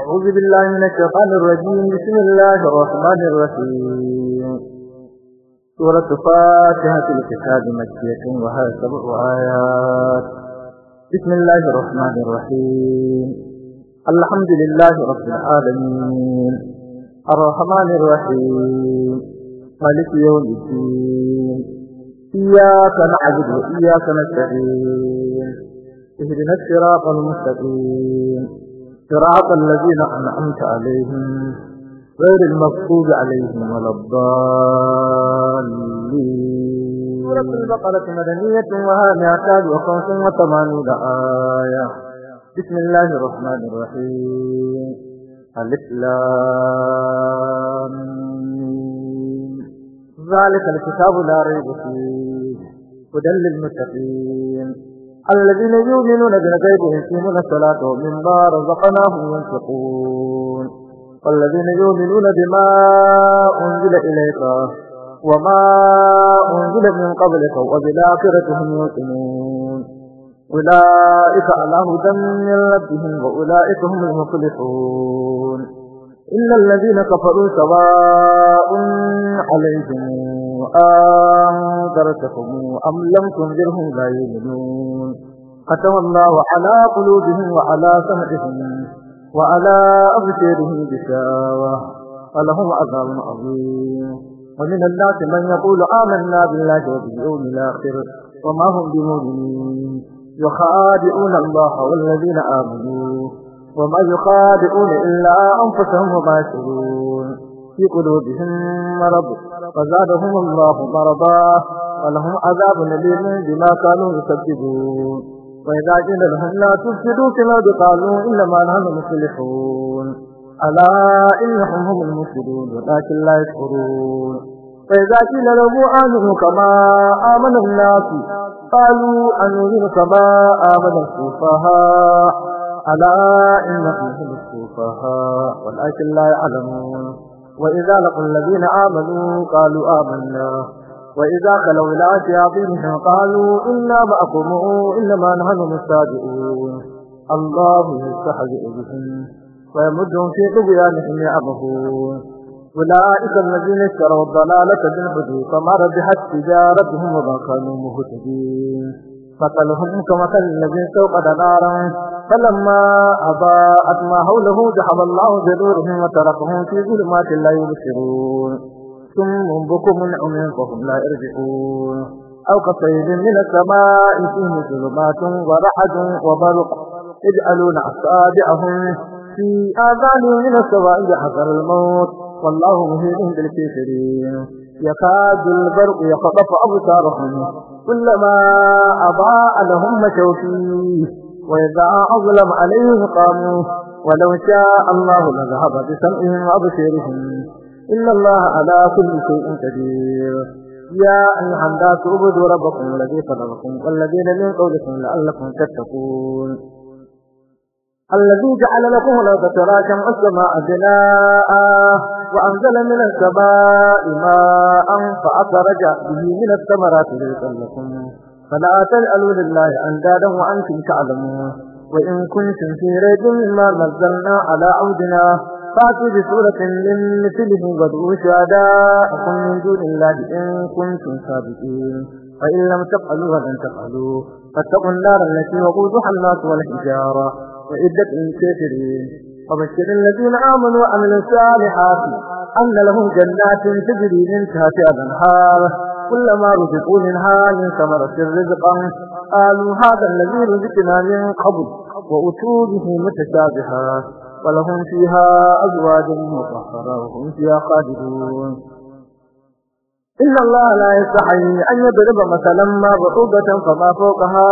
أعوذ بالله من الشيطان الرجيم بسم الله الرحمن الرحيم سورة فاتحة الكتاب مكية وهي سبع آيات بسم الله الرحمن الرحيم الحمد لله رب العالمين الرحمن الرحيم مالك يوم الدين إياك نعبد وإياك نستعين اهدنا الصراط المستقيم صراط الذين أنعمت عليهم غير المغضوب عليهم ولا الضالين سورة البقرة مدنية وها معتاد وخمس وثمانون آية بسم الله الرحمن الرحيم ألف ذلك الكتاب لا ريب فيه هدى للمتقين الذين يؤمنون بالغيب ويقيمون الصلاة ومما رزقناهم ينفقون والذين يؤمنون بما أنزل إليك وما أنزل من قبلك وبالآخرة هم يؤمنون أولئك على هدى من ربهم وأولئك هم المخلصون إلا الذين كفروا سواء عليهم أنذرتكم أم لم تنذرهم لا يؤمنون ختم الله على قلوبهم وعلى سمعهم وعلى أبصارهم بشاوة ولهم عذاب عظيم ومن الناس من يقول آمنا بالله وباليوم الآخر وما هم بمؤمنين يخادعون الله والذين آمنوا وما يخادعون إلا أنفسهم وما يشعرون في قلوبهم مرض فزادهم الله مرضا ولهم عذاب أليم بما كانوا يكذبون وإذا جئنا لهم لا تفسدوا كما الأرض قالوا إنما نحن مصلحون ألا إنهم هم المفسدون ولكن لا يشعرون فإذا قيل لهم آمنوا كما آمن الناس قالوا أن نؤمن كما آمن السفهاء ألا إنهم هم السفهاء ولكن لا يعلمون وإذا لقوا الذين آمنوا قالوا آمنا وإذا خلوا إلى شياطينهم قالوا إنا معكم إنما نحن مستهزئون الله يستهزئ بهم ويمدهم في طغيانهم يعمهون أولئك الذين اشتروا الضلالة بالهدى فما ربحت تجارتهم وما كانوا مهتدين مثلهم كمثل الذي استوقد نارا فلما أضاءت ما حوله جحظ الله بنورهم وتركهم في ظلمات لا يبصرون ثم بكم عمي فهم لا يرجعون أو كصيد من السماء فيه ظلمات ورعد وبرق يجعلون أصابعهم في آذان من السواء حذر الموت والله مهيد بالكافرين يكاد البرق يخطف أبصارهم كلما أضاء لهم مشوا فيه وإذا أظلم عليهم قاموا ولو شاء الله لذهب بسمعهم وأبصيرهم إن الله على كل شيء قدير يا أيها الناس اعبدوا ربكم الذي خلقكم والذين من قبلكم لعلكم تتقون الذي جعل لكم الأرض فراشا والسماء بناء وأنزل من السماء ماء فأخرج به من الثمرات رزقا لكم فلا تجعلوا لله أندادا وأنتم تعلمون وإن كنتم في ريب مما نزلنا على عودنا فأتوا بسورة من مثله وادعوا شهداءكم من دون الله إن كنتم صادقين فإن لم تفعلوا ولن تفعلوا فاتقوا النار التي وقودها الناس والحجارة وعدة الكافرين وبشر الذين آمنوا وعملوا الصالحات أن لهم جنات تجري من تحتها الأنهار كلما رزقوا منها من ثمرة رزقا قالوا هذا الذي رزقنا من قبل وأتوا به متشابها ولهم فيها أزواج مطهرة وهم فيها خالدون إن الله لا يستحي أن يضرب مثلا ما بعوضة فما فوقها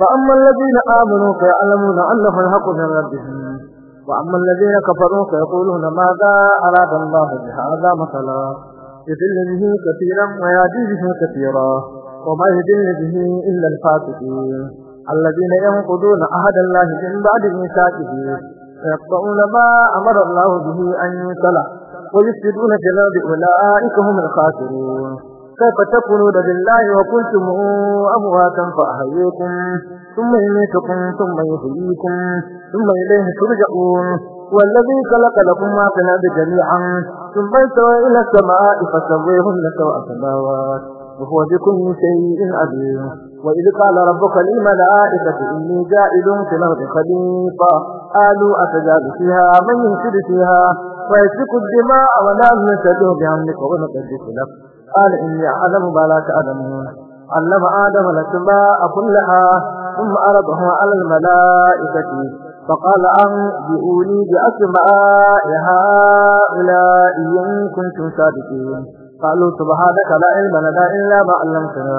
فأما الذين آمنوا فيعلمون أنه الحق من ربهم وأما الذين كفروا فيقولون ماذا أراد الله بهذا مثلا يضل به كثيرا ويهدي به كثيرا وما يضل به إلا الفاسقين الذين ينقضون عهد الله من بعد ميثاقه ويقطعون ما أمر الله به أن يصلح ويفسدون في الأرض أولئك هم الخاسرون كيف تكونون بالله وكنتم أمواتا فأحييكم ثم يميتكم ثم يحييكم ثم إليه ترجعون والذي خلق لكم ما في الأرض جميعا ثم استوى إلى السماء فسويهن سواء السماوات وهو بكل شيء عليم وإذ قال ربك للملائكة إني جائد في الأرض خليفة قالوا أتجعل فيها من ينشد فيها ويسفك الدماء ولا نسده بعملك ونقدس لك قال إني أعلم ما لا تعلمون علم آدم الأسماء كلها ثم أردها على الملائكة فقال أنبئوني بأسماء هؤلاء إن كنتم صادقين قالوا سبحانك لا علم لنا إلا ما علمتنا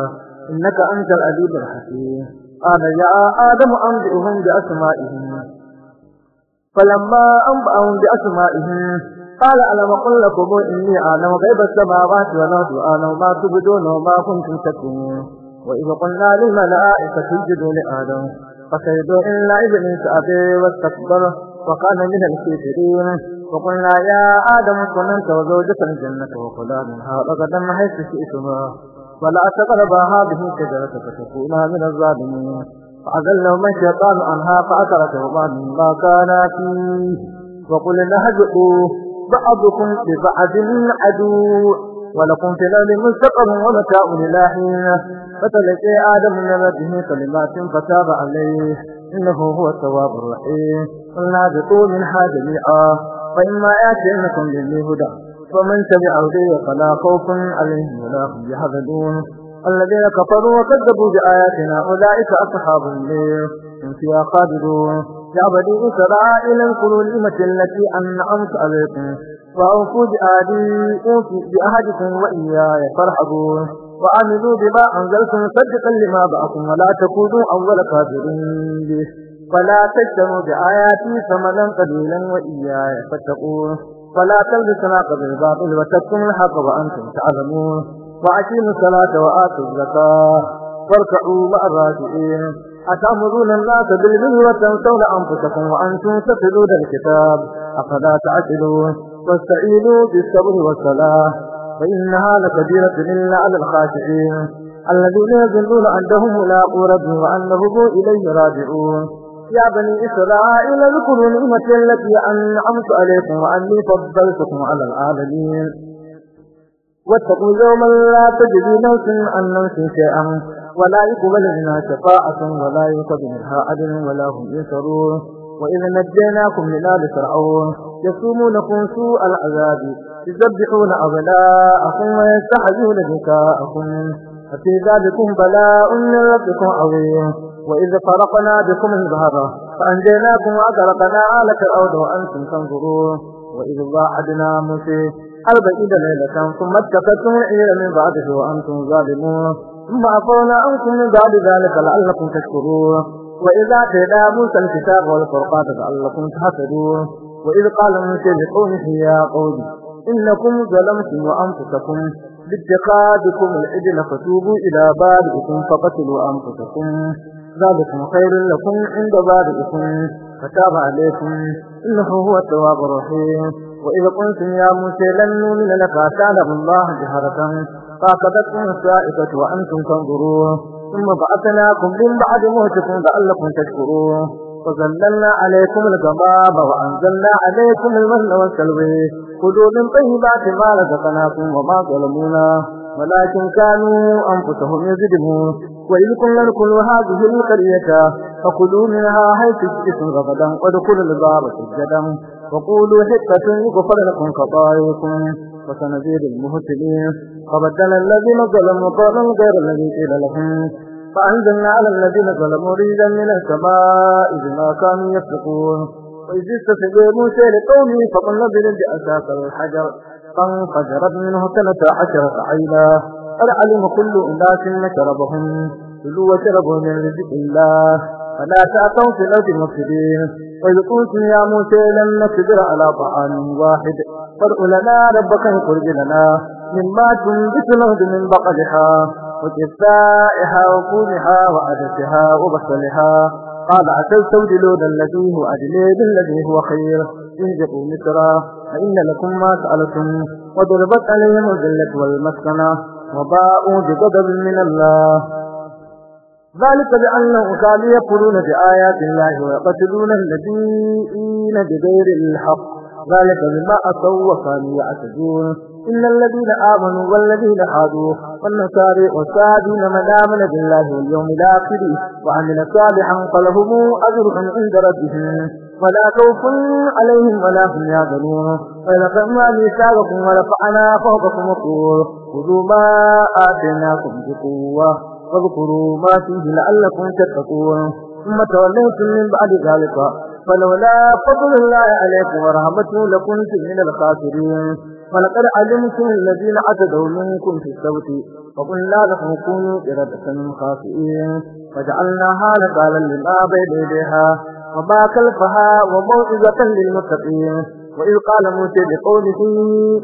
إنك أنت الأديب الحكيم قال يا آدم أنبئهم بأسمائهم فلما أنبئهم بأسمائهم قال ألم أقل لكم إني أعلم غيب السماوات والأرض وأعلم ما تبدون وما كنتم تكتمون وإذا قلنا للملائكة تجدوا لآدم فكيد إلا إبليس أبي واستكبر وكان من الكافرين وقلنا يا آدم كن أنت وزوجك الجنة وكلا منها رغدا حيث شئتما ولا تقربا هذه الشجرة فتكونا من الظالمين فأذلهما الشيطان عنها فأثرتهما مما كانا فيه وقلنا اهبطوا بعضكم لبعض عدو ولكم في الأرض مستقر ومتاع إلى حين فتلقي آدم من كلمات فتاب عليه إنه هو التواب الرحيم قلنا من حاجة جميعا فإما يأتينكم مني هدى فمن تبع هدي فلا خوف عليهم ولا هم يحزنون الذين كفروا وكذبوا بآياتنا أولئك أصحاب الليل من فيها قادرون يا بني إسرائيل اذكروا النعمة التي أنعمت عليكم وأوفوا بآدي أوفي بأهدكم وإياي فارحبون وآمنوا بما أنزلت مصدقا لما بعكم ولا تكونوا أول كافر به فلا تشتروا بآياتي ثمنا قليلا وإياي فاتقون فلا تلبسوا الحق بالباطل وتكتموا الحق وأنتم تعلمون وأقيموا الصلاة وآتوا الزكاة واركعوا مع الراكعين أتأمرون الناس بالبر وتنسون أنفسكم وأنتم تتلون الكتاب أفلا تعقلون واستعينوا بالصبر والصلاة فإنها لكبيرة إلا على الخاشعين الذين يظنون عندهم ملاقو ربهم وأنهم إليه راجعون يا بني إسرائيل ذكروا نعمة التي أنعمت عليكم وأني فضلتكم على العالمين واتقوا يوما لا تجدي نفس عن نوت شيئا ولا يقبل منها شفاعة ولا يقبل منها عدل ولا هم ينصرون وإذا نجيناكم من آل فرعون يصومونكم سوء العذاب يذبحون أبناءكم ويستحيون نساءكم ففي ذلكم بلاء من ربكم عظيم وإذ فرقنا بكم البهرة فأنجيناكم وأغرقنا على فرعون وأنتم تنظرون وإذ واعدنا موسى أربعين ليلة ثم اتخذتم العير من بعده وأنتم ظالمون ثم عفونا عنكم من بعد ذلك لعلكم تشكرون وإذا تدى موسى الكتاب والفرقات لعلكم تهتدون وإذ قال موسى لقومه يا قوم إنكم ظلمتم وأنفسكم باتقادكم العجل فتوبوا إلى بارئكم فقتلوا أنفسكم ذلكم خير لكم عند بارئكم فتاب عليكم إنه هو التواب الرحيم وإذا قلتم يا موسى لن نؤمن لك تعلم الله جهرة فأخذتكم السائقة وأنتم تنظرون ثم بعثناكم من بعد موتكم لعلكم تشكرون وظللنا عليكم الغمام وأنزلنا عليكم المن والسلوى كلوا من طيبات ما رزقناكم وما ظلمونا ولكن كانوا أنفسهم يزدمون وإذ كنا نكل هذه القرية فكلوا منها حيث جئتم غدا وادخلوا الباب سجدا وقولوا حكة يغفر لكم خطاياكم وسنزيد المهتدين فبدل الذين ظلموا قولا غير الذي قيل لهم فأنزلنا على الذين ظلموا ريدا من السماء بما كانوا يفسقون وإذ استسقى موسى لقومه فطل بلد أساس الحجر فانفجرت منه ثلاث عشرة عينا العلم كل أناس شربهم كلوا وشربوا من رزق الله فلا تعطوا في الأرض المفسدين وإذ قلت يا موسى لن نقدر على طعام واحد فادع لنا ربك يخرج لنا مما تنبت الأرض من بقلها وكفائها وكونها وعدسها وبصلها قال جلود الذي هو أجليد بالذي هو خير انزقوا مصرا فإن لكم ما سألتم وضربت عليهم الذلة والمسكنة وباءوا بغضب من الله ذلك بأنه كانوا يقولون بآيات الله ويقتلون الذين بغير الحق ذلك بما أتوا وكانوا يعتدون إلا الذين آمنوا والذين هادوا والنصارى والصابين من آمن بالله واليوم الآخر وعمل صالحا فلهم أجر عند ربهم ولا خوف عليهم ولا هم يحزنون ولقما ميثاقكم ورفعنا فوقكم الطور خذوا ما آتيناكم بقوة واذكروا ما فيه لعلكم تتقون ثم توليتم من بعد ذلك فلولا فضل الله عليكم ورحمته لكنتم من الخاسرين ولقد علمتم الذين عتدوا منكم في السبت فقلنا لكم كونوا إرادة خاسئين فجعلناها نقالا لما بين يديها وما خلفها وموعظة للمتقين وإذ قال موسى لقومه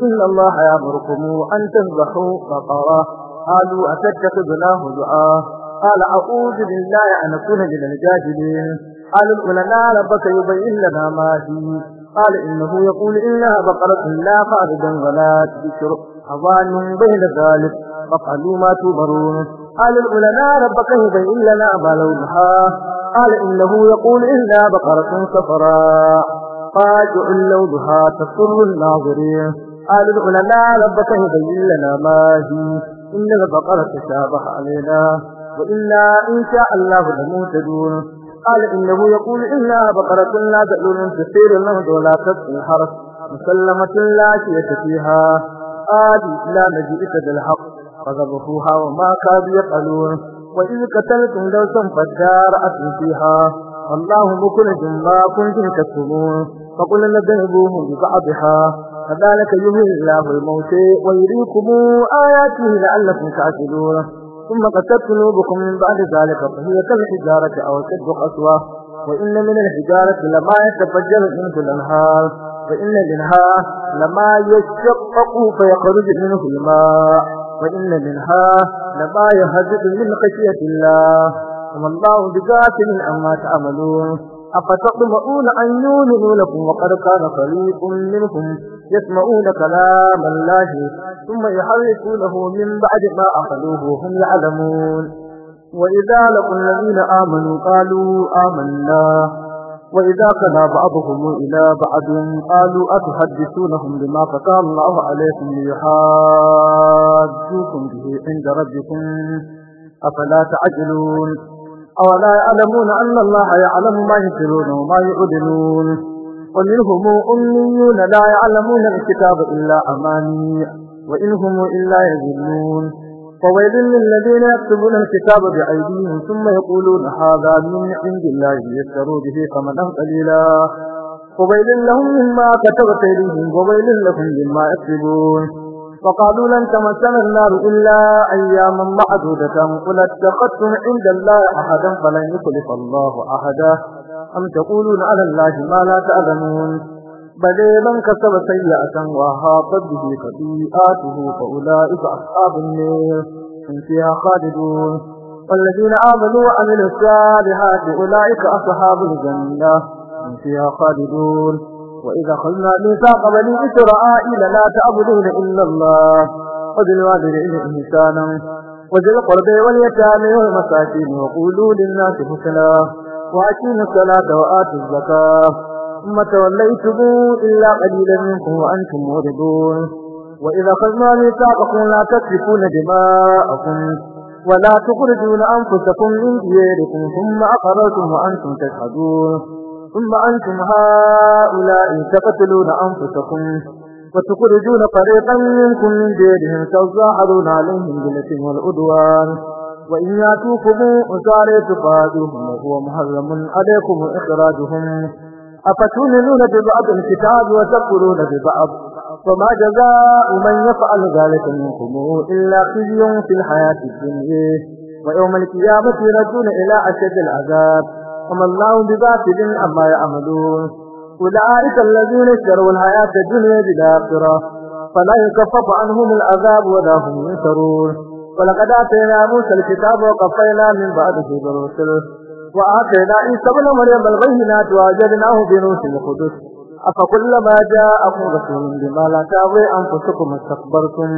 إن الله يأمركم أن تذبحوا بقرة قالوا أتتخذنا هزؤا قال أعوذ بالله أن أكون من الجاهلين قال لنا ربك يبين لنا ما فيه قال إنه يقول إنها بقرة لا فاردا ولا تبشر أظان بين ذلك فقالوا ما تبرون قال العلماء ربك هدي لنا ما لونها قال إنه يقول إلا بقرة صفراء فاجع لوضها تسر الناظرين قال العلماء ربك هدي لنا ما هي إن البقرة تشابه علينا وإنا إن شاء الله لموتدون قال إنه يقول إلا بقرة لا تألون تسير المهد ولا تبقي الحرس مسلمة لا شيء فيها آدي لا مجيئة بالحق فذبحوها وما كاد يقلون وإذ قتلتم دوسا فدارأتم فيها الله مخرج ما كنتم تكتمون فقلنا اضربوه ببعضها كذلك يهي الله الموت ويريكم آياته لعلكم تعجلون ثم قست قلوبكم من بعد ذلك فهي كالحجارة أو شد قسوة وإن من الحجارة لما يتفجر منه الأنهار فإن منها لما يشقق فيخرج منه الماء وإن منها لما يهزد من خشية الله وما الله بغافل عما تعملون أفتطمعون أن يؤمنوا لكم وقد كان فريق منكم يسمعون كلام الله ثم يحرفونه من بعد ما أخلوه هم يعلمون وإذا لقوا الذين آمنوا قالوا آمنا وإذا كان بعضهم إلى بعض قالوا أتحدثونهم بما فتح الله عليكم ليحاجوكم به عند ربكم أفلا تعجلون أولا يعلمون أن الله يعلم ما يسرون وما يعدلون ومنهم أميون لا يعلمون الكتاب إلا أماني وإنهم إلا يذلون فويل للذين يكتبون الكتاب بأيديهم ثم يقولون هذا من عند الله ليشتروا به ثمنا قليلا فويل لهم مما كتبت إليهم وويل لهم مما يكتبون وقالوا لن تمسنا النار إلا أياما معدودة قل اتخذتم عند الله أحدا فلن يخلف الله أحدا أم تقولون على الله ما لا تعلمون بل من كسب سيئة وهاطت به خطيئاته فأولئك أصحاب النير هم فيها خالدون والذين آمنوا وعملوا الصالحات أولئك أصحاب الجنة هم فيها خالدون وإذا خلنا ميثاق بني إسرائيل لا تعبدون إلا الله إليه إنسانا وذي القرب واليتامى والمساكين وقولوا للناس حسنا وأقيموا الصلاة وآتوا الزكاة ثم توليتم إلا قليلا منكم وأنتم موردون وإذا خذنا ميثاقكم لا تسفكون دماءكم ولا تخرجون أنفسكم من دياركم ثم أقررتم وأنتم تشهدون ثم أنتم هؤلاء تقتلون أنفسكم وتخرجون طريقا منكم من ديرهم تظاهرون عليهم بالإثم والعدوان وإن ياتوكم أسارى تقاتلهم وهو محرم عليكم إخراجهم أفتؤمنون ببعض الكتاب وتكفرون ببعض وما جزاء من يفعل ذلك منكم إلا خزي في الحياة الدنيا ويوم القيامة يردون إلى أشد العذاب وما الله بباطل عما يعملون أولئك الذين اشتروا الحياة الدنيا بالآخرة فلا يكفف عنهم العذاب ولا هم ينصرون ولقد آتينا موسى الكتاب وقفينا من بعده بالرسل وآتينا عيسى ابن مريم البينات وأجدناه بنوس القدس أفكلما جاءكم رسول بما لا تعوي أنفسكم استكبرتم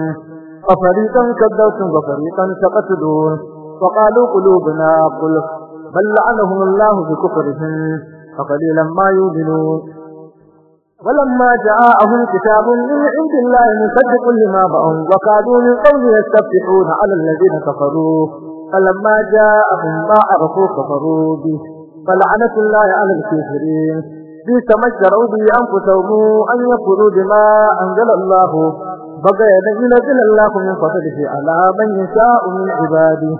ففريقا كذبتم وفريقا تقتلون وقالوا قلوبنا قل بل لعنهم الله بكفرهم فقليلا ما يؤمنون ولما جاءهم كتاب من عند الله مصدق لما معهم وكادوا من قوم يستفتحون على الذين كفروا فلما جاءهم ما عرفوا كفروا به فلعنة الله على الكافرين بئس ما اشتروا به أنفسهم أن يكفروا بما أنزل الله بقينا أن ينزل الله من فضله على من يشاء من عباده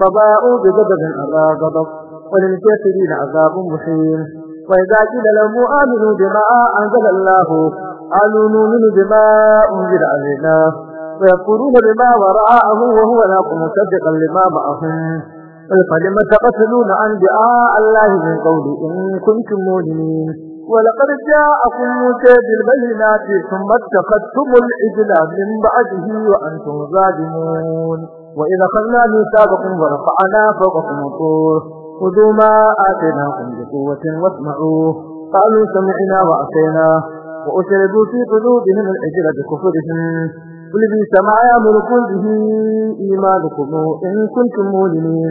فباءوا بغضب على غضب وللكافرين عذاب محيم فإذا قيل لهم آمنوا بما أنزل الله قالوا نؤمن بما أنزل علينا ويكفرون بما وراءه وهو الحق مصدقا لما معهم فلم تقتلون أنبياء الله من قول إن كنتم مؤمنين ولقد جاءكم موسى بالبينات ثم اتخذتم العجل من بعده وأنتم ظالمون وإذا خلنا ميثاقكم ورفعنا فوقكم الطور خذوا ما آتيناكم بقوة واسمعوا قالوا سمعنا وعصينا وأشربوا في قلوبهم العجل بكفرهم قل بيس ما يأمركم به إيمانكم إن كنتم مؤمنين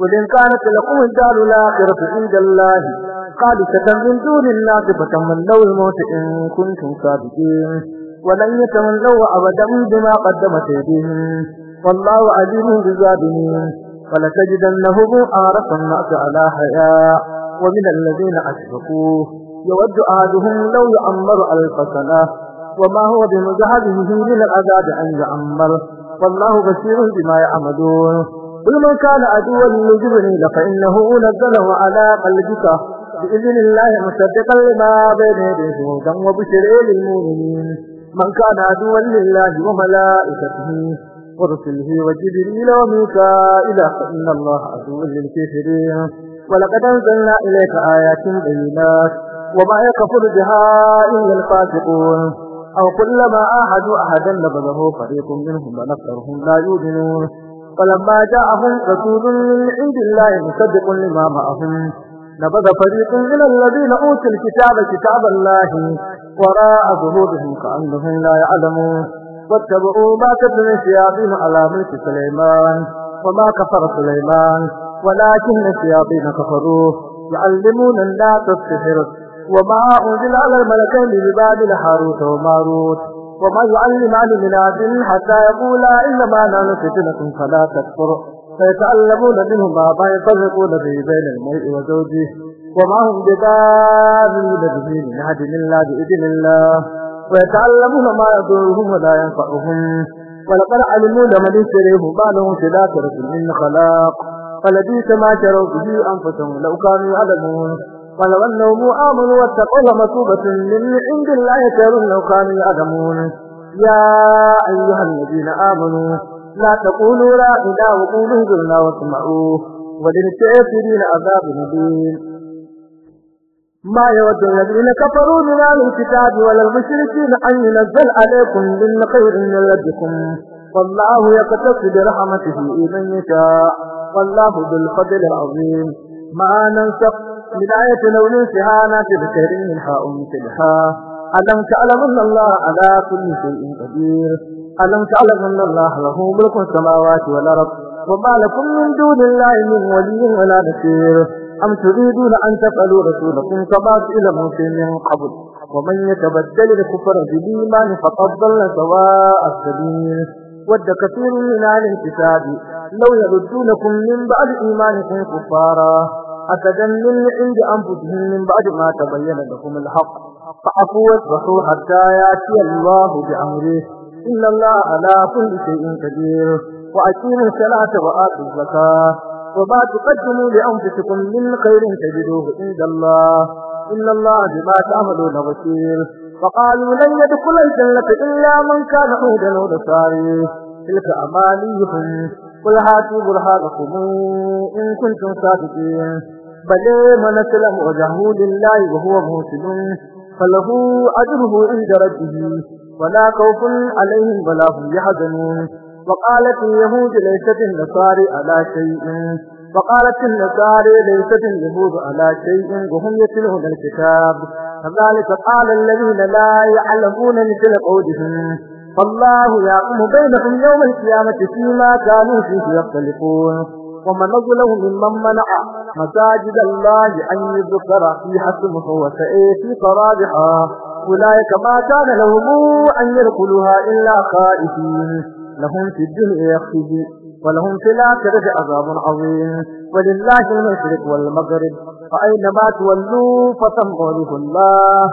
وإن كانت لكم الدار الآخرة عند الله خالصة من دون الله فتمنوا الموت إن كنتم صادقين ولن يتمنوا أبدا بما قدمت يديهم والله عليم بالظالمين ولتجدنهم آرة الناس على حياء ومن الذين أشركوه يود أحدهم لو يعمر ألف سنة وما هو بمجهده من العذاب أن يعمر والله بشير بما يعملون قل من كان عدوا لجبريل فإنه نزله على قلبك بإذن الله مصدقا لما بين يديه وبشر للمؤمنين من كان عدوا لله وملائكته ورسله وجبريل وميكائيل فإن الله عدو للكافرين ولقد أنزلنا إليك آيات بينات وما يكفر بها إلا الفاسقون أو كلما أحد أحدا نبذه فريق منهم ونكثرهم لا يؤمنون فلما جاءهم رسول من عند الله مصدق لما معهم نبذ فريق من الذين أوتوا الكتاب كتاب الله وراء ظهورهم كأنهم لا يعلمون واتبعوا ما تتل الشياطين على ملك سليمان وما كفر سليمان ولكن الشياطين كفروا يعلمون الناس السحر وما أنزل على الملكين ببابل حاروت وماروت وما يعلمان من آدم حتى يقولا إنما نحن فتنة فلا تكفر فيتعلمون منهما ما يفرقون به بين المرء وزوجه وما هم بدار من أحد إلا بإذن الله ويتعلمون ما يضرهم ولا ينفعهم ولقد علموا لمن يشتريه ما في الآخرة من خلاق فلبيس ما شروا به أنفسهم لو كانوا يعلمون ولو أنهم آمنوا واتقوا لمثوبة من عند الله خير لو كانوا يعلمون يا أيها الذين آمنوا لا تقولوا لا إله وقولوا قلنا واسمعوا وللكافرين عذاب مبين ما يود الذين كفروا من أهل الكتاب ولا المشركين أن ينزل عليكم من خير من ربكم والله يقتص برحمته من يشاء والله ذو الفضل العظيم ما ننسق من آية لو ننسها ناتي بكريم منها أمثلها ألم تعلم أن الله على كل شيء قدير ألم تعلم أن الله له ملك السماوات والأرض وما لكم من دون الله من ولي ولا نصير أم تريدون أن تفعلوا رسولكم كما إلى موسى من قبل ومن يتبدل الكفر بالإيمان فقد ضل سواء السبيل ود كثير من أهل الكتاب لو يردونكم من بعد إيمانكم كفارا أسدا من عند أنفسهم من بعد ما تبين لكم الحق فعفوا واصبحوا حتى يأتي الله بأمره إن الله على كل شيء قدير وأقيموا الصلاة وآتوا الزكاة وما تقدموا لأنفسكم من خير تجدوه عند الله إن الله بما تعملون بصير فقالوا لن يدخل الجنة إلا من كان عودا ونصاري تلك أمانيهم قل هاتوا برهانكم إن كنتم صادقين بل من أسلم وجهه لله وهو موسم فله أجره عند ربه ولا خوف عليهم ولا هم يحزنون وقالت اليهود ليست النصارى على شيء وقالت النصارى ليست اليهود على شيء وهم يتلون الكتاب فذلك قال الذين لا يعلمون مثل قولهم فالله يعلم بينهم يوم القيامة فيما كانوا فيه يختلفون ومن ظلم ممن منع مساجد الله أن يذكر في حسمه وسعي في صرابحه أولئك ما كان لهم أن يدخلوها إلا خائفين لهم في الدنيا يخفي ولهم في الآخرة عذاب عظيم ولله المشرق والمغرب فأينما تولوا فتم الله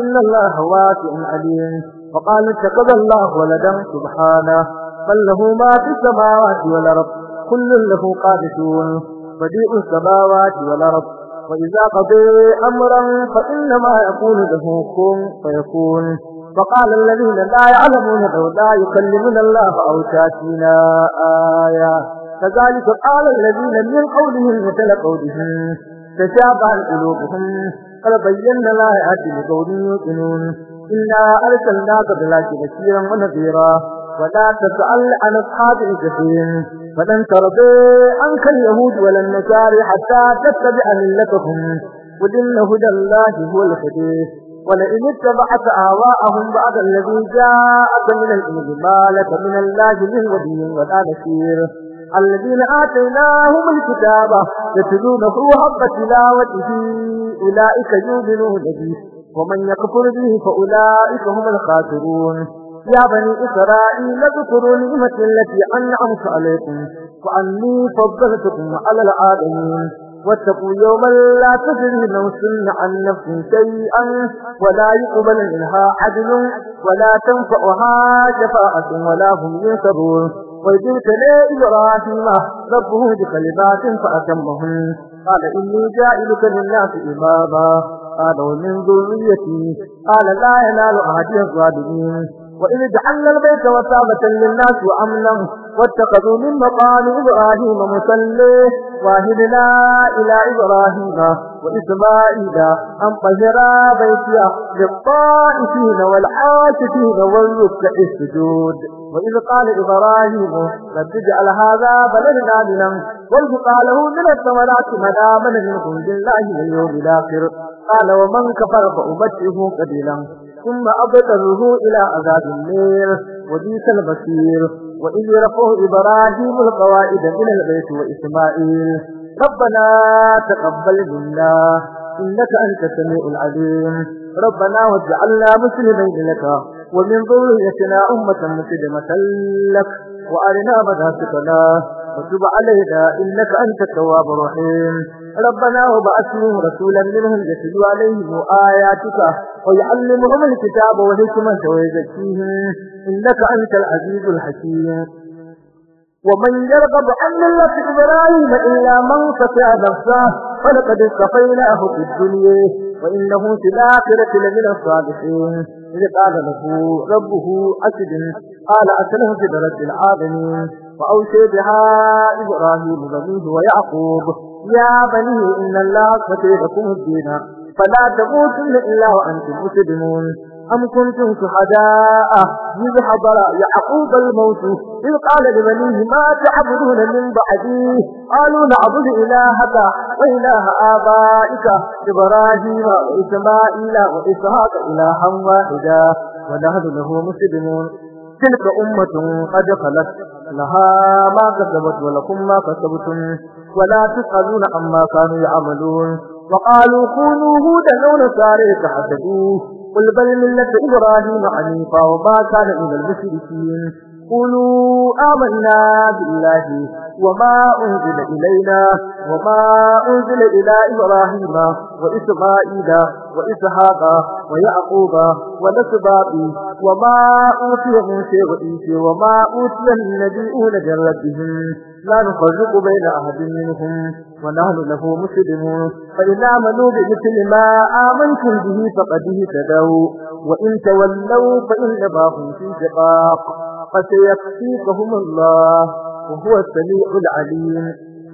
إن الله واسع عليم وقال اتخذ الله ولدا سبحانه بل له ما في السماوات والأرض كل له قادسون بديع السماوات والأرض وإذا قضي أمرا فإنما يقول له كن فيكون وقال الذين لا يعلمون أو لا يكلمون الله أو تاتينا آية كذلك قال الذين من قولهم مثل قولهم تشابع قلوبهم قد بينا الآيات لقوم يوقنون إنا أرسلناك بلا بشيرا ونذيرا ولا تسأل عن أصحاب الجحيم فلن ترضي عنك اليهود ولا النصارى حتى تتبع ملتهم قل إن هدى الله هو الحديث ولئن اتبعت اهواءهم بعد الذي جاءك من العلم ما لك من الله من ولي ولا نصير الذين آتيناهم الكتاب يتلونه حق تلاوته أولئك يؤمنون به ومن يكفر به فأولئك هم الخاسرون يا بني إسرائيل اذكروا نعمتي التي أنعمت عليكم وأني فضلتكم على العالمين واتقوا يوما لا تجري نفس عن نفس شيئا ولا يقبل منها عدل ولا تنفعها جفاءة ولا هم ينصرون وإذ ابتلى إبراهيم ربه بكلمات فأتمهن قال إني جائلك للناس إماما قال ومن ذريتي قال لا ينال أحد الظالمين وإذ جعلنا البيت وثابة للناس وأمنا واتخذوا من مقام إبراهيم مسليه واهدنا إلى إبراهيم وإسماعيل أن طهرا بيتي للطائفين والعاكفين والركع السجود وإذ قال إبراهيم رب اجعل هذا بلد آمنا وإذ له من الثمرات من آمن منكم بالله واليوم الآخر قال ومن كفر فأمته قليلا ثم أبتره إلى عذاب النير وبيس البصير وإذ رفعه إبراهيم القواعد من البيت وإسماعيل ربنا تقبل منا إنك أنت السميع العليم ربنا واجعلنا مسلمين لك ومن ذريتنا أمة مسلمة لك وأرنا مناسكنا وتب علينا إنك أنت التواب الرحيم ربنا وبعث رسولا منهم يتلو عليهم آياتك ويعلمهم الكتاب والحكمة ويزكيهم إنك أنت العزيز الحكيم ومن يرغب عن ملة إبراهيم إلا من قطع نفسه فلقد اصطفيناه في الدنيا وإنه في الآخرة لمن الصالحين إذ قال له ربه أسد قال أسله في بلد العالمين وأوشي بها إبراهيم بنيه ويعقوب يا بني إن الله لكم الدين فلا تموتن إلا وأنتم مسلمون أم كنتم شهداء إذ حضر يعقوب الموت إذ قال لبنيه ما تعبدون من بعدي قالوا نعبد إلهك وإله آبائك إبراهيم وإسماعيل وإسحاق إلها واحدا ونحن له مسلمون تلك أمة قد خلت لها ما كسبت ولكم ما كسبتم ولا تسألون عما كانوا يعملون وقالوا كونوا هودا أو نصارى تحسدوه قل بل ملة إبراهيم حنيفا وما كان من المشركين قولوا آمنا بالله وما أنزل إلينا وما أنزل إلى إبراهيم وإسماعيل وإسحاق ويعقوب ونسباب وما أوتي من شيء وما أوتي النبيون من لا نفرق بين أحد منهم ونحن له مسلمون فإن آمنوا بمثل ما آمنتم به فقد اهتدوا وإن تولوا فإنما هم في شقاق فسيكفيكهم الله وهو السميع العليم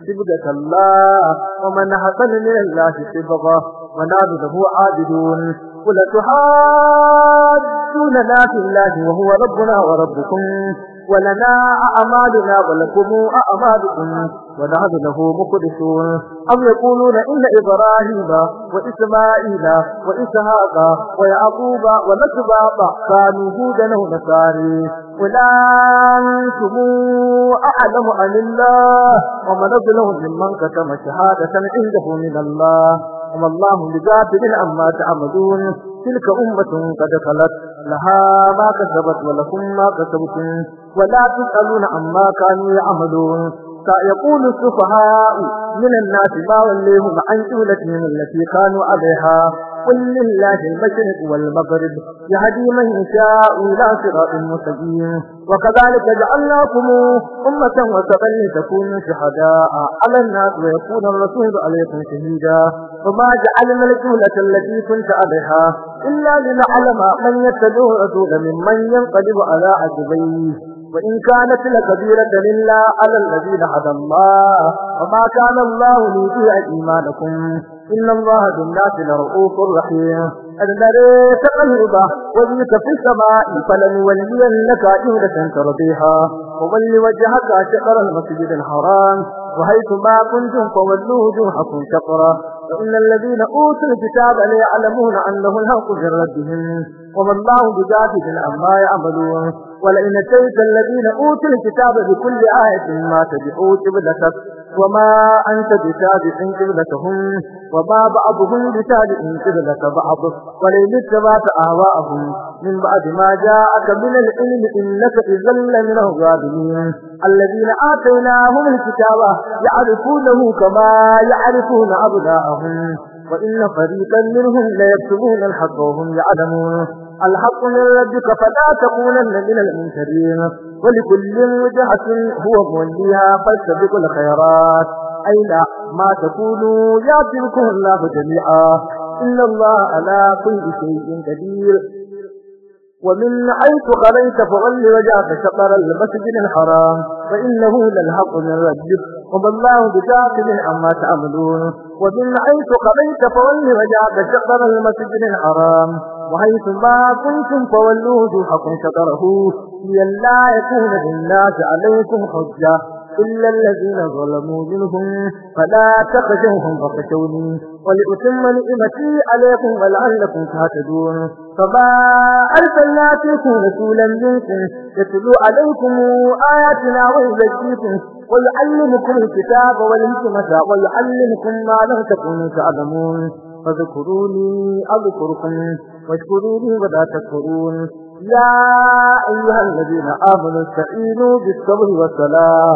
سبقة الله ومن حسن من الله سبقة ونحن له عابدون قل تحاجوننا في الله وهو ربنا وربكم ولنا أعمالنا ولكم أعمالكم ونحن له مقدسون أم يقولون إن إبراهيم وإسماعيل وإسحاق ويعقوب ونسباط كانوا هودا أو نصاري أنتم أعلم عن الله ومن ظلم ممن كتم شهادة عنده من الله وما الله بذات عما تعملون تلك أمة قد خلت لها ما كسبت ولكم ما كسبتم ولا تسألون عما كانوا يعملون يقول السفهاء من الناس ما وليهم عن سولتهم التي كانوا عليها قل لله المشرق والمغرب يهدي من يشاء إلى صراط مستقيم وكذلك جعلناكم أمة وسطا لتكونوا شهداء على الناس ويكون الرسول عليكم شهيدا وما جعلنا الجولة التي كنت عليها إلا لنعلم من يتبع الرسول ممن ينقلب على عجبيه وإن كانت لكبيرة إلا على الذين هدى الله وما كان الله ليضيع إيمانكم إن الله بالناس لرؤوف رحيم الذي تقلب وجهك في السماء فلنولينك جهدة ترضيها وول وجهك شقر المسجد الحرام وحيث ما كنتم فولوا وجوهكم شقرا وإن الذين أوتوا الكتاب ليعلمون أنه الحق من ربهم وما الله بذاته عما يعملون ولئن أتيت الذين أوتوا الكتاب بكل آية ما تبعوا قبلتك وما أنت بتابع قبلتهم وما بعضهم بتابع قبلة بعض ولئن اتبعت أهواءهم من بعد ما جاءك من العلم إنك إذا لمن الظالمين الذين آتيناهم الكتاب يعرفونه كما يعرفون أبناءهم وإن فريقا منهم ليكتبون الحق وهم يعلمون الحق من ربك فلا تكونن من المنكرين ولكل وجهة هو موليها فالسبق الخيرات أين ما تكونوا يأتيكم الله جميعا إن الله على كل شيء قدير ومن حيث خليت فغل وجهك شطر المسجد الحرام فإنه للحق من ربك وما الله بشاكر عما تعملون ومن حيث خليت فغل وجهك شطر المسجد الحرام وحيث ما كنتم فولوا وجوهكم شطره لئلا يكون للناس عليكم حجة إلا الذين ظلموا منهم فلا تخشوهم فخشوني ولأتم نعمتي عليكم ولعلكم تهتدون فما أرسلنا فيكم رسولا منكم يتلو عليكم آياتنا ويزكيكم ويعلمكم الكتاب والحكمة ويعلمكم ما لم تكونوا تعلمون فاذكروني أذكركم واشكروني ولا تكفرون يا أيها الذين آمنوا استعينوا بالصبر والصلاة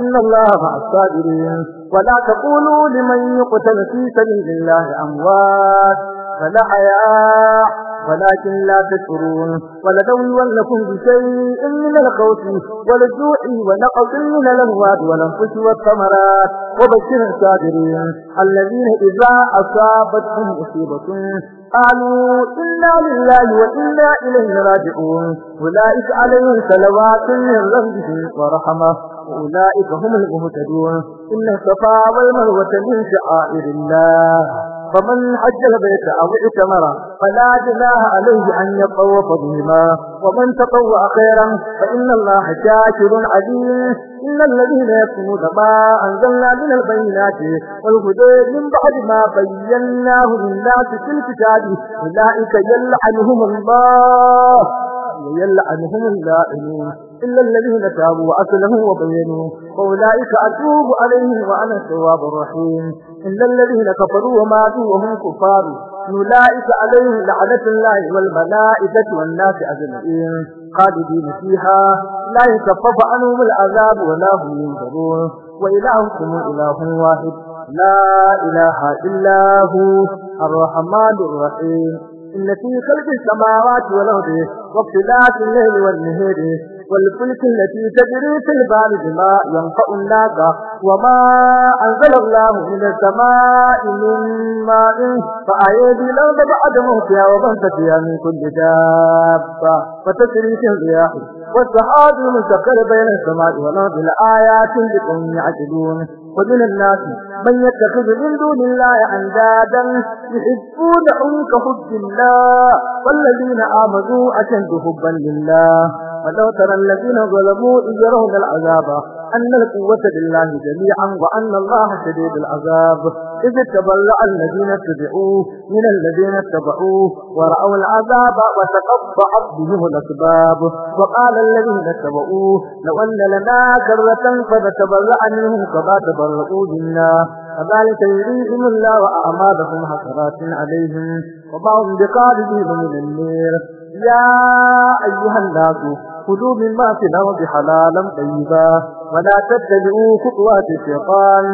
إن الله مع الصابرين ولا تقولوا لمن يقتل في سبيل الله أموات فلا حياء ولكن لا ولدوا لكم بشيء من الخوف والجوع ونقص من الأموات والأنفس والثمرات وبشر الصابرين الذين إذا أصابتهم مصيبة قالوا إنا لله وإنا إليه راجعون أولئك عليهم صلوات من ربهم ورحمه أولئك هم المهتدون إن اهتفى والمروة من شعائر الله فمن حج البيت أو اعتمر فلا جناح عليه أن يطوف بهما ومن تطوع خيرا فإن الله شاكر عليم إن الذين يكتمون ما أنزلنا من البينات والهدى من بعد ما بيناه للناس في الكتاب أولئك يلعنهم الله ويلعنهم اللائمون إلا الذين تابوا وأسلموا وبينوا وأولئك أتوب عليهم وأنا التواب الرحيم إلا الذين كفروا وماتوا وهم كفار أولئك عليهم لعنة الله والملائكة والناس أجمعين خالدين فيها لا يكفف عنهم العذاب ولا هم ينظرون وإلهكم إله واحد لا إله إلا هو الرحمن الرحيم إن في خلق السماوات والأرض واختلاف الليل والنهار والفلك التي تجري في البحر بما ينفع الناس وما أنزل الله من السماء من ماء فأيدي الأرض بعد موتها وبهت فيها من كل دابة وتسري في الرياح والسحاب المستقر بين السماء والأرض لآيات لقوم يعجلون ومن الناس من يتخذ من دون الله أندادا يحبونهم كحب الله والذين آمنوا أشد حبا لله ولو ترى الذين ظلموا إذ يرون العذاب أن القوة لله جميعا وأن الله شديد العذاب إذ تبلع الذين اتبعوه من الذين اتبعوه ورأوا العذاب وتقطعت بهم الأسباب وقال الذين اتبعوه لو أن لنا كرة فنتبرع منهم كما تبرؤوا منا كذلك يريهم الله وأعمالهم حسرات عليهم وما هم بقادرين من النير يا أيها الناس كلوا مما في الأرض حلالا طيبا ولا تتبعوا خطوات الشيطان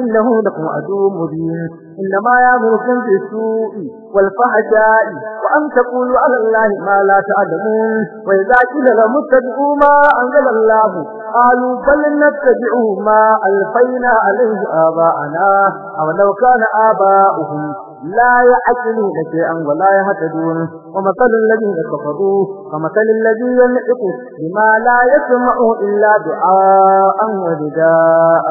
إنه لكم عدو مبين إنما يأمركم بالسوء والفحشاء وأن تقولوا على الله ما لا تعلمون وإذا قيل لهم اتبعوا ما أنزل الله قالوا بل نتبع ما ألفينا عليه آباءنا أولو كان آباؤهم لا يأكلون شيئا ولا يهتدون ومثل الذين كفروا ومثل الذين ينعقوا بما لا يسمع إلا دعاء ورداء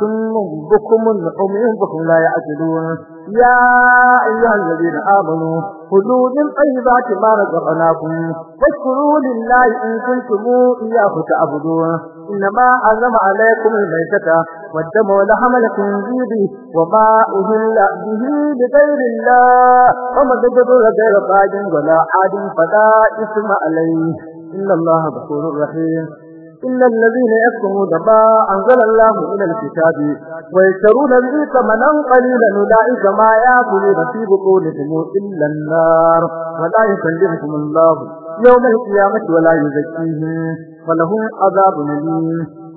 ثم بكم العمي بكم لا يأكلون يا أيها الذين آمنوا خذوا من طيبات ما رزقناكم واشكروا لله إن كنتم إياه تعبدون إنما أعظم عليكم الميتة والدم ولحم الخنزير وما أهل به بغير الله ومن تجدر غير طاج ولا عاد فلا إثم عليه إن الله غفور رحيم إلا الذين يكتمون ما أنزل الله من الكتاب ويشترون به ثمنا قليلا أولئك ما يأكلون في بطونهم إلا النار ولا يكلمهم الله يوم القيامة ولا يزكيهم ولهم عذاب مليم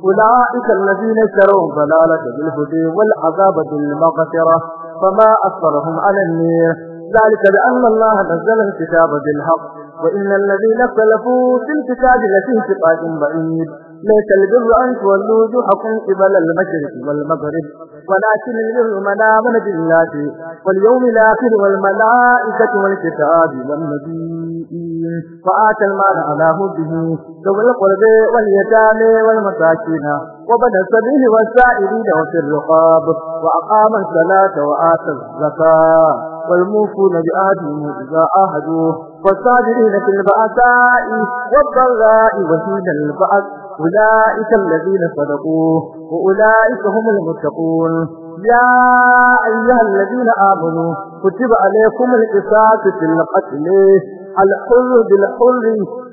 أولئك الذين اشتروا الضلالة بالهدى والعذاب بالمغفرة فما أكثرهم على النير ذلك بأن الله نزل الكتاب بالحق وإن الذين اختلفوا في الكتاب لفي شقاق بعيد ليس البر أن تولوا وجوهكم قبل المشرق والمغرب ولكن البر من آمن بالله واليوم الآخر والملائكة والكتاب والنبيين فآتى المال على هده ذوي القرب واليتامى والمساكين وبنى السبيل والسائلين وفي الرقاب وأقام الصلاة وآتى الزكاة والموفون بآدهم إذا آهدوه والصابرين في البأساء والضراء وحين البأس أولئك الذين صدقوه وأولئك هم المتقون يا أيها الذين آمنوا كتب عليكم القصاص في القتل الحر بالحر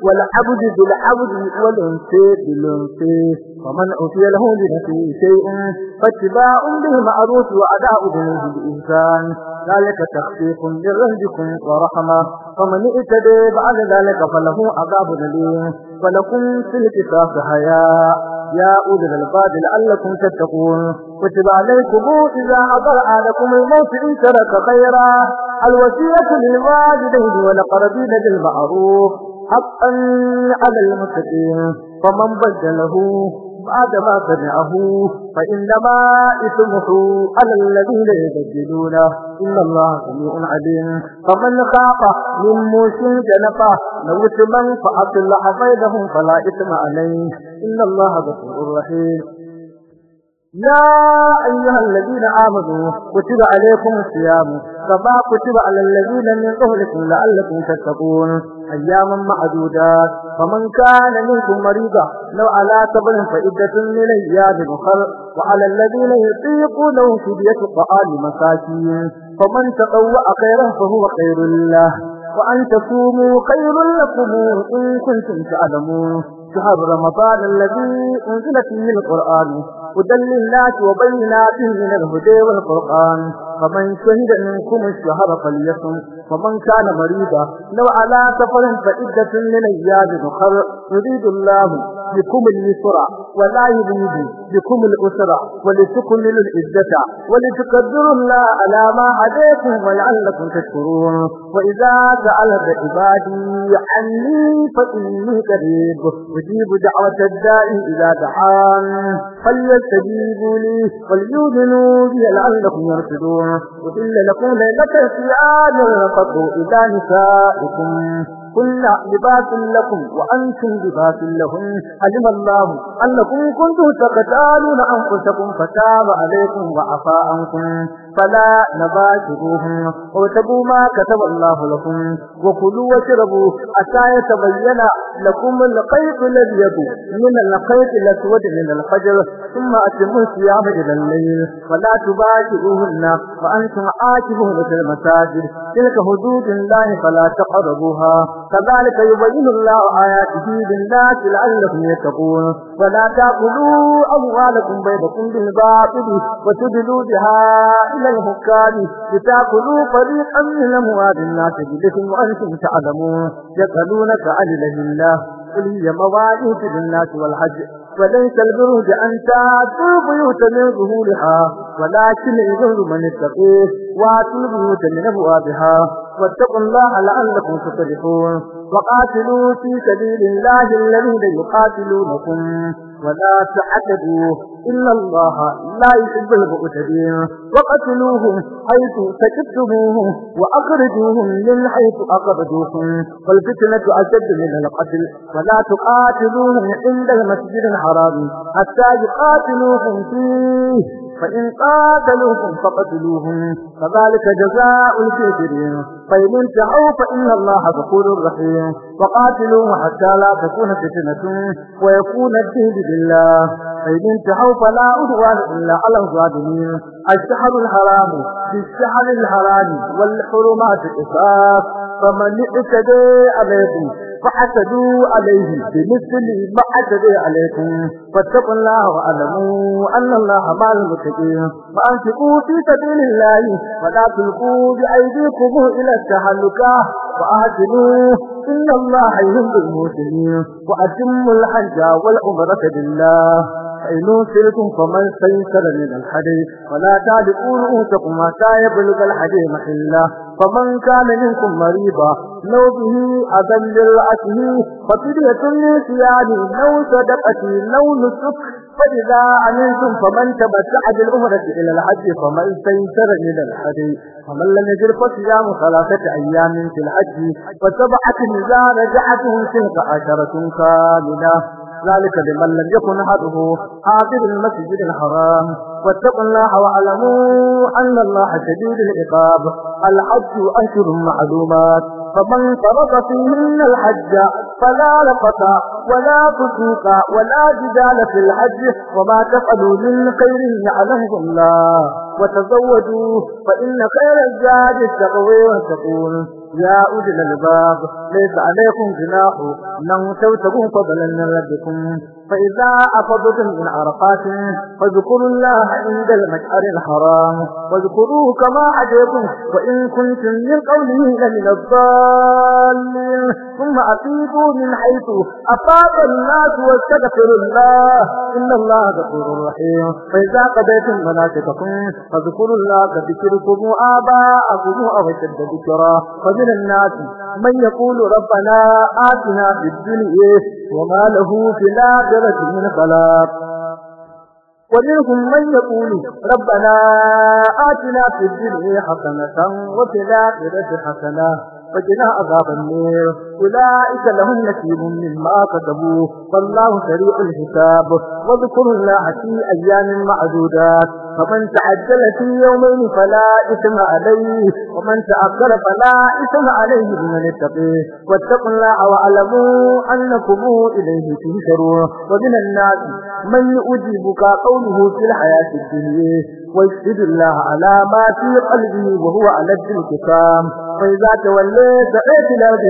والعبد بالعبد والأنثى بالأنثى ومن أتي له بنفسه شيء فاتباع به معروف وأداء به الإنسان ذلك تخفيف من رهبكم ورحمة ومن اعتدى بعد ذلك فله عذاب أليم فلكم في الاتفاق حياء يا أولي الألباب لعلكم تتقون كتب عليكم إذا حضر أحدكم الموت إن ترك خيرا الوسيلة للوالدين والأقربين بالمعروف حقا على المتقين فمن بدله بعد ما سمعه فإنما إثمه على الذين يبدلونه إن الله سميع عليم فمن خاف من موسى جنفا لو ثمن فأطلع بينهم فلا إثم عليه إن الله غفور رحيم يا أيها الذين آمنوا كتب عليكم الصيام كما كتب على الذين من قبلكم لعلكم تتقون أياما معدودات فمن كان منكم مريضا لو على تبن فإدة من الأيام أخر وعلى الذين يطيقونه فدية الطعام مساكين فمن تقوى خيرا فهو خير الله وأن تكونوا خير لكم إن كنتم تعلمون شهر رمضان الذي أنزل فيه القرآن هدى للناس وبينات من الهدى والقرآن فمن شهد منكم الشهر فليصم ومن كان مريضا لو على سفر فعدة من أيام أخر يريد الله بكم اليسرى ولا يريد بكم الأسرى ولتكملوا العدة ولتقدروا الله على ما هديتم ولعلكم تشكرون وإذا سألت عبادي عني فإني قريب أجيب دعوة الداء إذا دعان فليستجيبوا لي وليؤمنوا بي لعلكم يرشدون وإلا لكم ليلة في عاد الرفق إلى نسائكم كنا لباس لكم وأنتم لباس لهم علم الله أنكم كنتم تقتالون أنفسكم فتاب عليكم وعفى عنكم فلا نباشروهم واتقوا ما كتب الله لكم وكلوا وشربوا أتى يتبين لكم الذي الابيض من اللقيط الاسود من الفجر ثم اتموا الصيام الى الليل فلا تباشروهن وانتم عاشرون في المساجد تلك حدود الله فلا تقربوها كذلك يبين الله آياته للناس لعلهم يتقون ولا تاكلوا اموالكم بينكم بالباطل وتدلوا بها الحكام لتأكلوا فريقا من أموال الناس بلكم وأنتم تعلمون يسألونك عن الله قل هي مواعيد للناس والحج وليس البر بأن تاتوا بيوت من ظهورها ولكن البر من اتقوه واتوا البيوت من أبوابها واتقوا الله لعلكم تصلحون وقاتلوا في سبيل الله الذين يقاتلونكم ولا تعتدوا إن الله لا يحب المعتدين وقتلوهم حيث سكتموهم وأخرجوهم من حيث أخرجوهم والفتنة أشد من القتل ولا تقاتلوهم عند المسجد الحرام حتى يقاتلوهم فيه فإن قاتلوهم فقتلوهم فذلك جزاء الكافرين فإن انتهوا فإن الله غفور رحيم وقاتلوهم حتى لا تكون فتنة ويكون الدين لله فإن انتهوا فلا أدوان إلا على الظالمين الشهر الحرام في الشهر الحرام والحرمات الإسراف فمن اعتدي عليكم فحسدوا عليه بمثل ما حسد عليكم فاتقوا الله واعلموا أن الله مع المتقين وأنفقوا في سبيل الله ولا تلقوا بأيديكم إلى التهلكة وأحسنوا إن الله يهد المسلمين وأتموا الحج والعمرة لله فإن أرسلتم فمن سيسر من الحديث ولا تعلقوا رؤوسكم حتى يبلغ الحديث محله فمن كان منكم مريضا لو به أذن للعته ففدية النسيان لو صدقتي لو نسك فإذا عملتم فمن تبتع بالأمرة إلى الحج فمن سيسر من الحج فمن لم يجر فصيام ثلاثة أيام في الحج فسبعة إذا رجعتهم تلك عشرة كاملة ذلك لمن لم يكن حده حاضر المسجد الحرام واتقوا الله واعلموا أن الله شديد العقاب الحج أشهر معلومات فمن فرض فيهن الحج فلا رفت ولا فسوق ولا جدال في الحج وما تفعلوا من خير يعلمه الله وتزودوا فإن خير الزاد التقوى والتقون يا أولي الألباب ليس عليكم جناح نوتوتكم توتبوا فضلا من ربكم فإذا أفضتم من عرقات فاذكروا الله عند المشعر الحرام واذكروه كما عجيكم وإن كنتم من قوله لمن الضالين ثم أفيدوا من حيث أفاق الناس واستغفروا الله إن الله غفور رحيم فإذا قضيتم مناسككم فاذكروا الله كذكركم آباءكم أو شد ذكرا فمن الناس من يقول ربنا آتنا في الدنيا وما له في الآخرة من خلاق ومنهم من يقول ربنا آتنا في الدنيا حسنة وفي الآخرة حسنة فجنا عذاب النير أولئك لهم نسيب مما كتبوا فالله سريع الحساب واذكروا الله في أيام معدودات فمن تعجل في يومين فلا إثم عليه ومن تأخر فلا إثم عليه لمن اتقيه واتقوا الله واعلموا أنكم إليه تنشرون ومن الناس من يؤجبك قوله في الحياة الدنيا ويشهد الله على ما في قلبه وهو على الكتاب فإذا توليت فإيه الأرض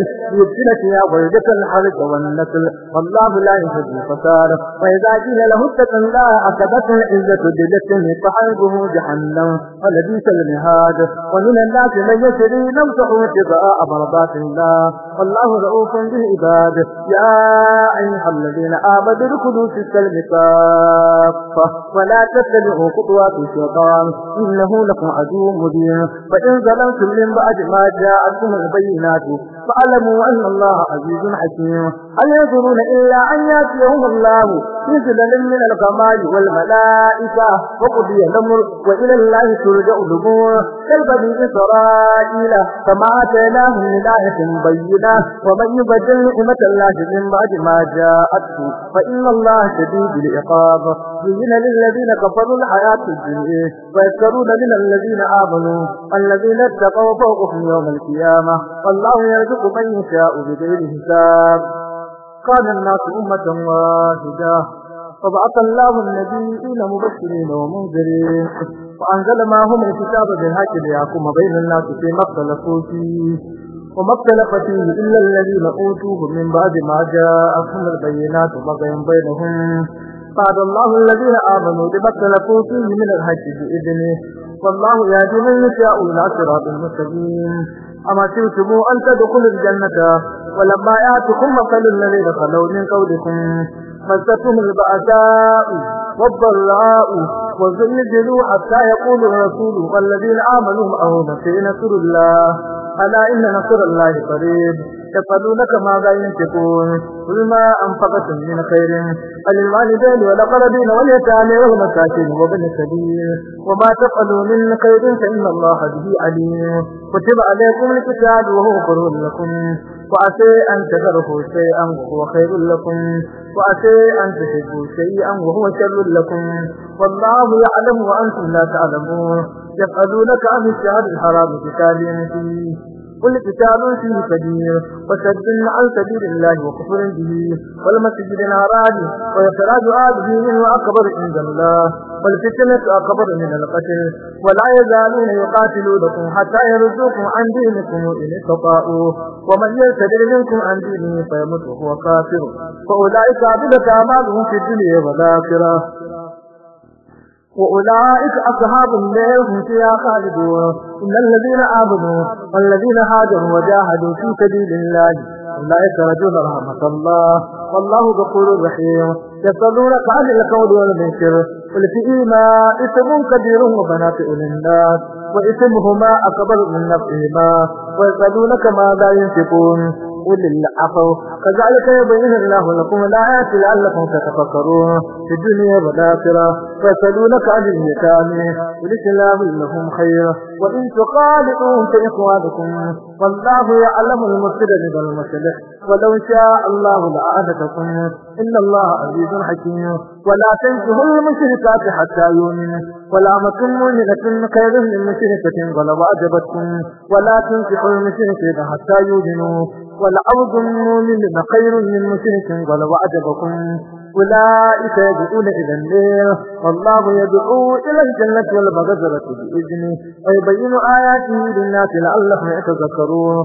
بألسنتها ويذكر الحرث والنسل والله لا يحب الفساد وإذا قيل له اتق الله العزة بلسنه فحربه جهنم ولبيس المهاد ومن الناس من يشري نفسه ابتغاء مرضات الله والله رؤوف بالعباد يا أيها الذين آمنوا اركضوا في السلم كافة ولا تتبعوا خطوات الشيطان إنه لكم عدو مبين فإن ظلمتم من بعد ما جاءتكم البينات فاعلموا أن الله عزيز حكيم هل ينظرون إلا أن يأتيهم الله نزلا من الكمال والملائكة وقضي الأمر وإلى الله ترجع الأمور كالبني إسرائيل فما أتيناه من آية بينة ومن يبدل نعمة الله من بعد ما جاءته فإن الله شديد العقاب زين للذين كفروا الحياة الدنيا ويسكرون من الذين آمنوا الذين اتقوا فوقهم يوم القيامة والله يرزق من يشاء بغير حساب كان الناس أمة واحدة فبعث الله النبيين مبشرين ومنذرين فأنزل ما هم الكتاب بالحق ليحكم بين الناس فيما اختلفوا فيه وما اختلف فيه إلا الذين أوتوه من بعد ما جاءهم البينات بغيا بينهم بعد الله الذين آمنوا لما اختلفوا فيه من الحق بإذنه والله يهدي من يشاء إلى صراط المستقيم أما تركم أن تدخلوا الجنة ولما يأتكم مثل الذين خلوا من قولكم مستهم البأساء والضراء وزلزلوا حتى يقول الرسول والذين آمنوا معه في نصر الله ألا إن نصر الله قريب يسألونك ماذا ينفقون قل ما أنفقتم من خير فللوالدين والأقربين واليتامى والمساكين وابن السبيل وما تفعلوا من خير فإن الله به عليم كتب عليكم الكتاب وهو خير لكم وعسى أن تذره شيئا وهو خير لكم وأتي أن تحبوا شيئا وهو شر لكم والله يعلم وأنتم لا تعلمون يسألونك عن الشهر الحرام بكالين فيه كل قتال فيه كبير وسد عن سبيل الله وكفر به والمسجد الحرام ويخراج عبده منه أكبر عند الله والفتنة أكبر من القتل ولا يزالون يقاتلونكم حتى يردوكم عن دينكم إن استطاعوا ومن يرتدر منكم عن دينه فيمت وهو كافر فأولئك عبدك أعمالهم في الدنيا والآخرة وأولئك أصحاب النار هم فيها خالدون إن الذين آمنوا والذين هاجروا وجاهدوا في سبيل الله أولئك رجل رحمة الله والله غفور رحيم يسألونك عن القول والمنكر قل فيهما إثم كبير ومنافع للناس وإثمهما أكبر من نفسهما ويسألونك ماذا ينفقون أولي العفو كذلك يبين الله لكم الآيات لعلكم تتفكرون في الدنيا والآخرة فسألونك عن الميتان والإسلام لهم خير وإن تخالقوهم فإخوانكم والله يعلم المفسد من المصلح ولو شاء الله لعادتكم إن الله عزيز حكيم ولا تنسوا المشركات حتى يؤمنوا ولا مكن مؤمنة خير من مشركة ولو أعجبتكم ولا تنسوا المشركين حتى يؤمنوا ولعوض مؤمن خير من مشرك ولو أعجبكم أولئك يدعون إلى النير والله يدعو إلى الجنة والمغزرة بإذنه ويبين آياته للناس لعلهم يتذكرون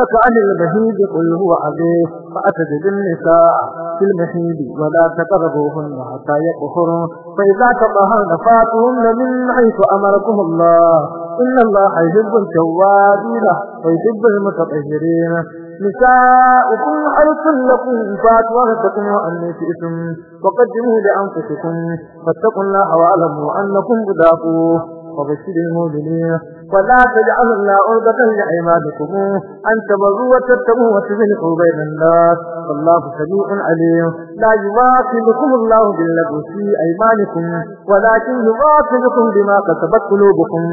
لك عن المهيد قل هو عزيز فأتد بالنساء في المهيد ولا تقربوهن حتى يقهرن فإذا تطهرن فاتهن من حيث أمركم الله إن الله يحب التوابين ويحب المتطهرين نساؤكم حرث لكم فاتوا ربكم وأن شئتم وقدموا لأنفسكم فاتقوا الله واعلموا أنكم مذاقوه وبشر المؤمنين فلا تجعلوا الله عرضة لعبادكم أن تبروا وتتقوا وتزلقوا بين الناس والله سميع عليم لا يواصلكم الله باللغو في أيمانكم ولكن يواصلكم بما كسبت قلوبكم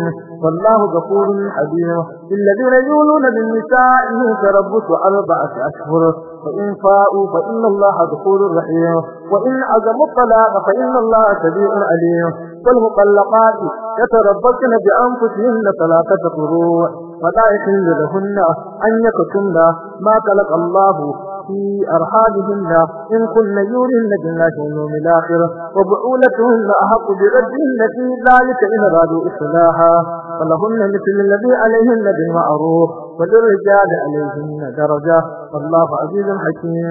والله غفور حليم الذين يولون من نسائهم تربص أربعة أشهر فإن فاءوا فإن الله غفور رحيم وإن عزموا الطلاق فإن الله سميع عليم والمطلقات يتربصن بأنفسهن ثلاثة قروع فلا يحل لهن أن يكتمن ما خلق الله في أرحامهن إن كن يورهن جنات النوم الآخرة وبعولتهن أحق بردهن في ذلك إن أرادوا إصلاحا فلهن مثل الذي عليهن بالمعروف وللرجال عليهن درجة والله عزيز حكيم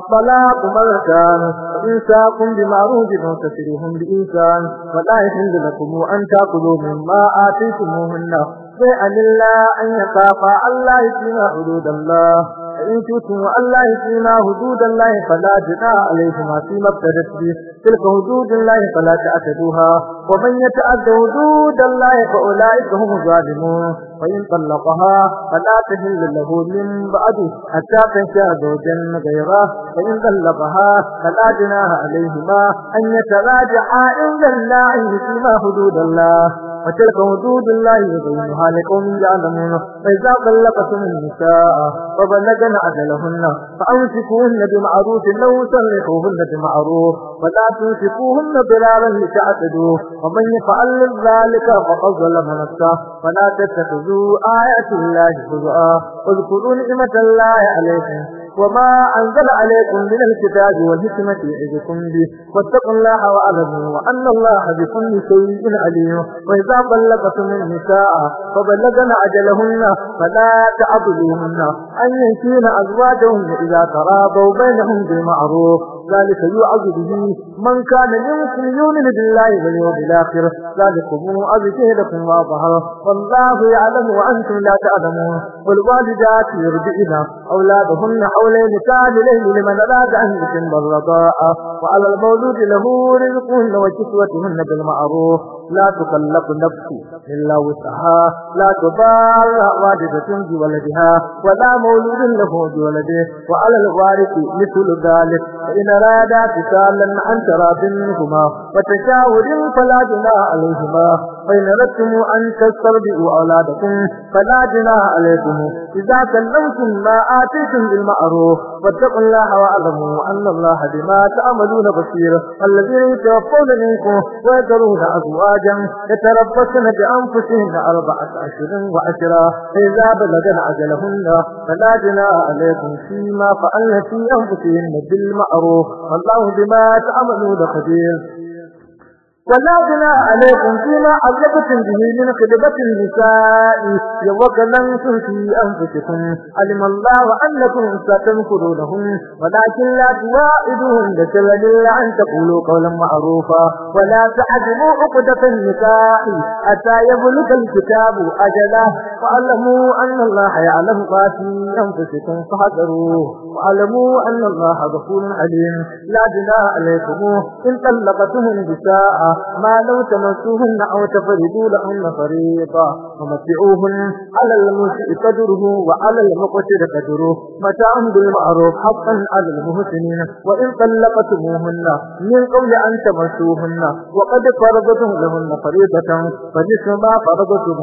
الطلاق مرتان إنساق بمعروف وتسرهم بإنسان ولا يحل لكم أن تأكلوا مما آتيتموهن شيئا إلا أن يتافى الله فينا حدود الله فإن تؤتموا الله فينا حدود الله فلا جناء عليهما فيما ابتدت به تلك حدود الله فلا تأتدوها ومن يتأذى حدود الله فأولئك هم الظالمون فإن طلقها فلا تهل له من بعده حتى تنشى زوجا غيره فإن طلقها فلا جناها عليهما أن يتراجعا إن الله فيما حدود الله وتلك حدود الله يبينها لكم يعلمون فإذا طلقتم النساء فبلغن عدلهن فأمسكوهن بمعروف لو سرحوهن بمعروف ولا تمسكوهن ضرارا لتعتدوا ومن يفعل ذلك فقد ظلم نفسه فلا تتخذوا آيات الله خزعا واذكروا نعمة الله عليكم وما أنزل عليكم من الكتاب والحكمة يعظكم به واتقوا الله واعلموا وأن الله بكل شيء عليم وإذا بلغتم النساء فبلغن أجلهن فلا تعضلوهن أن ينسين أزواجهن إذا تراضوا بينهم بمعروف ذلك يعظ به من كان يمكن يؤمن بالله واليوم الآخر ذلكم أبته لكم وأظهر والله يعلم وأنتم لا تعلمون والوالدات يرجئن أولادهن حولين كاملين لمن أراد أن يتم الرضاء وعلى المولود له رزقهن وكسوتهن بالمعروف لا تقلق نفس إلا وسعها لا تضار والدة بولدها ولا مولود له بولده وعلى الوارث مثل ذلك فإن رادا فسالا عن تراب منهما وتشاور فلا جناء عليهما فإن ردتم أن تستردئوا أولادكم فلا جناء عليكم إذا سلمتم ما آتيتم بالمعروف واتقوا الله واعلموا أن الله بما تعملون بصير الذين يتوفون منكم ويذرون أزواجا يتربصن بأنفسهن أربعة أشهر وعشرا إذا بلغن عجلهن فلا جناء عليكم فيما فعلن في أنفسهن بالمعروف والله بما تعملون خبير ولا عليكم فيما أجبتم به من خدمة النساء وكلمتم في أنفسكم علم الله أنكم ستنكرونهم ولكن لا تواعدوهم لسبب إلا أن تقولوا قولا معروفا ولا تعدموا عقدة النساء حتى يبلغ الكتاب أجله واعلموا أن الله يعلم ما في أنفسكم فحذروه واعلموا أن الله غفور عليم لا جناح عليكم إن طلقتم النساء ما لو تمسوهن أو تفردوا لهن فريضا ومتعوهن على المسيء قدره وعلى المقتر قدره متاعهم بالمعروف حقا على المحسنين وإن طلقتموهن من قول أن تمسوهن وقد فرضتم لهن فريضة فنصف ما فرضتم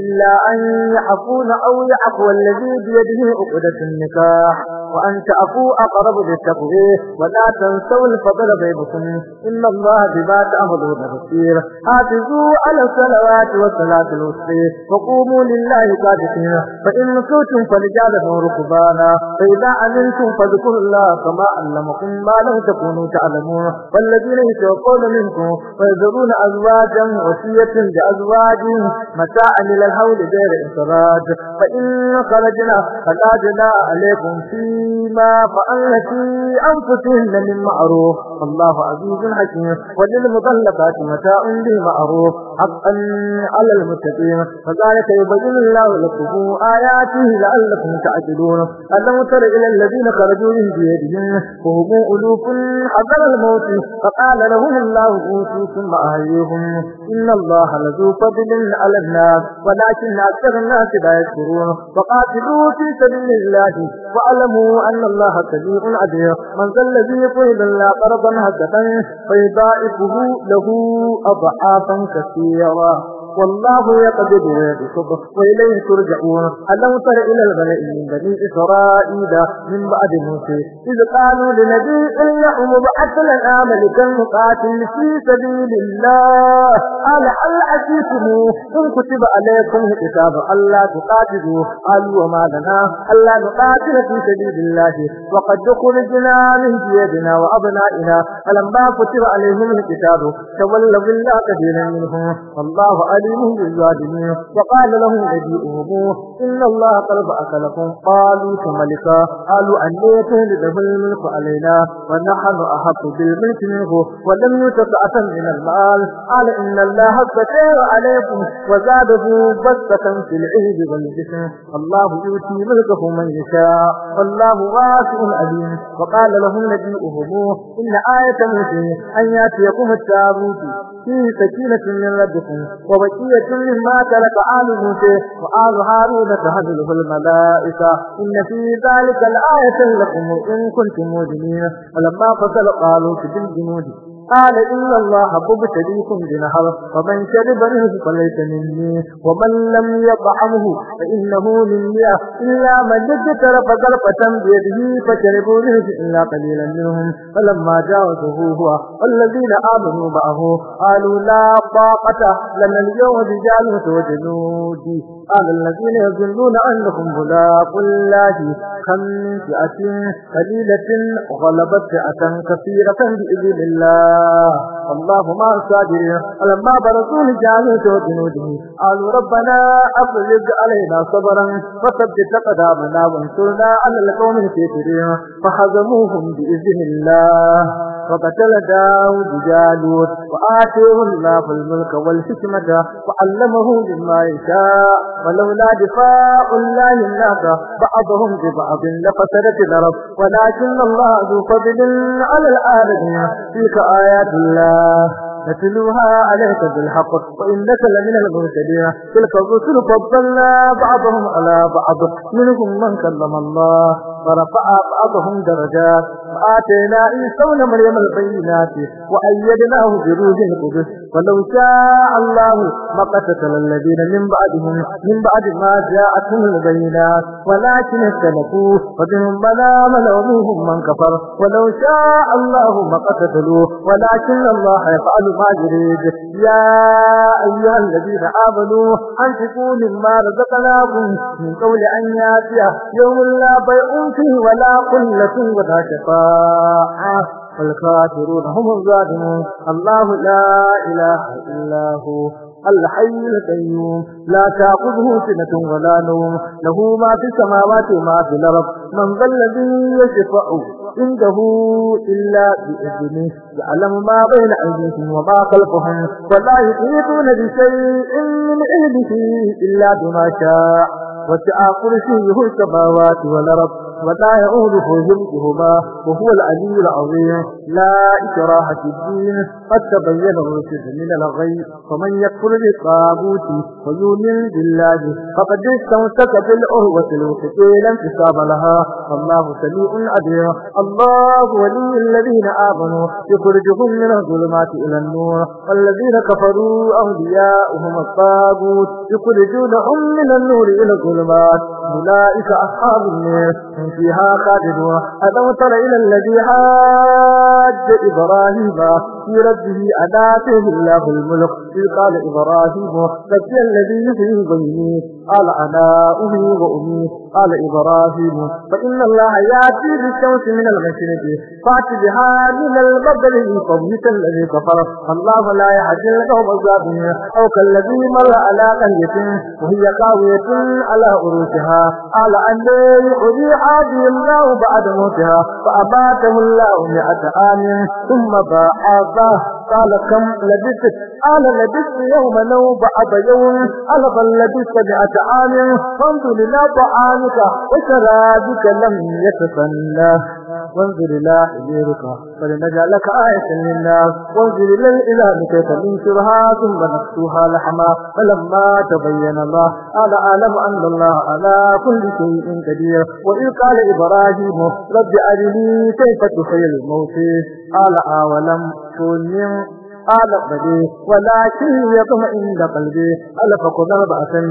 إلا أن يعفون أو يعفو الذي بيده عقدة النكاح وأن تعفوا أقرب للتقوى ولا تنسوا الفضل بينكم إن الله بما تعملون بصير حافظوا على الصلوات والصلاة الوسطى وقوموا لله قادتين فإن نسوتم فلجادة ركبانا فإذا أمنتم فاذكروا الله كما علمكم ما لم تكونوا تعلمون والذين يتوقون منكم ويذرون أزواجا وصية لأزواجهم متاعا إلى الهول غير إنفراد فإن خرجنا فلا جناء عليكم فيما فأنتي أنفسهن من معروف الله عزيز حكيم وللمطلقات الصدقات متاع معروف حقا على المتقين فذلك يبين الله لكم آياته لعلكم تعجلون ألم تر إلى الذين خرجوا من بيدهم وهم ألوف حذر الموت فقال لهم الله أوتوا ثم أهيهم إن الله لذو فضل على الناس ولكن أكثر الناس لا يذكرون فقاتلوا في سبيل الله واعلموا أن الله سميع عليم من ذا الذي يقول الله قرضا هدفا فيضاعفه له أضعافا كثيرا كثيرا والله يقدر بصدق وإليه ترجعون ألم تر إلى الملئ من بني إسرائيل من بعد موسى إذ قالوا لنبي إلا بعث لنا ملكا مقاتل في سبيل الله قال هل عسيتم إن كتب عليكم كتاب ألا تقاتلوا قالوا وما لنا ألا نقاتل في سبيل الله وقد خرجنا من جيبنا وأبنائنا فلما كتب عليهم الكتاب تولوا إلا كثيرا منهم والله ظالمين بالظالمين وقال لهم نبيهم إن الله قد بعث قالوا كملكا قالوا أن يكون له الملك علينا ونحن أحق بالملك منه ولم يتسعة من المال قال إن الله فتير عليكم وزاده بسة في العيد والجسم الله يؤتي ملكه من يشاء والله واسع أليم وقال لهم نبيهم إن آية ملكه أن يأتيكم التابوت فيه سكينة من ربكم وبكي وصية مما ترك آل موسى وآل هارون تهزله الملائكة إن في ذلك لآية لكم إن كنتم مؤمنين ولما فصل قالوا في الجنود قال إن الله مبتليكم بنهر ومن شرب منه فليس مني ومن لم يطعمه فإنه مني إلا من يجتر فضربة بيده فشربوا منه إلا قليلا منهم فلما جاوزه هو والذين آمنوا معه قالوا لا طاقة لنا اليوم بجانه وجنودي قال الذين يظنون أنهم ملاق الله كم فئة قليلة غلبت فئة كثيرة بإذن الله الله ما الصابرين فلما برزوا لجعلوت جنوده قالوا ربنا أفرج علينا صبرا وثبت قدامنا وانصرنا على القوم الكافرين فخزموهم بإذن الله وقتل داود جالوت وآتيه الله الملك والحكمة وعلمه مما يشاء ولولا دفاع الله الناس بعضهم ببعض لفسدت الأرض ولكن الله ذو فضل على العالمين تلك آيات الله نتلوها عليك بالحق وإنك لمن المرسلين تلك الرسل فضلنا بعضهم على بعض منهم من كلم الله ورفع بعضهم درجات وآتينا عيسى مريم البينات وأيدناه بروح القدس ولو شاء الله ما قتل الذين من بعدهم من بعد ما جاءتهم البينات ولكن اختلفوا فبهم بلام ومنهم من كفر ولو شاء الله ما قتلوه ولكن الله يفعل ما يريد يا أيها الذين آمنوا أنفقوا مما رزقناكم من قول أن ياتيه يوم لا بيع فيه ولا قلة ولا شفاعة والكافرون هم الظالمون الله لا إله إلا هو الحي القيوم لا تأخذه سنة ولا نوم له ما في السماوات وما في الأرض من ذا الذي يشفع عنده إلا بإذنه يعلم ما بين أيديهم وما خلفهم ولا يحيطون بشيء من علمه إلا بما شاء وسع كرسيه السماوات والأرض ولا يعوده حجبهما وهو العلي العظيم لا إكراه في الدين قد تبين الرشد من الغي فمن يكفر بالطاغوت ويؤمن بالله فقد استمسك بالعروة الوثقى لا انتصاب لها الله سميع عليم الله ولي الذين آمنوا يخرجهم من الظلمات إلى النور والذين كفروا أولياؤهم الطاغوت يخرجونهم من النور إلى الظلمات أولئك أصحاب النار هم فيها خالدون ألم تر إلى الذي حاج إبراهيم في ربه أداته الله الملك قال إبراهيم فكي الذي يحيي ويميت قال أنا وأمي قال إبراهيم فإن الله يأتي بالشمس من المشرق فأت بها من المبدل من قبلك الذي كفر الله لا يهدي القوم الظالمين أو كالذي مر على قرية وهي قاوية على عروشها قال أن يحيي عادي الله بعد موتها فأباته الله مئة عام ثم بعث الله قال كم لبثت قال لبثت يوما او بعض يوم قال بل لبثت مئة عام فانظر إلى طعامك وشرابك لم يتسنى وانظر إلى حجيرك فلنجعلك آية للناس وانظر إلى الإله كيف ننشرها ثم نكسوها لحما فلما تبين الله قال أعلم أن الله على كل شيء قدير وإذ قال إبراهيم رب أرني كيف تحيي الموت قال أولم من قال بدي ولكن يطمئن قلبي ألف قدر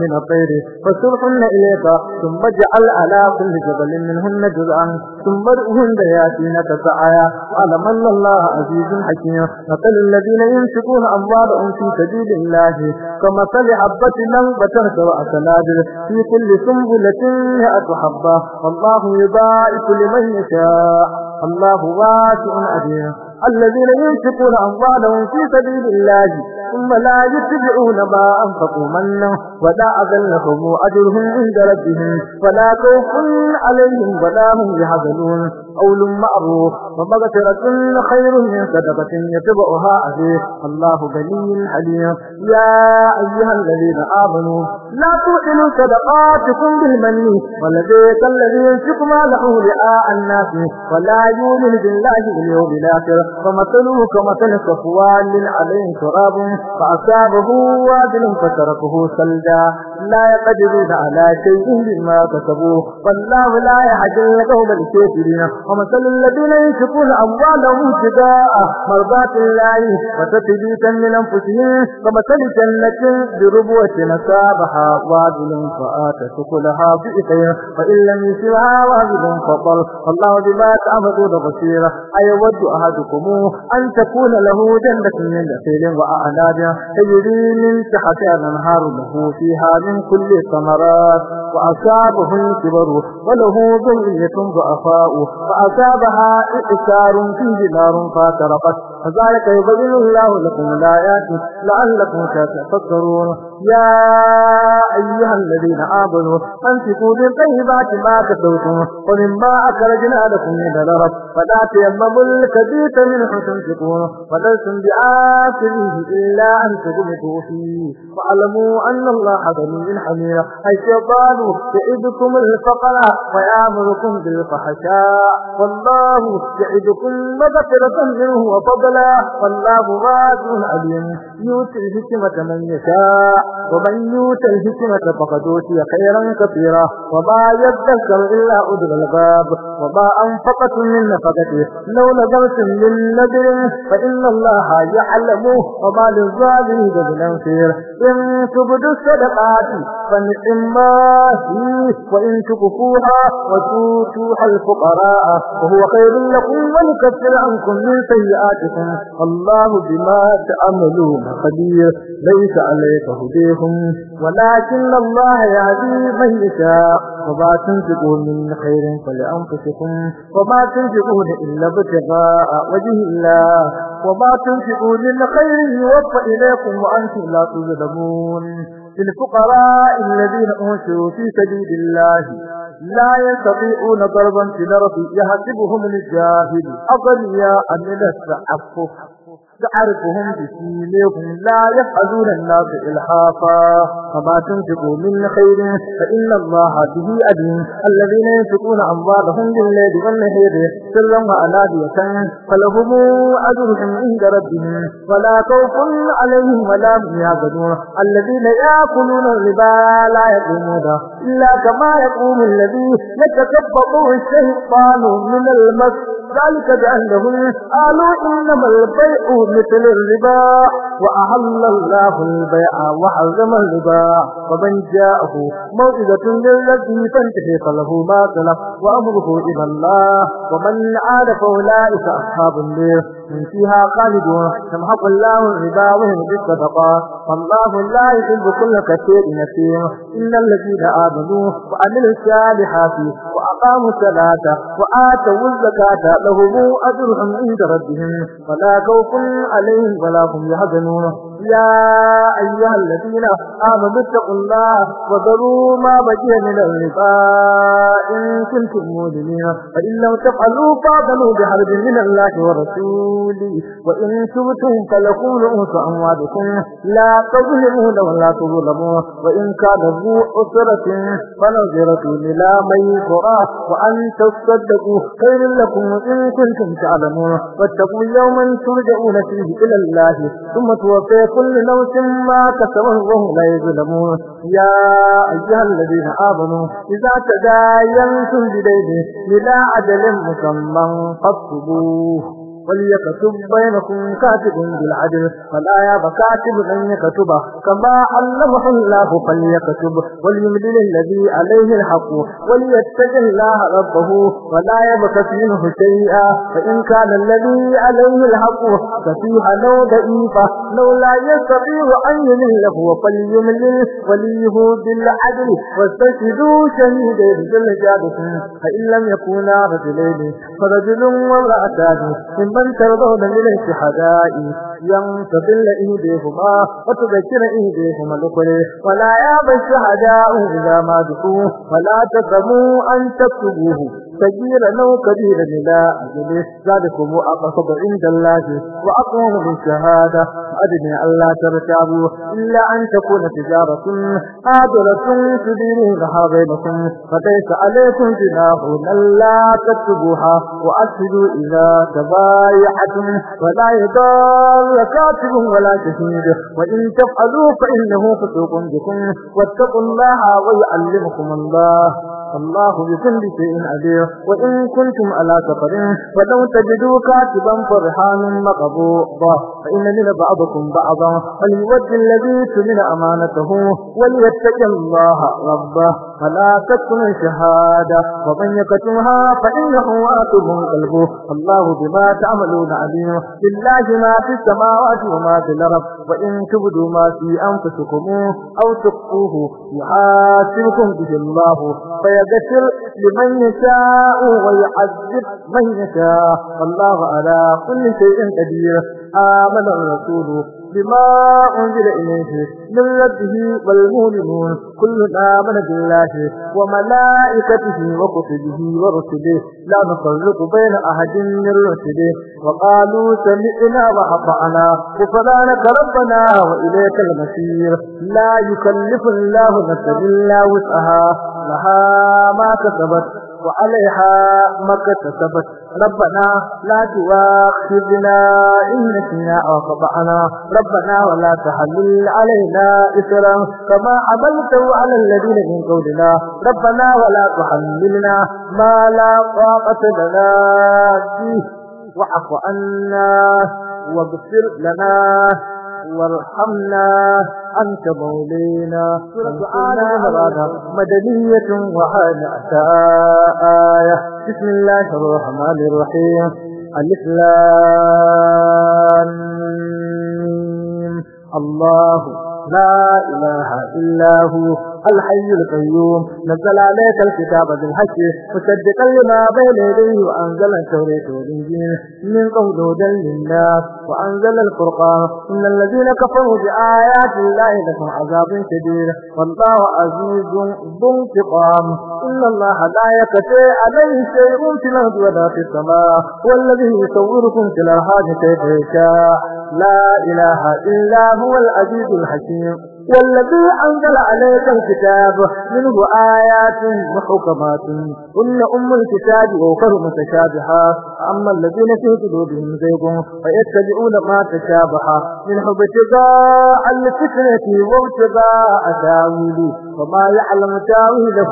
من الطير فسرهن إليك ثم اجعل على كل جبل منهن جزءا ثم ارئهن بياتين سعيا أعلم أن الله عزيز حكيم مثل الذين ينفقون أموالهم في سبيل الله كمثل حبة لنبة سواء سنادر في كل سنبلة مئة حبة والله يبارك لمن يشاء الله واسع عليم الذين ينفقون أموالهم في سبيل الله ثم لا يتبعون ما أنفقوا منا ولا أذن لهم أجرهم عند ربهم ولا خوف عليهم ولا هم يحزنون قول معروف ومغفرة خير من صدقة يتبعها أذيه الله غني حليم يا أيها الذين آمنوا لا تؤمنوا صدقاتكم بالمن ولديك الذي ينفق ماله لآء الناس ولا يؤمن بالله اليوم الآخر ومثله كمثل صفوان عليه تراب فأصابه وادل فتركه سلدا لا يقدرون على شيء مما كتبوا والله لا يعجل لهم الكافرين ومثل الذين ينفقون أموالهم ابتغاء مرضات الله وتثبيتا من أنفسهم ومثل جنة بربوة نسابها وادل فآتت كلها بئتين فإن لم يسرها وادل فضل الله بما تعملون بصيرة أيود أحدكم أن تكون له جنة من نخيل وأعناب فجاجة تجري من تحت الأنهار له فيها من كل الثمرات وأصابه الكبر وله ذرية ضعفاء فأصابها إعسار فيه نار فاترقت فذلك يبين الله لكم الآيات لعلكم تتفكرون يا أيها الذين آمنوا أنفقوا من طيبات ما كسبتم ومما أخرجنا لكم من الأرض فلا تيمموا الكبيت منه تنفقون ولستم بآخره إلا أن تغمضوا فيه واعلموا أن الله غني حميد حيث قالوا يعدكم الفقراء ويأمركم بالفحشاء والله يعدكم مغفرة منه وفضلا والله راجل عليم يوت الحكمة من يشاء ومن يوت الحكمة فقد أوتي خيرا كثيرا وما يذكر إلا أذن الباب وما أنفقت من نفقته لو نذرت من نذر فإن الله يعلمه وما للظالمين من أنصير إن تبدوا الصدقات فنعم وإن تكفوها وتؤتوها الفقراء وهو خير لكم ونكفر عنكم من سيئاتكم الله بما تعملون قدير ليس عليك هديهم ولكن الله يهدي من يشاء وما تنفقون من خير فلأنفسكم وما تنفقون إلا ابتغاء وجه الله وما تنفقون من خير يوفى إليكم وأنتم لا تظلمون للفقراء الذين أنشروا في سبيل الله لا يستطيعون ضربا في الأرض يحسبهم الجاهل أغنياء من التعفف تعرفهم بسيمهم لا يفعلون الناس إلحافا فما تنفقوا من خير فإن الله به أدين الذين ينفقون أموالهم بالليل والنهير سرا وعلانية فلهم أجرهم عند ربهم ولا خوف عليهم ولا هم يحزنون الذين يأكلون الربا لا يقومون إلا كما يقوم الذي يتكبطه الشيطان من المسجد ذلك بأنهم قالوا إنما البيع مثل الربا وأحل الله البيع وحرم الربا فمن جاءه موئدة للذي فانتهي فله ما تلف وأمره إلى الله ومن عاد فأولئك أصحاب النار من فيها خالدون يمحق الله عباده بالصدقة فالله والله لا يحب كل كثير نسيم إلا الذين آمنوا وأمنوا الصالحات وأقاموا الصلاة وآتوا الزكاة لهم أجرهم عند ربهم ولا خوف عليهم ولا هم يحزنون يا أيها الذين آمنوا اتقوا الله وذروا ما بقي من الربا إن كنتم مؤمنين فإن لم تفعلوا فاذنوا بحرب من الله ورسوله وإن تبتم فلكم رؤوس أموالكم لا تظلمون ولا تظلمون وإن كان ذو أسرة فنظرة إلى ميسرة وأن تصدقوا خير لكم إن كنتم تعلمون واتقوا يوما ترجعون فيه إلى الله ثم توفيت ولكل نفس ما كسبه لا يظلمون يا أيها الذين آمنوا إذا تداينتم بدين إلى أجل مسمى فاكتبوه وليكتب بينكم كاتب بالعدل فلا ياب كاتب أن يكتب كما علمه الله فليكتب وليملل الذي عليه الحق وليتجه الله ربه ولا يبقى منه شيئا فإن كان الذي عليه الحق ففيها لو ضعيفة لو لا يستطيع أن يمله فليملل وليه بالعدل واستشهدوا شهيدين بالجادة فإن لم يكونا رجلين فرجل ولا أتاني من ترضون من الشهداء ينتظل إهديهما وتذكر إهديهما لكل ولا يابى الشهداء إذا ما دقوه ولا تسموا أن تكتبوه تجير لو كبير لا أجلس ذلكم أقصد عند الله وأقوم بالشهادة أدني ألا ترتابوا إلا أن تكون تجارة آدلة تديرونها بينكم فليس عليكم جناح ألا تكتبوها وأشهدوا إذا تبايعتم ولا يضال كاتب ولا شهيد وإن تفعلوا فإنه فسوق بكم واتقوا الله ويعلمكم الله الله بكل شيء عليم وإن كنتم على سفر فلو تجدوا كاتبا فرحان مقبوضا فإن من بعضكم بعضا فليود الذي سمن أمانته وليتك الله ربه فلا تكن الشهادة ومن يكتمها فإنه آتب قلبه الله بما تعملون عليم لله ما في السماوات وما في الأرض وإن تبدوا ما في أنفسكم أو تخفوه يحاسبكم به الله فيغفر لمن يشاء ويعذب من يشاء الله على كل شيء قدير آمن الرسول بما أنزل إليه من ربه والمؤمنون كل آمن بالله وملائكته وكتبه ورسله لا نفرق بين أحد من رسله وقالوا سمعنا وأطعنا غفرانك ربنا وإليك المسير لا يكلف الله نفسا إلا وسعها لها ما كسبت وعليها ما اكتسبت ربنا لا تؤاخذنا إن نسينا أو ربنا ولا تحمل علينا إسرا كما عملته على الذين من قولنا ربنا ولا تحملنا ما لا طاقة لنا فيه واعف عنا واغفر لنا وارحمنا أنت مولينا وانصرنا لغانا مدنية وعلى آية بسم الله الرحمن الرحيم الإسلام الله لا إله إلا هو الحي القيوم نزل عليك الكتاب بالحق مصدقا لما بين يديه وأنزل التوريث والإنجيل من قبل هدى للناس وأنزل الفرقان إن الذين كفروا بآيات الله لكم عذاب شديد والله عزيز ذو انتقام إن الله لا يكفي عليه شيء في الأرض ولا في السماء والذي يصوركم في الأرحام كيف يشاء لا إله إلا هو العزيز الحكيم والذي أنزل عليك الكتاب منه آيات وحكمات كن أم الكتاب وأخر متشابهة أما الذين في قلوبهم زيغ فيتبعون ما تشابه من حب ابتغاء الفتنة وابتغاء تاويله وما يعلم تاويله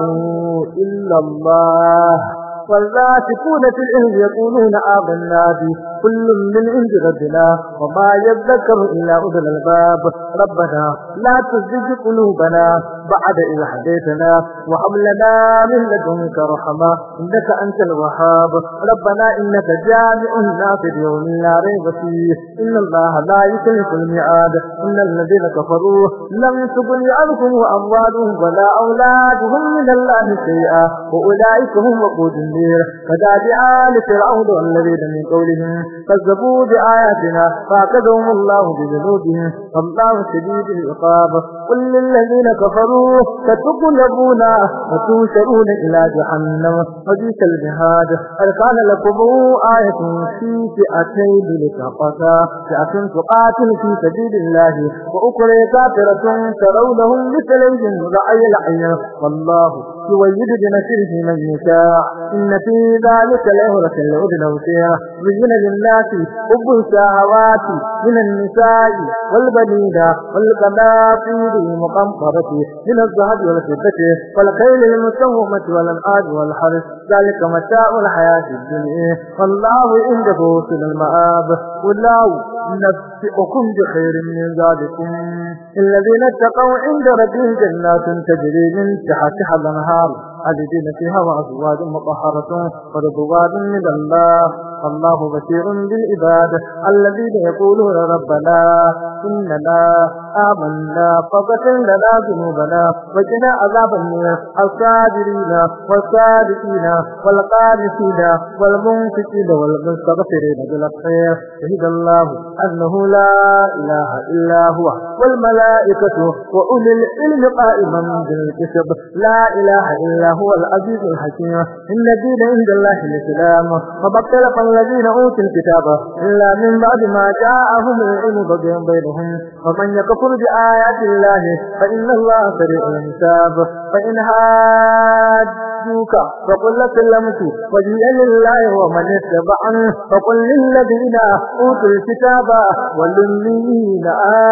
إلا الله والراسكون في العلم يقولون آمنا به كل من عند ربنا وما يذكر إلا أذن الباب ربنا لا تزج قلوبنا بعد إذا حديثنا وحملنا لنا من لدنك رحمة إنك أنت الوهاب ربنا إنك جامع الناس يوم لا ريب فيه إن الله لا يكلف الميعاد إن الذين كفروا لم تبني عنهم وأموالهم ولا أولادهم من الله شيئا وأولئك هم وقود والنذير فداد بآل فرعون والذين من قولهم كذبوا بآياتنا فأخذهم الله بذنوبهم فالله شديد العقاب قل للذين كفروا ستغلبون وتوشرون إلى جهنم وبئس الجهاد هل كان لكم آية في فئتين لتقتا فئة تقاتل في سبيل الله وأخرى كافرة ترونهم الجن رأي العين والله يولد بمسيره من يشاء إن في ذلك لعبرة لأذن وسيرة زين للناس أبه شاهوات من النساء والبنيدة والقناطير المقنطرة من الزهد والفضة والخيل المسومة والأنعام والحرس ذلك متاع الحياة الدنيا والله عنده حسن المآب والله نفسئكم بخير من ذلكم الذين اتقوا عند ربهم جنات تجري من تحتها الأنهار Islam خالدين فيها وأزواج مطهرة ورضوان من الله الله بشير بالعباد الذين يقولون ربنا إننا آمنا فغفر لنا ذنوبنا وجنا عذاب النار الكادرين والصادقين والقادسين والمنفقين والمستغفرين بالخير شهد الله أنه لا إله إلا هو والملائكة وأولي العلم قائما بالكسب لا إله إلا هو العزيز الحكيم إن الدين عند الله الإسلام فما اختلف الذين أوتوا الكتاب إلا من بعد ما جاءهم العلم بغيا بينهم ومن يكفر بآيات الله فإن الله سريع الحساب فإن هاد جاءوك فقل سلمت وجيء لله ومن اتبع فقل للذين أوتوا الكتاب والذين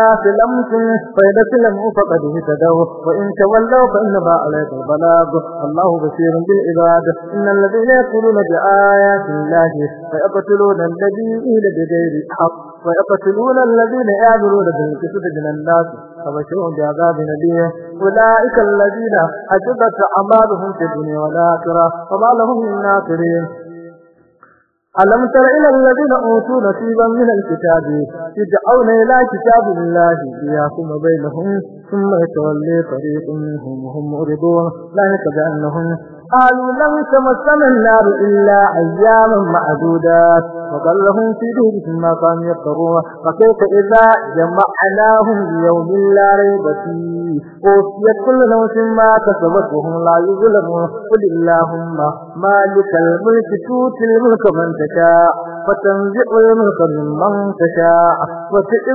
آسلمتم فإذا سلموا فقد اهتدوا وإن تولوا فإنما عليك البلاغ الله بشير بالعباد إن الذين يقولون بآيات الله فيقتلون الذين بغير حق ويقتلون الذين يعملون بالكتب من الناس فبشرهم بعذاب نبيه أولئك الذين حجبت أعمالهم في الدنيا والآخرة وما لهم من ناصرين ألم تر إلى الذين أوتوا نصيبا من الكتاب يدعون إلى كتاب الله ليحكم بينهم ثم يتولي فريق منهم وهم مرضون ذلك بأنهم قالوا لم تمسنا النار إلا أياما معدودات فظلهم في دورهم ما كانوا فكيف إذا جمعناهم ليوم لا ريب فيه أوفيت كل نوس ما كسبت وهم لا يظلمون قل اللهم مالك الملك تؤتي الملك من تشاء وتنزع الملك ممن تشاء وتعز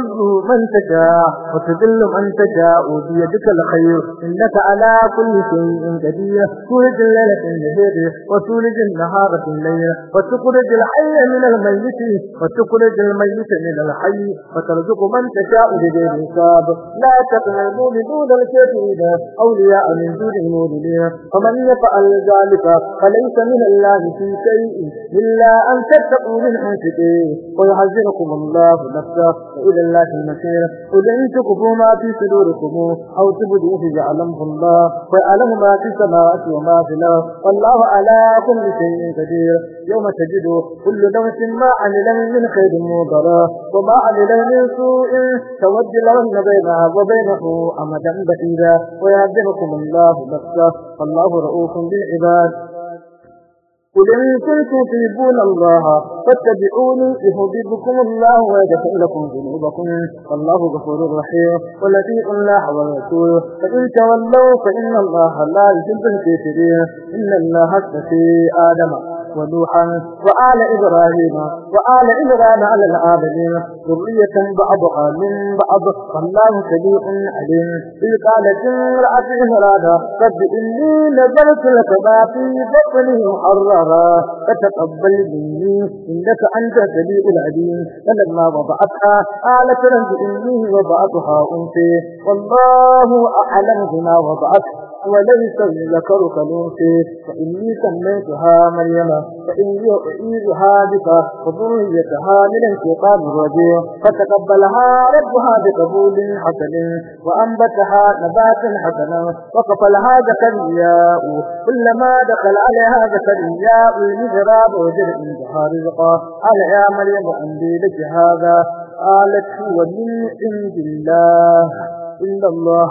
من تشاء وتذل من تشاء بيدك الخير إنك على كل شيء قدير تولد ليلة النهار وتولج النهار في الليل وتخرج الحي من الميت وتخرج الميت من الحي وترزق من تشاء بغير حساب لا تقنعوا بدون الكافرين أولياء من دون المؤمنين فمن يفعل ذلك فليس من الله في شيء إلا أن تتقوا من أنفسكم ويحذركم الله نفسه وإلى الله المسير قل إن تكفوا ما في صدوركم أو تبدوه يعلمه الله ويعلم ما في السماوات وما في الأرض والله على كل شيء قدير يوم تجد كل نفس ما عمل من خير مضرا وما عمل من سوء تود لهن بينها وبينه أمدا بعيدا ويعذبكم الله بسه الله رؤوف بالعباد قل إن كنتم تحبون الله فاتبعوني يهدبكم الله ويغفر لكم ذنوبكم والله غفور رحيم والذي الله ورسوله فإن تولوا فإن الله لا يحب الكافرين إن الله استفي آدم ونوحا وآل إبراهيم وآل إبراهيم على العالمين ذرية بعضها من بعض والله سميع عليم إذ قالت امرأة عمران رب إني نزلت لك ما في بطني محررا فتقبل مني إنك أنت سميع العليم فلما وضعتها قالت رب إني وضعتها أنت والله أعلم بما وضعت وليس الذكر كالأنثى فإني سميتها مريم فإني أعيدها بك وذريتها من الشيطان الرجيم فتقبلها ربها بقبول حسن وأنبتها نباتا حسنا وقفلها زكرياء كلما دخل عليها زكرياء المجراب وجد عندها رزقا قال يا مريم أنبي لك هذا قالت هو من عند الله إلا الله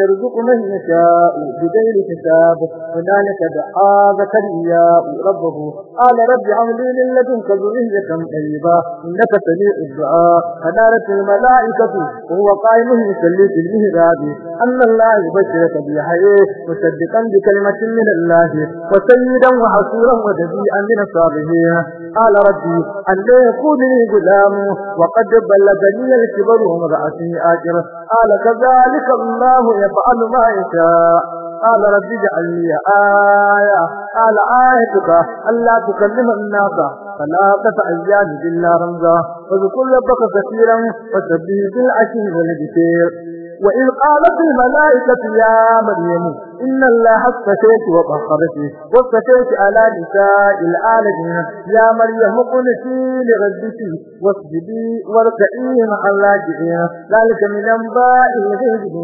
يرزق من يشاء بغير حساب هنالك دعا زكريا ربه قال رب اعمل لي من لدنك ذرية طيبة إنك سميع الدعاء حضرت الملائكة وهو قائم يصلي في المهراب أن الله يبشرك بيحيى مصدقا بكلمة من الله وسيدا وحصورا ودبيئا من الصالحين قال ربي أن لا يكون لي غلام وقد بلغني الكبر ومرأتي آجر قال كذلك الله يفعل ما يشاء قال ربي اجعل لي آية قال آيتك ألا تكلم الناس ثلاثة أيام إلا رمزا واذكر ربك كثيرا وسبه بالعشي والبكير وإذ قالت الملائكة يا مريم إن الله اصطفيك وطهرك واصطفيك على نساء العالمين يا مريم اقنتي لربك واسجدي واركعي مع اللاجئين ذلك من أنباء الغيب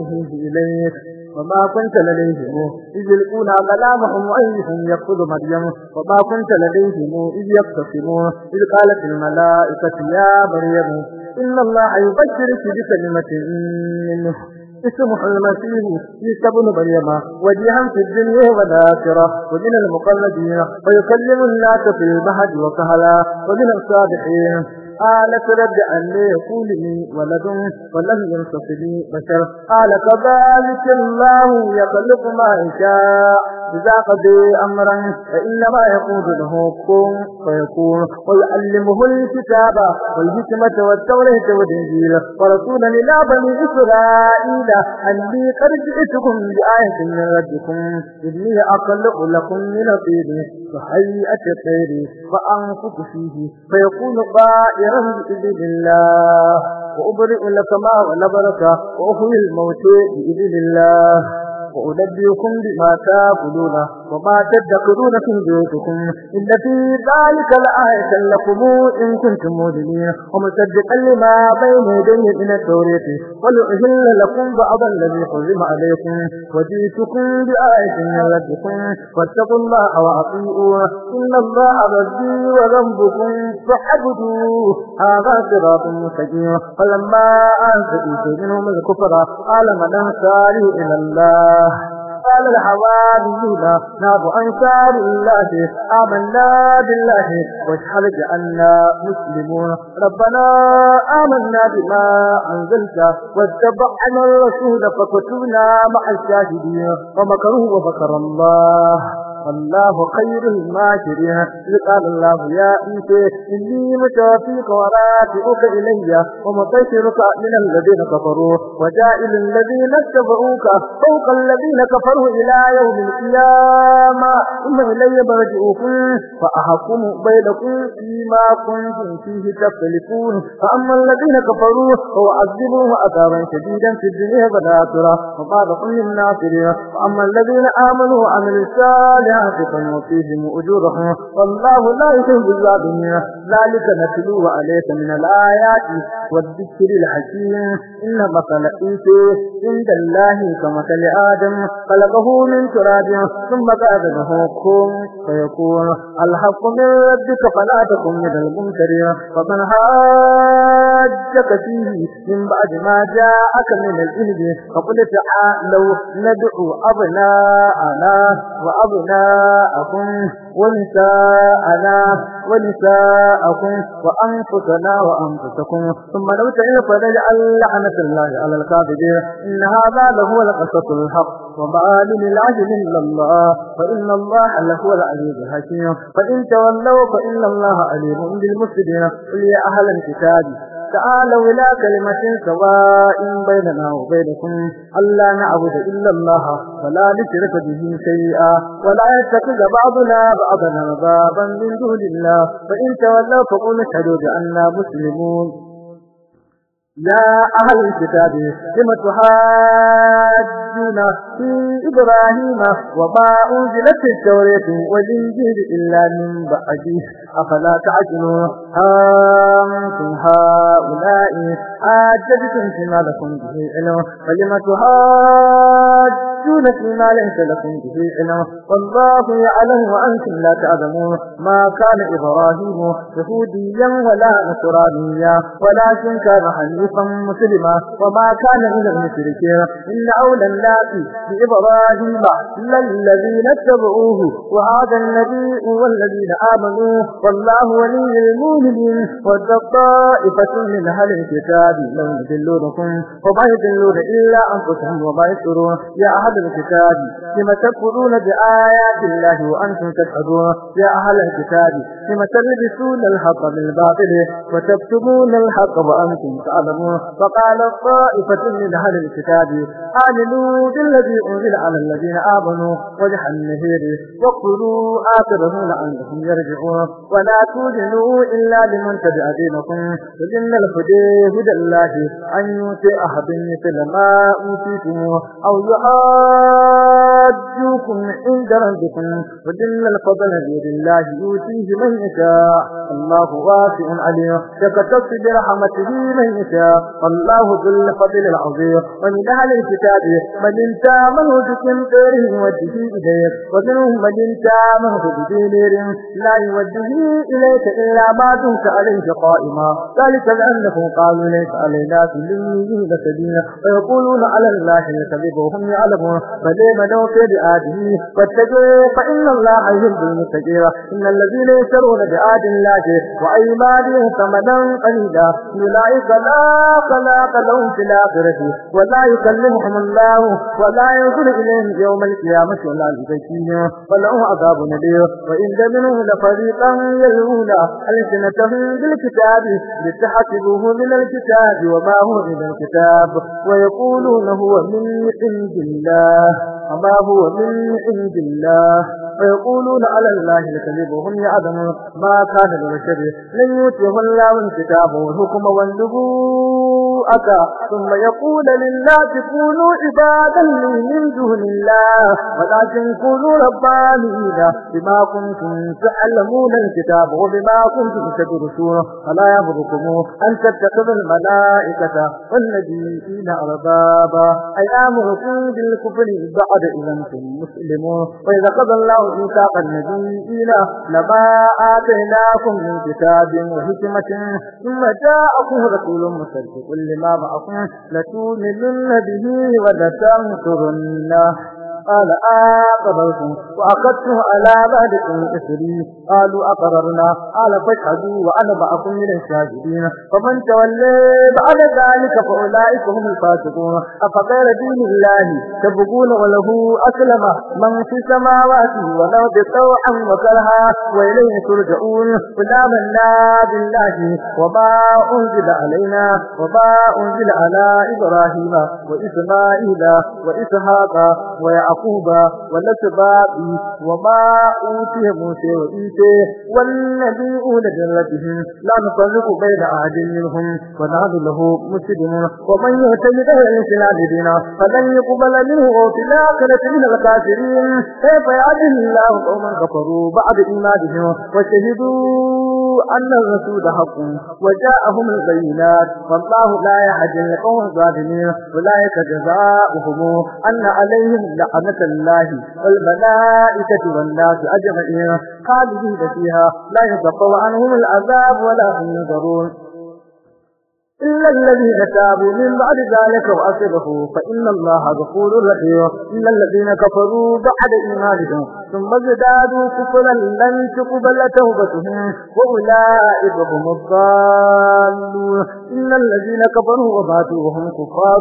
إليك وما كنت لديهم إذ يلقون كلامهم أيهم يقصد مريم وما كنت لديهم إذ يقتسمون إذ قالت الملائكة يا مريم إن الله يبشرك بكلمة منه اسمه المسيح عيسى بن مريم وجيها في الدنيا والآخرة ومن المقلدين ويكلم الناس في المهد وكهلا ومن الصالحين قالت رب أن لا يقول لي ولد ولم ينصف لي بشر قال كذلك الله يخلق ما يشاء إذا قضي أمرا فإنما يقول له كن فيكون ويعلمه الكتاب والجسمة والتورة والإنجيل ورسولا إلى بني إسرائيل أني قد جئتكم بآية من ربكم إني أخلق لكم من الطير فحيئة الطير فأنفق فيه فيكون قائلا العلم بإذن الله وأبرئ لك ما ونبرك وأخوي الموت بإذن الله وأنبئكم بما تأكلون وما تدخرون في بيوتكم إن في ذلك لآية لكم إن كنتم مؤمنين ومصدقا لما بين يديه من التوريث ولأهل لكم بعض الذي حرم عليكم وجئتكم بآية من ربكم واتقوا الله وأطيعوه إن الله ربي وربكم فاعبدوه هذا صراط مستقيم فلما أنزلت منهم الكفر قال من إلى الله الله قال الحواريون نار أنصار الله آمنا بالله واشهد جعلنا مسلمون ربنا آمنا بما أنزلت واتبعنا الرسول فكتبنا مع الشاهدين ومكروه ومكر الله الله خير الماكرين قال الله يا عيسى إني متوفيك وراجعك إلي ومطيرك من الذين كفروا وجائل الذين اتبعوك فوق الذين كفروا إلى يوم القيامة ثم إلي برجعكم فأحكم بينكم فيما كنتم فيه تختلفون فأما الذين كفروا فأعذبوه عذابا شديدا في الدنيا ترى وقال قل للناصرين وأما الذين آمنوا وعملوا الصالحات حافظا وفيهم أجورهم والله لا يحب الظالمين ذلك نتلوه عليك من الآيات والذكر الحكيم إن مثل انت عند الله كمثل آدم خلقه من تراب ثم بعد له فيقول الحق من ربك فلا تكن من الممترين فمن حاجك فيه من بعد ما جاءك من الإهد فقل تعالوا ندعو أبناءنا وأبناءنا نساءكم ونساءنا ونساءكم وأنفسنا وأنفسكم ثم لو تعلق فنجعل لعنة الله على الكاذبين إن هذا لهو القصة الحق وما للعجل إلا الله فإن الله لهو العليم الحكيم فإن تولوا فإن الله عليم بالمسلمين قل يا أهل الكتاب تعالوا إلى كلمة سواء بيننا وبينكم ألا نعبد إلا الله فلا نشرك به شيئا ولا يتخذ بعضنا بعضا بابا من دون الله فإن تولوا فقل اشهدوا بأننا مسلمون يا أهل الكتاب لم تحاجون في إبراهيم وما أنزلت التوراة والإنجيل إلا من بعده أفلا تعجلون أنتم هؤلاء حاجتكم فيما لكم به علم فلم تحاجون فيما ليس لكم به علم والله يعلم وأنتم لا تعلمون ما كان إبراهيم يهوديا ولا نصرانيا ولكن كان حنيفا مسلما وما كان من المشركين إن أولى الناس بإبراهيم للذين اتبعوه وهذا النبي والذين آمنوا والله ولي المؤمنين المؤمنين طائفة من أهل الكتاب لم يذلونكم وما يذلون إلا أنفسهم وما يشعرون يا أهل الكتاب لما تكفرون بآيات الله وأنتم تشهدون يا أهل الكتاب لما تلبسون الحق بالباطل وتكتمون الحق وأنتم تعلمون فقال الطائفة من أهل الكتاب آمنوا بالذي أنزل على الذين آمنوا وجه النهير وقلوا آخرهم لعلهم يرجعون ولا تؤمنوا إلا إلا لمن تبع دينكم قل إن الهدى هدى الله أن يؤتي أحد مثل ما أوتيتم أو يحاجوكم عند ربكم قل إن الفضل بيد الله يؤتيه من يشاء الله واسع عليم فكتبت برحمته من يشاء الله ذو الفضل العظيم ومن أهل الكتاب من من بكم غيره يوجه إليك ومنهم من انتامه بدين لا يوجه إليك إلا بعد تنك عليه قائما ذلك لأنهم قالوا ليس علينا في الأميين سبيلا ويقولون على الله الكذب وهم يعلمون فليمنوا في بآده فاتقوا فإن الله يهد المتقين إن الذين يشترون بآد الله وأيمانهم ثمنا قليلا أولئك لا خلاق لهم في الآخرة ولا يكلمهم الله ولا ينظر إليهم يوم القيامة ولا يزكيهم ولهم عذاب نبيه وإن منهم لفريقا يلوون الجنة ينتهي بالكتاب لتحسبوه من الكتاب وما هو من الكتاب ويقولون هو من عند الله وما هو من عند الله ويقولون على الله الكذب وهم يعلمون ما كان لبشر لن يؤتيه الله الكتاب والحكم والنبوءة ثم يقول لله كونوا عبادا لي من دون الله ولكن كونوا ربانين بما كنتم تعلمون الكتاب وبما كنتم تدرسونه فلا يبركموه أن تتخذ الملائكة والنبيين أربابا أيامركم بالكفر بعد إذا أنتم مسلمون وإذا قضى الله ميثاق النبيين لما آتيناكم من كتاب وحكمة ثم جاءكم رسول مصدق لما معكم لتؤمنن به ولتنصرنه قال أقررتم وأخذته على بعدكم إسري قالوا أقررنا قال فاشهدوا وأنا معكم من الشاهدين فمن تولى بعد ذلك فأولئك هم الفاسقون أفغير دين الله تبقون وله أسلم من في السماوات والأرض طوعا وكرها وإليه ترجعون قل آمنا بالله وما أنزل علينا وما أنزل على إبراهيم وإسماعيل وإسحاق ويعقوب وعقوبة والأسباب وما أوتي موسى وإيسى والنبيون جلتهم لا نطلق بين أحد منهم ونعذ له مسلم ومن يهتمد الإنسان لدينا فلن يقبل منه في الآخرة من الكافرين كيف يعدل الله قوما كفروا بعد إيمانهم وشهدوا أن الرسول حق وجاءهم البينات والله لا يعدل القوم الظالمين أولئك جزاؤهم أن عليهم لعنة سبحانك الله والملائكة والناس أجمعين خالدين فيها لا يتقوى عنهم العذاب ولا هم ينظرون إلا الذين تابوا من بعد ذلك وأصبحوا فإن الله غفور رحيم إلا الذين كفروا بعد إيمانهم ثم ازدادوا كفرا لن تقبل توبتهم وأولئك هم الضالون إن الذين كفروا وماتوا وهم كفار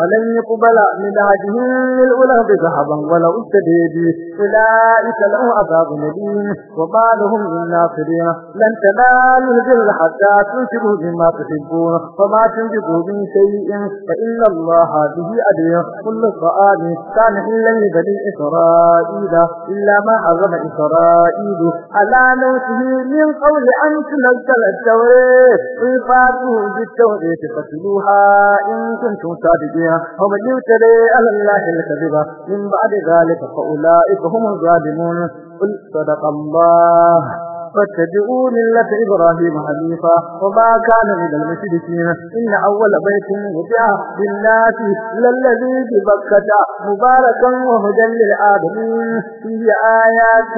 ولن يقبل من عدهم للأولاد ذهبا ولو استديدي أولئك لهم عذاب مبين وما لهم من ناصرين لن تنالوا الجل حتى تنشروا بما تحبون فما تنجبوا من شيء فإن الله به أدريه كل طعام كان إلا لبني إسرائيل إلا ما عظم إسرائيل على نفسه من قول أن تنزل التوريت ويفاته بالتوريت فتلوها إن كنتم صادقين ومن يبتلي على الله الكذبة من بعد ذلك فأولئك هم الظالمون قل صدق الله فاتبعوا ملة إبراهيم حنيفا وما كان من المشركين إن أول بيت وضع للناس للذي ببكة مباركا وهدى للعالمين فيه آيات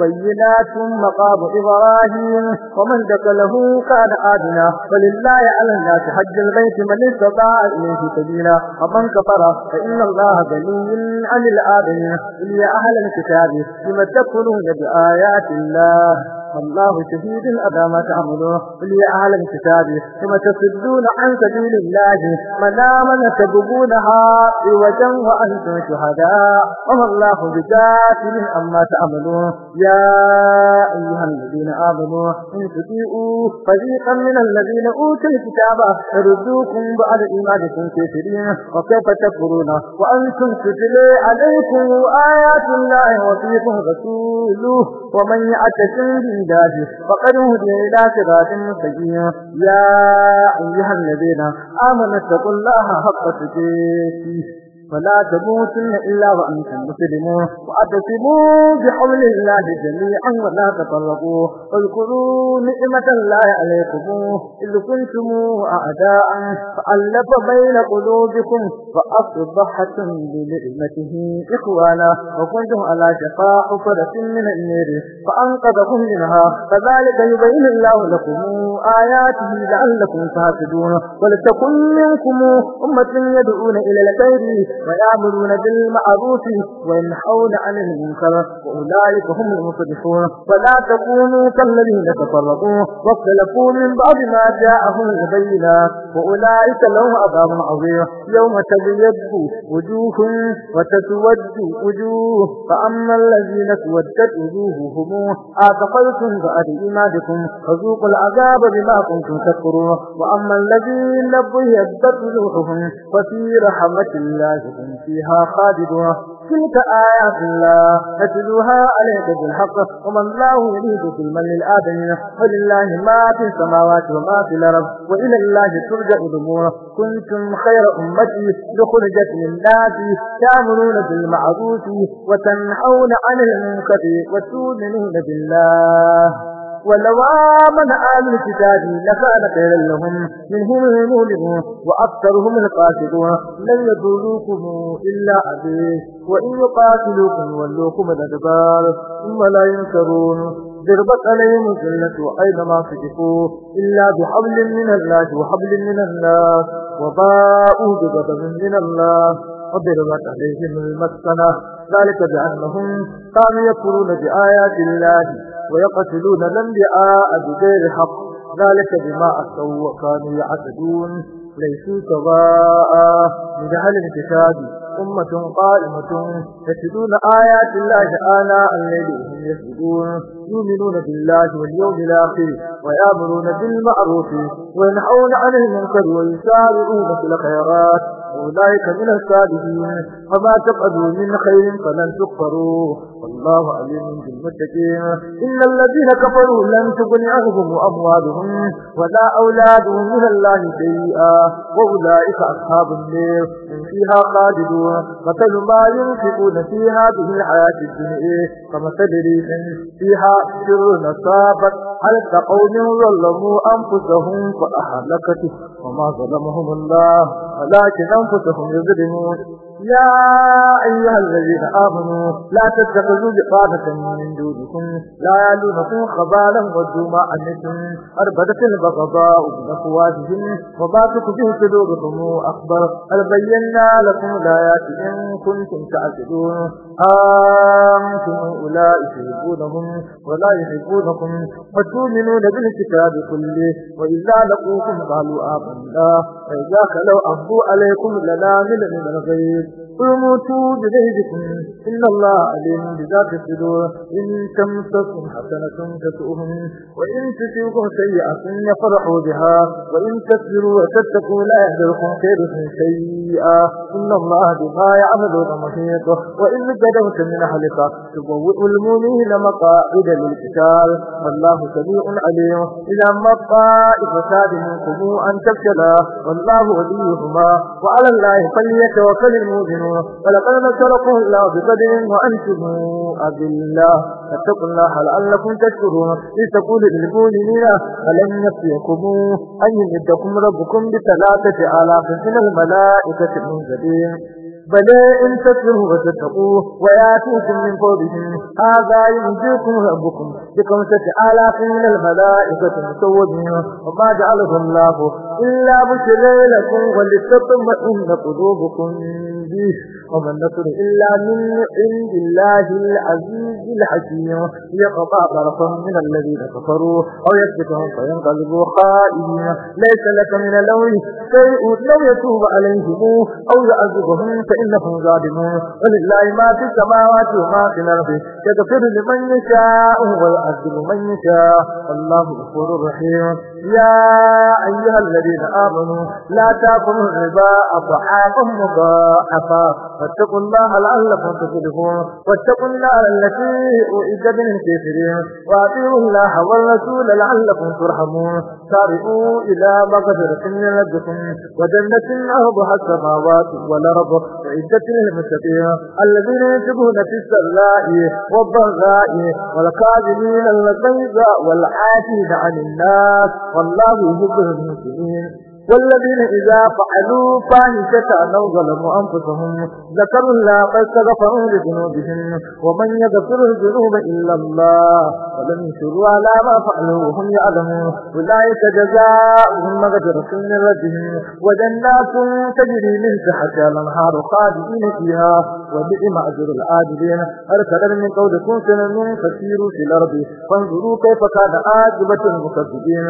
بينات مقام إبراهيم ومن دخله كان آدنا فلله على الناس حج البيت من استطاع إليه سبيلا ومن كفر فإن الله غني عن العالمين إلي أهل الكتاب لم تكفرون بآيات الله الله شهيد على ما تعملون لأهل الكتاب ثم تصدون عن سبيل الله من آمن تبغونها عوجا وأنتم شهداء وما الله بكافر عما تعملون يا أيها الذين آمنوا إن تطيعوا فريقا من الذين أوتوا الكتاب ردوكم بعد إيمانكم كافرين وكيف تكفرون وأنتم تتلي عليكم آيات الله وفيكم رسوله ومن يعتصم به الهداج فقد هدي إلى صراط مستقيم يا أيها الذين آمنوا اتقوا الله حق تقاته فلا تموتن إلا وأنتم مسلمون وأتسموا بحول الله جميعا ولا تفرقوا واذكروا نعمة الله عليكم إذ كنتم أعداء فألف بين قلوبكم فأصبحتم بنعمته إخوانا وكنتم على شفاء فرة من النير فأنقذكم منها فذلك يبين الله لكم آياته لعلكم تهتدون ولتكن منكم أمة يدعون إلى الخير ويأمرون بالمعروف وينحون عن المنكر وأولئك هم المصلحون فلا تكونوا كالذين تفرقوا واختلفوا من بعد ما جاءهم البينات وأولئك لهم عذاب عظيم يوم تبيض وجوه وتسود وجوه فأما الذين تودت وجوههم أعتقلتم بعد إيمانكم فذوقوا العذاب بما كنتم تكفرون وأما الذين بيضت وجوههم ففي رحمة الله هم فيها خالدون تلك آيات الله نتلوها عليك بالحق وما الله يريد ظلما للآدمين ولله ما في السماوات وما في الأرض وإلى الله ترجع الأمور كنتم خير أمتي لخرجت للناس تأمرون بالمعروف وتنهون عن المنكر وتؤمنون بالله ولو آمن آل الكتاب لكان خيرا لهم منهم المؤمنون وأكثرهم القاسدون لن يضروكم إلا أبيه وإن يقاتلوكم يولوكم الأدبار ثم لا ينكرون ضربت عليهم الذلة أينما سجفوا إلا بحبل من الله وحبل من الله وباءوا بغضب من الله وضربت عليهم المسكنة ذلك بأنهم كانوا يكفرون بآيات الله ويقتلون الأنبياء بغير حق ذلك بما أسوا وكانوا يعتدون ليسوا سواء من أهل الكتاب أمة قائمة يتلون آيات الله آناء الليل وهم يسجدون يؤمنون بالله واليوم الآخر ويأمرون بالمعروف وينحون عن المنكر ويسارعون في الخيرات أولئك من السابقين فما تقعدوا من خير فلن تكفروه والله عليم بالمتقين إن الذين كفروا لن تكن عنهم أموالهم ولا أولادهم من الله شيئا وأولئك أصحاب النار هم فيها خالدون مثل ما ينفقون في هذه الحياة الدنيا كمثل ريح فيها سر نصابت على قوم ظلموا أنفسهم فأهلكته وما ظلمهم الله ولكن أنفسهم يظلمون يا أيها الذين آمنوا لا تتخذوا بطانة من دونكم لا يعلونكم خبالا ودوا ما أنتم أربدة البغضاء من أخواتهم وما تخفي صدوركم أكبر هل بينا لكم الآيات إن كنتم تعتدون أنتم أولئك يحبونهم ولا يحبونكم وتؤمنون بالكتاب كله وإلا لقوكم قالوا آمنا فإذا خلوا أبوا عليكم لنا من الغيب قوموا بغيظكم إن الله عليم بذات الصدور إن تمسكم حسنة تسؤهم وإن تسيكم سيئة يفرحوا بها وإن تصبروا وتتقوا لا يهدركم خيركم سيئة إن الله بما يعملون محيط وإن جدوت من أهلك تبوئ المؤمنين مقاعد للقتال والله سميع عليم إذا ما ساد منكم أن تفشلا والله وليهما وعلى الله فليتوكل المؤمنون تحزنوا ولقد مكركم الله بقدر وأنتم أذلة فاتقوا الله لعلكم تشكرون لتقول تقول لنا ألم يكفيكم أن يمدكم ربكم بثلاثة آلاف من الملائكة المنزلين بلى إن تتلوه وتتقوه وياتيكم من فوقهم هذا ينجيكم ربكم بخمسة آلاف من الملائكة المسودين وما جعله الله إلا بشرى لكم ولتطمئن قلوبكم عنده وما النصر إلا من عند الله العزيز الحكيم يقطع طرفا من الذين كفروا أو يسبقهم فينقلبوا خائبين ليس لك من الأول شيء لو يتوب عليهم أو يعذبهم فإنهم ظالمون ولله ما في السماوات وما في الأرض يغفر لمن يشاء ويعذب من يشاء الله غفور رحيم يا أيها الذين آمنوا لا تأكلوا الربا أضعافا مضاعفا فاتقوا الله لعلكم تفلحون واتقوا الله التي أعدت الكافرين وأطيعوا الله والرسول لعلكم ترحمون سارعوا إلى مغفرة من ربكم وجنة أرضها السماوات والأرض أعدة للمتقين الذين يكسبون في السراء والضراء والكاذبين الغيظ والعافين عن الناس والله يحب المسلمين والذين إذا فعلوا فاحشة أو ظلموا أنفسهم ذكروا الله فاستغفروا لذنوبهم ومن يغفر الذنوب إلا الله ولم يشروا على ما فعلوا وهم يعلمون أولئك جزاؤهم مغفرة من ربهم وجنات تجري من تحتها الأنهار خالدين فيها وبئم أجر العادلين أرسل من قولكم سنن فسيروا في الأرض فانظروا كيف كان عاقبة المكذبين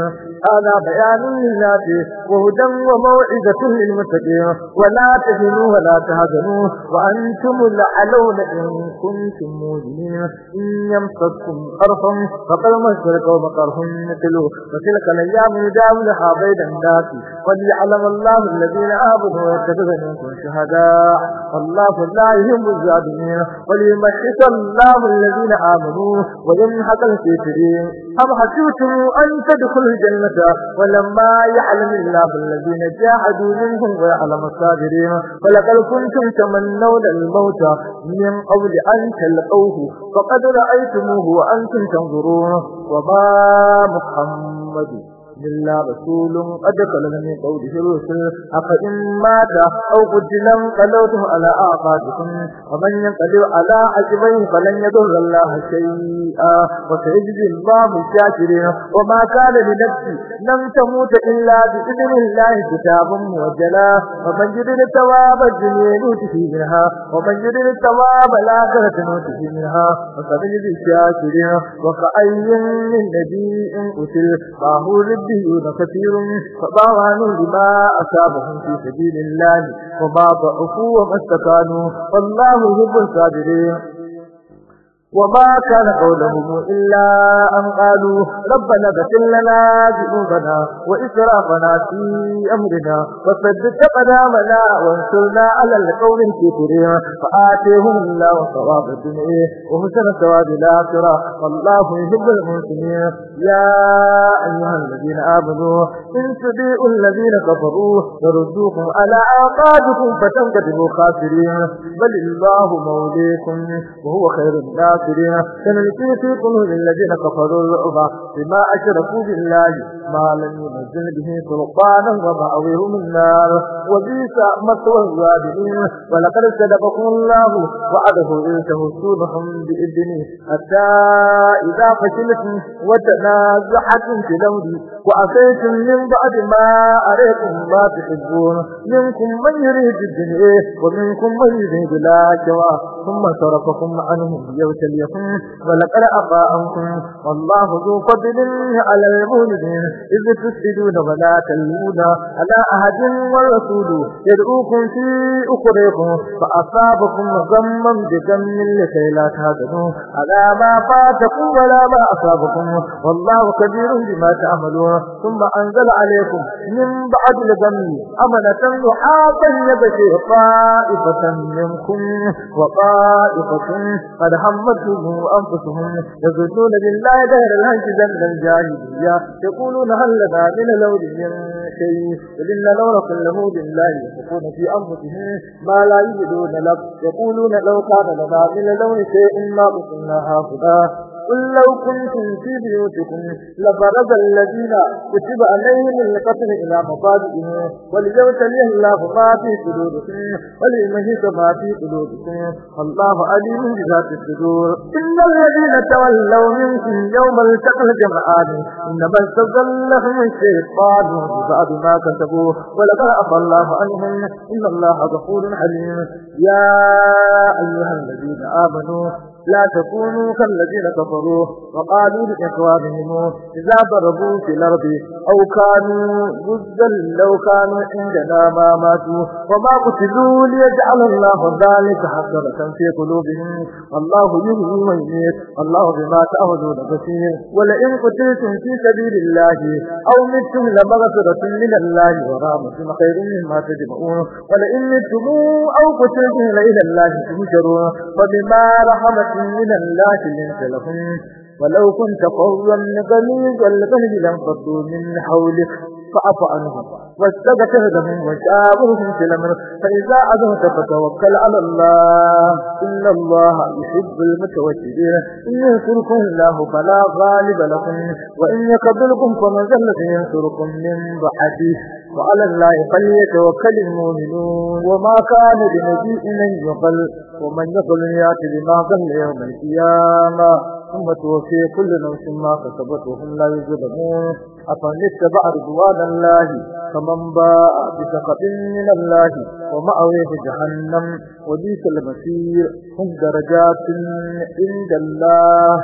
هذا بيان للناس وهو وهدى وموعظة للمتقين ولا تهنوا ولا تهزنوا وأنتم الأعلون إن كنتم مؤمنين إن يمسكم قرفا فقد مشر قوم قرح مثله فتلك الأيام يداولها بين الناس وليعلم الله الذين آمنوا ويتخذ منكم شهداء الله لا يهم الظالمين وليمحص الله الذين آمنوا ويمحق الكافرين أم حسبتم أن تدخلوا الجنة ولما يعلم الله الذين جاهدوا منهم ويعلم الصابرين ولقد كنتم تمنون الموت من قبل أن تلقوه فقد رأيتموه وأنتم تنظرون وما محمد عبد الله رسول قد بلغ من قوله الرسل أفإن مات أو قتل قلوته على أعقابكم ومن ينقلب على عقبيه فلن يضر الله شيئا وسيجزي الله الشاكرين وما كان لنفسي لم تموت إلا بإذن الله كتاب وجلا ومن يرد التواب الدنيا نوته منها ومن يرد التواب الآخرة نوته منها وسيجزي الشاكرين وكأي من نبي قتل فهو ربي يستبيون كثير فضاعنوا لما أصابهم في سبيل الله وما ضعفوا وما استكانوا والله يحب الصابرين وما كان قولهم إلا أن قالوا ربنا بسل لنا جنوبنا وإسرافنا في أمرنا وصدق قدامنا وانصرنا على القول الكفرين فآتيهم الله صواب الدنيا وحسن ثواب الآخرة والله يهب المسلمين يا أيها الذين آمنوا إن تبيئوا الذين كفروا فردوكم على أعقابكم فتنكتبوا خاسرين بل الله موليكم وهو خير الناس الكافرين سنلقي في قلوب الذين كفروا الرعب بما أشركوا بالله ما لم ينزل به سلطانا ومأويهم النار وبئس مثوى الظالمين ولقد صدقكم الله وعده إن تهزونهم بإذنه حتى إذا فشلتم وتنازعتم في الأمر وعسيتم من بعد ما أريتم ما تحبون منكم من يريد الدنيا ومنكم من يريد الآخرة ثم صرفكم عنهم ليبتليكم ولقد أخاءكم والله ذو فضل على المولدين إذ تسجدون ولا تلون على أهد والرسول يدعوكم في أخريكم فأصابكم غما بجم لكي لا تهدنوا على ما فاتكم ولا ما أصابكم والله كبير بما تعملون ثم أنزل عليكم من بعد الغم أمنة لحاطا يبشر طائفة منكم وطائفة قد همتهم أنفسهم يزدون بالله دهر الهنج ذنب جاهدية يقولون هل لنا من لون من شيء فلن لون كله بالله يكون في أنفسهم ما لا يجدون لك يقولون لو كان لنا من لون شيء ما بصنا هكذا قل لو كنتم في بيوتكم لبرز الذين كتب عليهم القتل إلى مصادئهم وليبتلي الله ما في قلوبكم وليمهيك ما في قلوبكم الله عليم بذات الصدور إن الذين تولوا منكم يوم التقى الجمعان إنما استزلهم الشيطان ببعض ما كتبوا ولقد عفى الله عنهم إن الله غفور حليم يا أيها الذين آمنوا لا تكونوا كالذين كفروا وقالوا لإخوانهم إذا ضربوا في الأرض أو كانوا جزا لو كانوا عندنا ما ماتوا وما قتلوا ليجعل الله ذلك حسرة في قلوبهم الله يهوي من يميت الله بما تعملون بصير ولئن قتلتم في سبيل الله أو متم لمغفرة من الله ورحمة خير مما تجمعون ولئن متموا أو قتلتم لإلى الله تهجرون فبما رحمت من الناس لنسلهم ولو كنت قرا غليظ القلب لانفضوا من حولك فاعف عنهم واستبق جهدهم وشاورهم في الامر فاذا عزمت فتوكل على الله ان الله يحب المتوكلين ان ينصركم الله فلا غالب لكم وان يقبلكم فمن ذا الذي ينصركم من بعده وعلى الله فليتوكل المؤمنون وما كان لنبي أن يقل ومن يقل يأتي بما قل يوم القيامة ثم توفي كل نفس ما كسبت وهم لا يظلمون أفمن اتبع رضوان الله فمن باء بسخط من الله ومأويه جهنم وبئس المصير هم درجات عند الله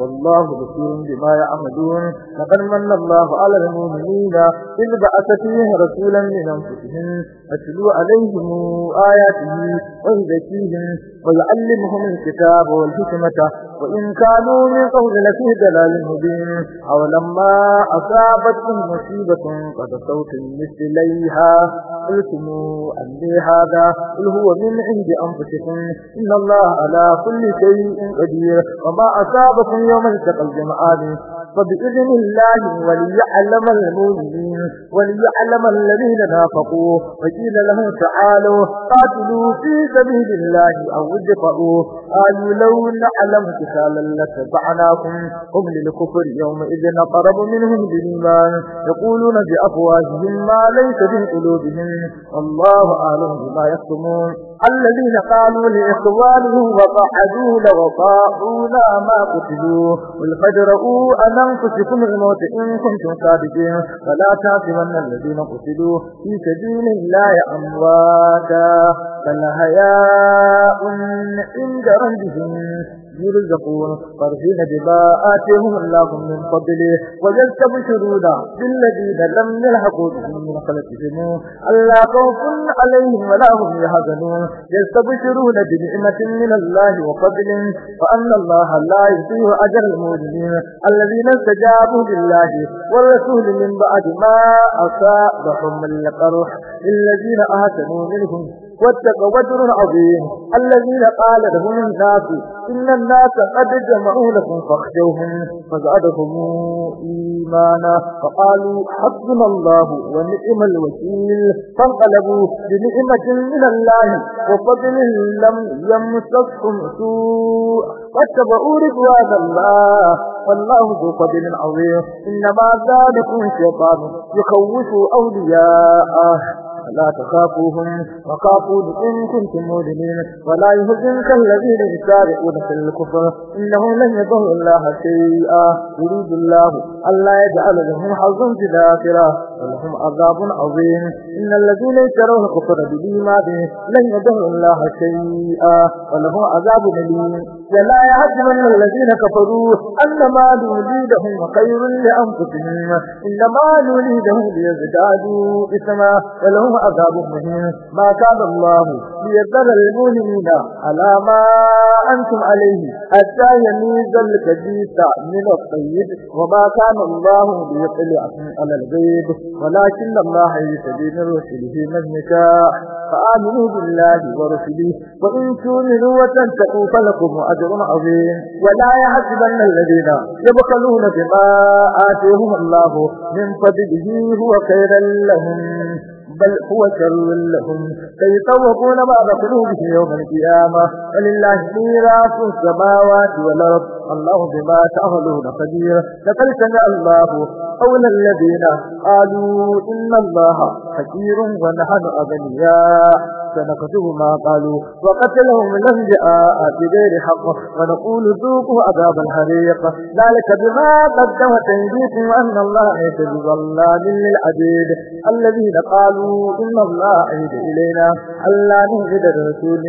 والله بصير بما يعملون لقد من الله على المؤمنين إذ بعث فيهم رسولا من أنفسهم أتلو عليهم آياته ويزكيهم ويعلمهم الكتاب والحكمة وإن كانوا من قول لفي دلال مبين أولما أصابتهم مصيبة قد صوتم مثليها قلتم أن هذا قل هو من عند أنفسكم إن الله على كل شيء قدير وما أصابكم يوم التقى الجمعان فبإذن الله وليعلم المؤمنين وليعلم الذين نافقوا قيل لهم تعالوا قاتلوا في سبيل الله أو ادفعوا قالوا لو نعلم قتالا لاتبعناكم هم للكفر يومئذ نقرب منهم بالإيمان يقولون بأفواههم ما ليس به قلوبهم والله أعلم بما يكتمون الذين قالوا لإخوانهم وقعدوا لا ما قتلوا والقد رؤوا أن أنفسكم الموت إن كنتم صادقين فلا تعتمن الذين قتلوا في سبيل الله أمواتا بل هياء عند ربهم يرزقون فرحين بما آتيهم الله من فضله ويستبشرون بالذين لم يلحقوا بهم من خلقهم ألا خوف عليهم ولا هم يحزنون يستبشرون بنعمة من الله وفضل فأن الله لا يضيع أجر المؤمنين الذين استجابوا لله والرسول من بعد ما أصابهم القرح الذين أحسنوا منهم واتقوا وجر عظيم الذين قال لهم الناس إن الناس قد جمعوا لكم فاخشوهم فزادهم إيمانا فقالوا حسبنا الله ونعم الوكيل فانقلبوا بنعمة من الله وفضل لم يمسكم سوء واتبعوا رضوان الله والله ذو فضل عظيم إنما ذلكم شيطان يخوف أولياءه لا تخافوهم وخافون إن كنتم مؤمنين ولا يهزنك الذين يسارعون في الكفر إنه لن يضر الله شيئا يريد الله ألا يجعل لهم حظا في الآخرة ولهم عذاب عظيم إن الذين يشترون الكفر بإيمانهم لن يضر الله شيئا ولهم عذاب مليم ولا يعجبن الذين كفروا أنما نريدهم خير لأنفسهم إنما نريدهم ليزدادوا إثما ولهم عذاب مهين ما كان الله ليذر المؤمنين على ما أنتم عليه حتى يميز الكبيث من الطيب وما كان الله ليطلعكم على الغيب ولكن الله يهدي من رسله من يشاء فآمنوا بالله ورسله وإن تؤمنوا وتنتقوا فلكم أجر عظيم ولا يحسبن الذين يبخلون بما آتيهم الله من فضله هو خيرا لهم بل هو شر لهم سيطوقون بعض قلوبهم يوم القيامة ولله ميراث السماوات والأرض الله بما تعملون خبير لقد سمع الله قول الذين قالوا إن الله فقير ونحن أغنياء صدقته ما قالوا وقتلهم الذي جاء بغير حق ونقول ذوقوا عذاب الحريق ذلك بما قدمت أيديكم وأن الله عيد بظلام للعبيد الذين قالوا إن الله عيد إلينا ألا نهجد رسول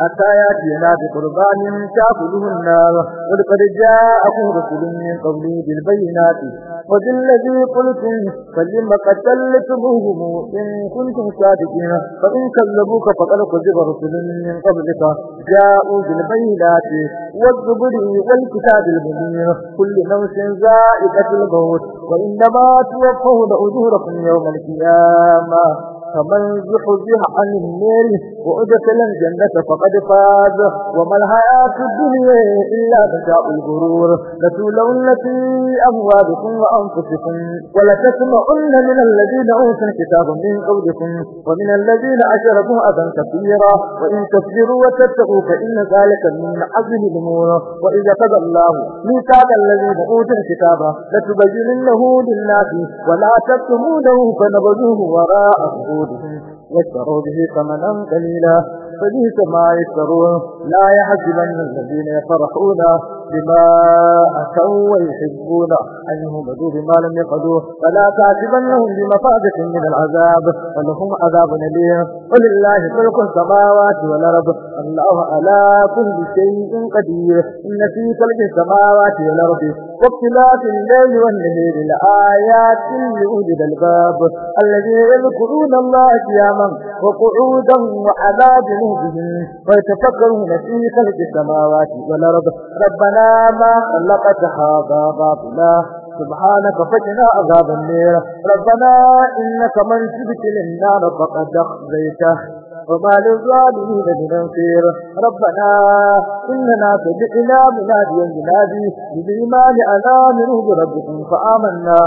حتى يأتينا بقربان تأكله النار ولقد جاءكم رسول من قبلي بالبينات وبالذي قلتم فلم قتلتموهم إن كنتم صادقين فإن كذبوك وقد ألقذب رسل من قبلك جاءوا بالبينات والزبر والكتاب المبين كل نفس زائقة الموت وإنما توفون أجوركم يوم القيامة فمن زحزح عن النار وأدخل الجنة فقد فاز وما الحياة الدنيا إلا متاع الغرور لتولون في أموالكم وأنفسكم ولتسمعن من الذين أوتوا الكتاب من قبلكم ومن الذين أشركوا أذى كثيرا وإن تصبروا وتتقوا فإن ذلك من عزم الأمور وإذا قضى الله ميثاق الذين أوتوا الكتاب لتبيننه للناس ولا تكتمونه فنبذوه وراء به واشتروا به ثمنا قليلا فليس ما يشترون لا يعجبن الذين يفرحون بما أتوا ويحبون أن يهمدوا بما لم يقدوا فلا تعجبنهم بمفادة من العذاب فلهم عذاب أليم ولله ملك السماوات والأرض الله على كل شيء قدير إن في خلق السماوات والأرض واختلاف الليل والنهار لآيات لأولي الألباب الذين يذكرون الله قياما وقعودا وعلى جنوبهم ويتفكرون في خلق السماوات والأرض ربنا ما خلقت هذا باطلا سبحانك فجنا عذاب النير ربنا إنك من تبتل النار فقد أخذيته وما للظالمين من نصير ربنا إننا سمعنا مناديا ينادي بالإيمان أن آمنوا بربكم فآمنا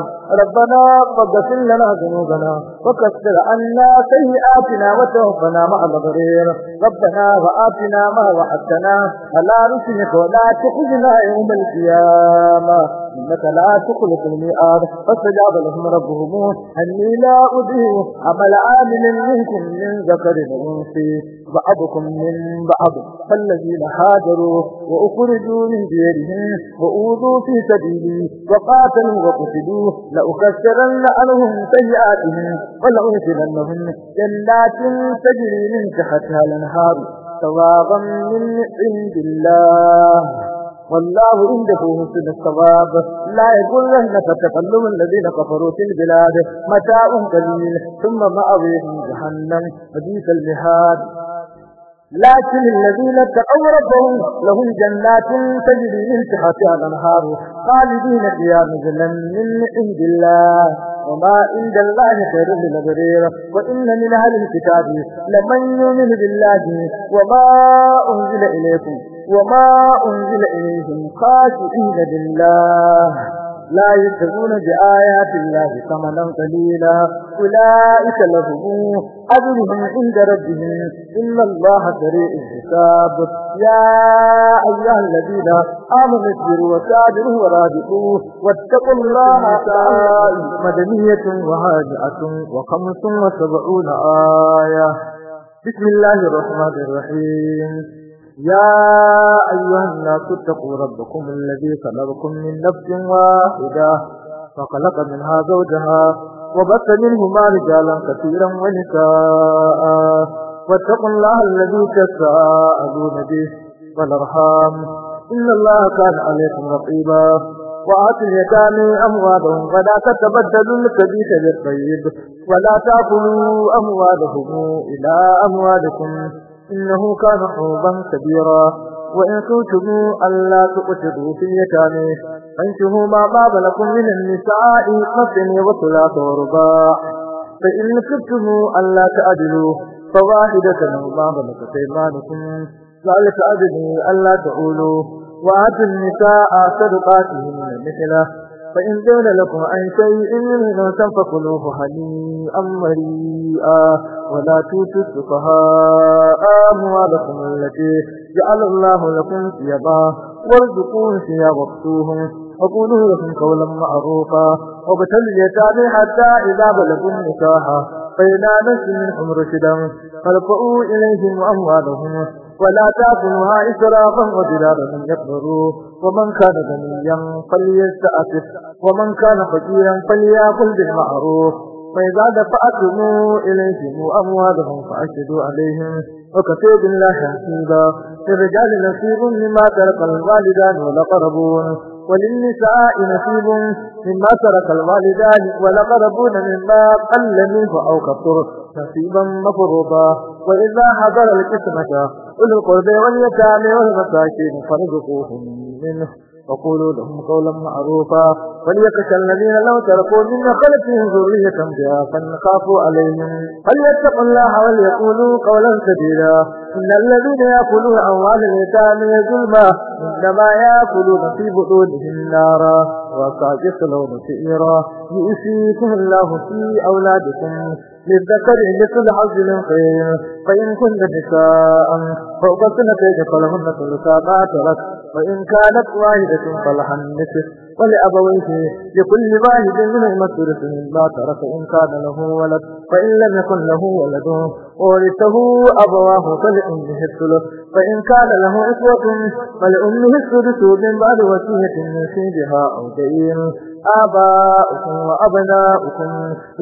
ربنا قد لنا ذنوبنا وكسر عنا سيئاتنا وتوفنا مع الغرير ربنا وآتنا ما وحدنا فلا رسلك ولا تخزنا يوم القيامة إنك لا تخلق الميعاد فاستجاب لهم ربهم أني لا أضيع عمل عامل منكم من ذكر وأنثى بعضكم من بعض فالذين هاجروا وأخرجوا من ديارهم وأوذوا في سبيلي وقاتلوا وقتلوا لأكثرن عنهم سيئاتهم ولأدخلنهم جنات تجري من تحتها الأنهار ثوابا من عند الله والله عنده حسن الثواب لا يغرنك تقلب الذين كفروا في البلاد متاع قليل ثم مأويهم جهنم حديث المهاد لكن الذين اتقوا ربهم لهم جنات تجري من تحتها الانهار خالدين فيها نزلا من عند الله وما عند الله خير للبرير وإن من أهل الكتاب لمن يؤمن بالله وما أنزل إليكم وما أنزل إليهم خاشعين بالله لا يشترون بآيات الله ثمنا قليلا أولئك لهم أجرهم عند ربهم إن الله سريع الحساب يا أيها الذين آمنوا اصبروا وصابروا ورابطوا واتقوا الله تعالى مدنية وهاجعة وخمس وسبعون آية بسم الله الرحمن الرحيم يا أيها الناس اتقوا ربكم الذي خلقكم من نفس واحدة فخلق منها زوجها وبث منهما رجالا كثيرا ونساء واتقوا الله الذي تساءلون به والأرحام إن الله كان عليكم رقيبا وآتوا اليتامى أموالهم ولا تتبدلوا الكبيث للطيب ولا تأكلوا أموالهم إلى أموالكم إنه كان حوبا كبيرا وإن كنتم ألا تقتدوا في اليتامى فانكحوا ما باب لكم من النساء مثني وثلاث ورباع فإن كنتم ألا تعدلوا فواحدة وما ملكت أيمانكم ذلك أدني ألا تعولوا وآتوا النساء صدقاتهن مثله فإن زال لكم عن شيء منه فكلوه هنيئا مريئا ولا توتوا السفهاء أموالكم التي جعل الله لكم سيبا وارزقوه فيها وقتوهم وقولوا لكم قولا معروفا وابتلوا اليتامى حتى إذا بلغوا النكاح فإذا نسوا منهم رشدا فارفعوا إليهم أموالهم ولا تأكلها إسرافا من يكبروا ومن كان غنيا فليستعفف ومن كان فقيرا فليأكل بالمعروف فإذا دفعتم إليهم أموالهم فأشهدوا عليهم وكفي بالله حسيبا للرجال نصيب مما ترك الوالدان والأقربون وللنساء نصيب مما ترك الوالدان ولقربون مما قل منه أو كثر نصيبا مفروضا وإذا حضر القسمة أولي القربى واليتامى والمساكين فرزقوهم منه وقولوا لهم قولا معروفا فليتك الذين لو تركوا من خلفهم ذرية ضعفا خافوا عليهم فليتقوا الله وليقولوا قولا سديدا إن الذين يأكلون أموال اليتامى ظلما إنما يأكلون في بطونهم نارا وصاجس يصلون سئيرا يؤسيكم الله في أولادكم للذكر مثل حظ الخير فإن كن نساء فوق سنتين فلهن كل ما ترك وإن كانت واحدة فلها النصف ولأبويه لكل واحد منهما الثلث مما ترك إن كان له ولد فإن لم يكن له ولد ورثه أبواه فلأمه الثلث فإن كان له إخوة فلأمه السدس من بعد وسية يسيبها أو دين آباؤكم وأبناؤكم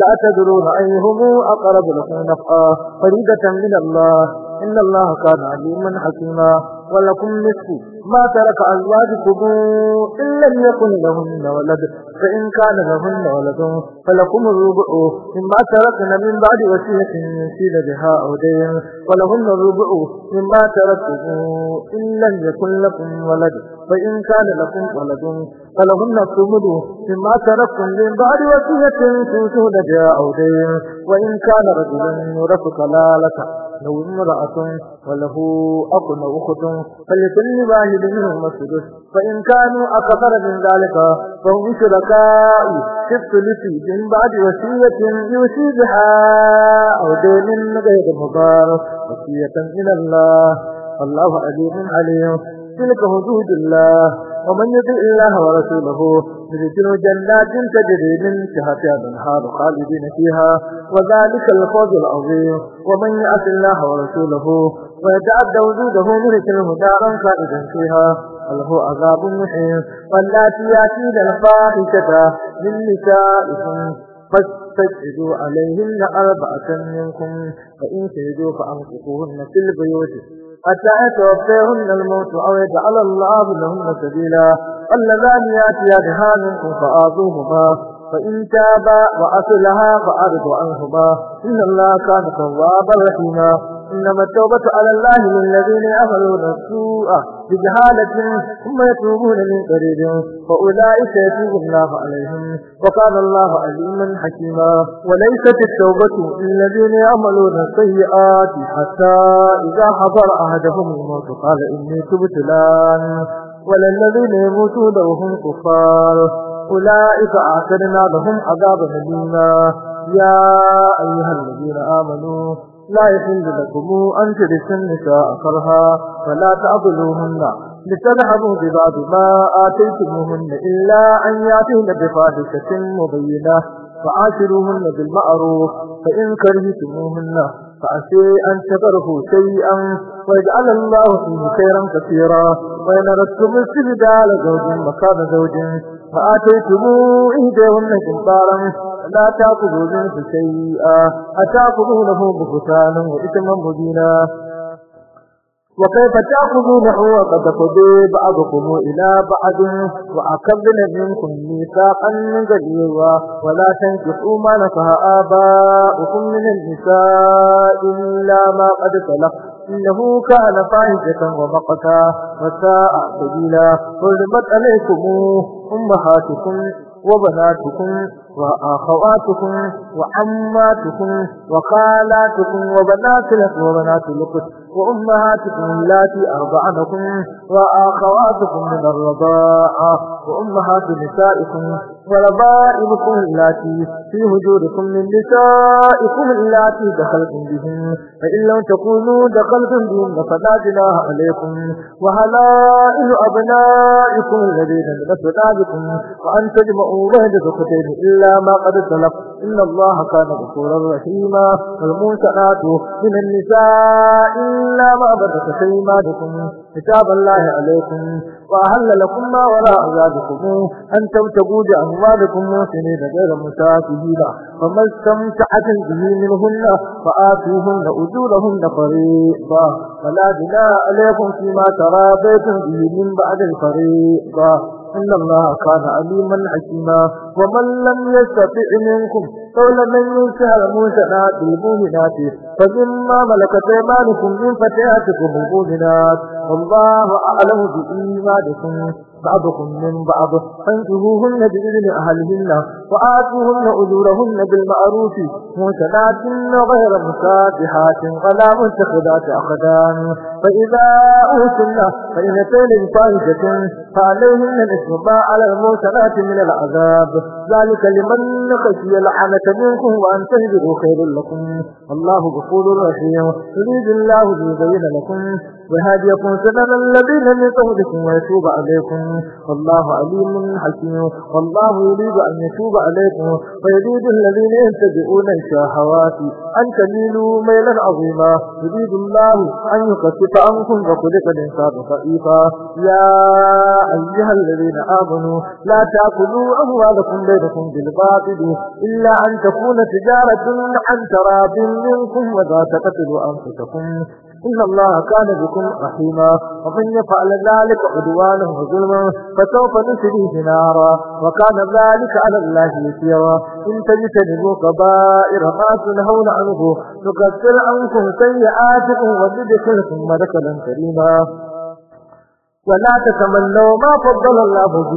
لا تدرون أيهم أقرب لكم نفعا فريدة من الله إن الله كان عليما حكيما ولكم نصف ما ترك أزواجكم إن لم يكن لهن ولد فإن كان لهن ولد فلكم الربع مما تركن من بعد وسيلة يسيل بها أو دين ولهن الربع مما ترك ثلاثه إن لم يكن لكم ولد فإن كان لكم ولد فلهن الثمد مما تركتم من بعد وصية توتون جاء أو دين وإن كان رجلا يرث كلالة لو امرأة وله أخ أو أخت فلكل واحد منهم السدس فإن كانوا أكثر من ذلك فهم شركاء في الثلث من بعد وصية يوصي بها أو دين غير مضار وصية من الله الله عزيز عليم تلك حدود الله ومن يطع الله ورسوله يدخله جنات تجري من تحتها الانهار خالدين فيها وذلك الفوز العظيم ومن يعص الله ورسوله ويتعدى وجوده نرسله دارا خالدا فيها فله عذاب محيط واللاتي ياتين الفاحشة من نسائكم فاستشهدوا عليهن أربعة منكم فإن شهدوا فأنفقوهن في البيوت حتى يتوفيهن الموت أو يجعل الله لهن سبيلا اللذان بها منكم فآتوهما فإن تابا وأصلها فأرض عنهما إن الله كان توابا رحيما إنما التوبة على الله للذين يعملون السوء بجهالة ثم يتوبون من قريب فأولئك يتوب الله عليهم وقال الله عليما حكيما وليست التوبة للذين يعملون السيئات حتى إذا حضر أحدهم الموت قال إني تبت لان وللذين يموتون وهم كفار أولئك أعتدنا لهم عذاب مدينة يا أيها الذين آمنوا لا يحل لكم أن ترثوا النساء كرها فلا تعضلوهن لتذهبوا ببعض ما آتيتموهن إلا أن يأتين بفاحشة مبينة فعاشروهن بالمعروف فإن كرهتموهن فعسي أن تكرهوا شيئا ويجعل الله فيه خيرا كثيرا وإن أردتم استبدال زوج مكان زوج فآتيتموه إهديهن كنطارا لا تأخذوا منه شيئا له بهتانا وإثما مبينا وكيف تأخذوا له وقد قضي بعضكم إلى بعض وأكبر منكم ميثاقا غليظا ولا تنكحوا ما نكح آباؤكم من النساء إلا ما قد سلف إنه كان فاحشة ومقتا وساء سبيلا حرمت عليكم أمهاتكم وبناتكم وأخواتكم وعماتكم وخالاتكم وبنات لكم وبنات لكم وأمهاتكم التي أرضعنكم وأخواتكم من الرضاعة وأمهات نسائكم وربائبكم التي في هجوركم من نسائكم التي دخلتم بهم فإن لم تكونوا دخلتم بهم فلا جناح عليكم وهلائل أبنائكم الذين من أسلابكم وأن تجمعوا بهد زكتين إلا ما قد سلف إن الله كان غفورا رحيما والمنسعات من النساء إلا ما بدت سيمانكم كتاب الله عليكم وأهل لكم ما ولا أولادكم أنتم تبوج أموالكم موسنين غير مسافهين فما استمتعتم به منهن فآتوهن أجورهن فريضا فلا جناء عليكم فيما ترابيتم به من بعد الفريضا إن الله كان عليما حكيما ومن لم يستطع منكم قولا من ينشا الموسنات بالمؤمنات فمما ملكت ايمانكم من فتياتكم المؤمنات والله أعلم بإيمانكم بعضكم من بعض فانكهوهن بإذن أهلهن وآتوهن أجورهن بالمعروف متنات غير مسافحات ولا متخذات أخدان فإذا أوتنا فإن تيل فاهشة فعليهن الإثم ما على المرسلات من العذاب ذلك لمن خشي لعنة منكم وأن تهدروا خير لكم الله غفور رحيم يريد الله ليبين لكم وهذه يكون سنن الذين من قبلكم ويتوب عليكم والله عليم حكيم والله يريد أن يتوب عليكم ويريد الذين يتبعون الشهوات أن تميلوا ميلا عظيما يريد الله أن يكشف عنكم وخلق الإنسان ضعيفا يا أيها الذين آمنوا لا تأكلوا أموالكم بينكم بالباطل إلا أن تكون تجارة عن تراب منكم وذا تقتلوا أنفسكم إن الله كان بكم رحيما ومن يفعل ذلك عدوانه ظلما فسوف نسليه نارا وكان ذلك على الله يسيرا إن تجتنبوا كبائر ما تنهون عنه نكفر عنكم سيئاتكم وندخلكم مدخلا كريما ولا تتمنوا ما فضل الله به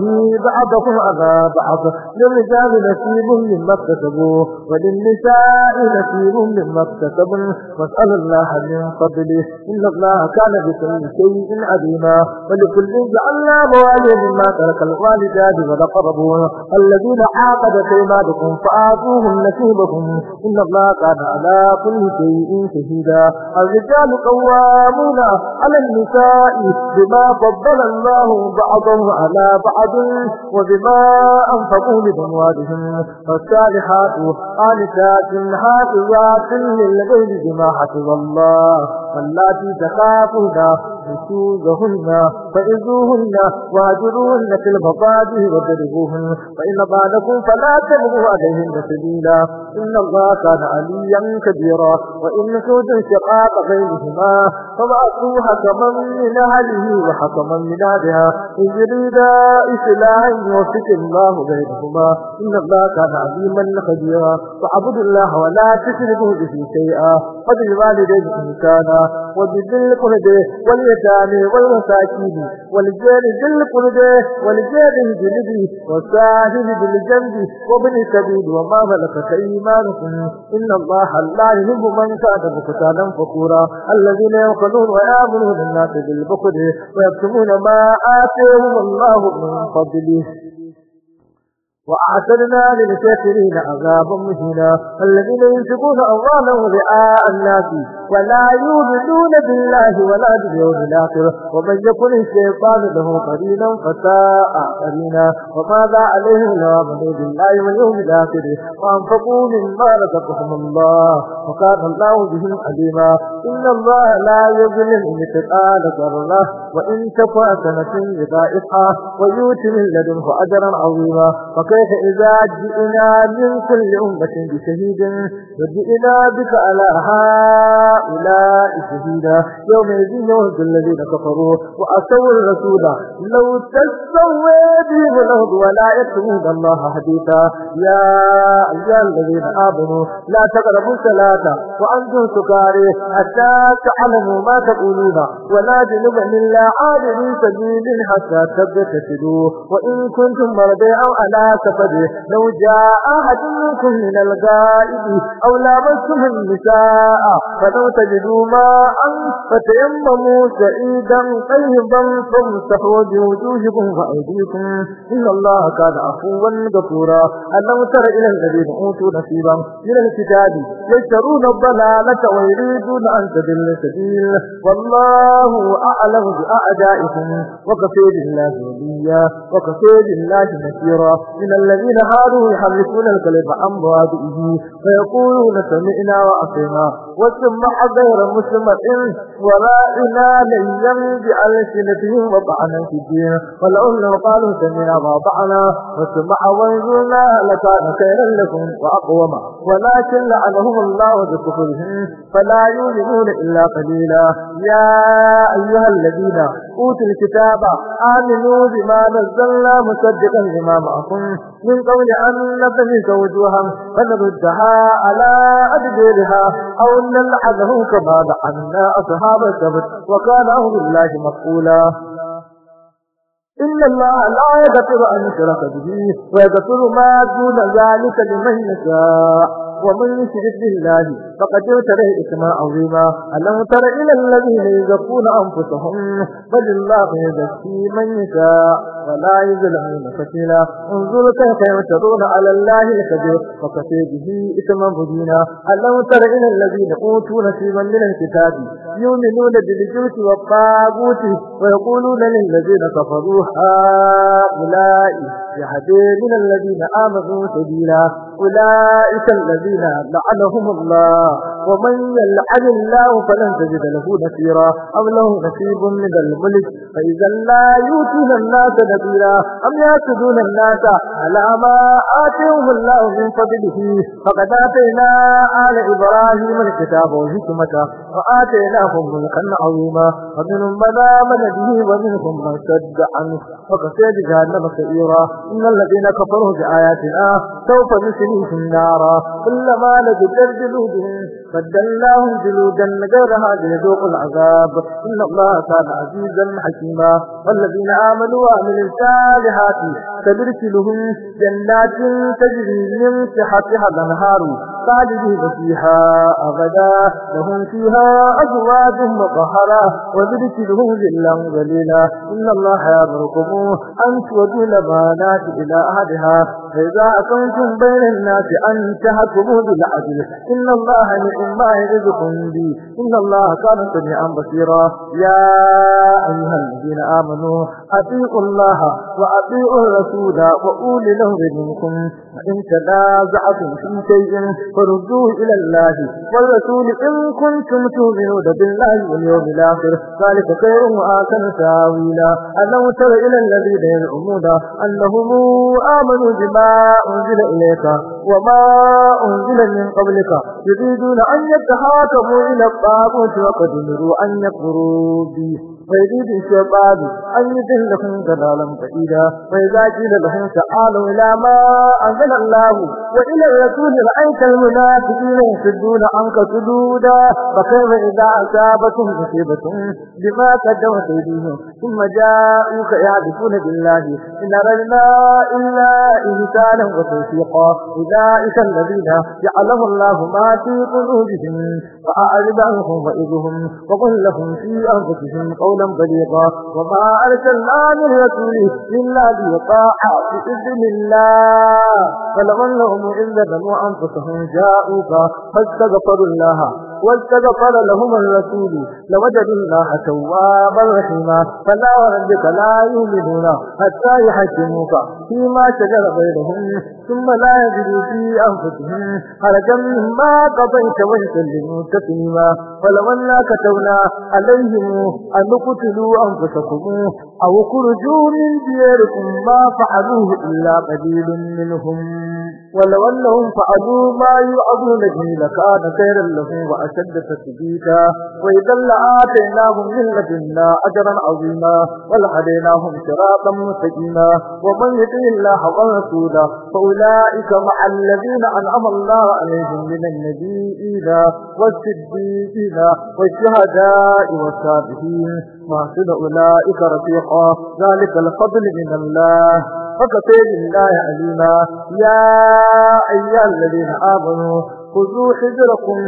بعضكم على بعض للرجال نسيب مما اكتسبوا وللنساء نسيب مما اكتسبن واسأل الله من فضله إن الله كان بكل شيء عليما ولكل جعلنا موالي مما ترك الوالدان والأقربون الذين عاقدت عبادكم فآتوهم نسيبهم إن الله كان على كل شيء شهيدا الرجال قوامون على النساء بما فضل فضل الله بعضهم على بعض وبما أنفقوا لبنوادهم فالصالحات قانتات حافظات للغير بما حفظ الله واللاتي تخافون نشوزهن فإذوهن واجروهن في المضاد وضربوهن فإن بانكم فلا تبغوا عليهم سبيلا إن الله كان عليا كبيرا وإن سود انشقاق بينهما فبعثوا حكما من أهله وحكما من منادها إن يريد إسلاعا يوفق الله بينهما إن الله كان عظيما خبيرا فاعبدوا الله ولا تشركوا به شيئا وبالوالدين إحسانا وبذي القربى واليتامى والمساكين والجار ذي القربى والجار الجنب والساهل بالجنب وابن السبيل وما ملكت أيمانكم إن الله لا يحب من كان مختالا فخورا الذين يقولون ويامنون الناس بالبخل ويكتمون يؤتون ما آتيهم الله من فضله وأعتدنا للكافرين عذابا مهينا الذين ينفقون أموالهم رئاء الناس ولا يؤمنون بالله ولا باليوم الآخر ومن يكن الشيطان له قرينا فساء قرينا وماذا عليهم لو آمنوا بالله واليوم الآخر وأنفقوا مما رزقهم الله وكان الله بهم عليما إن الله لا يظلم مثقال ذرة وإن تقوى سنة يضاعفها ويؤتي من لدنه أجرا عظيما فإذا جئنا من كل أمة بشهيد وجئنا بك على هؤلاء شهيدا يومئذ يهد الذين كفروا وأتوا الرسول لو تستوي بهم الأرض ولا يكتمون الله حديثا يا أيها الذين آمنوا لا تقربوا ثلاثة وأنتم سكاري حتى تعلموا ما تقولون ولا جنبا إلا عابرين سبيل حتى تبتسلوا وإن كنتم مرضي أو على فده لو جاء أحد منكم من الغائب أو لامستم النساء فلو تجدوا ماء فتيمموا سعيدا طيبا فامسحوا بوجوهكم وأيديكم إن الله كان عفوا غفورا ألم تر إلى الذين أوتوا نصيبا من الكتاب يشترون الضلالة ويريدون أن تدل سبيل والله أعلم بأعدائكم وكفى بالله وليا وكفى بالله نصيرا إن الذين هادوا يحرفون الكلمة عن مواضعه فيقولون سمعنا وأطعنا وسمع غير مسمع ورائنا على سنتهم وطعنا في الدين ولو قالوا سمعنا وضعنا وسمع ويزنا لكان خيرا لكم وأقوم ولكن لعنهم الله بكفرهم فلا يؤمنون إلا قليلا يا أيها الذين أوتوا الكتاب آمنوا بما نزلنا مصدقا لما معكم من قول أن نبني زوجها فنردها على أدبيرها أو نلعنه كما لعنا أصحاب السبت وكان أهل الله مقولا إن الله لا يغفر أن يشرك به ويغفر ما دون ذلك لمن يشاء ومن يشرك بالله فقد ابتدع إثما عظيما ألم تر إلى الذين يزكون أنفسهم بل الله يزكي من يشاء ولا يظلمون فتيلا انظر كيف يمترون على الله الكذب وكفي به إثما مبينا ألم تر إلى الذين أوتوا نصيبا من الكتاب يؤمنون بالجبت والطاغوت ويقولون للذين كفروا هؤلاء يهدي من الذين آمنوا سبيلا أولئك الذين الذين لعنهم الله ومن يلعن الله فلن تجد له نسيرا أم له نصيب من الملك فإذا لا يؤتون الناس نبيلا أم يأتدون الناس على ما آتيهم الله من فضله فقد آتينا آل إبراهيم الكتاب والحكمة وآتيناهم ملكا عظيما فمنهم من آمن به ومنهم من شد عنه وكفي جهنم سعيرا إن الذين كفروا بآياتنا سوف نسليهم نارا kullama da dukkan zuluhin فدلناهم جلودا غيرها ليذوقوا العذاب إن الله كان عزيزا حكيما والذين آمنوا وعملوا الصالحات تدرسلهم جنات تجري من تحتها الأنهار خالدين فيها أبدا لهم فيها أزواج مطهرة وتدرسلهم ذلا ذليلا إن الله يأمركم أن تودوا الأمانات إلى أهلها فإذا أكنتم بين الناس أن تحكموا بالعدل إن الله نعم ما رزقكم بي إن الله كان سميعا بصيرا يا أيها الذين آمنوا أطيعوا الله وأطيعوا الرسول وأولي الأمر منكم فإن تنازعتم في شيء فردوه إلى الله والرسول إن كنتم تؤمنون بالله واليوم الآخر ذلك خير وآكل تاويلا ان تر إلى الذين يزعمون أنهم آمنوا بما أنزل إليك وما أنزل من قبلك يريدون أن يتحاكموا إلى الطاغوت وقد أمروا أن يكفروا به ويريد الشيطان أن يدلهم ضلالا بعيدا وإذا قيل لهم تعالوا إلى ما أنزل الله وإلى الرسول رأيت المنافقين يصدون عنك صدودا فكيف إذا أصابتهم مصيبة بما قدمت أيديهم ثم جاءوك يعرفون بالله إن أردنا إلا إنسانا وتوفيقا أولئك الذين جعلهم الله ما في قلوبهم فأعرض عنهم وإذهم وقل لهم في أنفسهم قولا بليغا وما أرسلنا من رسول إلا ليطاع بإذن الله فلو أنهم إن ذنوا أنفسهم جاءوك فاستغفروا الله واستغفر لهم الرسول لوجد الله توابا رحيما فلا وربك لا يؤمنون حتى يحكموك فيما شجر بينهم ثم لا يجدوا في أنفسهم حرجا مما قضيت ويسلموا تسليما فلو أنا كتبنا عليهم أن قتلوا أنفسكم أو خرجوا من دياركم ما فعلوه إلا قليل منهم ولو أنهم فعلوا ما يعظون به لكان خيرا لهم وأشد تثبيتا وإذا لآتيناهم من لدنا أجرا عظيما ولهديناهم صراطا مستقيما ومن يطع الله ورسوله فأولئك مع الذين أنعم الله عليهم من النبيين والصديقين والشهداء والصابرين محسن أولئك رفيقا ذلك الفضل من الله فكفي اللَّهِ عليما يا أيها الذين آمنوا خذوا حذركم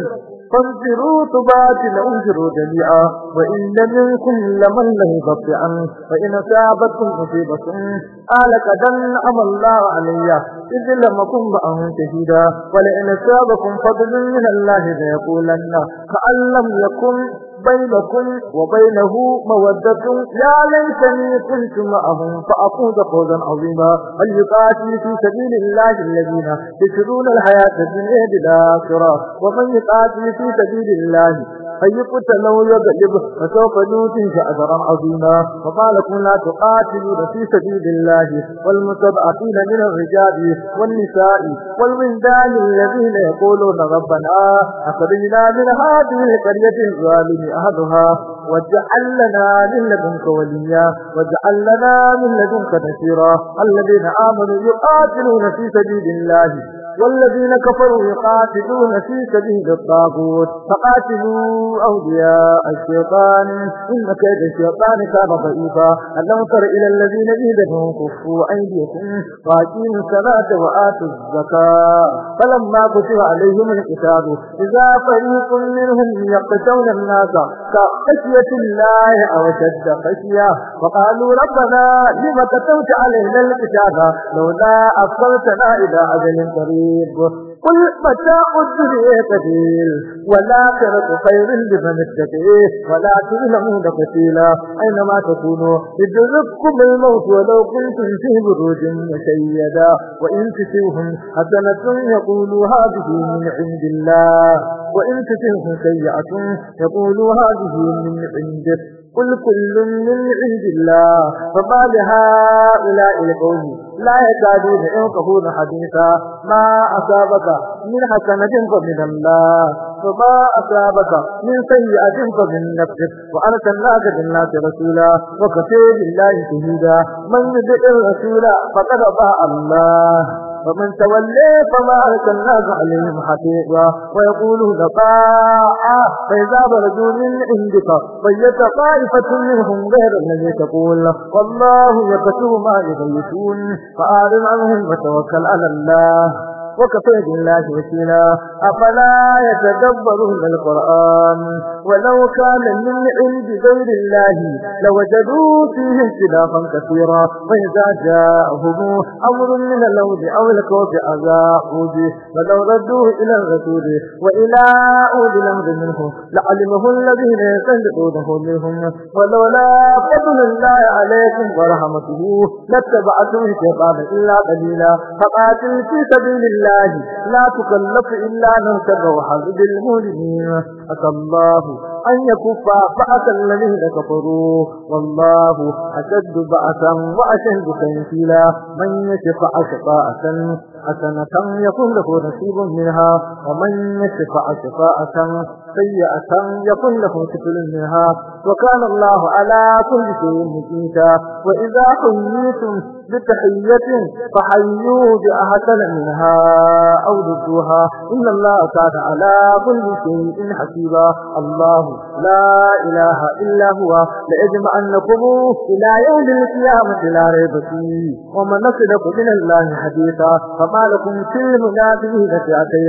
فانفروا تبات لأنفروا جميعا وإن منكم لمن له بطعا فإن سابتكم مصيبة آلك دنعم الله علي إذ لم أكن بأهم شهيدا ولئن سابكم فضل من الله فيقولن كأن لم يكن بينكم وبينه مودة يا ليتني كنت معهم فأفوز فوزا عظيما فليقاتل في سبيل الله الذين يشرون الحياة الدنيا بالآخرة ومن يقاتل في سبيل الله أن يقتل أو يغلب فسوف نوتي أجرا عظيما فما لا تقاتلون في سبيل الله والمتبعثين من الرجال والنساء والولدان الذين يقولون ربنا أخرجنا من هذه القرية الظالم أهلها واجعل لنا من لدنك وليا واجعل لنا من لدنك نشيرا الذين آمنوا يقاتلون في سبيل الله والذين كفروا يقاتلون في سبيل الطاغوت فقاتلوا أولياء الشيطان إن كيد الشيطان كان ضعيفا ألم تر إلى الذين إيدهم كفوا أيديكم قاتلوا الصلاة وآتوا الزكاة فلما كتب عليهم الكتاب إذا فريق منهم يقتون الناس كخشية الله أو شد خشية وقالوا ربنا لما كتبت علينا الكتاب لولا أفضلتنا إلى أجل قريب رقيب قل متاع الدنيا قليل والآخرة خير لمن اتقيه ولا تظلمون قتيلا أينما تكونوا يدرككم الموت ولو كنتم في بروج مشيدا وإن تسوهم حسنة يقولوا هذه من عند الله وإن تسوهم سيئة يقولوا هذه من عندك قل كل من عند الله فما لهؤلاء القوم لا يكادون ينقهون حديثا ما أصابك من حسنة فمن الله وما أصابك من سيئة فمن نفسك وأرسلناك بالناس رسولا وكفي بالله شهيدا من يدع الرسول فقد اطاع الله فمن تولي فما الناس عليهم حفيظا ويقولون طاعة فإذا برجوا من عندك طيت طائفة منهم غير الذي تقول والله يكتب ما يغيثون فأعلم عنهم وتوكل على الله وكفى بالله وكيلا أفلا يتدبرون القرآن ولو كان من عند غير الله لوجدوا فيه اختلافا كثيرا وإذا جاءهم أمر من اللوز أو الكوف أذاعوا به ولو ردوه إلى الرسول وإلى أولي الأمر منه لعلمه الذين يستنبطونه منهم ولولا فضل الله عليكم ورحمته لاتبعتم الشيطان إلا قليلا فقاتل في سبيل الله لله لا تكلف إلا نفسك وحسب المؤمنين أتى الله أن يكف بأس الذين كفروا والله أشد بأسا وأشد تنكيلا من يشفع شفاءة حسنة يكون له نصيب منها ومن شفع شفاعة سيئة يكون له كفل منها وكان الله على كل شيء مجيدا وإذا حييتم بتحية فحيوا بأحسن منها أو ردوها إن الله كان على كل شيء حسيبا الله لا إله إلا هو لأجمعنكم إلى يوم القيامة لا ريب فيه ومن نصدق من الله حديثا أعمالكم في به فسعتين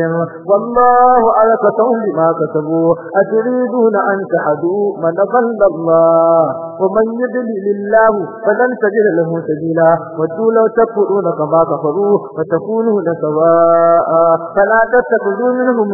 والله على ألكتهم بما كتبوا أتريدون أن تحدوا من ضل الله ومن يدلل الله فلن تجد له سبيلا ودوا لو تكفرون كما كفروا فتكونون سواء فلا تتخذوا منهم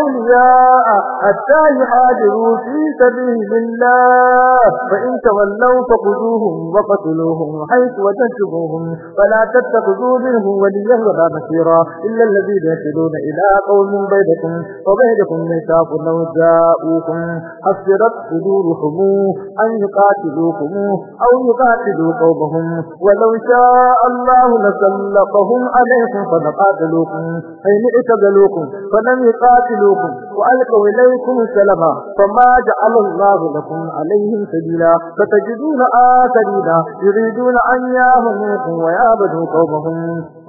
أولياء حتى يحاجروا في سبيل الله فإن تولوا فخذوهم وقتلوهم حيث وتنشبوهم فلا تتخذوا منهم وليا ولا بشيرا إلا الذين يصلون إلى قوم بينكم وبينكم ميثاق لو جاءوكم حصرت صدورهم أن يقاتلوكم أو يقاتلوا قومهم ولو شاء الله لسلقهم عليكم فلقاتلوكم حين اعتزلوكم فلم يقاتلوكم وألقوا إليكم السلام فما جعل الله لكم عليهم سبيلا فتجدون آخرين يريدون أن يهموكم ويعبدوا قومهم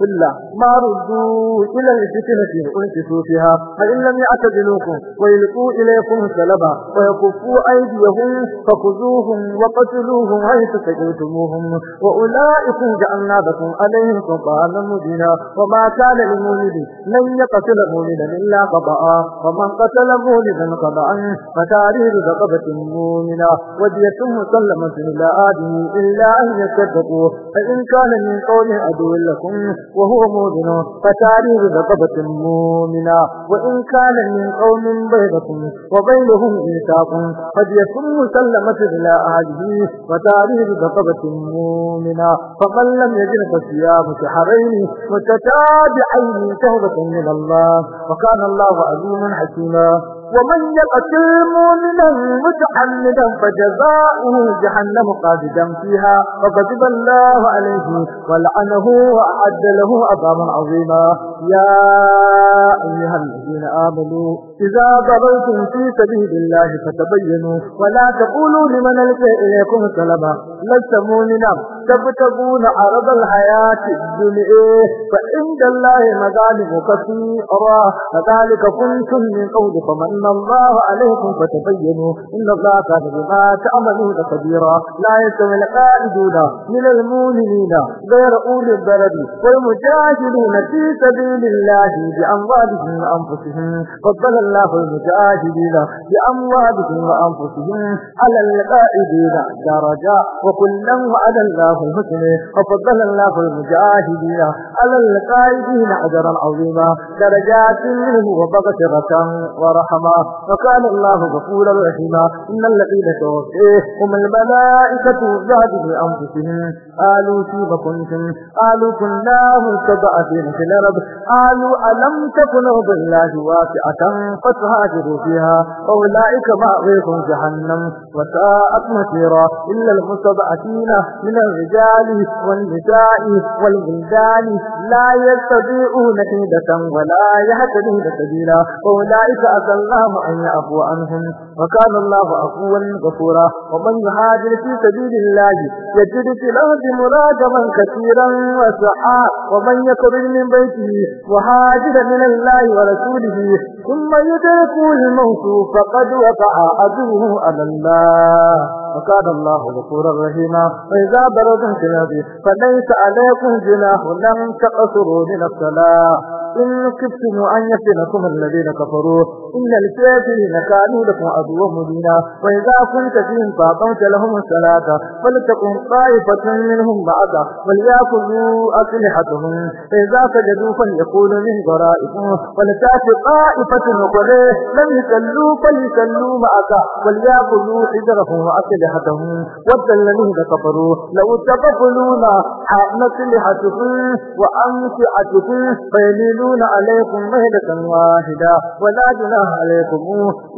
إلا ما ردوا إلى الفتنة أنكسوا فيها فإن لم يعتدلوكم ويلقوا إليكم سلبا ويكفوا أيديهم فخذوهم وقتلوهم حيث سجلتموهم وأولئكم جعلنا بكم عليهم سلطانا مبينا وما كان للمولد لن يقتل مولدا إلا قضاء ومن قتل مولدا قضاء فتاريخ رقبة مؤمنة ودية مسلمة إلى آدم إلا أن يكذبوا فإن كان من قول عدو لكم وهو مولد مؤمن فتاريب رقبة مؤمنة وإن كان من قوم بينكم وبينهم إيثاق يكون مسلمة إلى أهله فتاريخ رقبة مؤمنة فمن لم يجد فصيام شهرين متتابعين توبة من الله وكان الله عزيزا حكيما ومن يقتل مؤمنا متعمدا فجزاؤه جهنم قابدا فيها فغضب الله عليه ولعنه وأعد له عذابا عظيما يا أيها الذين آمنوا إذا ضربتم في سبيل الله فتبينوا ولا تقولوا لمن ألقى إليكم سلما لست مؤمنا تبتغون عرض الحياة الدنيا فعند الله مذالب كثيرة فذلك كنتم من قول فمن الله عليكم فتبينوا إن الله كان بما تعملون كبيرا لا يستوي القائدون من المؤمنين غير أولي البلد والمجاهدون في سبيل الله بأموالهم وأنفسهم فضل الله المجاهدين بأموالهم وأنفسهم على القائدين درجة وكلا وعد الله الله الحسن وفضل الله المجاهدين على القائدين أجرا عظيما درجات منه وبغترة ورحمة وكان الله غفورا رحيما إن الذين توفيه هم الملائكة جهده أنفسهم قالوا كيف كنتم قالوا كنا مستضعفين في الأرض قالوا ألم تكن بالله الله واسعة فتهاجروا فيها أولئك مأويكم جهنم وساءت مصيرا إلا المستضعفين من الرجال الرجال والنساء والولدان لا يستطيعون حيدة ولا يهتدون سبيلا أولئك أتى الله أن يعفو عنهم وكان الله عفوا غفورا ومن يهاجر في سبيل الله يجد في الأرض مراجما كثيرا وسعا ومن يخرج من بيته وهاجر من الله ورسوله ثم يدرك الموت فقد وقع عدوه على الله وكان الله غفورا رحيما وإذا بردت نبي فليس عليكم جناح لم تقصروا من الصلاة إن كفتم أن يفتنكم الذين كفروا إن الكافرين كانوا لكم عدوا مبينا وإذا كنت فيهم فأقمت لهم الصلاة فلتكن طائفة منهم بعد وليأخذوا أسلحتهم فإذا سجدوا فليقولوا من ضرائكم ولتأتي طائفة صحبة وقليه لم يسلوا فليسلوا معك وليأخذوا حجرهم وأسلحتهم ود الذين كفروا لو تقبلون أسلحتكم وأمتعتكم فيميلون عليكم مهلة واحدة ولا جناح عليكم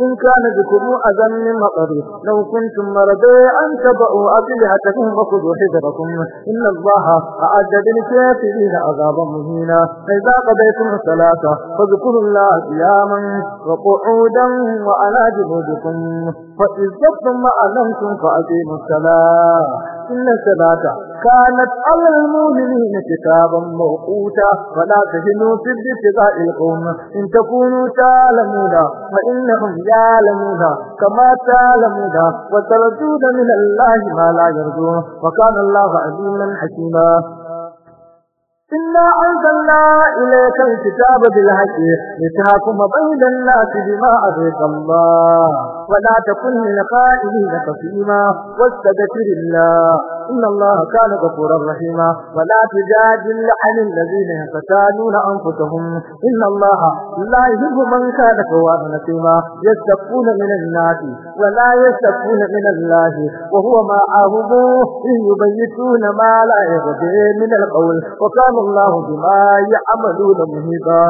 إن كان بكم أذى من مطر لو كنتم مرضى أن تبعوا أسلحتكم وخذوا حجركم إن الله أعد للكافرين عذابا مهينا إذا قضيتم الصلاة فاذكروا الله قياما قياما وقعودا وعلى جنوبكم فإذ جبتم وألمتم فأقيموا الصلاة إن الصلاة كانت على المؤمنين كتابا موقوتا فلا تهنوا في ابتغاء القوم إن تكونوا تعلمون فإنهم يعلمون كما تعلمون وترجون من الله ما لا يرجون وكان الله عليما حكيما inna anzalna ilayka alkitaba bil haqqi litahkuma bayna an-nasi bima ahdallah wa la takun lil qa'ilin qasima wastaghfirillah inna allaha kana ghafurar rahima wa la tujadil 'anil ladina yaqtaluna anfusahum inna allaha la yuhibbu man kana tawwaban nasima yastaghfiruna min an-nasi wa la yastaghfiruna min allahi wa huwa ma'ahum yubayyituna ma la yaghdi min al-qawl wa qalu الله بما يعملون محيطا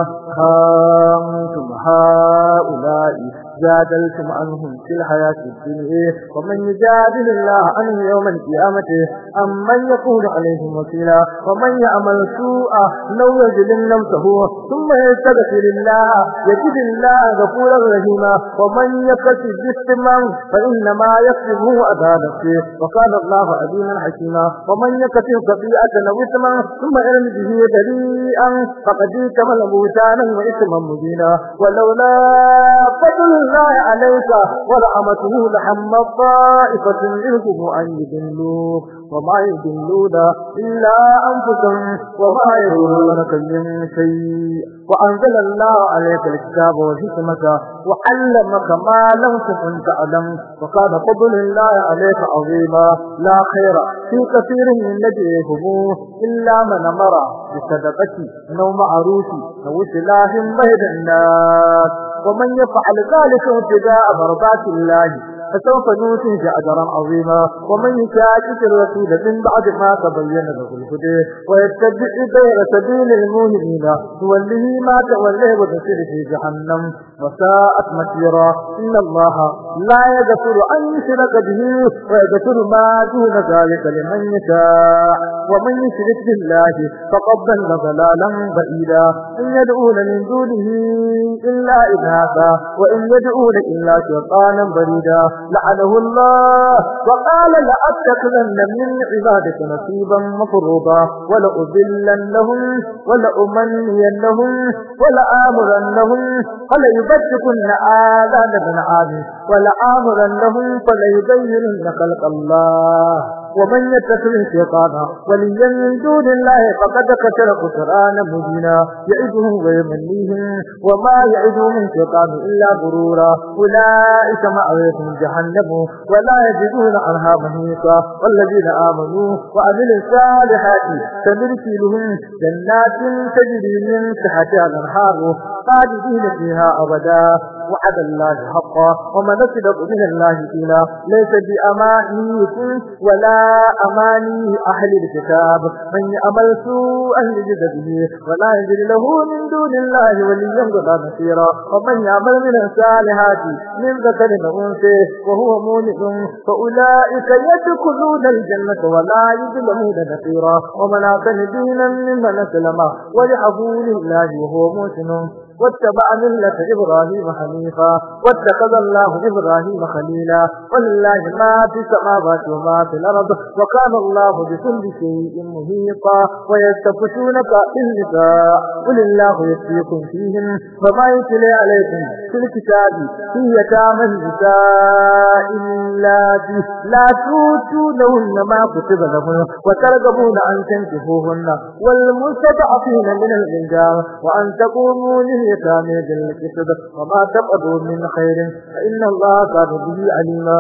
أنتم هؤلاء جادلتم عنهم في الحياة الدنيا ومن يجادل الله عن يوم القيامة أم من يكون عليهم وكيلا ومن يعمل سوءا لو يجلن نمسه ثم يستغفر الله يجد الله غفورا رحيما ومن يكسب اثما فإنما يكسبه على نفسه وقال الله عظيما حكيما ومن يكسب خطيئة أو إثما ثم يرمي به بريئا فقد احتمل بهتانا وإثما مبينا ولولا فضل الله عليك ورحمته لحم الضائفة منهم أن يدلوك وما يدلون إلا أنفسهم وما يرونك من شيء وأنزل الله عليك الكتاب والحكمة وعلمك ما لم تكن تعلم وكان فضل الله عليك عظيما لا خير في كثير من نجيهم إلا من أمر بصدقة نوم عروسي أو سلاح بين الناس ومن يفعل ذلك ابتداء مرضات الله فسوف نوتيه أجرا عظيما ومن يشاكك الرسول من بعد ما تبين له الهدى ويتبع غير سبيل المؤمنين توليه ما توليه وتسير في جهنم وساءت مسيرا إن الله لا يغفر أن يشرك به ويغفر ما دون ذلك لمن يشاء ومن يشرك بالله فقد ضل ضلالا بعيدا إن يدعون من دونه إلا إناثا وإن يدعون إلا شيطانا بريدا لعنه الله وقال لأتخذن من عبادك نصيبا مفروضا ولأذلنهم ولأمنينهم ولآمرنهم فليبقى ولأثبتكن آذان ابن عاد ولآمرنهم فليبينن خلق الله ومن يتخذ الشيطان وليا من دون الله فقد كتر خسرانا مبينا يعدهم ويمنيهم وما يعدهم الشيطان إلا غرورا أولئك مأويهم جهنم ولا يجدون عنها مهيطا والذين آمنوا وعملوا الصالحات سنرسلهم جنات تجري من تحتها الأنهار خالدين فيها أبدا وعد الله حقا ومن صدق من الله إلا ليس بأمانيكم ولا أماني أهل الكتاب من يعمل سوءا يجد به ولا يجد له من دون الله وليا ولا نصيرا ومن يعمل من الصالحات من ذكر وأنثى وهو مؤمن فأولئك يدخلون الجنة ولا يظلمون نصيرا ومن أعطى دينا ممن أسلم وجعه لله وهو مؤمن واتبع ملة إبراهيم حنيفا واتخذ الله إبراهيم خليلا ولله ما في السماوات وما في الأرض وكان الله بكل شيء محيطا ويستفتونك في النساء قل الله يكفيكم فيهم فما يتلي عليكم في الكتاب في يتامى النساء إلا لا توتونهن ما كتب لهن وترغبون أن تنتهوهن والمستضعفين من الإنجاب وأن تقوموا له الشيطان جل كسبت وما تقضوا من خير فإن الله كان به عليما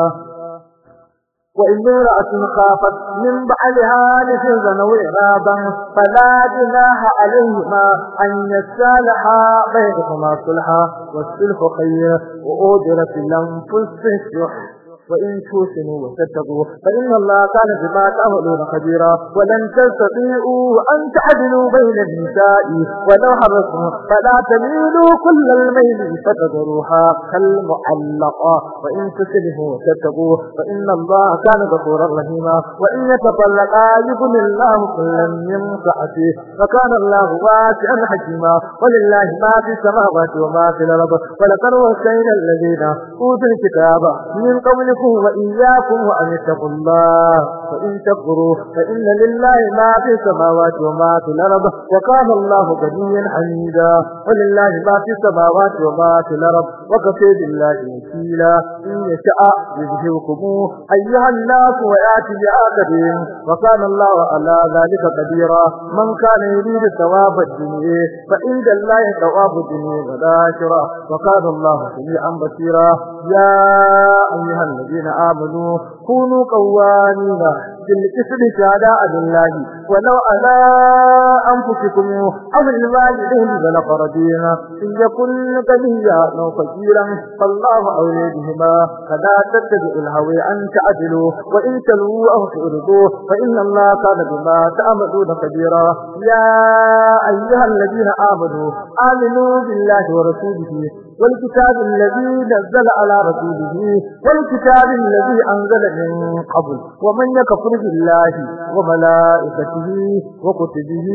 وإن امرأة خافت من بعدها نشوزا وإرابا فلا جناح عليهما أن يسالحا بينهما صلحا والسلح خير وأوجرت الأنفس الشح وإن توسنوا وتتقوا فإن الله كان بما تعملون خبيرا ولن تستطيعوا أن تعدلوا بين النساء ولو حرصوا فلا تميلوا كل الميل فتذروها كالمعلقة وإن تسلموا وتتقوا فإن الله كان غفورا رحيما وإن يتطلقا يبن الله كلا من سعته فكان الله واسعا حكيما ولله ما في السماوات وما في الأرض ولقد وسينا الذين أوتوا الكتاب من قبل أوصيكم وإياكم وأن اتقوا الله فإن تكفروا فإن لله ما في السماوات وما في الأرض وكان الله غنيا حميدا ولله ما في السماوات وما في الأرض وكفى بالله وكيلا إن يشاء يذهبكم أيها الناس ويأتي بآخرين وكان الله على ذلك قديرا من كان يريد ثواب الدنيا فإن الله ثواب الدنيا والآخرة وكان الله سميعا بصيرا يا أيها الناس الذين آمنوا كونوا قوامين بالقسط شهداء لله ولو على أنفسكم أو الوالدين فلقربين إن يكن كبيا أو فجيرا فالله أولي بهما فلا تتبعوا الهوي أن تعدلوا وإن تلووا أو تؤردوه فإن الله كان بما تعملون كبيرا يا أيها الذين آمنوا آمنوا بالله ورسوله والكتاب الذي نزل على رسوله والكتاب الذي أنزل من قبل ومن يكفر بالله وملائكته وكتبه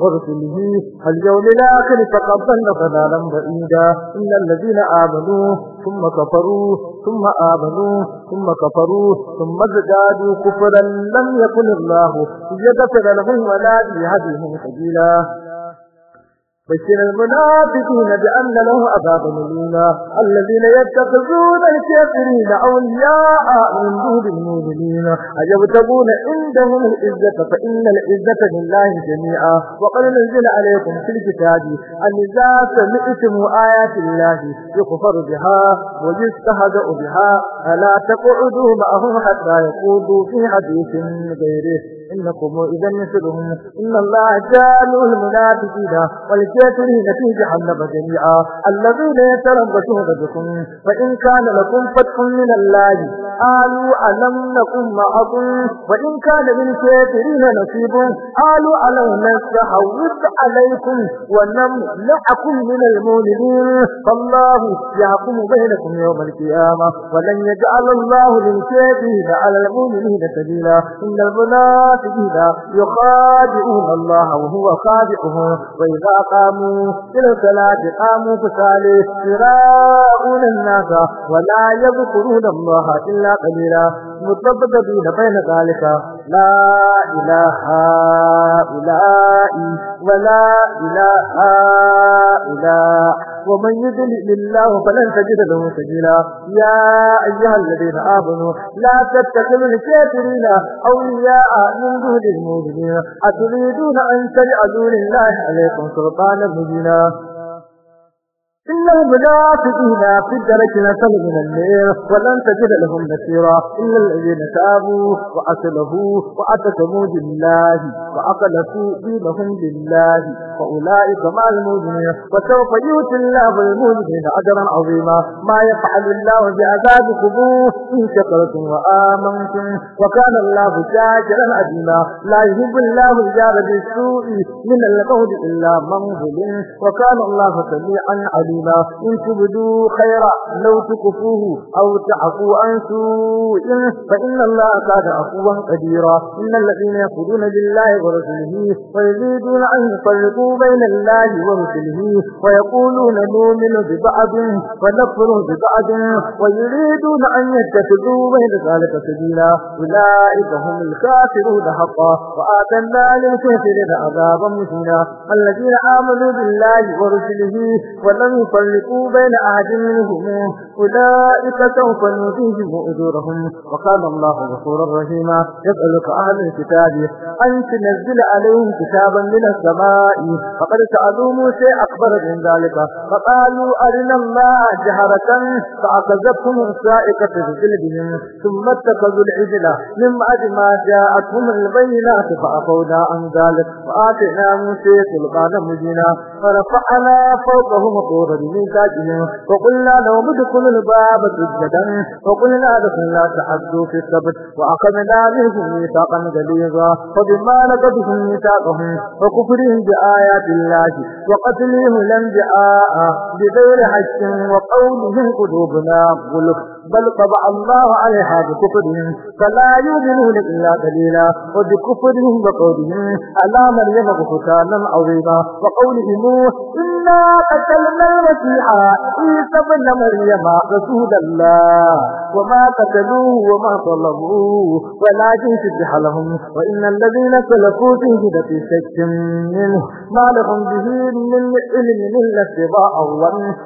ورسله فاليوم الآخر تقبلنا ضل ضلالا بعيدا إن الذين آمنوا ثم كفروا ثم آمنوا ثم كفروا ثم ازدادوا كفرا لم يكن الله يغفر لهم ولا يهديهم سبيلا بشر المنافقين بأن له عذابا مليما الذين يتخذون الكافرين أولياء من دون المؤمنين أيبتغون عندهم العزة فإن العزة لله جميعا وقد نزل عليكم في الكتاب أن إذا سمعتم آيات الله يكفر بها ويستهزأ بها ألا تقعدوا معهم حتى يقولوا في حديث غيره إنكم إذا نسلهم إن الله جعلوا المنافقين والكافرين في جهنم جميعا الذين يتربصون بكم فإن كان لكم فتح من الله قالوا ألم نكن معكم وإن كان للكافرين نصيب قالوا ألم نستحوذ عليكم ونمنعكم من المؤمنين فالله يحكم بينكم يوم القيامة ولن يجعل الله للكافرين على المؤمنين سبيلا إن المنافقين الخاسئين يخادعون الله وهو خادعهم وإذا قاموا إلى الصلاة قاموا فسالي يراؤون الناس ولا يذكرون الله إلا قليلا متبدلين بين ذلك لا إله هؤلاء ولا إله إلا ومن يدل لله فلن تجد له سبيلا يا أيها الذين آمنوا لا تتخذوا الكافرين أولياء من دون المؤمنين أتريدون أن تجعلوا لله عليكم سلطانا مبينا إنهم لا تدينا في الدرجة من النير ولن تجد لهم نسيرا إلا الذين تابوا وأسلهوا وأتكموا لله وأقلفوا دينهم لله فأولئك مع المؤمنين وسوف يؤتي الله المؤمنين أجرا عظيما ما يفعل الله بعذابكم إن شكرتم وآمنتم وكان الله شاكرا عظيما لا يهب الله الجار بالسوء من القول إلا من ظلم وكان الله سميعا عليما عليما إن تبدوا خيرا لو تكفوه أو تعفوا عن سوء فإن الله كان عفوا قديرا إن الذين يقولون بالله ورسله ويزيدون أن يفرقوا بين الله ورسله ويقولون نؤمن ببعض ونكفر ببعض ويريدون أن يتخذوا بين ذلك سبيلا أولئك هم الكافرون حقا وآتنا للكافرين عذابا مهينا الذين آمنوا بالله ورسله ولم نفرق بين أحد منهم أولئك سوف نتيهم أجورهم وقال الله غفورا رحيما يسألك أهل الكتاب أن تنزل عليهم كتابا من السماء فقد سألوا موسى أكبر من ذلك فقالوا أرنا الله جهرة فأخذتهم السائقة بجلدهم ثم اتخذوا العجلة من بعد ما جاءتهم البينات فأخونا عن ذلك وآتنا موسى سلطانا مجينا فرفعنا فوقهم طورا بميثاقهم وقلنا لهم ادخلوا الباب سجدا وقلنا لكم لا تعدوا في السبت وأخذنا منهم ميثاقا غليظا فبما نقضهم ميثاقهم وكفرهم بآيات الله وقتلهم الأنبياء بغير حق وقولهم قلوبنا غلف بل طبع الله عليها بكفرهم فلا يؤمنون إلا قليلا وبكفرهم وقولهم على مريم بهتانا عظيما وقولهم إنا قتلنا المسيح عيسى بن مريم رسول الله وما قتلوه وما طلبوه ولكن شبح لهم وإن الذين سلكوا فيه لفي شك منه ما لهم به من علم إلا اتباع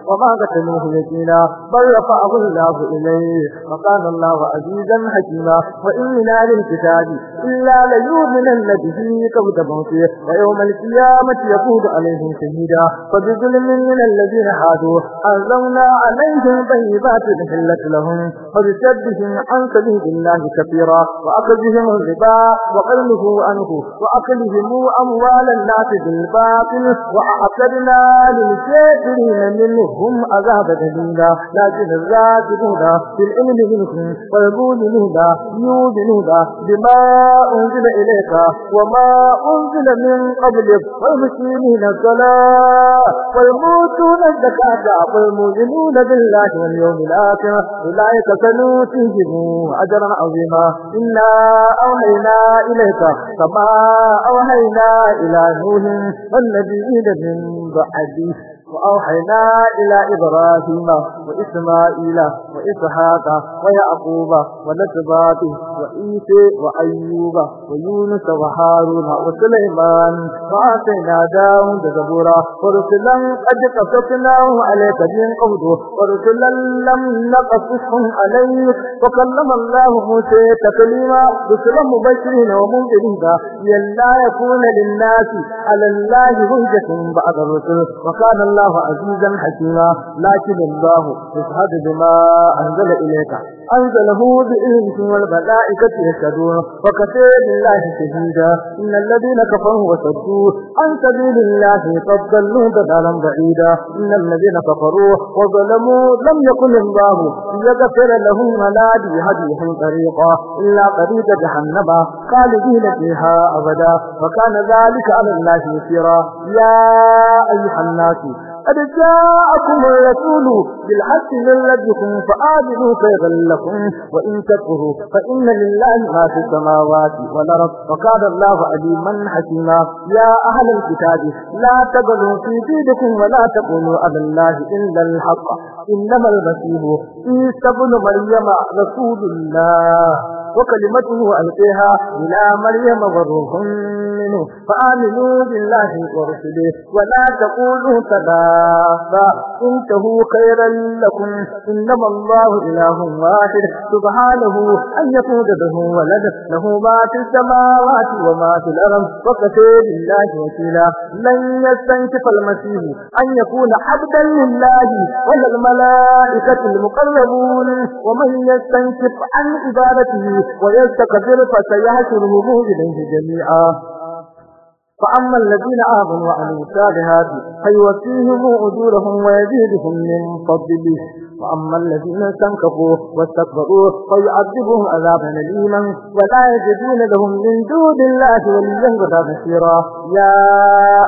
وما قتلوه يجينا بل رفعه الله إلى إليه وقال الله عزيزا حكيما وإن من أهل الكتاب إلا ليؤمن به قبل موته ويوم القيامة يكون عليهم شهيدا فبظلم من الذين هادوا أنزلنا عليهم طيبات حلت لهم فبسدهم عن سبيل الله كثيرا وأخذهم الربا وقلمه عنه وأخذهم أموال الناس بالباطل وأعتدنا للكافرين منهم عذاب دليلا لكن الراكبون بالعلم منه ويقول الهدى يود بما أنزل إليك وما أنزل من قبلك والمسلمين الصلاة ويموتون الزكاة والمؤمنون بالله واليوم الآخر أولئك سنوتهم أجرا عظيما إنا أوحينا إليك كما أوحينا إلى نوح والنبيين من بعده وأوحينا إلى إبراهيم وإسماعيل وإسحاق ويعقوب ونجبات وإيس وأيوب ويونس وهارون وسليمان وآتينا داود زبورا ورسلا قد قصصناه عليك من قبل ورسلا لم نقصصهم عليك وكلم الله موسى تكليما رسلا مبشرين ومنذرين لئلا يكون للناس على الله هجة بعد الرسل وكان الله الله عزيزا حكيما لكن الله يشهد بما أنزل إليك أنزله بإذنه والملائكة يشهدون وكثير بالله شهيدا إن الذين كفروا وصدوا عن سبيل الله قد ضلوا ضلالا بعيدا إن الذين كفروا وظلموا لم يكن الله ليغفر لهم ولا بهديهم طريقا إلا طريق جهنم خالدين فيها أبدا وكان ذلك على الله يسيرا يا أيها الناس قد جاءكم الرسول بالحق من ربكم فآمنوا خيرا لكم وإن تكفروا فإن لله ما في السماوات والأرض وكان الله عليما حكيما يا أهل الكتاب لا تغلوا في دينكم ولا تقولوا على الله إلا الحق إنما المسيح عيسى ابن مريم رسول الله وكلمته ألقيها إلى مريم وروح منه فآمنوا بالله ورسله ولا تقولوا ثلاثة فإنتهوا خيرا لكم إنما الله إله واحد سبحانه أن يكون به ولد له ما في السماوات وما في الأرض وكثير الله وكيلا لن يستنكف المسيح أن يكون عبدا لله ولا الملائكة المقربون ومن يستنكف عن عبادته ويستكبر فسيحشرهم إليه جميعا فأما الذين آمنوا وعملوا الصالحات فيوفيهم أجورهم ويزيدهم من فضله وأما الذين استنكفوا واستكبروا فيعذبهم عذابا أليما ولا يجدون لهم من دون الله وليا ولا نصيرا يا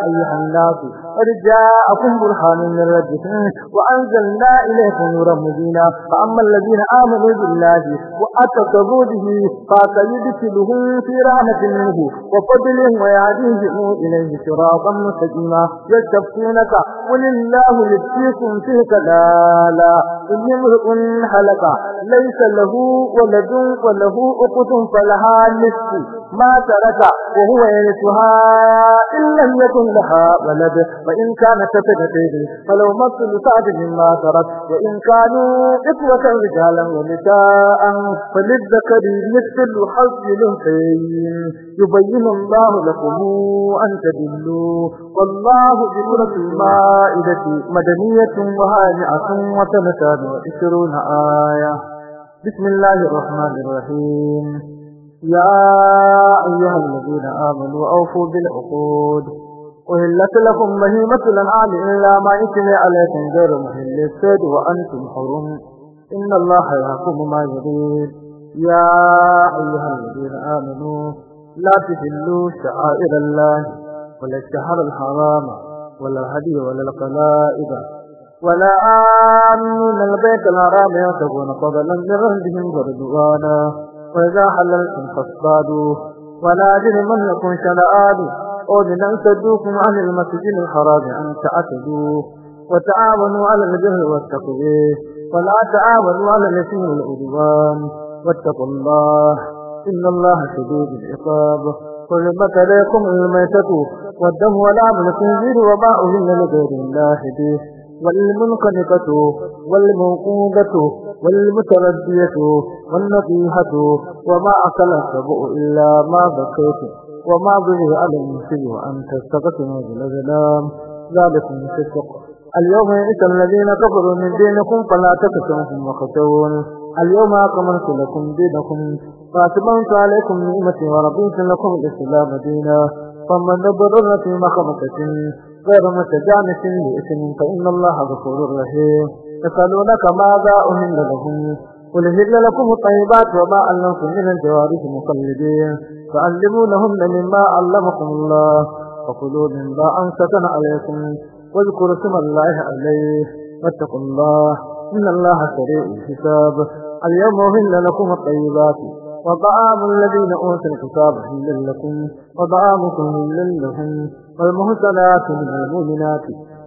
أيها الناس قد جاءكم برهان من ربكم وأنزلنا إليكم نورا مبينا فأما الذين آمنوا بالله وأتقوا به فسيدخلهم في رحمة منه وفضل ويهديهم إليه صراطا مستقيما يستفتونك قل الله يبتيكم في كلالا يمرء حلق ليس له ولد وله أخت فلها نصف ما ترك وهو يرثها إن لم يكن لها ولد وإن كانت فتتين فلو مثل سعد مما ترك وإن كانوا إخوة رجالا ونساء فللذكر مثل حظ الأنثيين يبين الله لكم أن تدلوا والله بكرة المائدة مدنية وهانعة وتنسى وعشرون آية بسم الله الرحمن الرحيم يا أيها الذين آمنوا أوفوا بالعقود أهلت لكم مهيمة الأنعام إلا ما يتلي عليكم غير مهل السيد وأنتم حرم إن الله يحكم ما يريد يا أيها الذين آمنوا لا تهلوا شعائر الله ولا الشهر الحرام ولا الهدي ولا القلائد ولا آمنون البيت الحرام يرتقون قبلا من رهدهم وردوانا وإذا حللتم فاصطادوا ولا جرمنكم شنآن أذن أن تدوكم عن المسجد الحرام أن تعتدوا وتعاونوا على الجهل والتقوى ولا تعاونوا على الاسم والعدوان واتقوا الله إن الله شديد العقاب حرمت عليكم الميتة والدم والعمل الخنزير وما إلا لغير الله به والمنقلقة والموقوبة والمتردية والنطيحة وما أكل السبع إلا ما بكيت وما بغي على المسيح أن تستقسموا بالأزلام ذلكم فسق اليوم يئس الذين كفروا من دينكم فلا تكسوهم وخشون اليوم أكملت لكم دينكم فأتممت عليكم نعمتي وربيت لكم الإسلام دينا فمن ضرر في مخبطة غير متجانس لإثم فإن الله غفور رحيم يسألونك ماذا أهل لهم قل هل لكم الطيبات وما علمتم من الجوارح مقلدين فعلمونهن مما علمكم الله من مما أنسكن عليكم واذكروا اسم الله عليه واتقوا الله إن الله سريع الحساب اليوم أهل لكم الطيبات وطعام الذين أوتوا الكتاب هل لكم وطعامكم هل لهم المهزنات من المؤمنات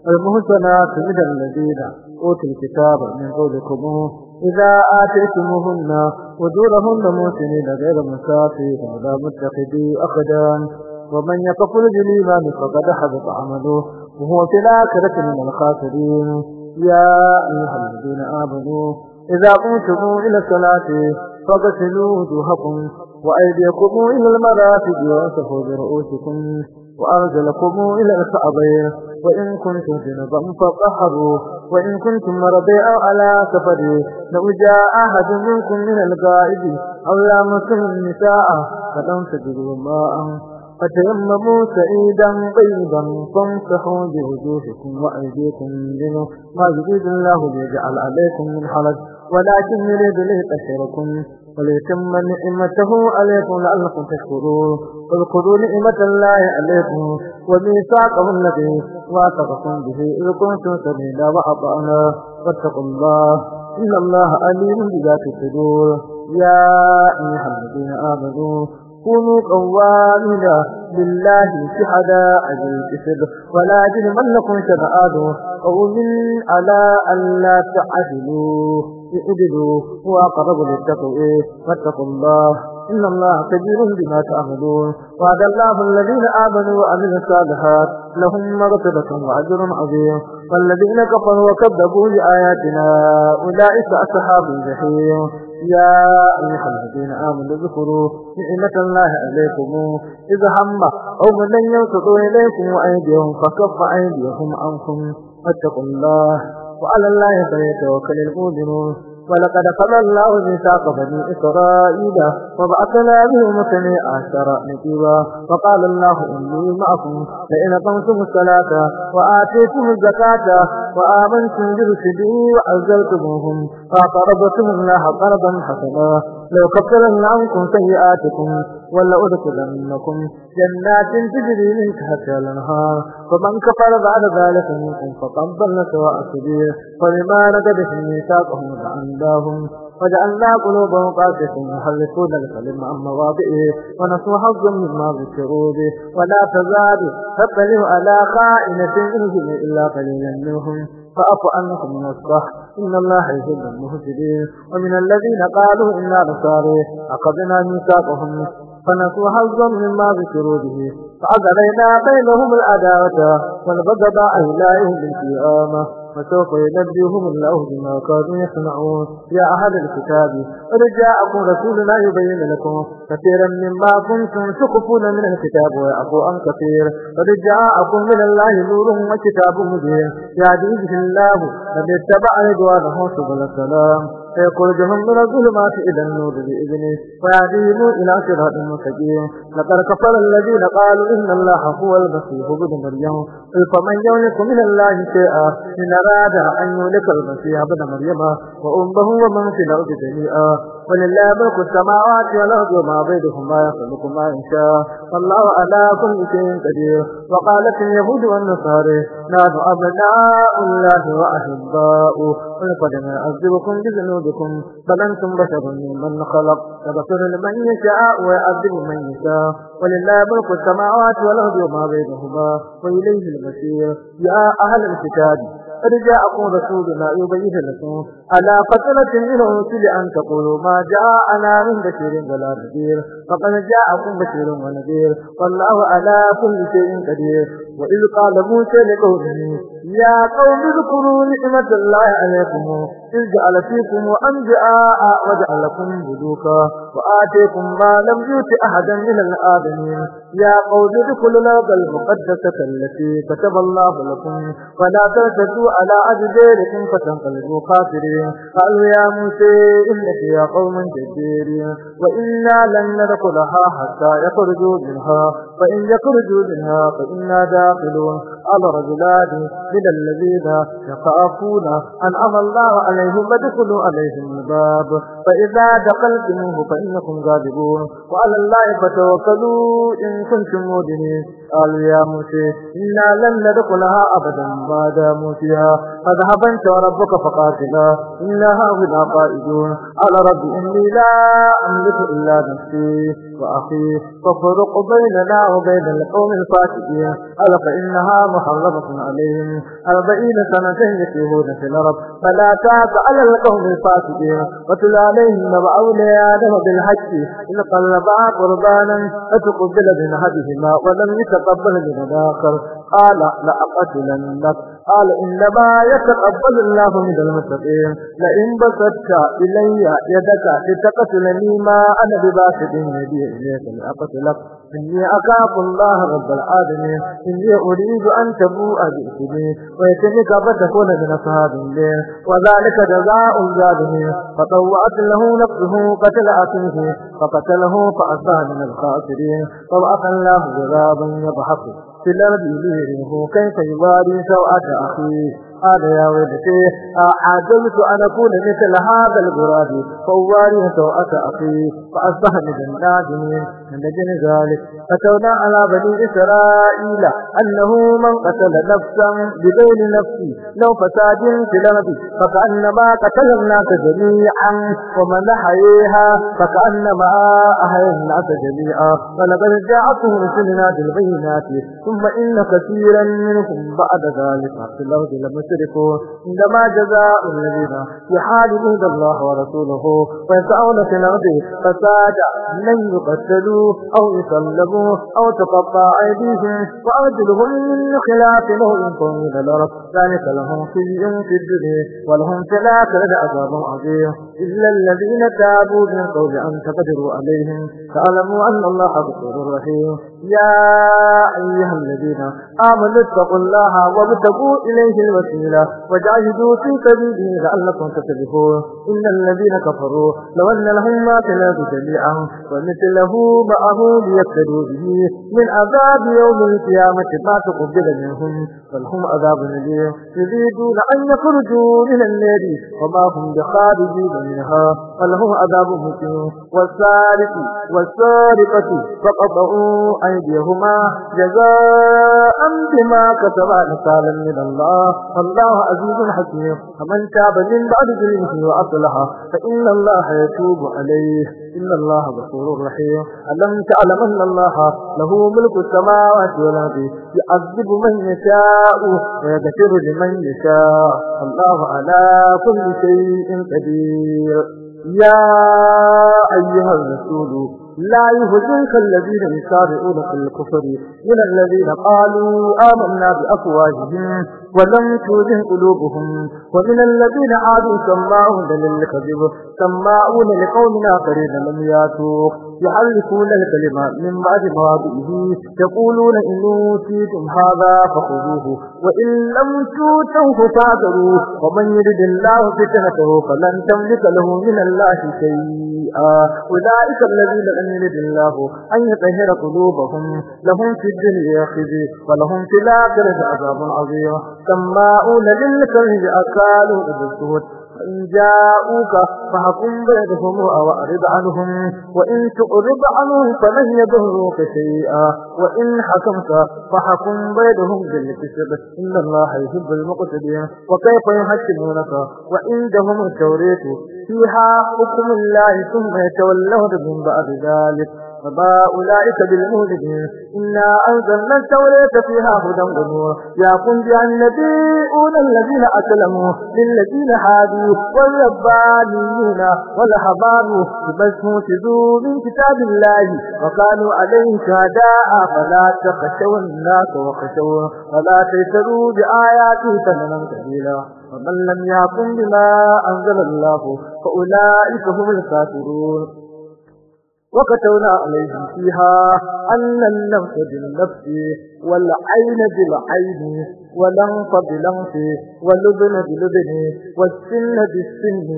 المهزنات من الذين أوتوا الكتاب من قبلكم إذا آتيتموهن وجورهن موسنين غير مسافي ولا متقدي أخدان ومن يكفر بالإيمان فقد حبط عمله وهو في الآخرة من الخاسرين يا أيها الذين آمنوا إذا قمتم إلى الصلاة فاغسلوا وجوهكم وأيديكم إلى المرافق وأنصفوا برؤوسكم وأرجلكم إلى الكعبين وإن كنتم جنبا فقحروا وإن كنتم مرضى أو على سفري لو جاء أحد منكم من القائد أو لامستم النساء فلم تجدوا ماء فتيمموا سعيدا طيبا فانصحوا بوجوهكم وأيديكم منه ما يريد الله ليجعل عليكم من حرج ولكن يريد ليطهركم وليتم نعمته عليكم لعلكم تشكرون اذكروا نعمة الله عليكم وميثاقه الذي واثقكم به إذ كنتم سبيلا وأطعنا فاتقوا الله إن الله عليم بذات الصدور يا أيها الذين آمنوا كونوا قوامنا لله شهداء بالكسب ولا جرمنكم شبآده قوم على أن لا تعدلوا اعدلوا واقربوا للتقوى واتقوا الله إن الله كبير بما تعملون وعد الله الذين آمنوا وعملوا الصالحات لهم مغفرة وعجر عظيم والذين كفروا وكذبوا بآياتنا أولئك أصحاب الجحيم يا أيها الذين آمنوا اذكروا نعمة الله عليكم إذا هم أو من ينصروا إليكم وأيديهم فكف أيديهم عنكم واتقوا الله وعلى الله فليتوكل المؤمنون ولقد قضى الله ميثاق بني إسرائيل وبعثنا بهم اثني عشر نجيبا وقال الله إني معكم لئن أقمتم الصلاة وآتيتم الزكاة وآمنتم برشدي وعزلتموهم فاعترضتم الله قرضا حسنا لو كفرن عنكم سيئاتكم ولأدخلنكم جنات تجري من تحتها الأنهار فمن كفر بعد ذلك منكم فقد ضل سواء السبيل فلما نكدهم ميثاقهم وجعلناهم وجعلنا قلوبهم قاسية يحرفون الكلم عن مواضعه ونسوا حظا مما ذكروا به ولا تزال تطلع على خائنة منهم إلا قليلا منهم أنكم من الصح إن الله يهد المهجدين ومن الذين قالوا إنا نصاري أخذنا ميثاقهم فنسوا حظا مما ذكروا به فأزلينا بينهم العداوة والبدد أهلائهم بالقيامة فسوف ينبيهم الله بما كانوا يصنعون يا أهل الكتاب رجاءكم رسولنا يبين لكم كثيرا مما كنتم تخفون من الكتاب ويعفو عن كثير رجاءكم من الله نور وكتاب مبين يهديه الله الذي اتبع رضوانه سبل السلام فيقول فيخرجهم من الظلمات إلى النور بإذنه ويهديهم إلى صراط مستقيم لقد كفر الذين قالوا إن الله هو المسيح ابن مريم قل فمن يملك من الله شيئا إن أراد أن يملك المسيح ابن مريم وأمه ومن في الأرض جميعا ولله ملك السماوات والأرض وما بينهم ما يخلق ما يشاء والله على كل شيء قدير وقالت اليهود والنصارى نحن أبناء الله وأحباؤه ولقد نعذبكم بذنوبكم بل أنتم بشر ممن خلق يغفر لمن يشاء ويعذب من يشاء ولله ملك السماوات والأرض وما بينهما وإليه المسير يا أهل الكتاب قد رسول رسولنا يبين لكم على قتلة من الرسل أن تقولوا ما جاءنا من بشير ولا نذير فقد جاءكم بشير ونذير والله على كل شيء قدير وإذ قال موسى لقومه يا قوم اذكروا نعمة الله عليكم إذ جعل فيكم أنبياء وجعلكم ملوكا وآتيكم ما لم يؤت أحدا من العالمين يا قوم ادخلوا الأرض المقدسة التي كتب الله لكم فلا ترتدوا على أدباركم فتنقلبوا خاسرين قالوا يا موسى إن يا قوم جديرين وإنا لن نرى نبارك لها حتى يخرجوا منها فإن يخرجوا منها فإنا داخلون على رجلان من الذين يخافون أن أمر الله عليهم ودخلوا عليهم الباب فإذا دخلتموه فإنكم غالبون وعلى الله فتوكلوا إن كنتم مؤمنين قالوا يا موسى إنا لن ندخلها أبدا ما داموا فيها فذهب أنت وربك فقاتلا إنا هؤلاء قائدون قال ربي إني لا أملك إلا نفسي وأخيه فافرق بيننا وبين القوم الفاسقين ألا فإنها محرمة عليهم أربعين سنة يكيهون في الأرض فلا تعب على القوم الفاسقين وتل عليهم نبع آدم بالحج إن قلبا قربانا أتقبل من هدهما ولم يتقبل من الآخر قال لأقتلنك قال إنما يتقبل الله من المتقين لئن بسطت إلي يدك لتقتلني ما أنا بباسط يدي إليك لأقتلك إني أخاف الله رب العالمين إني أريد أن تبوء بإثمي ويتمك فتكون من أصحاب الليل وذلك جزاء الظالمين فطوعت له نفسه قتل أخيه فقتله فأصبح من الخاسرين طوعت الله جذابا يضحك في الأرض غيره كيف يباري سوءة أخيه هذا يا ولدي عجبت أن أكون مثل هذا الغراب فواري سوءة أخيه فأصبح من النادمين نجن ذلك فتونا على بني إسرائيل أنه من قتل نفسا بغير نفسي لو فساد في الأرض فكأنما قتل الناس جميعا ومن حييها فكأنما أهلناك الناس جميعا فلقد جاءتهم رسلنا بالغينات ثم إن كثيرا منهم بعد ذلك في الأرض لمشركون عندما جزاء الذين يحاربون الله ورسوله ويسعون في الأرض فساد لن يقتلوا أو يسلبوا أو تقطع أيديهم وأجلهم من خلاف لهم طويل الأرض ذلك لهم في الدنيا ولهم في الآخرة عذاب عظيم إلا الذين تابوا من قبل أن تقدروا عليهم فاعلموا أن الله غفور رحيم يا أيها الذين آمنوا اتقوا الله وابتقوا إليه الوسيلة وجاهدوا في سبيله لعلكم تفلحون إن الذين كفروا لو أن لهم ما تلاقوا جميعا ومثله معه ليفتدوا به من عذاب يوم القيامة ما تقبل منهم بل هم عذاب أليم يريدون أن يخرجوا من النار وما هم بخارجين منها بل هم عذاب مقيم والسارق والسارقة فقطعوا أيديهما جزاء بما كتب نسالا من الله الله عزيز حكيم فمن تاب من بعد ظلمه وأصلها فإن الله يتوب عليه إن الله غفور رحيم ألم تعلم أن الله له ملك السماوات والأرض يعذب من يشاء ويغفر لمن يشاء الله على كل شيء قدير يا أيها الرسول لا يهزنك الذين يسارعون في الكفر من الذين قالوا آمنا بأفواههم ولم توزن قلوبهم ومن الذين عادوا سماعون للكذب سماعون لقوم آخرين لم ياتوك يحرفون الكلمة من بعد مواضعه يقولون إن أوتيتم هذا فخذوه وإن لم توتوه فاعذروه ومن يرد الله فتنته فلن تملك له من الله شيئا أولئك الذين لم يرد الله أن يطهر قلوبهم لهم في الدنيا خزي ولهم في الآخرة عذاب عظيم سماعون للكذب أكالوا بالسهد إن جاءوك فحكم بينهم وأعرض عنهم وإن تعرض عنهم فلن يضروك شيئا وإن حكمت فحكم بينهم بالكسب إن الله يحب المقتدين وكيف يحكمونك وعندهم التوريت فيها حكم الله ثم يتولون من بعد ذلك فما أولئك بالمهلكين إنا أنزلنا التوراة فيها هدى ونور يقوم بها النبيون الذين أسلموا للذين حادوا والربانيين والأحبار بما استهزئوا من كتاب الله وكانوا عليه شهداء فلا تخشوا الناس وخشوا فلا تيسروا بآياته ثمنا كبيرا ومن لم يحكم بما أنزل الله فأولئك هم الكافرون وكتبنا عليهم فيها أن النفس بالنفس والعين بالعين والأنف بالأنف واللبن باللبن والسن بالسن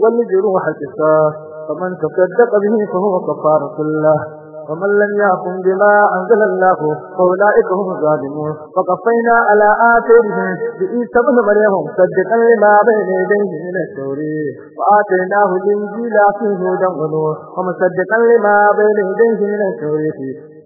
والجروح كساس فمن تصدق به فهو كفارة الله ومن لم يحكم بما أنزل الله فأولئك هم الظالمون وقفينا على آثارهم بإيسى بن مريم صدقا لما بين يديه من التوريت وآتيناه الإنجيل فيه هدى ونور ومصدقا لما بين يديه من التوريت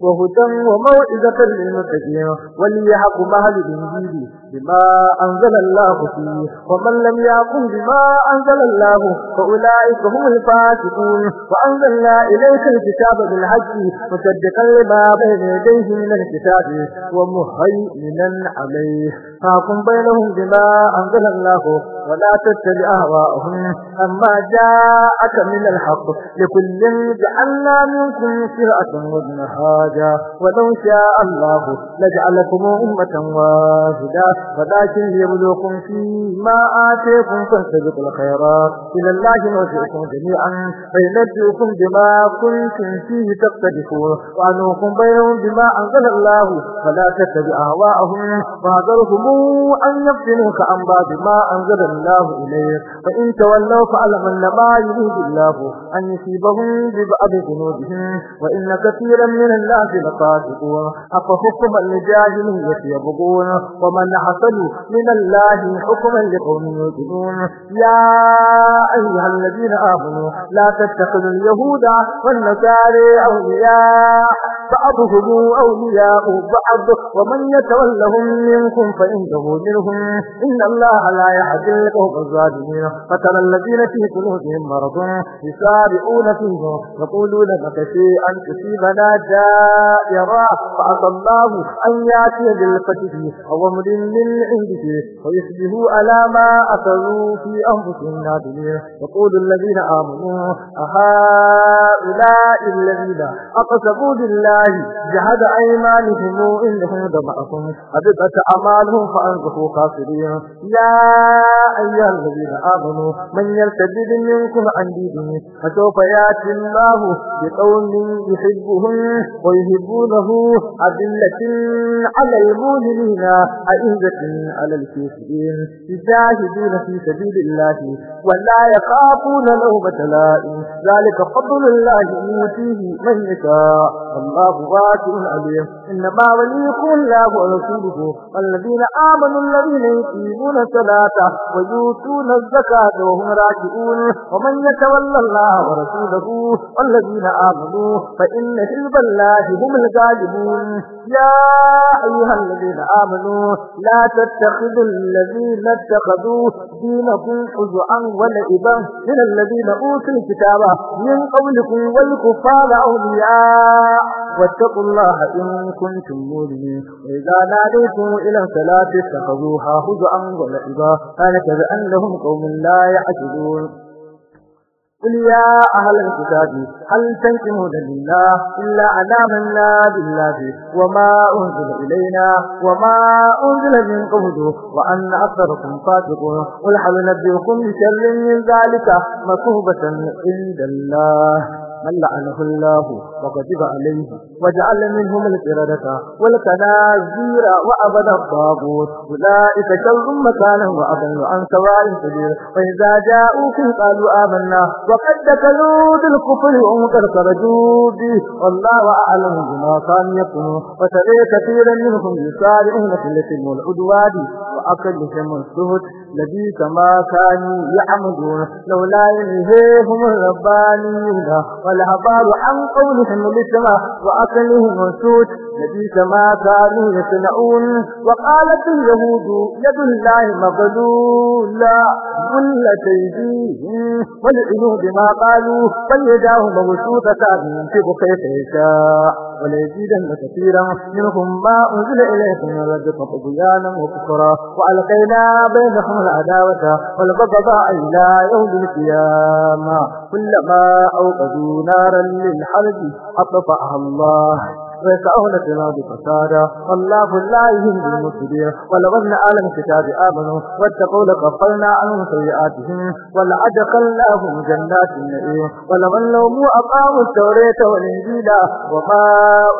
وهدى وموعظة للمتقين وليحكم أهل الإنجيل بما أنزل الله فيه ومن لم يقم بما أنزل الله فأولئك هم الفاسقون وأنزلنا إليك الكتاب بالحج مصدقا لما بين يديه من الكتاب ومهيمنا عليه فاقم بينهم بما أنزل الله ولا تتبع أهواءهم أما جاءك من الحق لكل جعلنا منكم سرعة وابنهاجا ولو شاء الله لجعلكم أمة واحدة ولكن ليبلوكم فيما آتيكم فاستبقوا الخيرات إلى الله نرجعكم جميعا فينبئكم بما كنتم فيه تقتدفون وأنوكم بينهم بما أنزل الله فلا تتبع أهواءهم وهذرهم أن يفتنوك عن بعض ما أنزل الله إليك فإن تولوا فألم ما يريد الله أن يصيبهم ببعض ذنوبهم وإن كثيرا من الناس لصادقون أفخفهم من يبغون ومن أحسن من الله حكما لقوم يؤمنون يا أيها الذين آمنوا لا تتخذوا اليهود والنصارى أولياء بعضهم أولياء بعض ومن يتولهم منكم فإنه منهم إن الله لا يهدي القوم الظالمين فترى الذين في قلوبهم مرض يسارعون فيهم يقولون نكشي أن تصيبنا دائرة فعسى الله أن يأتي بالفتح أو امر من من عندك ويصبحوا على ما أثروا في أنفسهم نادمين يقول الذين آمنوا أهؤلاء الذين أقسموا بالله جهد أيمانهم إنهم دمعكم أبدت أعمالهم فأنصفوا خاسرين يا أيها الذين آمنوا من يرتدد منكم عن دينه فسوف يأتي الله بقوم يحبهم ويحبونه أذلة على المؤمنين أئذ أفئدة على الكافرين يجاهدون في سبيل الله ولا يخافون لومة لائم ذلك فضل الله يؤتيه من يشاء الله واسع عليم إنما وليكم الله ورسوله والذين آمنوا الذين يقيمون الصلاة ويؤتون الزكاة وهم راجعون ومن يتولى الله ورسوله والذين آمنوا فإن حزب الله هم الغالبون يا أيها الذين آمنوا لا تتخذوا الذين اتخذوا دينكم خزعا ولعبا من الذين أوتوا الكتاب من قولكم والكفار أولياء واتقوا الله إن كنتم مؤمنين وإذا ناديتم إلى الصلاة اتخذوها هزءا ولعبا ذلك بأنهم قوم لا يعجلون قل يا أهل الكتاب هل تنكمون لله إلا على من لا بالله وما أنزل إلينا وما أنزل من قبل وأن أكثركم فاتقون قل هل نبئكم بشر من ذلك مكوبة عند الله من لعنه الله وغضب عليه وجعل منهم القردة والكنازير وأبد الطاغوت أولئك شر مكانا وأضل عن سواء فإذا وإذا جاءوك قالوا آمنا وقد دخلوا بالكفر وهم قد خرجوا به والله أعلم بما كان يكون وترى كثيرا منهم يسارعون في الإثم والعدوان وأكلهم السهد الذي كما كانوا يعمدون لولا ينهيهم الربانيون والأحبار عن قولهم لسما وأكلهم السوت الذي كما كانوا يصنعون وقالت اليهود يد الله مغلولا غلت أيديهم ولعنوا بما قالوا بل يداه من في بقيت يشاء وليزيدن كثيرا منهم ما أنزل إليكم من رجل طغيانا وكفرا وألقينا بينهم والغضب أن إلى يوم القيامة كلما أوقدوا نارا للحرب أطفأها الله ويسعون في الأرض فسادا والله لا يهدي المفسدين ولو أن أهل الكتاب آمنوا واتقوا لكفرنا عنهم سيئاتهم ولأدخلناهم جنات النعيم ولو أنهم أقاموا التوراة والإنجيل وما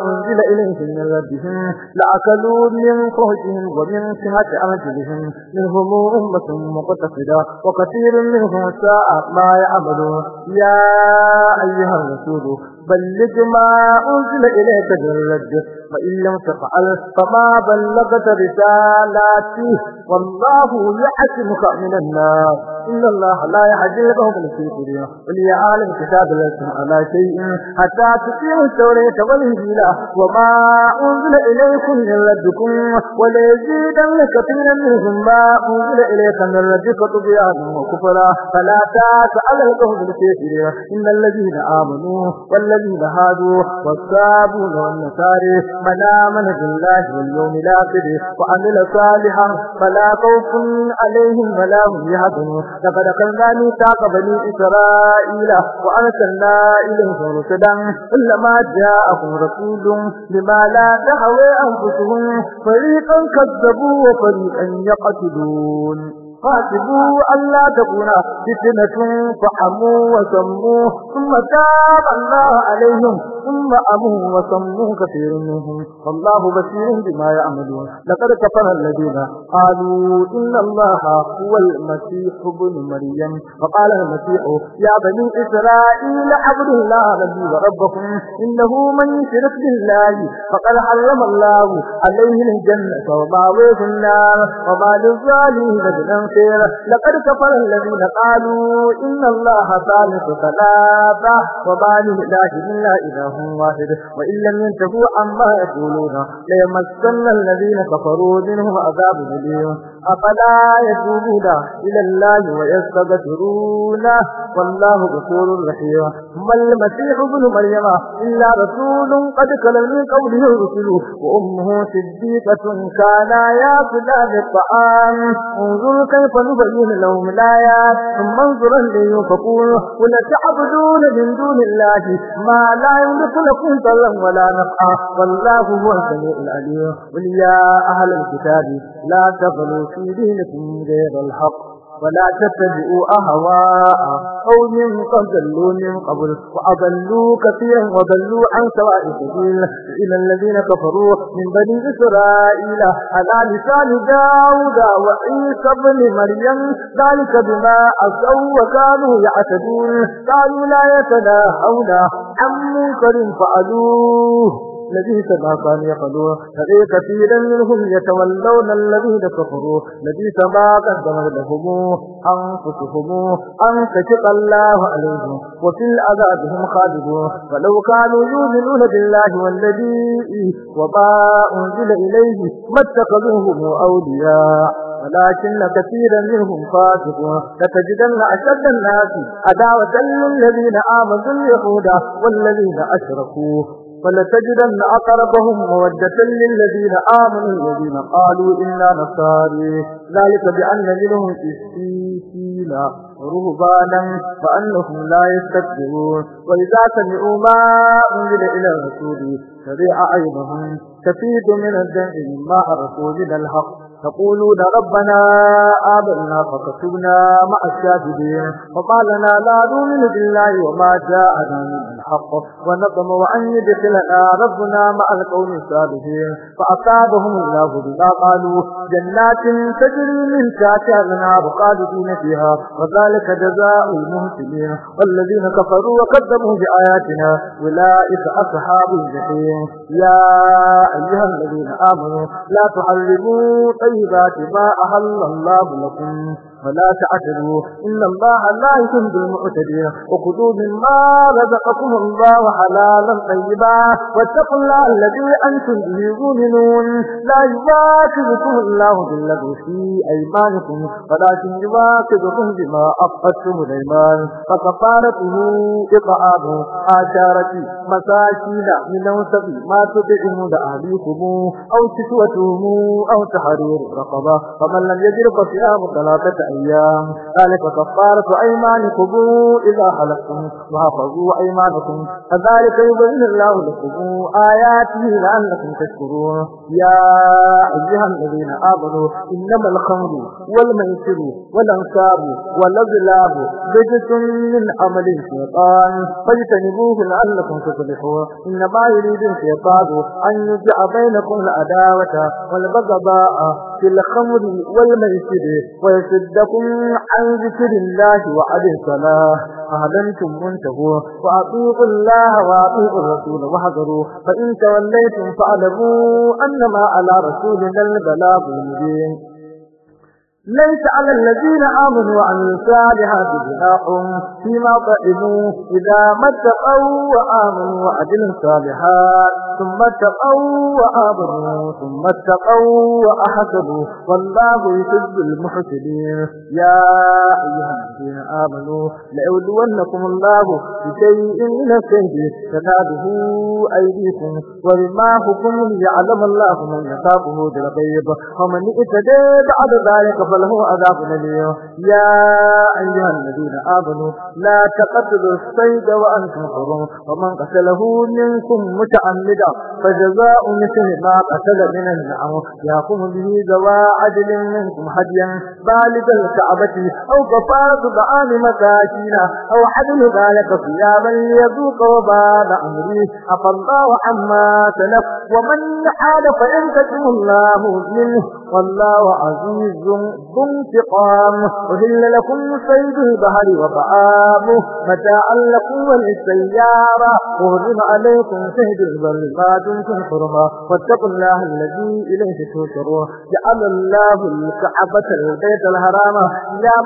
أنزل إليهم من ربهم لأكلوا من فوقهم ومن سهة أرجلهم منهم أمة مقتصدة وكثير منهم ساء ما يعملون يا أيها الرسول بلغ ما أنزل إليك من ربك فإن لم تفعل فما بلغت رسالاتي والله يحكمك من النار إن الله لا يعجل قرية الكافرين وليعلم كتاب لكم على شيء حتى تقيموا التوراة والهجيلة وما أنزل إليكم من ربكم وليزيدا لكثيرا منهم ما أنزل إليك من ربك طغيانا وكفرا فلا تسأل القوم الكافرين إن الذين آمنوا والذين هادوا والصابون والنصارى من آمن بالله واليوم الآخر وعمل صالحا فلا خوف عليهم ولا هم يحزنون لقد أخذنا ميثاق بني إسرائيل وأرسلنا إليهم رسلا كلما جاءهم رسول بما لا تهوي أنفسهم فريقا كذبوا وفريقا يقتلون فاتبوا ألا تكون فتنة فحموا وسموا ثم تاب الله عليهم ثم أموا وسموا كثير منهم والله بشير بما يعملون لقد كفر الذين قالوا إن الله هو المسيح بن مريم وقال المسيح يا بني إسرائيل عبد الله ربي وربكم إنه من يشرك بالله فقد حرم الله عليه الجنة وضعوه النار وما للظالمين خير لقد كفر الذين قالوا إن الله ثالث ثلاثة وما لله إلا إله عذاب واحد وإن لم ينتهوا عما يقولون ليمسن الذين كفروا منهم عذاب أليم أفلا يتوبون إلى الله ويستغفرون والله غفور رحيم ما المسيح ابن مريم إلا رسول قد خلت من قوله الرسل وأمه صديقة كانا يأكلان الطعام انظر كيف نبين لهم الآيات ثم انظر لينفقون ولا تعبدون من دون الله ما لا يملك لكم ضرا ولا نفعا والله هو السميع العليم قل يا أهل الكتاب لا تغلوا في دينكم غير الحق ولا تتبعوا أهواء قوم قد ضلوا من قبل وأضلوا كثيرا وضلوا عن سواء السبيل إلى الذين كفروا من بني إسرائيل على لسان داود وعيسى بن مريم ذلك بما أسوا وكانوا يعتدون قالوا لا يتناهون عن منكر فعلوه الذين تبعثان يقضوا فإي كثيرا منهم يتولون الذين كفروا الذي تبع قدمت لهم أنفسهم أن تشق الله عليهم وفي الأذاب هم خالدون فلو كانوا يؤمنون بالله والذي وما أنزل إليه ما اتخذوهم أولياء ولكن كثيرا منهم فاسقون لتجدن أشد الناس عداوة للذين آمنوا اليهود والذين أشركوا فلتجدن أقربهم مودة للذين آمنوا الذين قالوا إنا نصاري ذلك بأن منهم إسيسين رهبانا فأنهم لا يستكبرون وإذا سمعوا ما أنزل إلى الرسول تبيع عينهم تفيد من الدم ما عرفوا من الحق يقولون ربنا آمنا فكتبنا مع الشاهدين وقالنا لا نؤمن بالله وما جاءنا من الحق ونظم أن يدخلنا ربنا مع القوم الصالحين فأصابهم الله بما قالوا جنات تجري من تحتها الأنهار خالدين فيها وذلك جزاء المهتمين والذين كفروا وقدموا بآياتنا أولئك أصحاب الجحيم يا أيها الذين آمنوا لا تعلموا طيب الطيبات ما أهل الله لكم فلا تعتدوا إن الله لا يحب المعتدين وكلوا مما رزقكم الله حلالا طيبا واتقوا الله الذي أنتم به مؤمنون لا يواكبكم الله بالذي في أيمانكم ولكن يواكبكم بما أفضتم الأيمان فكفارته إطعام عشارة مساكين من أوسط ما تطعمون أهليكم أو كسوتهم أو تحرير رقبة فمن لم يجد صيام ثلاثة أيام ذلك كفارة أيمانكم إذا حلفتم وحفظوا أيمانكم كذلك يبين الله لكم آياته لأنكم تشكرون يا أيها الذين آمنوا إنما الخمر والميسر والأنساب والأزلاب رجس من عمل الشيطان فاجتنبوه لأنكم تفلحون إنما يريد الشيطان أن يجع بينكم العداوة والبغضاء في الخمر والميسر ويسد لكم عن ذكر الله وعلى الصلاة أهلنتم منتهوا وأطيقوا الله وأطيقوا الرسول واحذروا فإن توليتم فاعلموا أنما على رسولنا البلاغ المبين ليس على الذين آمنوا وعملوا الصالحات جناح فيما طعموا إذا ما اتقوا وآمنوا وعملوا الصالحات ثم اتقوا وآمنوا ثم اتقوا وأحسنوا والله يحب المحسنين يا أيها الذين آمنوا لأولونكم الله بشيء من السيد تناده أيديكم ورماحكم ليعلم الله من يخافه بالغيب ومن اتدى بعد ذلك بل هو عذاب أليم يا أيها الذين آمنوا لا تقتلوا الصيد وأنتم حرم ومن قتله منكم متعمدا فجزاء مثل ما قتل من النعم يقوم به ذوى عدل منكم هديا بالغ الكعبة أو كفارة طعام مساكين أو حدل ذلك صياما ليذوق وبال أمره عفى الله عما سلف ومن حال فإن الله منه الله عزيز ذو انتقام أهل لكم صيد البحر وطعامه متاعا لكم وللسيارة وهرم عليكم صيد البر ما دمتم حرما واتقوا الله الذي إليه تشرون جعل الله الكعبة البيت الحرام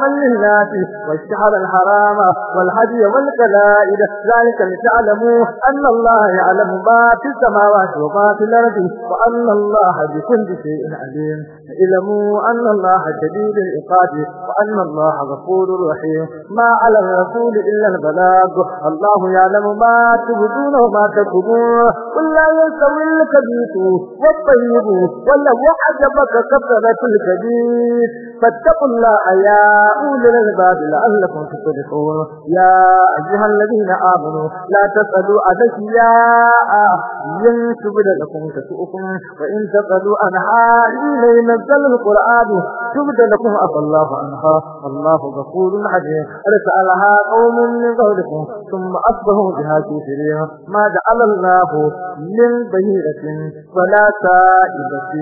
من للناس والشهر الحرام والهدي والقلائد ذلك لتعلموا أن الله يعلم ما في السماوات وما في الأرض وأن الله بكل شيء عليم اعلموا أن الله شديد العقاب وأن الله غفور رحيم ما على الرسول إلا البلاغ الله يعلم ما تبدون وما تكتمون قل لا يستوي الكبير والطيب ولو عجبك كثرة الكبير فاتقوا الله يا أولي الألباب لعلكم تصدقون يا أيها الذين آمنوا لا تسألوا أذكياء ينسب لكم تسؤكم وإن تسألوا أنها إلي نزل القرآن تبد لكم أفى الله عنها الله غفور عليم رسألها قوم من قولكم ثم أصبحوا بها كثيرين ما جعل الله من بهيرة ولا سائبة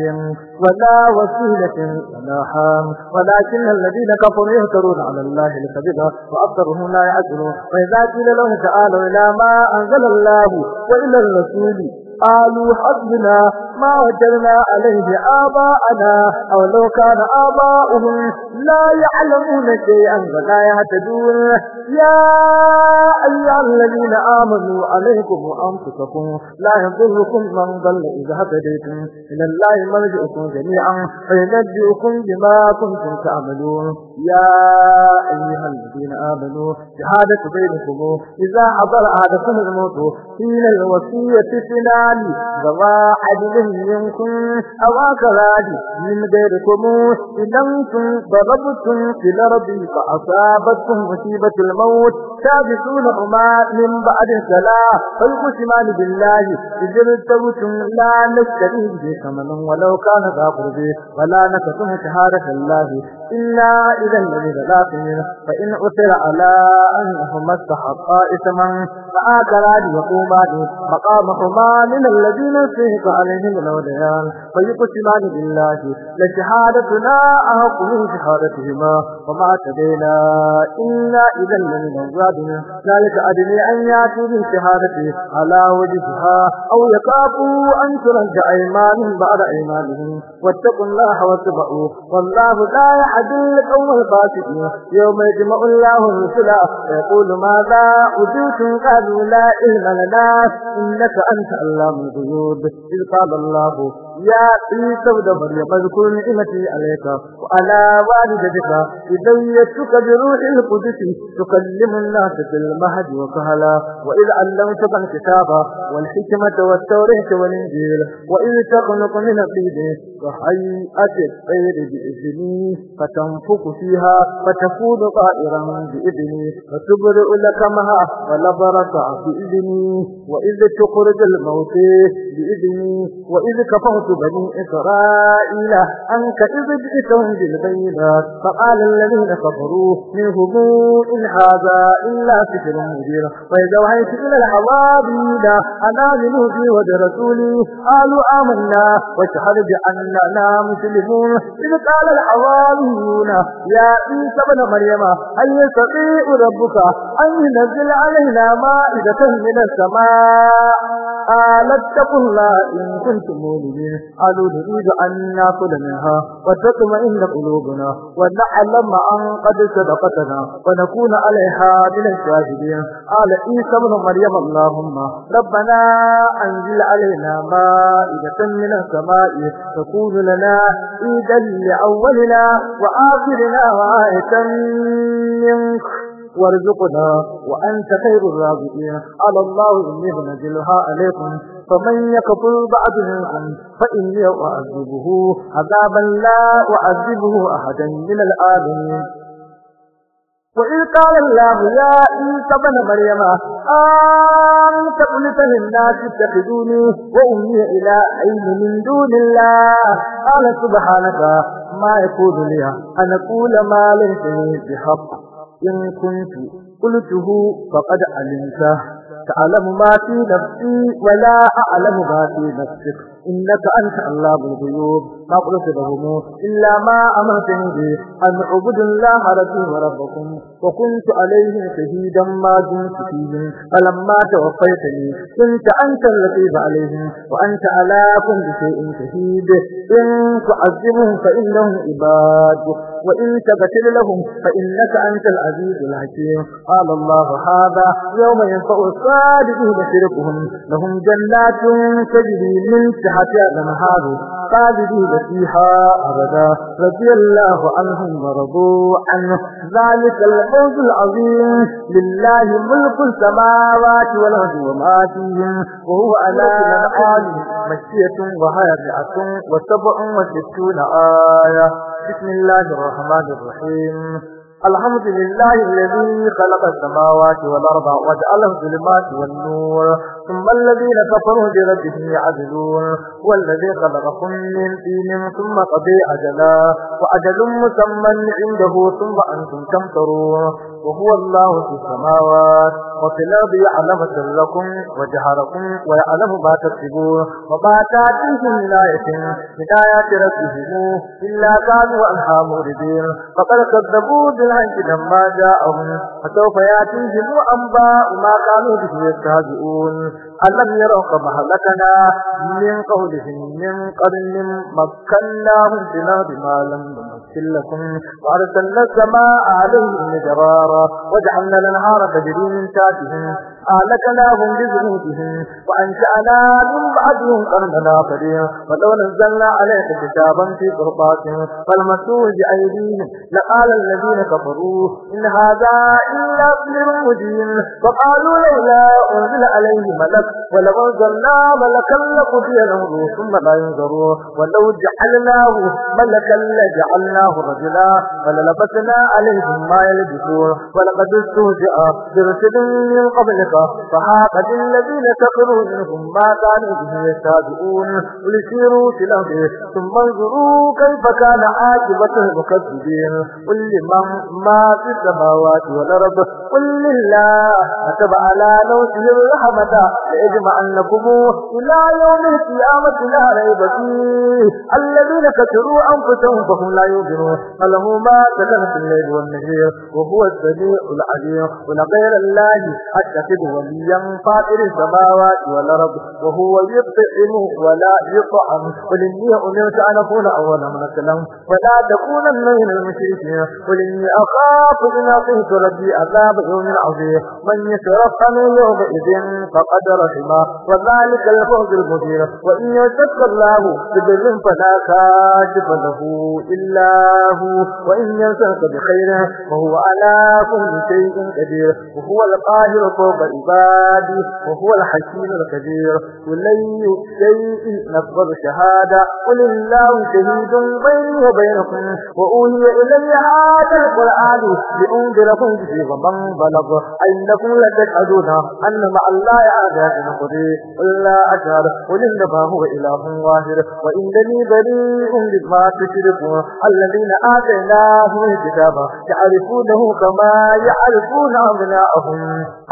ولا وسيلة ولا حام ولكن الذين كفروا يهترون على الله الكذبة وأكثرهم لا يعجلون وإذا قيل لهم تعالوا إلى ما أنزل الله وإلى الرسول قالوا حسبنا ما وجدنا عليه آباءنا أو لو كان آباؤهم لا يعلمون شيئا ولا يهتدون يا أيها الذين آمنوا عليكم أنفسكم لا يضركم من ضل إذا هتديتم إلى الله مرجعكم جميعا فينجئكم بما كنتم تعملون يا أيها الذين آمنوا شهادة بينكم إذا حضر أحدكم الموت حين الوصية فينا الرحمن ذوى عدل منكم أو أكراد من غيركم إن أنتم ضربتم في الأرض فأصابتكم مصيبة الموت تابسونهما من بعد السلاة فالقسمان بالله إذ ارتبتم لا نشتري به ثمنا ولو كان ذا قربه ولا نكتم شهادة الله إلا إذا الذي ثلاثين فإن أثر على أنهما استحقا إثما فآكلان وقومان مقامهما من الذين استحق عليهم الأوليان فيقسمان بالله لشهادتنا أهق من شهادتهما وما تدينا إلا إذا الذين ظالمين ذلك أدني أن يأتي بشهادته على وجهها أو يخافوا أن ترجع أيمانهم بعد أيمانهم واتقوا الله واتبعوه والله لا يعدل قوم الفاسقين يوم يجمع الله الرسل يقول ماذا أوتيتم قالوا لا علم لنا إنك أنت علام الغيوب إذ قال الله يا عيسى ابن مريم اذكر نعمتي عليك وعلى والدتك إذا أيدتك بروح القدس تكلم الناس في المهد وكهلا وإذ علمتك الكتاب والحكمة والتورية والإنجيل وإذ تخلق من قيده وهيئة الطير بإذني فتنفخ فيها فتكون طائرا بإذني فتبرئ لك مها ولبرك بإذني وإذ تخرج الموت بإذني وإذ كفرت يود بني إسرائيل أنك إذ جئتهم بالبينات فقال الذين كفروا منهم إن هذا إلا سحر مبين وإذا وعيت إلى العوابين أنا منه في وجه رسولي قالوا آمنا واشهد بأننا مسلمون إذ قال العوابيون يا عيسى بن مريم هل يستطيع ربك أن ينزل علينا مائدة من السماء قال اتقوا الله إن كنتم مؤمنين قالوا نريد أن نأكل منها وتطمئن قلوبنا ونعلم أن قد سبقتنا ونكون عليها من الشاهدين قال عيسى بن مريم اللهم ربنا أنزل علينا مائدة من السماء تكون لنا عيدا لأولنا وآخرنا وآية منك وارزقنا وأنت خير الرازقين على الله إني بنزلها عليكم فمن يكفر بعد منكم فإني أعذبه عذابا لا أعذبه أحدا من العالمين وإذ قال الله يا عيسى بن مريم أنت قلت للناس اتخذوني وأمي إلى عين من دون الله قال سبحانك ما يقول لي أن أقول ما ليس لي بحق إن كنت قلته فقد علمته تعلم ما في نفسي ولا أعلم ما في نفسك إنك أنت الله بالغيوب ما قلت لهم إلا ما أمرتني به أن أعبد الله ربي وربكم وكنت عليهم شهيدا ما دمت فيهم فلما توفيتني كنت أنت اللطيف عليهم وأنت على كل شيء شهيد إن تعذبهم فإنهم عباد وإن تقتل لهم فإنك أنت العزيز الحكيم قال الله هذا يوم ينفع الصادقين شركهم لهم جنات تجري من تحت حتى لمهاب خالدين فيها أبدا رضي الله عنهم ورضوا عنه ذلك الفوز العظيم لله ملك السماوات والأرض وما فيهم وهو على آل مشية وهابعة وسبع وستون آية بسم الله الرحمن الرحيم الحمد لله الذي خلق السماوات والأرض وجعل الظلمات والنور ثم الذين كفروا بربهم يعدلون والذي خلقكم من دين ثم قضي أجلا وأجل مسمى عنده ثم أنتم تمترون وهو الله في السماوات وفي الأرض يعلم سركم وجهركم ويعلم ما تكسبون وما تاتيهم من آية من آيات ربهم إلا كانوا عنها موردين فقد كذبوا بالعنك لما جاءهم فسوف يأتيهم أنباء ما كانوا به يستهزئون ألم يروا كما هلكنا من قولهم من قبل مكناهم في الأرض ما لم لكم وأرسلنا السماء عليهم مدرارا وجعلنا الأنهار تجري من تحتهم أهلكناهم بذنوبهم وأنشأنا من بعدهم قرنا قدير ولو نزلنا عليك كتابا في قربات فالمسوه بأيديهم لقال الذين كفروا إن هذا إلا ابن مجين فقالوا لولا أنزل عليه ملك ولو أنزلنا ملكا لقضي الأمر ثم لا ينظروا ولو جعلناه ملكا لجعلناه جعلناه رجلا وللبسنا عليهم ما يلبسون ولقد استهزئ برسل من قبلك فحاق بالذين كفروا منهم ما كانوا به يستهزئون لسيروا في الأرض ثم انظروا كيف كان عاقبة المكذبين قل لمن ما في السماوات والأرض قل لله أتبع على نوته الرحمة ليجمعنكم إلى يوم القيامة لا ريب فيه الذين كفروا أنفسهم فهم لا يؤمنون يبصرون فله ما سكن الليل والنهير وهو السميع العليم ولغير الله أتخذ وليا فاطر السماوات والأرض وهو يطعم ولا يطعم قل إني أمرت أن أكون أول من أسلم ولا تكونن من المشركين قل إني أخاف إن اعطيت ربي عذاب يوم عظيم من يترفع من يومئذ فقد رحمه وذلك الفوز المبين وإن يتك الله بذل فلا كاشف له إلا الله وإن ينسك بخيره فهو على كل شيء كبير وهو القاهر فوق العباد وهو الحكيم الكبير ولن شيء نفضل شهادة قل الله شهيد بيني وبينكم وأولي إلي هذا القرآن لأنذركم في ضمن بلغ أنكم لتشهدون أن مع الله عذاب نقضي قل لا أشهد قل إنما هو إله واحد وإنني بريء لما تشركون الذين آتيناهم الكتاب يعرفونه كما يعرفون أبناءهم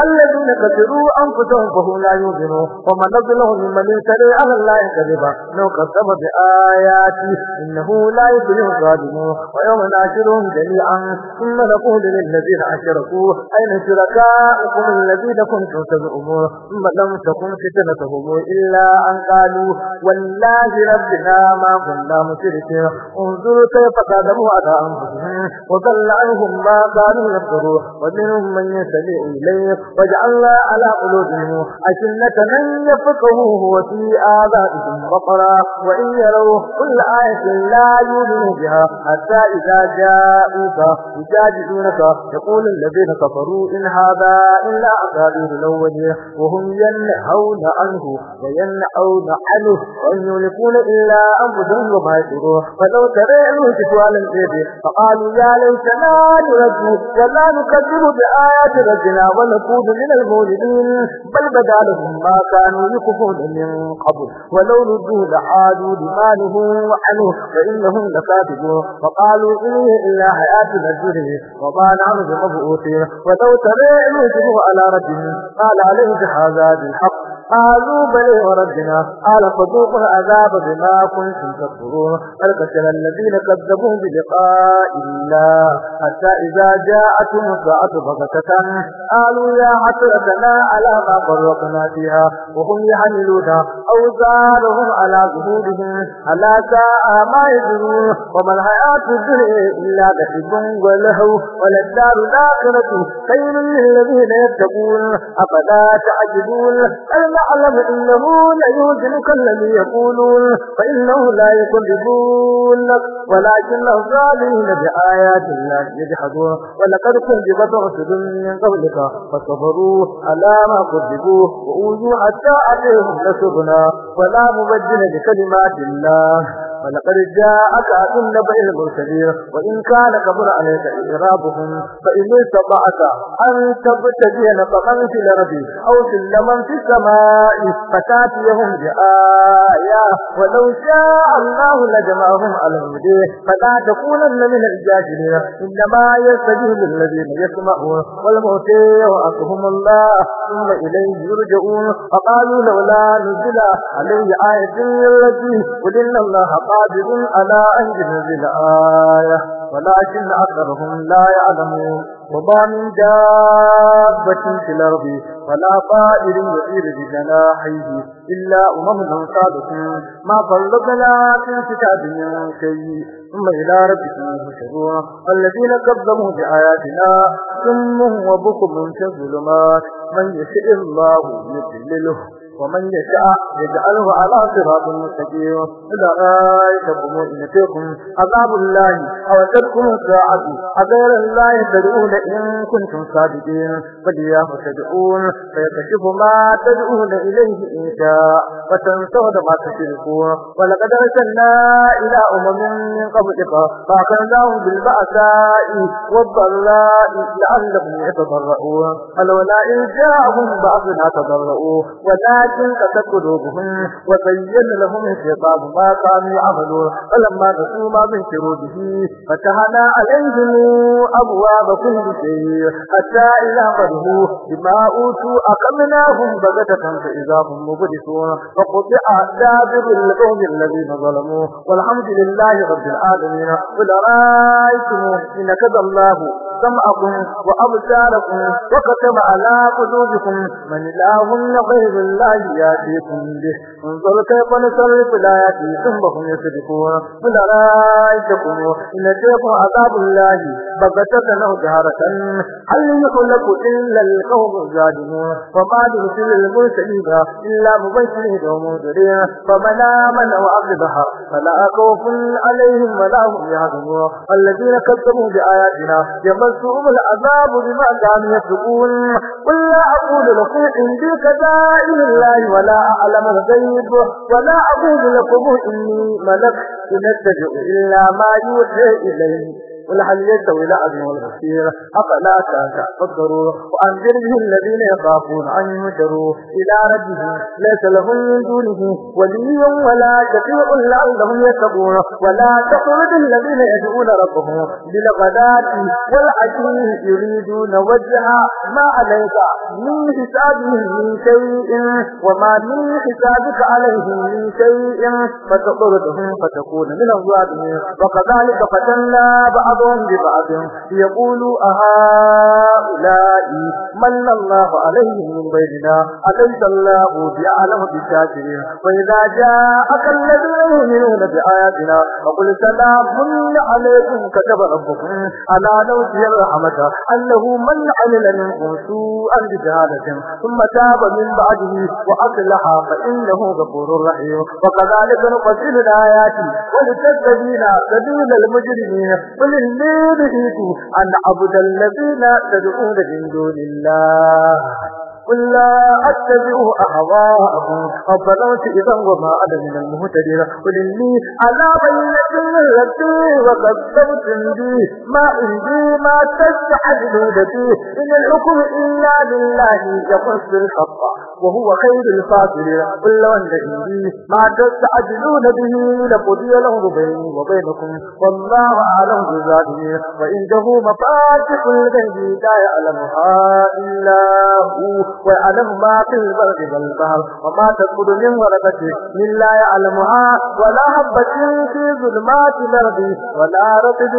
الذين كسروا أنفسهم فهم لا يؤمنون ومن نزله ممن يسري على الله كذبا لو كذب بآياتي إنه لا يفلح الظالمون ويوم ناشرهم جميعا ثم نقول للذين أشركوا أين شركاؤكم الذين كنتم تزعمون ثم لم تكن فتنتهم إلا أن قالوا والله ربنا ما كنا مشركين انظروا كيف فأصابهم على أنفسهم وضل عنهم ما قالوا يذكرون ومنهم من يستمع إليه وجعلنا على قلوبهم أجنة من يفقهوه وفي آذانهم وقرا وإن يروا كل آية لا يؤمنوا بها حتى إذا جاءوك يجادلونك يقول الذين كفروا إن هذا إلا أساطير الأولين وهم ينهون عنه وينهون عنه وإن يملكون إلا أنفسهم وما يشعرون فلو ترى المهتف أموال الغيب فقالوا يا ليتنا نرد ولا نكذب بآيات ربنا ونكون من المولدين بل بدا لهم ما كانوا يكفون من قبل ولو ردوا لعادوا لما نهوا فإنهم لكاذبوا وقالوا اني إلا حياتنا الدنيا وما نحن بمبعوثين ولو تبعوا نجمه على ربهم قال عليه هذا بالحق قالوا بل وربنا قال فذوقوا العذاب بما كنتم تكفرون بل الذين كذبوا بلقاء الله حتى إذا جاءتهم الساعة بغتة قالوا يا حسرتنا على ما فرقنا فيها وهم يحملون أوزارهم على ظهورهم ألا ساء ما يدرون وما الحياة الدنيا إلا لحب ولهو وللدار الآخرة خير للذين يتقون أفلا تعجبون أن نعلم إنه ليوزنك الذي يقولون فإنه لا يكذبونك ولكن الله الظالمين بآيات الله يجحدون ولقد كذبت رسل من قبلك فصبروا على ما كذبوا وأوذوا حتى أتيهم نصرنا ولا مبدل لكلمات الله ولقد جاءك من نبأ المرسلين وإن كان كبر عليك إعرابهم فإن استطعت أن تبتدي نفقا في الأرض أو سلما في السماء فتاتيهم بآية ولو شاء الله لجمعهم على الهدى فلا تكونن من الجاهلين إنما يستجيب للذين يسمعون والمؤتي وأقهم الله ثم إليه يرجعون فقالوا لولا نزل عليه آية التي قل إن الله قادر على أن ينزل آية ولكن أكثرهم لا يعلمون وما من دابة في الأرض ولا طائر يطير بجناحيه إلا أمم صادق ما بلا في كتاب من شيء ثم إلى ربكم يحشرون الذين كذبوا بآياتنا سمهم وبكم في الظلمات من يشاء الله يضلله ومن يشاء يجعله على صراط مستقيم أولئك هم إن فيكم عذاب الله أو تدخلوا الساعة أغير الله تدعون إن كنتم صادقين فلياه تدعون فيكشف ما تدعون إليه إن شاء وتنسون ما تشركون ولقد أرسلنا إلى أمم من قبلك فأخذناهم بالبأساء والضراء لعلهم يتضرؤون فلولا إن جاءهم بعضنا تضرؤوا ولا تلقت قلوبهم وزين لهم الشيطان ما كانوا يعملون فلما نسوا ما ذكروا به فتحنا عليهم أبواب كل شيء حتى إذا فرحوا بما أوتوا أقمناهم بغتة فإذا هم مبلسون فقطع دابر القوم الذين ظلموا والحمد لله رب العالمين قل رأيتم إن كذا الله سمعكم وأبصاركم وكتب على قلوبكم من الله غير الله ayyadikum bih انظر كيف نصرف الآيات ثم هم يصدقون قل أرأيتكم إن أتيكم عذاب الله بغتة أو جهرة هل يخلق إلا القوم الظالمون وما نرسل المرسلين إلا مبشرين ومنذرين فمن آمن وعبدها فلا خوف عليهم ولا هم يحزنون الذين كذبوا بآياتنا يمسهم العذاب بما كانوا يكذبون قل لا أقول لكم عندي كذائب الله ولا أعلم الغيب مريض ولا أقول لكم إني ملك إن أتبع إلا ما يوحى إليه إلى ولعب والبصيرة أفلا تأتى الضرورة وأنذره الذين يخافون أن يهجروا إلى ربهم ليس لهم من دونه ولي ولا شفيع لعلهم يتقون ولا تطرد الذين يدعون ربهم بالغداة والعشي يريدون وجهها ما عليك من حسابهم من شيء وما من حسابك عليهم من شيء فتطردهم فتكون من الظالمين وكذلك فتنا بعض بعضهم لبعض يقول أهؤلاء من الله عليهم من بيننا أليس الله بأعلم بالشاكرين وإذا جاءك الذين يؤمنون بآياتنا فقل سلام عليكم كتب ربكم على نوتي الرحمة أنه من عمل منكم سوءا بجهالة ثم تاب من بعده وأصلح فإنه غفور رحيم وكذلك نقتل الآيات ولتستبين سبيل المجرمين قل nemi iku an abudan labina da duk da jindonin Allah. قل لا أتبع أهواءكم أضللت إذا وما أنا من المهتدين قل إني على بينة من ربي وكذبت بي ما عندي ما تجعل بي إن الحكم إلا لله يقص الحق وهو خير الفاصلين قل لو أن عندي ما تستعجلون به لقضي لهم بيني وبينكم والله أعلم بالظالمين وإنه مفاتح الغيب لا يعلمها إلا هو ويعلم ما في البرد والبحر وما تسقط من ورقة لا يعلمها ولا حبة في ظلمات الأرض ولا رطب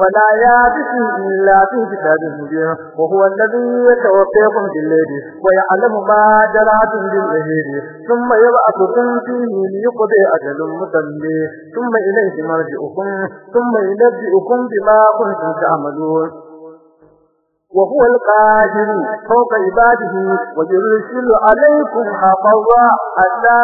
ولا يابس إلا في كتاب مبين وهو الذي يتوفيكم بالليل ويعلم ما جرعتم بالليل ثم يبعثكم فيه ليقضي أجل مسمى ثم إليه مرجعكم ثم ينبئكم بما كنتم تعملون وهو القادر فوق عباده ويرسل عليكم حفظا حتى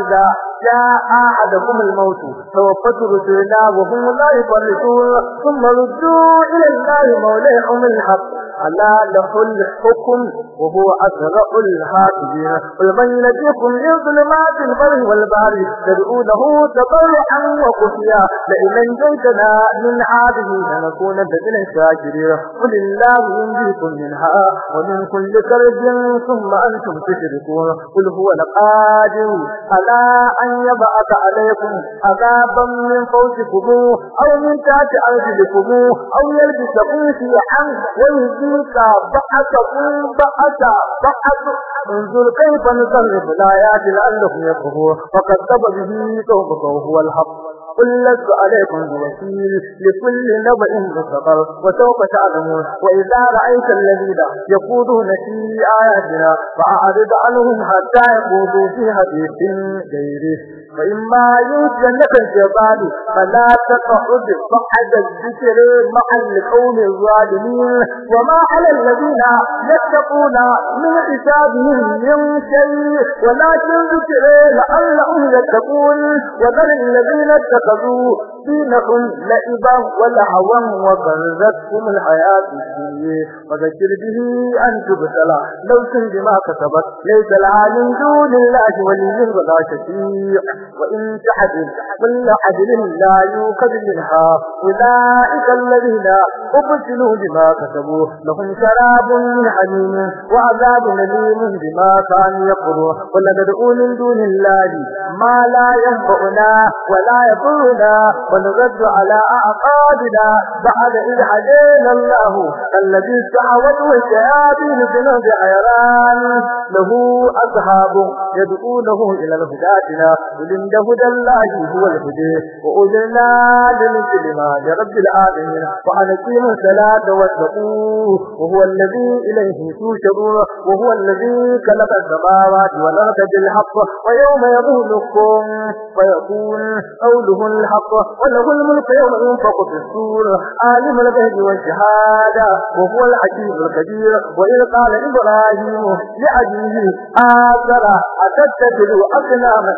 إذا جاء أحدكم الموت توفت الله وهم لا يفرطون ثم ردوا إلى الله مولاهم الحق ألا له الحكم وهو أسرع الحاكمين ومن ينجيكم من ظلمات البر والبحر تدعونه تضرعا وخفيا لئن انجيتنا من هذه لنكون بدل الشاكرين قل الله ينجيكم منها ومن كل كرب ثم أنتم تشركون قل هو لقادر ألا أن يبعث عليكم عذابا من فوقكم أو من تحت أرجلكم أو يلبسكم شيعا ويجيك بعثكم بعثا بعث انظر كيف نصرف الآيات لعلهم يفهمون وكذب به قومك وهو الحق قل لست عليكم بوكيل لكل نبأ مستقر وسوف تعلمون وإذا رأيت الذين يقودون في آياتنا فأعرض عنهم حتى يقودوا في حديث غيره المجلس فإما ينسينك الجبال فلا تقعد بعد الذكر مع القوم الظالمين وما على الذين يتقون من حسابهم من شيء ولكن ذكر لعلهم يتقون وذل الذين اتخذوا دينهم لعبا ولهوا وغرتهم الحياة الدنيا وذكر به أن تبتلى لو كنت ما كسبت ليس العالم دون الله ولي ولا شفيع وإن تعدل كل عدل لا يوكد منها أولئك الذين أبتلوا بما كتبوا لهم شراب من حميم وعذاب نليم بما كان يقروا ولندعو من دون الله ما لا ينفعنا ولا يضرنا ونرد على أعقابنا بعد إذ علينا الله الذي استعوته الشياطين في نهج عيران له أصحاب يدعونه إلى الهداتنا عند هدى الله هو الهدى وأذلنا لمثل ما لرب العالمين وأن أقيموا الصلاة واتقوه وهو الذي إليه توشرون وهو الذي خلق السماوات والأرض بالحق ويوم يظهركم فيقول قوله الحق وله الملك يوم ينفق في السور عالم الغيب والشهادة وهو العجيب الكبير وإذ قال إبراهيم لعجيه آثر أتتتلوا أقنامنا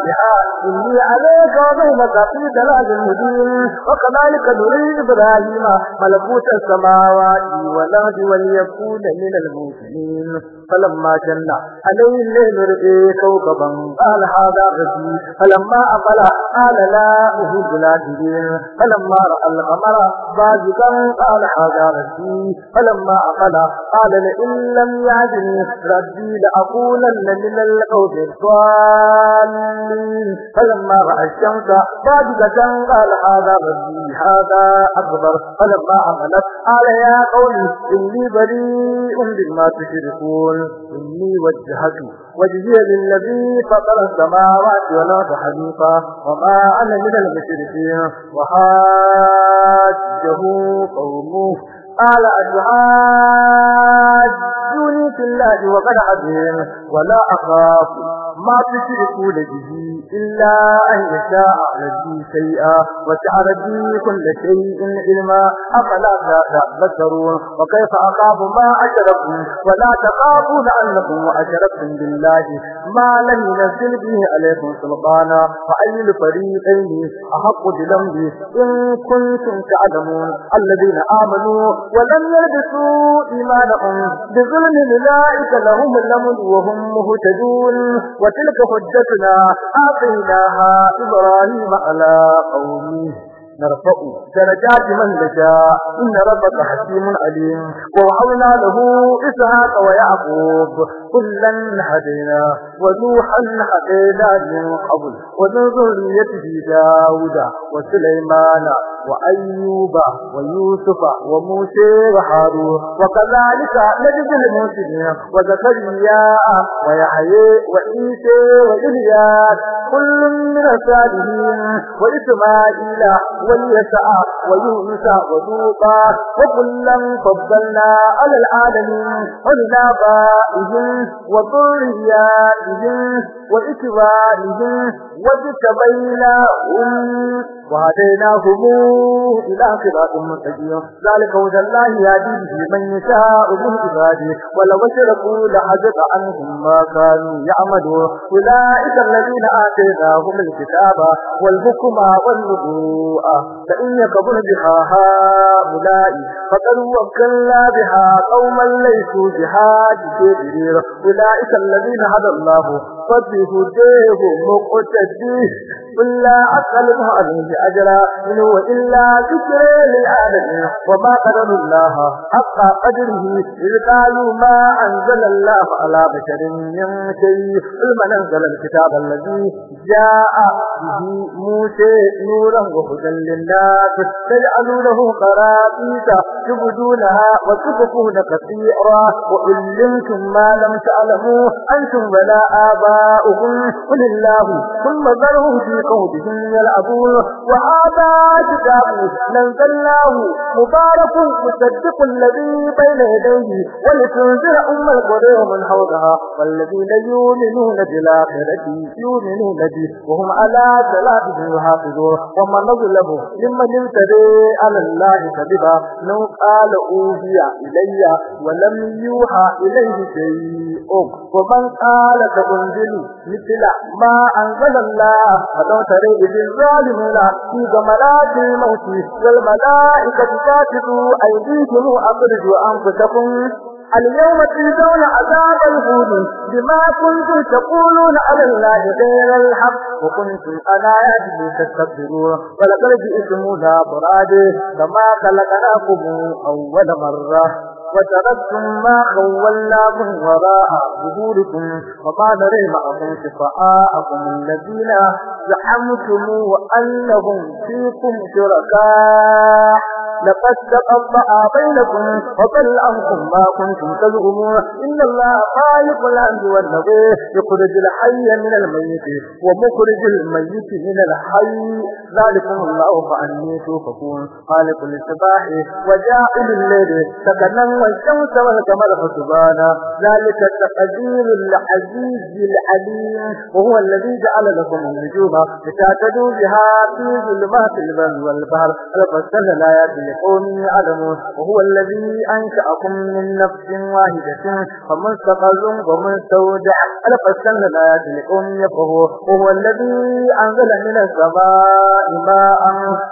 الفاتحة إني عليك وضيبك في دلال المدين وكذلك نري إبراهيم ملكوت السماوات والأرض وليكون من المسلمين فلما جن عليه الليل رئي كوكبا قال هذا غزي فلما أقل قال لا أهد لا جدير فلما رأى الغمر باجدا قال هذا غزي فلما أقل قال لئن لم يعدني ربي لأقولن من القوم الضالين فلما رأى الشمس باجدا قال هذا غزي هذا أكبر فلما عملت قال يا قوم إني بريء بما تشركون إني وجهك وجهي للذي فطر السماوات والأرض حنيفا وما أنا من المشركين وحاجه قومه قال دوني في الله وقد عظيم ولا أخاف ما تشركوا به إلا أن يشاء ربي شيئا وسع ربي كل شيء علما أفلا تذكرون وكيف أخاف ما أشركتم ولا تخافون أنكم أشركتم بالله ما لم ينزل به عليكم سلطانا فأي الفريقين أحق بذنبي إن كنتم تعلمون الذين آمنوا ولم يلبسوا إيمانهم بظلم أولئك لهم الأمن وهم مهتدون وتلك حجتنا أعطيناها إبراهيم على قومه نرفع درجات من نشاء إن ربك حكيم عليم ووهبنا له إسحاق ويعقوب كلا هدينا ونوحا هدينا من قبل ومن ذريته داود وسليمان وأيوب ويوسف وموسى وهارون وكذلك نجد المسلمين وزكريا ويحيى وعيسى وإلياس كل من الصالحين وإسماعيل وليس ويونس وذوقا وكلا فضلنا على العالمين ولنابائهم وذرياتهم وإكبارهم وجتبيناهم أمم وهديناهم إلى صراط مستقيم ذلك وجه الله يهدي به من يشاء من عباده ولو شركوا لحجب عنهم ما كانوا يعملون أولئك الذين آتيناهم الكتاب والحكم والنبوءة فإن يكبر بها هؤلاء فقد وكلنا بها قوما ليسوا بها بكبير أولئك الذين هدى الله ديه مقتديه إلا أقل هذه أجرا إن هو إلا ذكر للعالمين وما قدر الله حق قدره إذ قالوا ما أنزل الله على بشر من شيء لمن أنزل الكتاب الذي جاء به موسى نورا وهدى للناس تجعلونه قرابيس تبدونها وتبقون كثيرا وعلمتم ما لم تعلموا أنتم ولا آبائكم آباؤهم قل الله ثم ذره في قودهم يلعبون وهذا كتاب الله مبارك مصدق الذي بين يديه ولتنزل أم القرى من حولها والذين يؤمنون بالآخرة يؤمنون به وهم على ثلاثهم يحافظون وما نظلم ممن ابتدى على الله كذبا لو قال أوهي إلي ولم يوحى إليه شيء ومن قال تأنذر Mutila, ma an ga lalla. A ɗan sare, idan zalun za. Ku ga Malaji mafi gal maza A yi an fi takun. Ali ya wata zoya a tsadar gudu. Liman sun ta ƙunu na ajin lafiya na ala ya cika ta tsibuwa. Wala ƙarfe iso mu na furaɗe. Gama Marra. وتركتم ما خولناكم وراء ظهوركم وقال رمعكم شفعاءكم الذين زعمتم وأنهم فيكم شركاء لقد تقطع بينكم وقل أنكم ما كنتم تزعمون إن الله خالق الأرض والنبي يخرج الحي من الميت ومخرج الميت من الحي ذلكم الله فأني توفقون خالق للصباح وجاء الليل سكنا والشمس والقمر حسبانا ذلك التقدير العزيز العليم وهو الذي جعل لكم النجوم لتعتدوا بها في ظلمات البر والبحر فسر الآيات لقوم يعلمون وهو الذي أنشأكم من نفس واحدة فمستقر ومستودع فسر الآيات لقوم يفقهوا وهو الذي أنزل من السماء ماء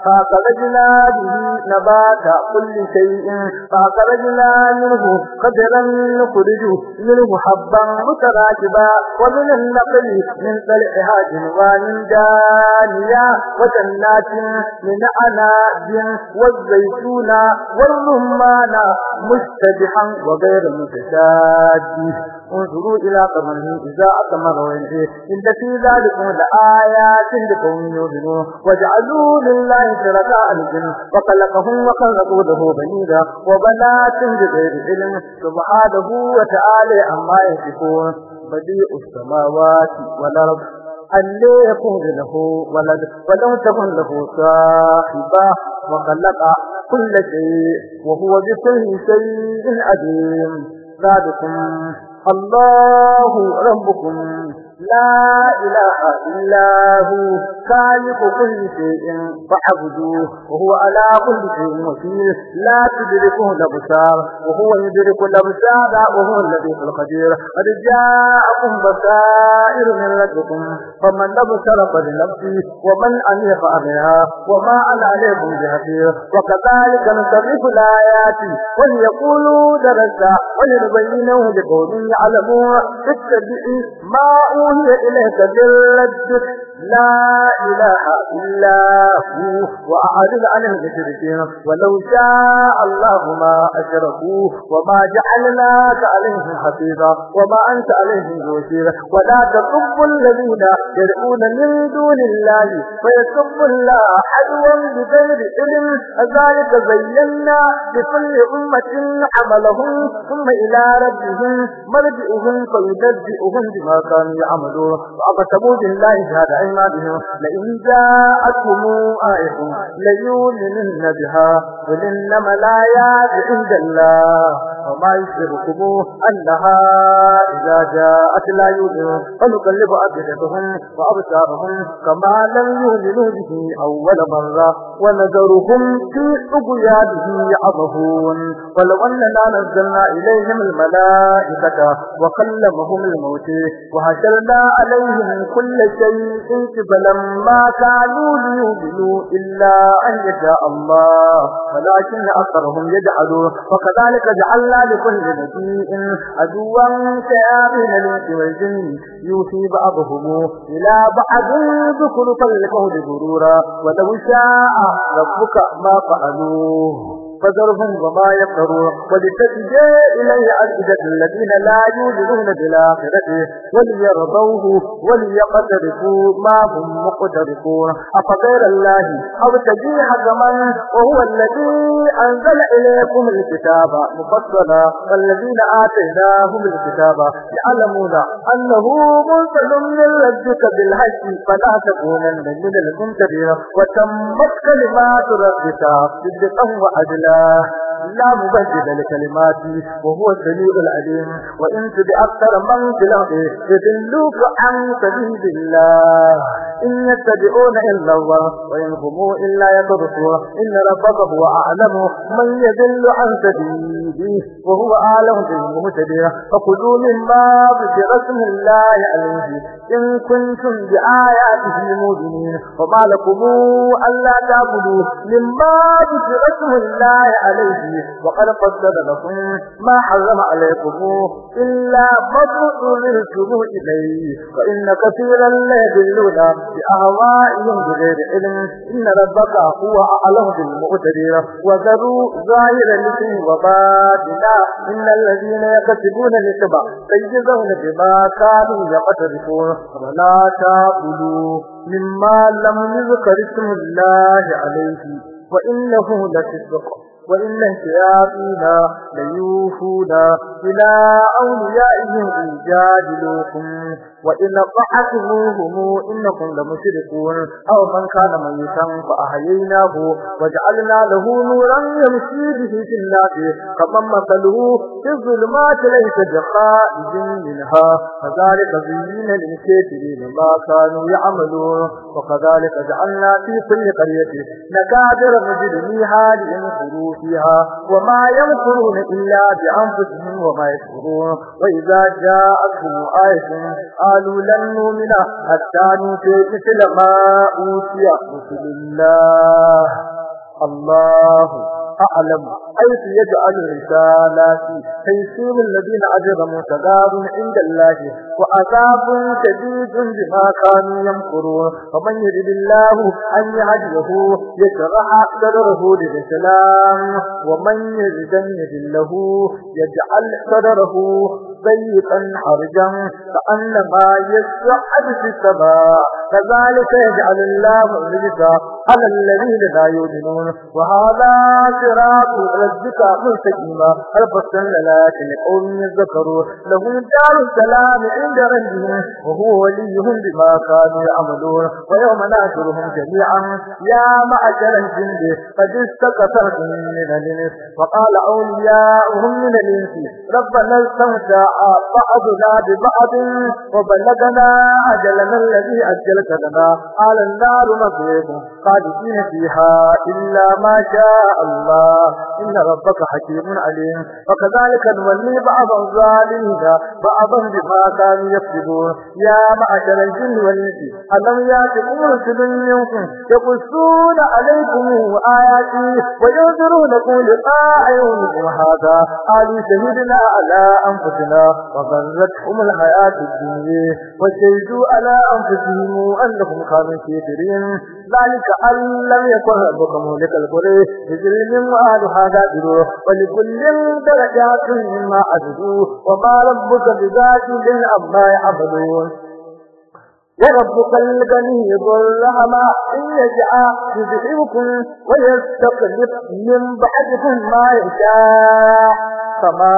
فأخرجنا به نبات كل شيء فأخرجنا منه قدرا نخرج منه حبا متراكبا ومن النقل من طلعها جنوان دانيا وجنات من أناب والزيتون والرمان مشتبها وغير متشاد انظروا إلى ثمنه إذا أثمر وينعيه إن في ذلك لآيات لكم يؤمنون وجعلوا لله شركاء الجن وخلقهم وخلقوا له بنيدا وبنات بغير علم سبحانه وتعالى عما يصفون بديع السماوات والأرض أن لا يكون له ولد ولو تكن له صاحبة وخلق كل شيء وهو بكل شيء عظيم ذلكم الله ربكم لا إله إلا هو خالق كل شيء فاعبدوه وهو على كل شيء وكيل لا تدركه الأبصار وهو يدرك الأبصار وهو الذي في القدير قد جاءكم بصائر من ربكم فمن أبصر فلنفسه ومن أنيق عليها وما أنا عليكم بحفيظ وكذلك نصرف الآيات وليقولوا درسا ولنبينه لقوم يعلمون اتبعي ما أوتي أوهي إليك باللبك لا إله إلا هو وأعرض عنه بشركين ولو شاء الله ما أشركوه وما جعلناك عليهم حفيظا وما أنت عليهم بوسيرا ولا تسبوا الذين يدعون من دون الله فيسبوا الله عدوا بغير علم ذلك زينا لكل أمة عملهم ثم إلى ربهم مرجئهم فينبئهم بما كانوا يعملون تعملوا واقسموا بالله جهاد عمادهم لئن جاءتهم آية ليؤمنن بها قل إنما الآيات عند الله وما يشركم أنها إذا جاءت لا يؤمنون فنقلب أبدتهم وأبصارهم كما لم يؤمنوا به أول مرة ونذرهم في عبيانه يعظهون ولو أننا نزلنا إليهم الملائكة وكلمهم الموت وهجرنا أتركنا عليهم كل شيء فلما كانوا ليؤمنوا إلا أن يشاء الله ولكن أكثرهم يجعلون وكذلك جعلنا لكل نبي عدوا شَيَاطِينَ الإنس والجن يوحي بعضهم إلى بعض ذكر الْقَوْلِ غرورا ولو شاء ربك ما فعلوه فذرهم وما يفترون ولتجد إليه أفئدة الذين لا يؤمنون بالآخرة وليرضوه وليقترفوا ما هم مقترفون أفغير الله أو تجي حكما وهو الذي أنزل إليكم الكتاب مفصلا والذين آتيناهم الكتاب يعلمون أنه منزل من ربك بالحق فلا تكونن من المنكرين وتمت كلمات ربك صدقا وعدلا الله لا مبدل لكلماتي وهو السميع العليم وإن أكثر من في الأرض يدلوك عن سبيل الله إن يتبعون إلا الله وإن هم إلا يتبصوا إن ربك هو أعلم من يدل عن سبيله وهو أعلم بالمهتدي فخذوا مما ذكر اسم الله عليه إن كنتم بآياته مؤمنين وما لكم ألا تعبدوا مما ذكر اسم الله الله عليه وقد قدم لكم ما حرم عليكم إلا فضل للكبوء إليه وإن كثيرا لا يدلون بأهوائهم بغير علم إن ربك هو أعلم بالمؤتدين وذروا ظاهر لكم وبادنا إن الذين يكتبون لكبا سيجزون بما كانوا يقترفون ولا تقولوا مما لم يذكر اسم الله عليه وإنه لتسقط وإن شياطينا ليوفونا إلى أوليائهم يجادلوكم وإن طحتموهم إنكم لمشركون أو من كان ميتا فأحييناه وجعلنا له نورا يمشي به في الناس كمن مثله في الظلمات ليس بقائد منها كذلك زين للكافرين ما كانوا يعملون وكذلك جعلنا في كل قرية نكابر مجرميها لإن خروج فيها وما يمكرون إلا بأنفسهم وما يشعرون وإذا جاءتهم آية قالوا لن نؤمن حتى نؤتي مثل ما أوتي رسل الله الله أعلم حيث يجعل رسالاتي تيسير الذين أجرموا تغار عند الله وعذاب شديد بما كانوا يمكرون ومن يرد الله أن يعجله يجرع قدره للسلام ومن يرد أن يهد له يجعل قدره ضيقا حرجا ما يسعد في السماء كذلك يجعل الله الرجس على الذين لا يؤمنون وهذا صراط ربك مستقيما رب السنة لكن قوم يذكرون لهم دار السلام عند ربهم وهو وليهم بما كانوا يعملون ويوم ناشرهم جميعا يا معشر الجند قد استكثرتم من الانس وقال اولياؤهم من الانس ربنا استمتع بعضنا ببعض وبلغنا أجلنا الذي أجلت لنا على النار نصيب خالدين فيها إلا ما شاء الله إن ربك حكيم عليم وكذلك نولي بعض الظالمين بعضا بما كانوا يكسبون يا معشر الجن والإنس ألم يأتكم رسل منكم يقصون عليكم آياتي وينذرونكم لقاء يومكم هذا قالوا شهدنا على أنفسنا وغرتهم الحياة الدنيا وشهدوا على أنفسهم أنهم كانوا كافرين ذلك أن لم يكن ربك مهلك القرى بظلم وأهلها غادرون ولكل درجات مما عدلوا وما ربك بذات للأبناء عبدون ورب قلب نيض لهما إن يجعى يذهبكم ويستقلب من بعدكم ما يشاء فما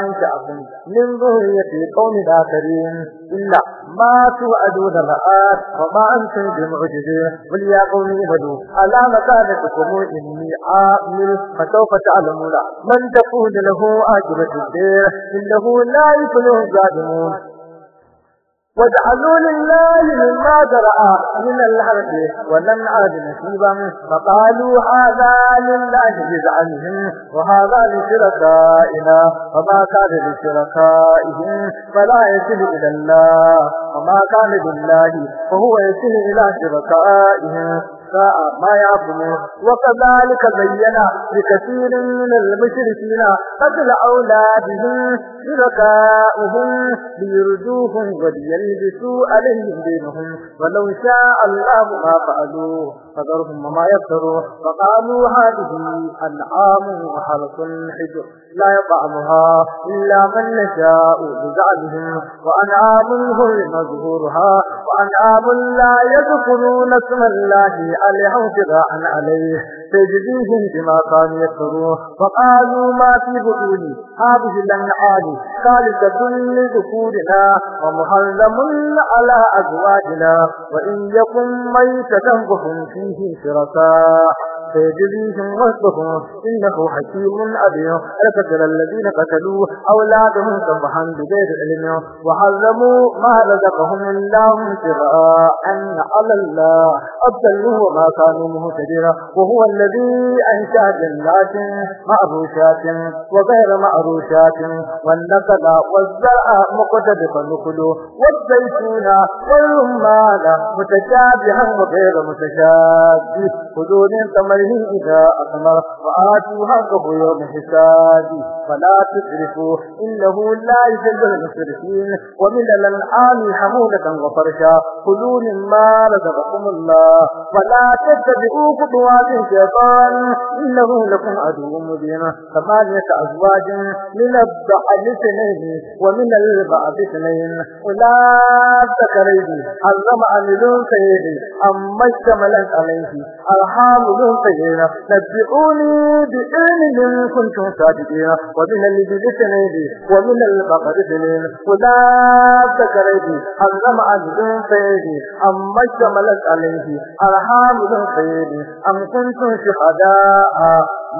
أنشأكم من ظهرية قوم آخرين إلا ما توعدون لآت وما أنتم بمعجزين قل يا قوم اعملوا على مكانتكم إني عامل فسوف تعلمون من تقول له آجرة الدين إنه لا يفلح الظالمون واجعلوا لله مما درأ من ولم عاد نصيبا فقالوا هذا لله بزعمهم وهذا لشركائنا وما كان لشركائهم فلا يسل إلى الله وما كان لله فهو يسل إلى شركائهم ساء ما يعظمون وكذلك بينا لكثير من المشركين قتل أولادهم شركاؤهم ليردوهم وليلبسوا عليهم دينهم ولو شاء الله ما فعلوه فذرهم وما يفتروا فقالوا هذه أنعام وحرس حجر لا يطعمها إلا من نشاء بزعمهم وأنعام هم مظهورها وأنعام لا يذكرون اسم الله عليهم عن عليه تجديهم بما كانوا يكفرون وقالوا ما في بطوني هذه الأنعام خالصة لذكورنا ومحرم على أزواجنا وإن يكن ميتة فهم فيه شركاء فيجزيهم وصفهم إنه حكيم أبيه لقتل الذين قتلوا أولادهم سبحا بغير علم وحرموا ما رزقهم الله ابتغاء أن على الله أبتلوه وما كانوا مهتدين وهو الذي أنشأ جنات معروشات وغير معروشات والنقل والزرع مقتبط نقل والزيتون والرمان متشابها وغير متشابه خذوا من ثمره إذا أثمر وآتوا حقه يوم حساب فلا تسرفوا إنه لا يجد المسرفين ومن الأنعام حمولة وفرشا كلوا مما رزقكم الله ولا تتبعوا خطوات الشيطان إنه لكم عدو مبين ثمانية أزواج من الضحل اثنين ومن البعض اثنين ولا الذكرين حرم عن الأنثيين أما اشتملت عليه أرحام الأنثيين نبئوني بعلم إن كنتم صادقين ومن الإبل اثنين ومن البقر اثنين ولا الذكرين حرم عن الأنثيين أما اشتملت عليه أرحام عمل أم كنتم شهداء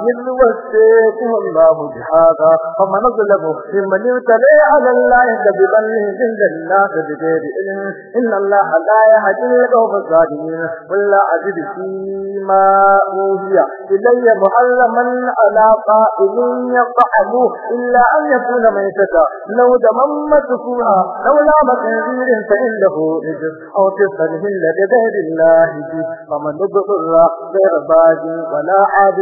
من وسيتهم الله بهذا فمن ظلم ممن ابتلي على الله كذبا عند الناس بغير علم إن الله لا يهدي القوم الظالمين ولا أجد فيما أوهي إلي معلما على قائل يطعمه إلا أن يكون ميتة لو دما فيها لو لا خنزير فإنه رجس أو كفره لبغير الله ومن يدخل غير بادي ولا عاد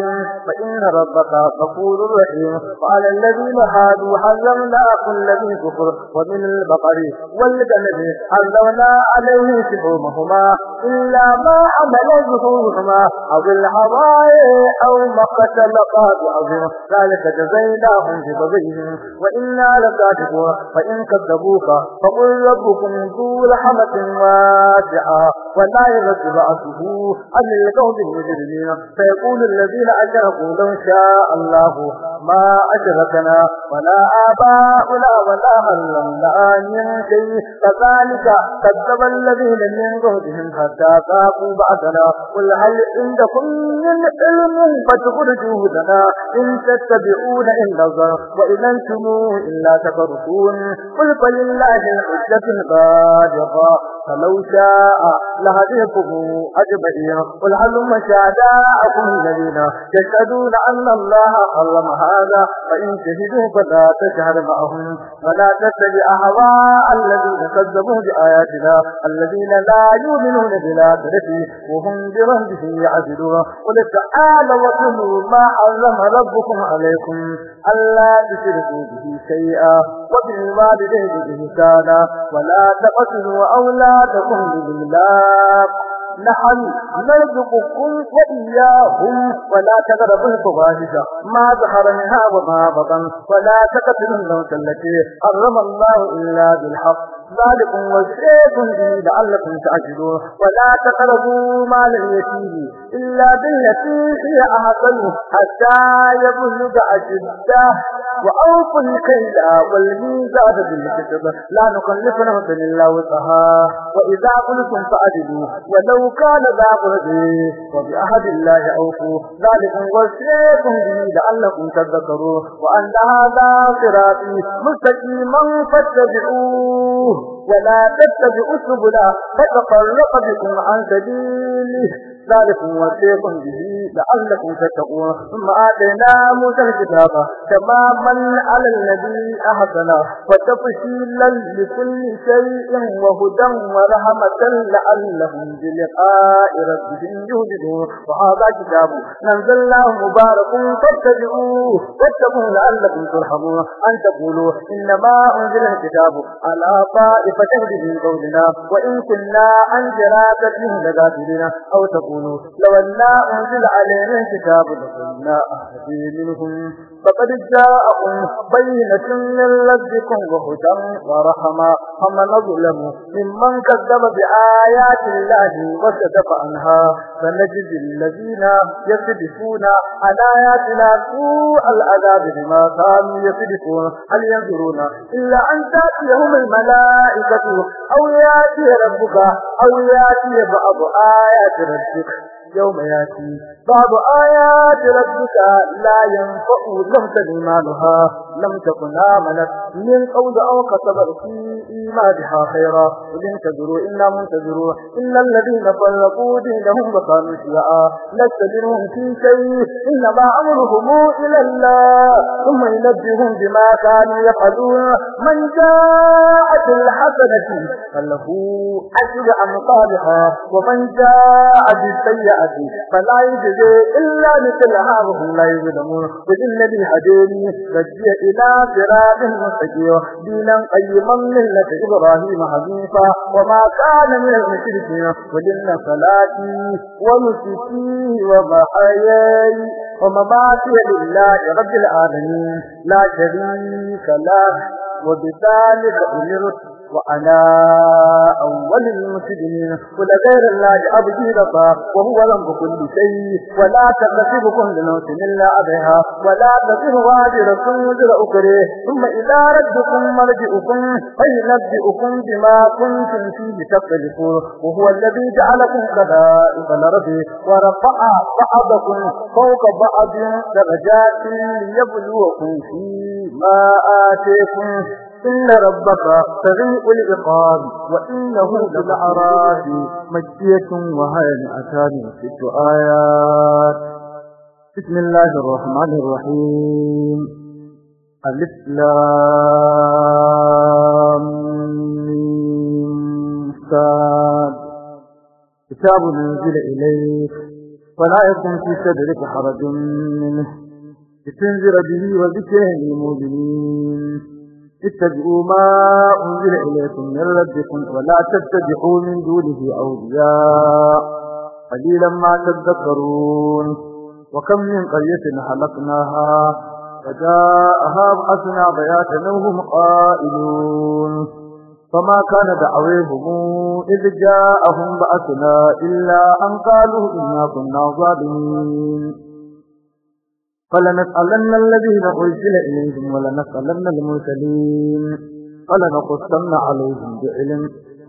فإن ربك غفور رحيم وعلى الذين هادوا حرمنا كل ذي كفر ومن البقر والجنب حرمنا عليه سحومهما إلا ما عمل ظهورهما أو الحرائي أو ما قتل عظيم ذلك جزيناهم ببغيهم وإنا لصادقون فإن كذبوك فقل ربكم ذو رحمة واسعة ولا يرد بعثه ظلموا عن المجرمين فيقول الذين أجرقوا لو شاء الله ما أجركنا ولا آباؤنا ولا هلنا من شيء فذلك كذب الذين من جهدهم حتى ذاقوا بعدنا قل هل عندكم من علم فتخرجوه لنا إن تتبعون إلا ظهر وإن أنتم إلا تفرسون قل فلله الحجة البالغة فلو شاء لهديكم أجمعين الذين قل هلم شهداءكم الذين يشهدون أن الله حرم هذا فإن شهدوا فلا تشهد معهم ولا تتبع أهواء الذين كذبوا بآياتنا الذين لا يؤمنون بالآخرة وهم برهبه يعدلون قل تعالى وكلوا ما حرم ربكم عليكم ألا تشركوا به شيئا وبالوالدين سالا ولا تقتلوا أولادكم بالله نحن نرزقكم وإياهم ولا تقربوا الفواحش ما ظهر منها وما بطن ولا تقتلوا الموت التي حرم الله إلا بالحق ذلكم وزيكم به لعلكم تعجلون ولا تقربوا مال اليتيم إلا بالتي هي أحسن حتى يبلغ أشده وأوفوا الكيل والميزان بالكتب لا نكلف نفسا إلا وسعها وإذا قلتم فأجلوا ولو قال لا أرضي وبأحد الله أوفو ذلك وسيكم به لعلكم تذكروا وأن هذا صراطي مستقيما فاتبعوه ولا تتبعوا السبل فتفرق بكم عن سبيله ذلك وصيكم به لعلكم تتقون ثم آتينا موسى الكتاب تماما على الذي أحسن وتفصيلا لكل شيء وهدى ورحمة لعلهم بلقاء ربهم يهددون وهذا كتاب الله مبارك فاتبعوه واتقوا لعلكم ترحمون أن تقولوا إنما أنزل الكتاب على طائفة من قولنا وإن كنا عن جرابة أو تقول آمنوا لو أن أنزل علينا كتاب لكنا أهدي منهم فقد جاءكم بينة من لذكم وهدى ورحمة فمن ظلم ممن كذب بآيات الله وكذب عنها فنجد الذين يكذبون على آياتنا سوء العذاب بما كانوا يكذبون هل ينظرون إلا أن تأتيهم الملائكة أو يأتي ربك أو يأتي بعض آيات ربك يوم ياتي بعض آيات ربك لا ينفع لم إيمانها لم تكن آمنت من قول أو كسبت في إيمانها خيرا إن تزروا إلا منتظروا إلا الذين فرقوا دينهم وكانوا شيعا لست في شيء إنما أمرهم إلى الله ثم ينبههم بما كانوا يفعلون من جاءت الحسنة فله أجر أمطالها ومن جاء بالسيئة العزيز فلا يجد إلا مثل هذا لا يظلمون قل الذي هديني رجع إلى صراط مستقيم دينا قيما ملة إبراهيم حنيفا وما كان من المشركين قل إن صلاتي ونسكي ومحياي ومماتي لله رب العالمين لا شريك له وبذلك أمرت وأنا أول المسلمين ولغير الله أبدي لطا وهو رب كل شيء ولا تقصف كل نوت إلا بها ولا تقصف واجرة وزر أكره ثم إذا ربكم مرجئكم فينبئكم بما كنتم فيه تختلفون وهو الذي جعلكم خلائق الأرض ورفع بعضكم فوق بعض درجات ليبلوكم فيما آتيكم إن ربك سريع العقاب وإنه بالعراج مجية وهيئة في الدعايات بسم الله الرحمن الرحيم الإسلام ساد كتاب منزل إليك ولا يكون في صدرك حرج منه لتنذر به وذكره للمؤمنين اتبعوا ما أنزل إليكم من ربكم ولا تتبعوا من دونه أولياء قليلا ما تذكرون وكم من قرية حلقناها فجاءها بأسنا بياتا وهم قائلون فما كان دعويهم إذ جاءهم بأسنا إلا أن قالوا إنا كنا ظالمين فلنسألن الذين أرسل إليهم ولنسألن المرسلين فلنقصن عليهم بعلم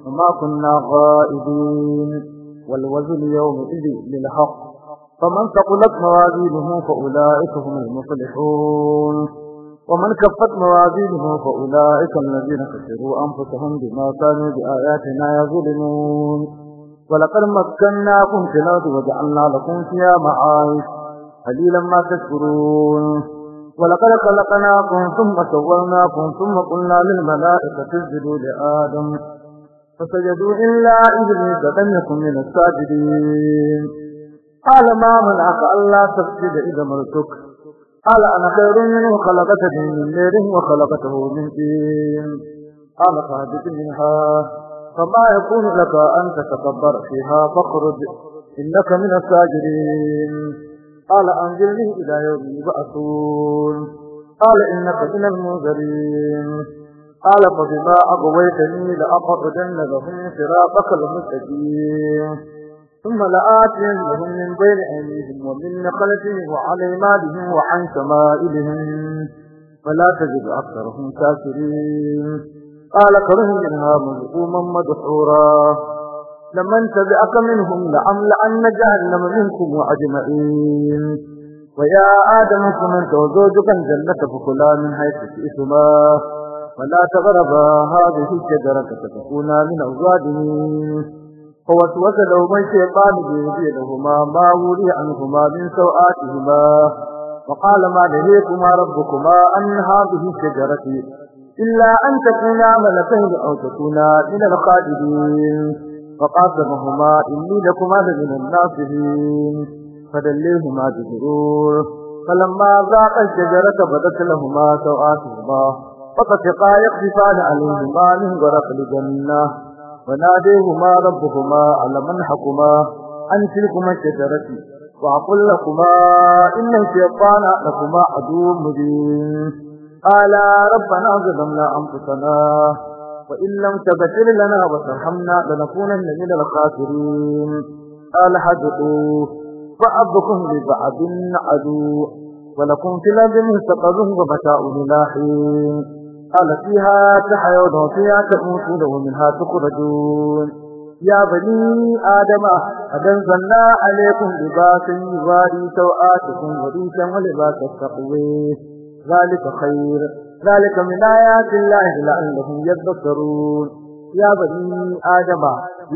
وما كنا غائبين والوزن يومئذ للحق فمن ثقلت موازينه فأولئك هم المصلحون ومن كفت موازينه فأولئك الذين خسروا أنفسهم بما كانوا بآياتنا يظلمون ولقد مكناكم في الأرض وجعلنا لكم فيها معايش قليلا ما تشكرون ولقد خلقناكم ثم صورناكم ثم قلنا للملائكة اسجدوا لآدم فسجدوا إلا إبليس لم يكن من الساجدين قال ما منعك ألا تسجد إذا مرتك قال أنا خير منه خلقتني من نير وخلقته من دين قال فهدت منها فما يكون لك أن تتكبر فيها فاخرج إنك من الساجدين قال أنزلني إلى يوم يبعثون قال إنك من المنذرين قال فبما أغويتني لأقعدن لهم صراطك المستقيم ثم لآتينهم من بين أيديهم ومن نقلتهم وعن مالهم وعن شمائلهم فلا تجد أكثرهم كافرين قال كرهم منها مذءوما مدحورا لمن تبعك منهم لأملأن جهنم منكم أجمعين ويا آدم كنت وزوجك الجنة فكلا من حيث شئتما فلا تغربا هذه الشجرة فتكونا من الظالمين فوسوس لهما الشيطان بيدي لهما ما ولي عنهما من سوآتهما وقال ما نهيكما ربكما أن هذه الشجرة إلا أن تكونا ملكين أو تكونا من الخالدين فقاسمهما إني لكما لمن الناصحين فدليهما بغرور فلما ذاق الشجرة بدت لهما سوآتهما فطفقا يقذفان عليهما من ورق الجنة وناديهما ربهما على منحكما أن تلكما الشجرة وأقول لكما إن الشيطان لكما عدو مبين قالا ربنا ظلمنا أنفسنا وإن لم تغفر لنا وترحمنا لنكونن من الخاسرين قال حدثوا بعضكم لبعض عدو ولكم في الأرض مستقر ومتاع إلى حين قال فيها تحيون وفيها تموتون ومنها تخرجون يا بني آدم قد أنزلنا عليكم لباسا يواري سوآتكم وريشا ولباس التقوى ذلك خير ذلك من آيات الله لعلهم يذكرون يا بني آدم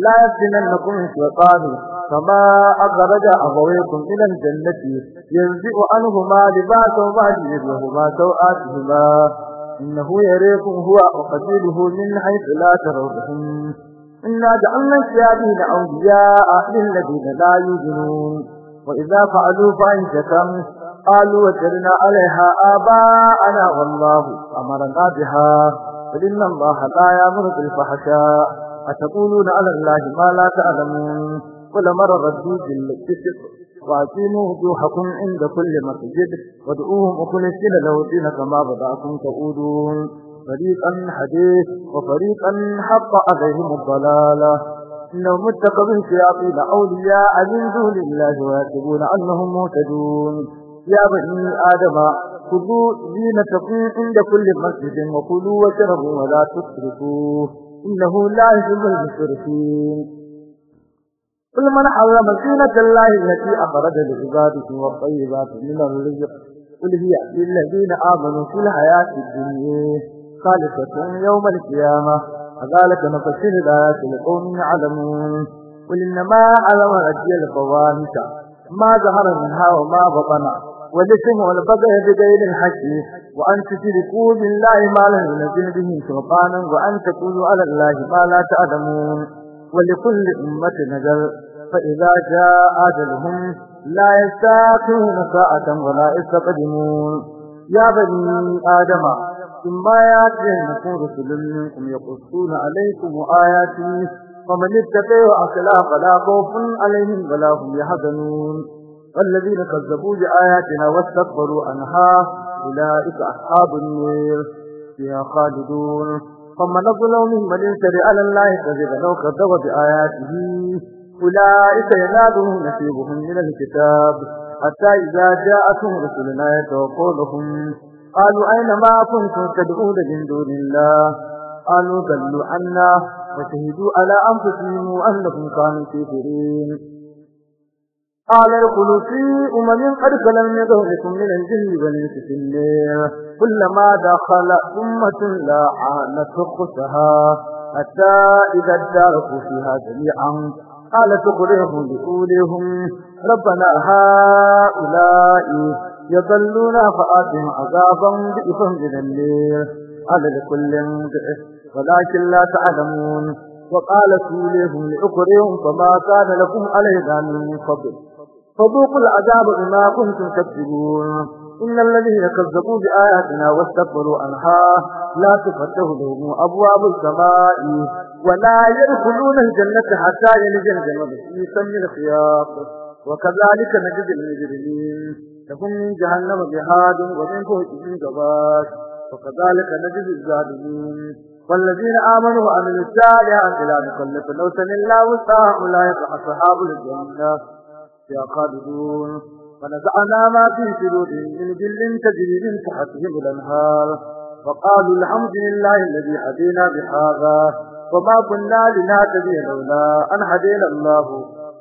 لا يفتننكم الشيطان فما أخرج أبويكم إلى الجنة ينزع عنهما لباسهما لهما سوآتهما إنه يريكم هو وقتيله من حيث لا ترونهم إنا جعلنا الشياطين أولياء للذين لا يؤمنون وإذا فعلوا فإن فعشة قالوا وجدنا عليها آباءنا والله أمرنا بها فإن الله لا يأمر بالفحشاء أتقولون على الله ما لا تعلمون ولمر ردوا بالفسق وأقيموا وجوهكم عند كل مسجد وكل مخلصين له الدين كما بدأكم تعودون فريقا حديث وفريقا حق عليهم الضلالة إنهم متقبل شياطين أولياء من دون الله ويكتبون أنهم مهتدون يا بني آدم خذوا زينتكم عند كل مسجد وكلوا وشربوا ولا تسرفوا إنه لا يحب المسرفين قل من حرم زينة الله التي أخرج لعباده والطيبات من الرزق قل هي للذين آمنوا في الحياة الدنيا خالصة يوم القيامة كذلك نفسر الآيات لقوم يعلمون قل إنما علم رجل الفواحش ما ظهر منها وما بطن ولكم والبدء بدين الحج وأن تشركوا بالله ما لم ينزل به سلطانا وأن تقولوا على الله ما لا تعلمون ولكل أمة نزل فإذا جاء أجلهم لا يستاقون ساعة ولا يستقدمون يا بني آدم ثم يأتينكم رسل منكم يقصون عليكم آياتي فمن اتقي وأخلا فلا خوف عليهم ولا هم يحزنون والذين كذبوا بآياتنا واستكبروا عنها أولئك أصحاب النير فيها خالدون فمن ظلم ممن يفتري على الله كذبا أو كذب بآياته أولئك ينالهم نصيبهم من الكتاب حتى إذا جاءتهم رسلنا يتوقونهم قالوا أين ما كنتم تدعون من دون الله قالوا ضلوا عنا وشهدوا على أنفسهم أنهم كانوا كافرين قال ادخلوا في أمم قد خلت من قبلكم من الجن والإنس في النار كلما دخل أمة عانت أختها حتى إذا اداركوا فيها جميعا قال أخرهم لأولهم ربنا هؤلاء يضلون فآتهم عذابا بئسا من النار قال لكل بئس ولكن لا تعلمون وقال سوليهم لأخرهم فما كان لكم علينا من فضل فذوقوا العذاب بما كنتم تكذبون إن الذين كذبوا بآياتنا واستكبروا عنها لا تفتح لهم أبواب السماء ولا يدخلون الجنة حتى يلج الجنة في سم الخياط وكذلك نجد المجرمين لهم من جهنم جهاد ومن فوقهم جبار وكذلك نجد الظالمين والذين آمنوا وعملوا الصالحات لا نكلف نفسا إلا وسعها أولئك أصحاب الجنة يا خالدون ونزعنا ما في سلوهم من جل تجري من تحتهم الأنهار وقالوا الحمد لله الذي هدينا بهذا وما كنا لنهتدي لولا أن هدينا الله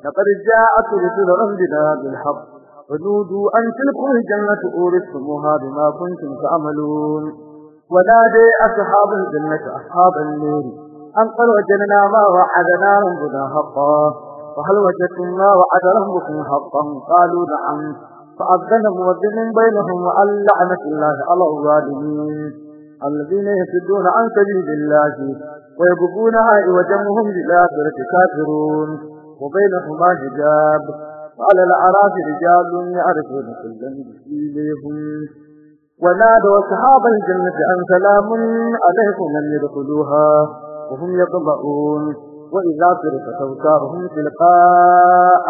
لقد جاءت رسل ربنا بالحق فنودوا أن تلكم الجنة أورثتموها بما كنتم تعملون ونادي أصحاب الجنة أصحاب النور أن قد وجدنا ما وعدنا ربنا حقا وهل وجدتم ما وعد ربكم حقا قالوا نعم فأذن مؤذن بينهم وأن لعنة الله على الظالمين الذين يسدون عن سبيل الله ويبغونها وجمهم بالآخرة كافرون وبينهما حجاب وعلى الأعراف رجال يعرفون كلا بسيلهم ونادوا أصحاب الجنة أن سلام عليكم أن يدخلوها وهم يطمعون وإذا صرفت توتارهم تلقاء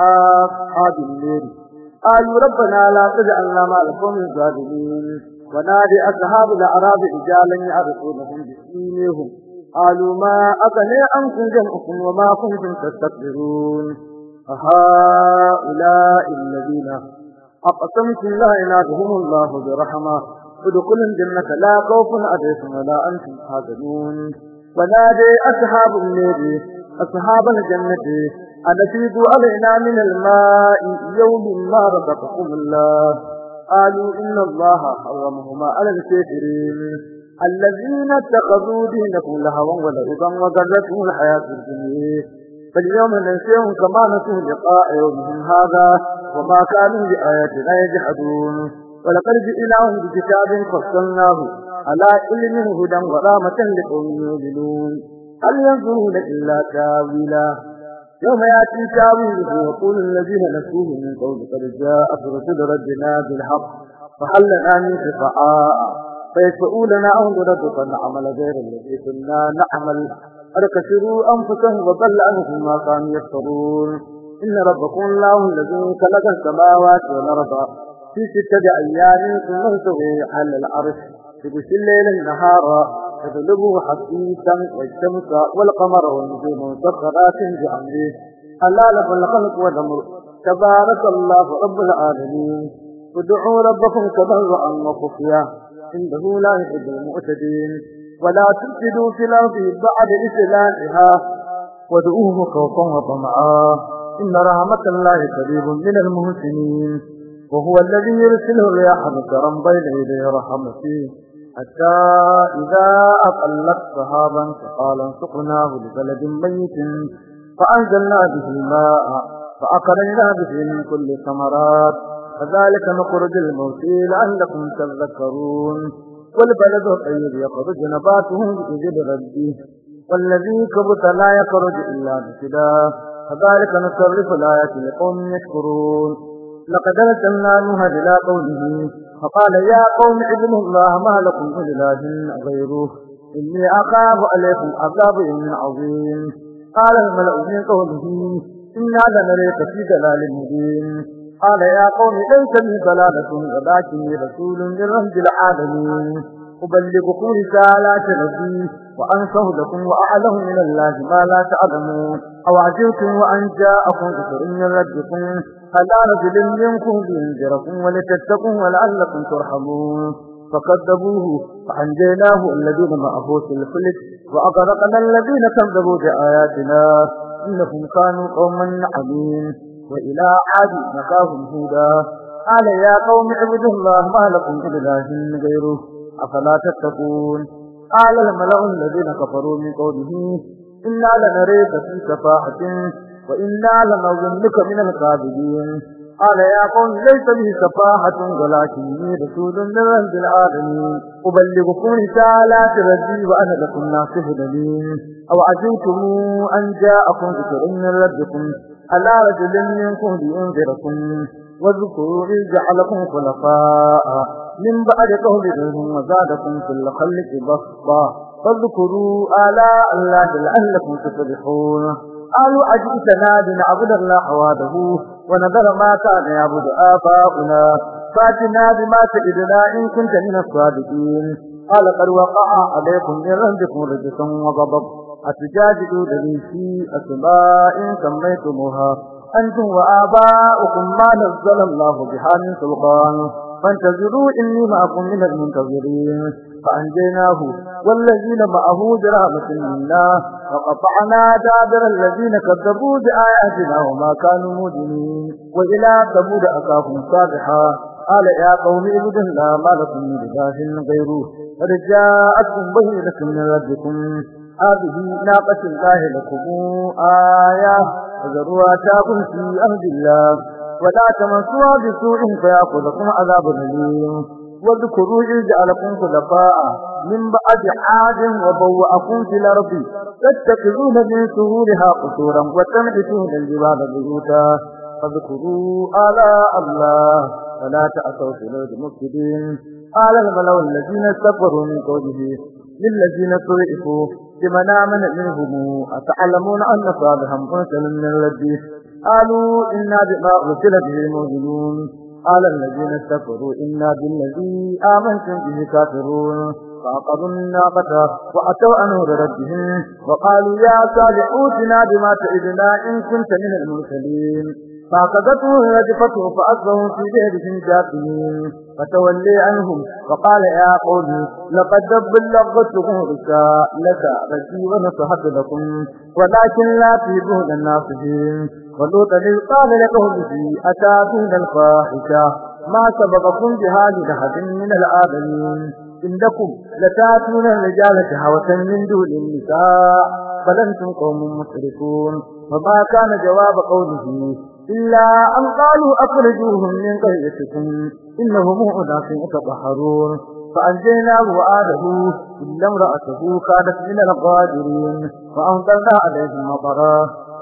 أصحاب النور قالوا ربنا لا تجعلنا مع القوم الظالمين ونادي أصحاب الأعراب رجالا يعرفونهم بسيميهم قالوا ما أغنى عنكم جمعكم وما كنتم تستكبرون فهؤلاء الذين أقسمتم لا إلههم الله برحمه ادخلوا الجنة لا خوف عليكم ولا أنتم حاضرون ونادي أصحاب النبي أصحاب الجنة أنفيدوا علينا من الماء يوم ما رزقكم الله قالوا إن الله حرمهما على الكافرين الذين اتخذوا دينكم لهوا ولعبا وغرتهم الحياة الدنيا فاليوم ننسيهم كما نسوا لقاء يومهم هذا وما كانوا بآياتنا يجحدون ولقد جئناهم بكتاب فصلناه على علم هدى ورامة لقوم يؤمنون هل ينظرون إلا تاويلا يوم يأتي تاويله ويقول الذين نسوه من قول قد جاء فرسل ربنا بالحق فهل لنا من شفعاء فيشفعوا لنا أو نردك نعمل غير الذي كنا نعمل قد أنفسهم وضل عنهم ما كانوا يفترون إن ربكم الله الذي خلق السماوات والأرض في ستة أيام ثم استوي على العرش كل الليل النهار تغلبه حثيثا والشمس والقمر والنجوم مسخرات بأمره حلال له الخلق والأمر تبارك الله رب العالمين ادعوا ربكم تبرعا وخفيا إنه لا يحب المعتدين ولا تفسدوا في الأرض بعد إسلامها وادعوه خوفا وطمعا إن رحمة الله قريب من المحسنين وهو الذي يرسله الرياح بكرم بين يديه رحمته حتى إذا أطلت صحابا فقال سقناه لبلد ميت فأنزلنا به الماء فأقرينا به من كل ثمرات فذلك نخرج الموتي لعلكم تذكرون والبلد الطيب يخرج نباته بإذن ربه والذي كبت لا يخرج إلا بسداه فذلك نصرف الآية لقوم يشكرون لقد أرسلنا نهج إلى قومه فقال يا قوم ابن الله ما لكم من إله غيره إني أخاف عليكم عذاب عظيم قال الملأ من قومه إنا لنريك في دلال مبين قال يا قوم ليس لي ضلالة ولكني رسول من رب العالمين أبلغكم رسالات ربي وأنصه لكم وأعلم من الله ما لا تعلمون أو عجبتم وأن جاءكم ذكر من ربكم على رجل منكم لينذركم ولتتقوا ولعلكم ترحمون فكذبوه فأنجيناه الذين معه في الفلك وأغرقنا الذين كذبوا بآياتنا إنهم كانوا قوما عمين وإلى عاد نقاهم هودا قال يا قوم اعبدوا الله ما لكم إله غيره أفلا تتقون قال الملأ الذين كفروا من قومه إنا لنريك في كفاحة وإنا لنظنك من الكاذبين قال يا قوم ليس به سفاحة ولكني رسول من رب العالمين أبلغكم رسالات ربي وأنا لكم ناصح دليل أو عجبتم أن جاءكم ذكر من ربكم على رجل منكم لينذركم واذكروا إذ جعلكم خلفاء من بعد قولهم وزادكم في الخلق بسطة فاذكروا آلاء الله لعلكم تفلحون قالوا أجئتنا لنعبد الله وحده ونذر ما كان يعبد آباؤنا فاتنا بما تعدنا إن كنت من الصادقين قال قد وقع عليكم من ربكم رجس وغضب أتجادلونني في أسماء سميتمها أنتم وآباؤكم ما نزل الله بها من سلطان فانتظروا إني معكم من المنتظرين فأنجيناه والذين معه برحمة منا وقطعنا دابر الذين كذبوا بآياتنا وما كانوا مؤمنين وإلى ثمود أخاهم صالحا قال يا قوم اعبدوا الله ما لكم من إله غيره قد جاءتكم بهيرة من ربكم هذه ناقة الله لكم آية فذروا أتاكم في أرض الله ولا تمسوا بسوء فيأخذكم عذاب أليم واذكروا إذ جعلكم خلفاء من بعد عاد وبوأكم في الأرض تتخذون من سهولها قصورا وتنحتون الجبال بيوتا فاذكروا آلاء الله فلا تأسوا في الأرض مفسدين قال الملأ الذين استكبروا من قومه للذين سرقوا لمن آمن منهم أتعلمون أن صالحا مرسل من الذي قالوا إنا بما أرسلت به المؤمنون قال الذين استكبروا إنا بالذي آمنتم به كافرون فأقضوا الناقة وأتوا عن أمر ربهم وقالوا يا صالح اوتنا بما تعدنا إن كنت من المرسلين فأخذته رجفته فأصبحوا في ذهبهم جاثمين فتولي عنهم وقال يا قوم لقد بلغتكم رسالة رجي ونصحت لكم ولكن لا تيبون الناصحين ولوطا إذ قال لقومه أتاتون الفاحشة ما سبقكم بهذه لحد أحد من العالمين إنكم لتاتون الرجال شهوة من دون النساء بل أنتم قوم مشركون وما كان جواب قوله إلا أن قالوا أخرجوهم من قريتكم إنهم أناس يتطهرون فأنجيناه وآله إلا امرأته كانت من الغادرين فأنزلنا عليهم مطرا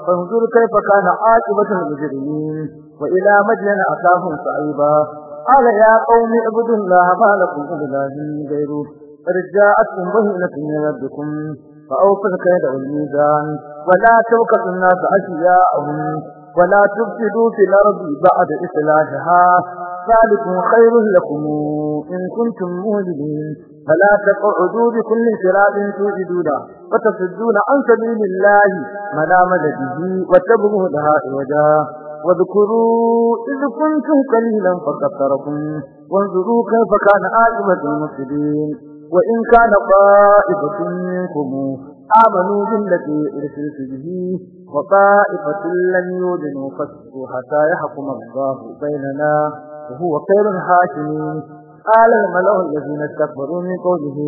فانظر كيف كان عاقبة المجرمين وإلى مدين أتاهم صعيبا قال يا قوم اعبدوا الله ما لكم من إله غيره قد جاءتكم بهنة من ربكم فأوفوا الكيد والميزان ولا توكلوا الناس أشياءهم ولا تفسدوا في الأرض بعد إصلاحها ذلكم خير لكم إن كنتم مؤمنين فلا تقعدوا بكل انفراد توعدون وتصدون عن سبيل الله مدام مدده وتبغوا لها عوجا واذكروا إذ كنتم قليلا فكثركم وانظروا كيف كان عاقبة المفسدين وإن كان طائفة منكم آمنوا بالذي أرسلت به وطائفة لم يؤمنوا فاسقوا حتى يحكم الله بيننا وهو خير الحاكمين قال الملأ الذين استكبروا من قومه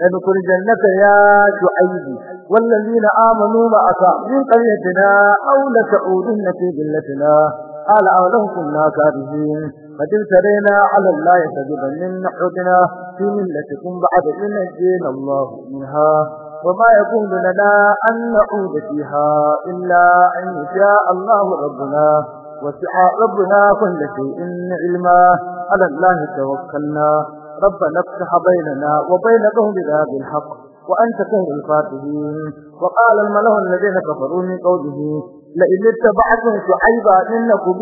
لنخرجنك يا شعيب والذين آمنوا معك من قريتنا أو لتعودن في ذلتنا قال أولهم كنا كارهين قد ابتلينا على الله كذبا من نحوتنا في ملتكم بعد إن نجينا الله منها وما يكون لنا أن نعود فيها إلا أن يشاء الله ربنا وسع ربنا كل شيء علما على الله توكلنا ربنا افتح بيننا وبين قومنا الحق وأنت خير الفاتحين وقال الملأ الذين كفروا من قومه لئن اتبعتم شعيبا إنكم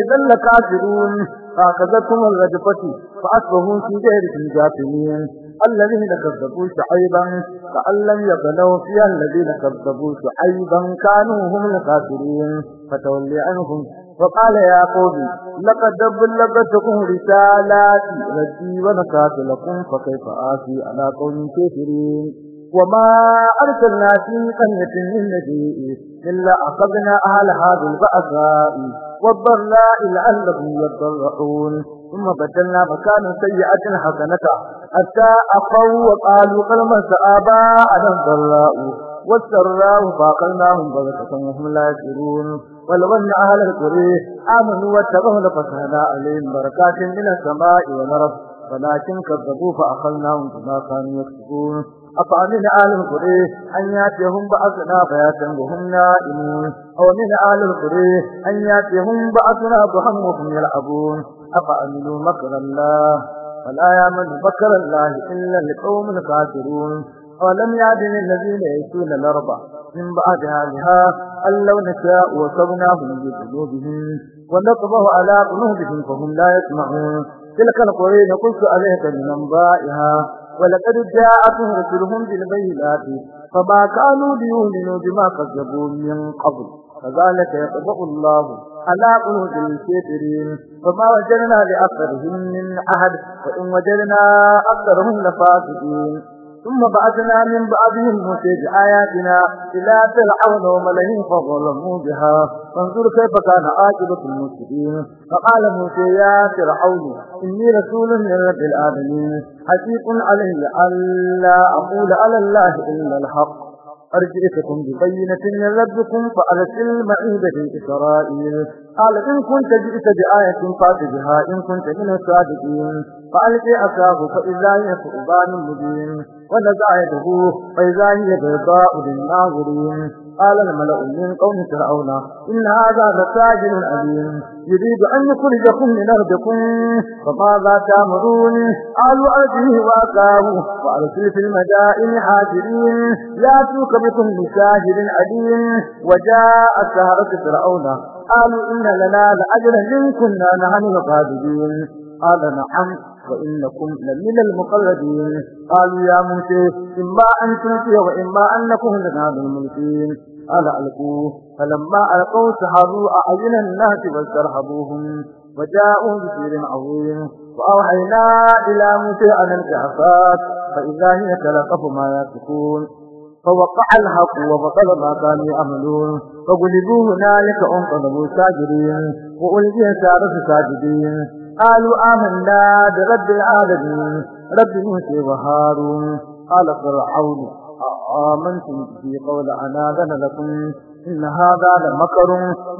إذا لكافرون فأخذتهم الرجفة فأصبحوا في غيرهم جاثمين الذين كذبوا شعيبا فأن لم يبلوا فيها الذين كذبوا شعيبا كانوا هم الكافرين فتولي عنهم فقال يا قومي لقد بلغتكم رسالاتي ردي ونصحت لكم فكيف آسي على قوم كثيرين وما أرسلنا في قنة من نبي إلا أخذنا أهل هذه البأساء والضراء لعلهم يضرعون ثم بدلنا مكان سيئة حسنة حتى أخوا وقالوا قلما سآباء الضراء والسراء فاقلناهم بركة وهم لا يشعرون ولو أن أهل القرية آمنوا واتقوا لفتحنا عليهم بركات من السماء والأرض ولكن كذبوا فأخذناهم بما كانوا يكسبون أفأمن أهل القرية أن يأتيهم بأسنا بياتا وهم نائمون أو من أهل القرى أن يأتيهم بأسنا بهم وهم يلعبون أفأمنوا مكر الله فلا يأمن مكر الله إلا لقوم الكافرون ولم يعدل الذين يسون الأرض من بعدها لها أن لو نشاء وصبناهم بقلوبهم ونطبه على قلوبهم فهم لا يسمعون تلك القرية قلت عليك من أنبائها ولقد جاءتهم رسلهم بالبينات فما كانوا ليؤمنوا بما كذبوا من قبل فذلك يطبع الله على قلوب الكافرين فما وجدنا لأكثرهم من أحد وإن وجدنا أكثرهم لفاسدين ثم بعثنا من بعدهم نتيج آياتنا إلى فرعون وملئهم فظلموا بها فانظر كيف كان عاقبة المسلمين فقال موسى يا فرعون إني رسول من رب العالمين حقيق علي ألا أقول على الله إلا الحق أرجئتكم ببينة من ربكم فأرسل معي بني إسرائيل قال إن كنت جئت بآية فاتجها إن كنت من السادقين فألقي أساه فإذا هي ثعبان مبين ونزع يده فإذا هي بيضاء للناظرين قال الملأ من قوم فرعون إن هذا لساجر أليم يريد أن يخرجكم من أرضكم فماذا تأمرون قالوا أرجه وأقاه وأرسل في المدائن حاجرين يأتوك بكل ساجر أليم وجاء السهرة فرعون قالوا إن لنا لأجرا إن كنا نحن الغالبين قال نعم وإنكم لمن المقربين قالوا يا موسى إما أن تلقي وإما أن نكون لنا الملكين قال ألقوه فلما ألقوا سحروا أعين الناس واسترهبوهم وجاءوا بسير عظيم وأوحينا إلى موسى أن الجعفات فإذا هي تلقف ما يتكون فوقع الحق وبطل ما كانوا يعملون فغلبوا هنالك انقلبوا ساجدين وألقي سارس ساجدين قالوا آمنا برب العالمين رب موسى وهارون قال فرعون آمنتم في قول عنادنا لكم إن هذا لمكر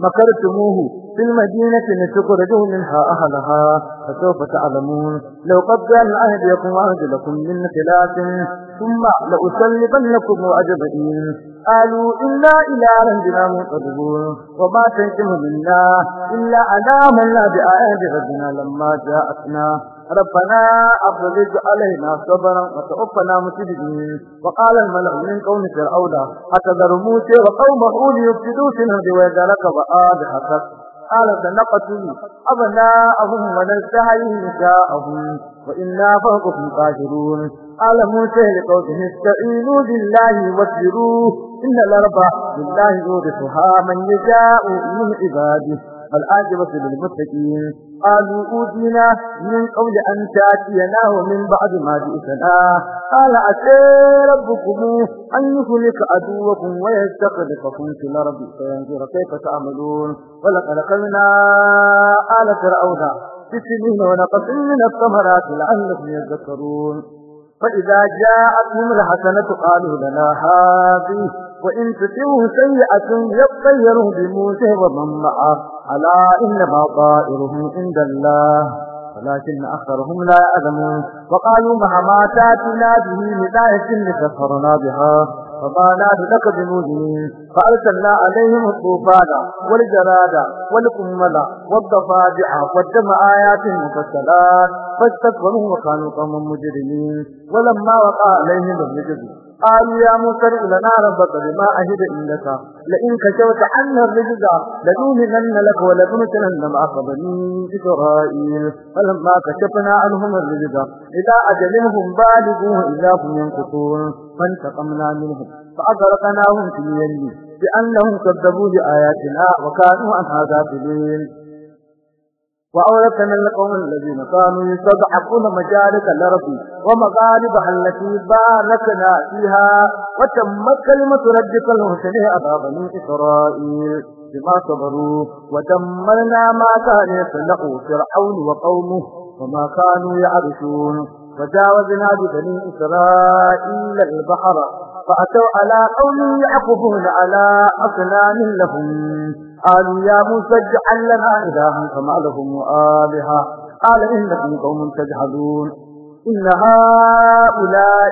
مكرتموه في المدينة لتخرجوا منها أهلها فسوف تعلمون لو قد جاء العهد يكون عهد لكم من خلاف ثم لأسلبنكم أجمعين قالوا إلا إلى ربنا منقلبون وما تنكم منا إلا أنا منا بآيات ربنا لما جاءتنا ربنا أبرز علينا صبرا وتوفنا مسلمين وقال الملأ من قوم فرعون أتذر موسى وقومه ليفسدوا في الأرض ويذرك وآبهتك قال سنقتل أبناءهم ونستحيي نساءهم وإنا فوقهم قادرون قال موسى لقومه استعينوا بالله واصبروا إن الأرض لله يورثها من يشاء من عباده فالعاقبة للمتقين قالوا أوتينا من قبل أن تأتينا ومن بعد ما جئتنا قال أتى ربكم أن يخلق عدوكم ويستخلفكم في الأرض فينظر كيف تعملون ولقد قلنا آل فرعون بسنين ونقص من الثمرات لعلكم يذكرون فإذا جاءتهم الحسنة قالوا لنا هذه وإن تتوه سيئة يطيروا بموسى ومن معه ألا إنما طائرهم عند الله ولكن أكثرهم لا يعلمون وقالوا مهما تاتنا به من آية لكفرنا بها فما لك بمؤمنين فأرسلنا عليهم الطوفان والجراد والقمل والضفادع والدم آيات مفصلات فاستكبروا وكانوا قوما مجرمين ولما وقع عليهم الرجل قالوا يا موسى لنا ربك بما أهد إنك لئن كشوت عنا الرجز لنؤمنن لك ولنؤمنن معك بني إسرائيل فلما كشفنا عنهم الرجز إلى أجلهم بالغوه إلا هم ينقصون فانتقمنا منهم فأغرقناهم في اليم بأنهم كذبوا بآياتنا وكانوا عنها غافلين وأورثنا القوم الذين كانوا يستضعفون مجالس الأرض ومغالب التي باركنا فيها وتمت كلمة ربك الحسنى أبا بني إسرائيل بما صبروا ودمرنا ما كان يصنع فرعون وقومه وما كانوا يعرشون وجاوزنا ببني إسرائيل البحر فأتوا على قوم يعقبون على أصنام لهم قالوا يا موسى اجعل لنا إلها كما لهم آلهة قال إنكم قوم تجهلون إن هؤلاء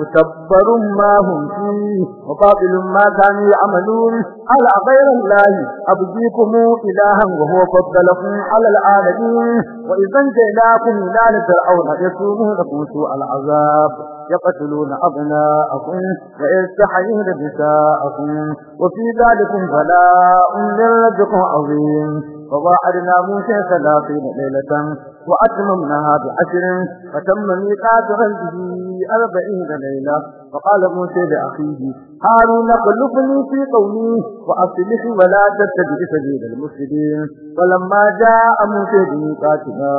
متبر ما هم فيه وباطل ما كانوا يعملون على غير الله أبديكم إلها وهو فضلكم على العالمين وإذا جئناكم إلى فرعون يسومونكم سوء العذاب يقتلون أبناءكم ويستحيون نساءكم وفي ذلكم بلاء للرزق عظيم وواعدنا موسى ثلاثين ليلة وأتممناها بعشر فتم ميقات غلبه أربعين ليلة فقال موسى لأخيه هارون اخلفني في قومي وأصلح ولا تتبع سبيل المسلمين فلما جاء موسى بميقاتنا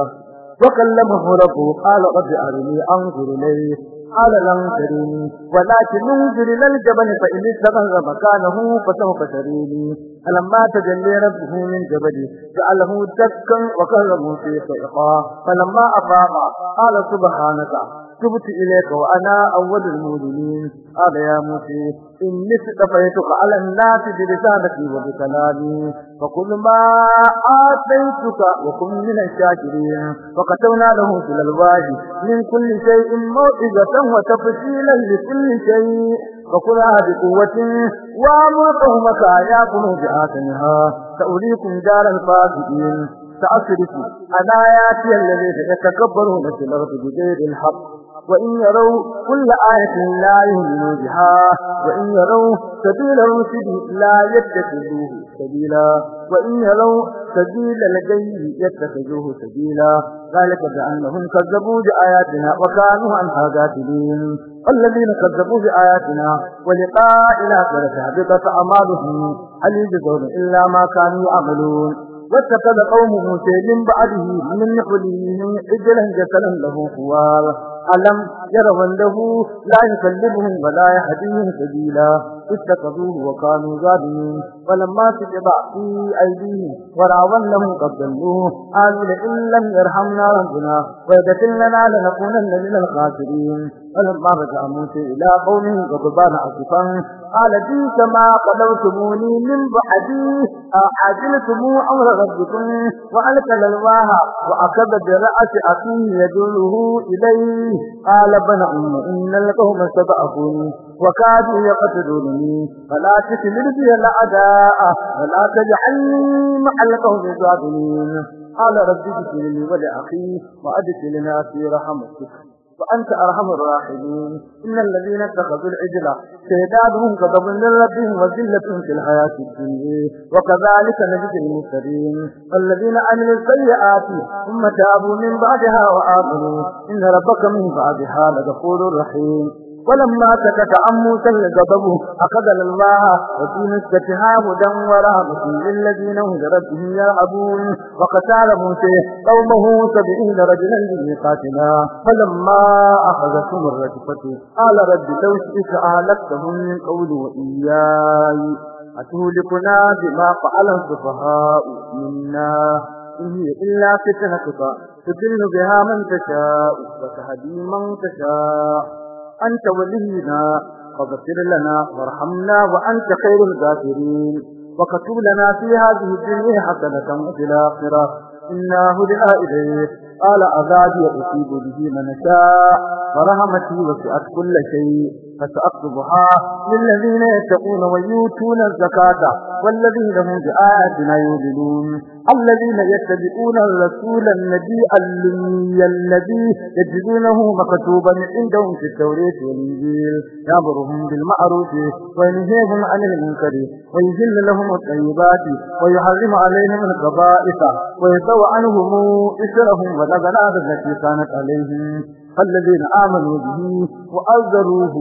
وكلمه ربه قال رب أرني أنظر إليه على الأنكرين ولكن ننزل إلى الجبل فإن استغر مكانه فسوف تريني فلما تجلي ربه من جبل جعله دكا وكهره في صيقا فلما أفاق قال سبحانك تبت إليك وأنا أول المؤمنين قال يا موسى إني استفيتك على الناس برسالتي وبكلامي فكل ما آتيتك وكن من الشاكرين فكتبنا له في الألواح من كل شيء موعظة وتفصيلا لكل شيء فكلها بقوة وامر قومك ياكلوا بآثنها سأريكم دار الفاسدين سأصرف أنا ياتي الذي يتكبرون في الأرض بغير الحق وإن يروا كل آية لا يؤمنوا بها وإن يروا سبيل الرشد لا يتخذوه سبيلا وإن يروا سبيل لديه يتخذوه سبيلا ذلك بأنهم كذبوا بآياتنا وكانوا عنها كاذبين الذين كذبوا بآياتنا ولقاء الآخرة هبطت أعمالهم هل يجزون إلا ما كانوا يعملون واتخذ قوم موسى من بعده من حليهم عجلا جسلا له خوار ألم يروا أنه لا يكلمهم ولا يهديهم سبيلا اتخذوه وكانوا ظالمين ولما تتبع في أيديهم وراولهم قد ظلوه قالوا لئن لم يرحمنا ربنا ويدخل لنا لنكونن من الخاسرين ولما رجع موسى إلى قومه غضبان عصفا قال ديك ما قدوتموني من بعدي أعجلتم أمر ربكم وألقى للواها وأخذ برأس أخيه يدله إليه قال بن أم إن القوم استضعفوني وكادوا يقتلوني فلا تسلل بي الأعداء ولا تجعلني مع القوم الظالمين قال ربي اغفر لي ولأخي وأدخلنا في رحمتك فأنت أرحم الراحمين إن الذين اتخذوا العجلة سيدادهم غضب للربهم وزلتهم وزلة في الحياة الدنيا وكذلك نجد المسرين الذين عملوا السيئات ثم تابوا من بعدها وآمنوا إن ربك من بعدها لغفور رحيم ولما سكت عن موسى الغضب أخذ الله وفي نسكتها هدى ورهبة للذين هم بربهم يلعبون وقتال موسى قومه سبعين رجلا لميقاتنا فلما أخذتهم الرجفة قال رب لو شئت أهلكتهم من قول وإياي أتهلكنا بما فعل السفهاء منا إن هي إلا فتنتك تضل بها من تشاء وتهدي من تشاء أنت ولينا فاغفر لنا وارحمنا وأنت خير الغافرين وكتب لنا في هذه الدنيا حسنة وفي الآخرة إنا هدى إليه قال عذابي أصيب به من شاء فرحمتي وسعت كل شيء فسأقضها للذين يتقون ويؤتون الزكاة والذين هم بآياتنا يؤمنون الذين يتبعون الرسول النبي الأمي الذي يجدونه مكتوبا عندهم في التوراة والإنجيل يأمرهم بالمعروف وينهيهم عن المنكر ويجل لهم الطيبات ويحرم عليهم الخبائث ويسوى عنهم إسرهم ونزل التي كانت عليهم الذين آمنوا به وأذروه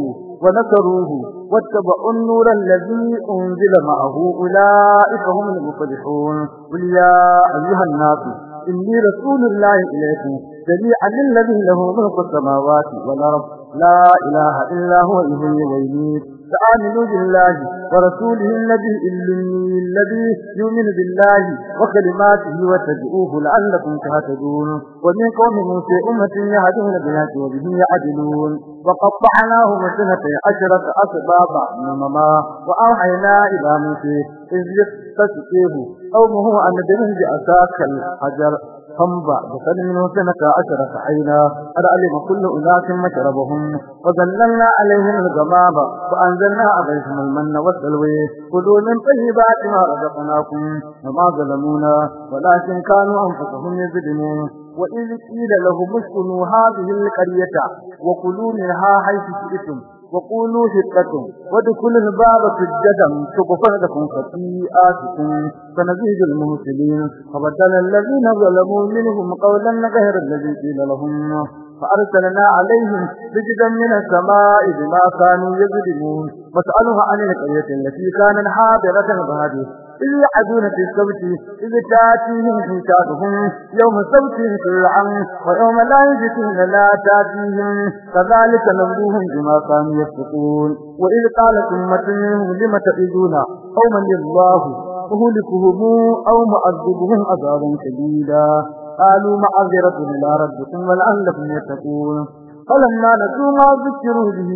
ونكروه واتبعوا النور الذي أنزل معه أولئك هم المفلحون قل يا أيها الناس إني رسول الله إليكم جميعا للذي له ملك السماوات والأرض لا إله إلا هو إليه ويميت فآمنوا بالله ورسوله الذي إلني الذي يؤمن بالله وكلماته وتدعوه لعلكم تهتدون ومن قوم موسى أمة يهدون بالهدي وبه يعدلون وقطعناهم سنة عشرة أسبابا نمما وأوحينا إلى موسى إذ يستسقيه قومه أن بهم بأساك الحجر فانبع بصد منه سنة عشرة عينا قد علم كل أناس مشربهم وظللنا عليهم الغمام وأنزلنا عليهم المن والسلوي خذوا من طيبات ما رزقناكم وما ظلمونا ولكن كانوا أنفسهم يزدنون وإذ قيل لهم اسكنوا هذه القرية وكلوا منها حيث شئتم وقولوا ثقة وادخلوا الباب سجدا سقفا لكم خطيئاتكم فنزيد المهتدين فبدل الذين ظلموا منهم قولا غير الذي قيل لهم فأرسلنا عليهم سجدا من السماء بما كانوا يجدمون واسألها عن القرية التي كانت حاضرة بهذه إلا يعدون في السبت إذ تاتيهم حسابهم يوم السبت شرعا ويوم لا يجتون لا تاتيهم كذلك نبوهم بما كانوا يفسقون وإذ قالت أمة منهم لم تئذون قوما الله أهلكهم أو معذبهم عذابا شديدا قالوا معذرة إلى ربكم ولعلكم يتقون فلما نسوا ما ذكروا به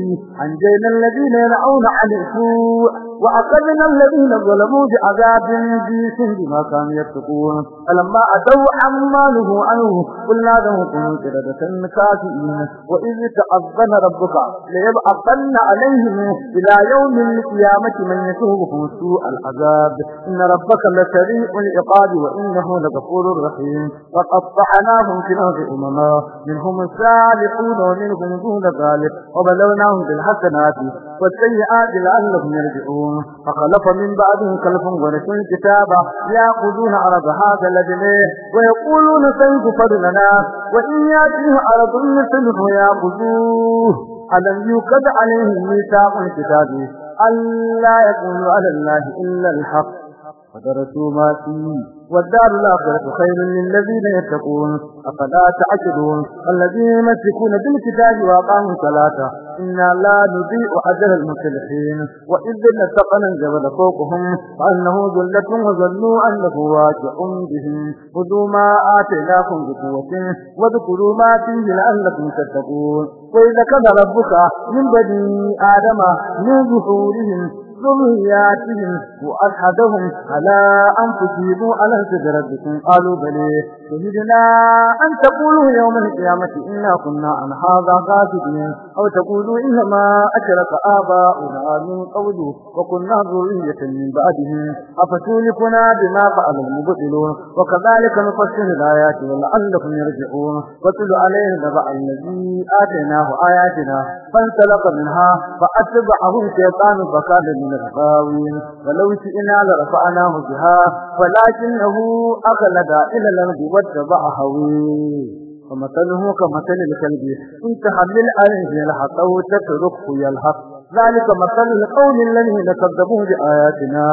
أنجينا الذين ينعون عن السوء وعقبنا الذين ظلموا بعذاب بيس بما كانوا يتقون فلما أتوا عما عنه قلنا لهم كنوا كردة كافئين وإذ تأذن ربك ليبعثن عليهم إلى يوم القيامة من يتوبهم سوء العذاب إن ربك لسريع العقاب وإنه لغفور رحيم وقد طعناهم في الأرض أمما منهم السالحون ومن منهم وبلوناهم بالحسنات والسيئات لعلهم يرجعون فخلف من بعدهم خلف ورثوا الكتاب يأخذون عرض هذا الذي ويقولون سيغفر لنا وإن يأتيه عرض مثله يأخذوه ألم يوقد عليهم ميثاق الكتاب ألا يكون على الله إلا الحق فدرسوا ما فيه والدار الآخرة خير للذين يتقون أفلا تعجلون الذين يمسكون بالكتاب وأقاموا ثلاثه إنا لا نضيء أجر المصلحين وإذ نتقنا الجبل فوقهم فأنه ذلة وظنوا أنه واجع بهم خذوا ما آتيناكم بقوة واذكروا ما فيه لعلكم تتقون وإذا كذب ربك من بني آدم من ظهورهم ذرياتهم وأشهدهم على أنفسهم على تدربكم قالوا بليه شهدنا أن تقولوا يوم القيامة إنا كنا عن هذا غافلين أو تقولوا إنما أشرك آباؤنا من قول وكنا ذرية من بعدهم أفتولكنا بما فعل المبطلون وكذلك نفسر الآيات ولعلكم يرجعون وتل عليه نبع الذي آتيناه آياتنا فانسلق منها فأتبعه الشيطان فكان من الغاوين ولو شئنا لرفعناه بها ولكنه أخلد إلى الأرض اتبع هويه فمثله كمثل الكلب إن تحمل عليه يلحق أو تتركه يلحق ذلك مثل القول الذي كذبوا بآياتنا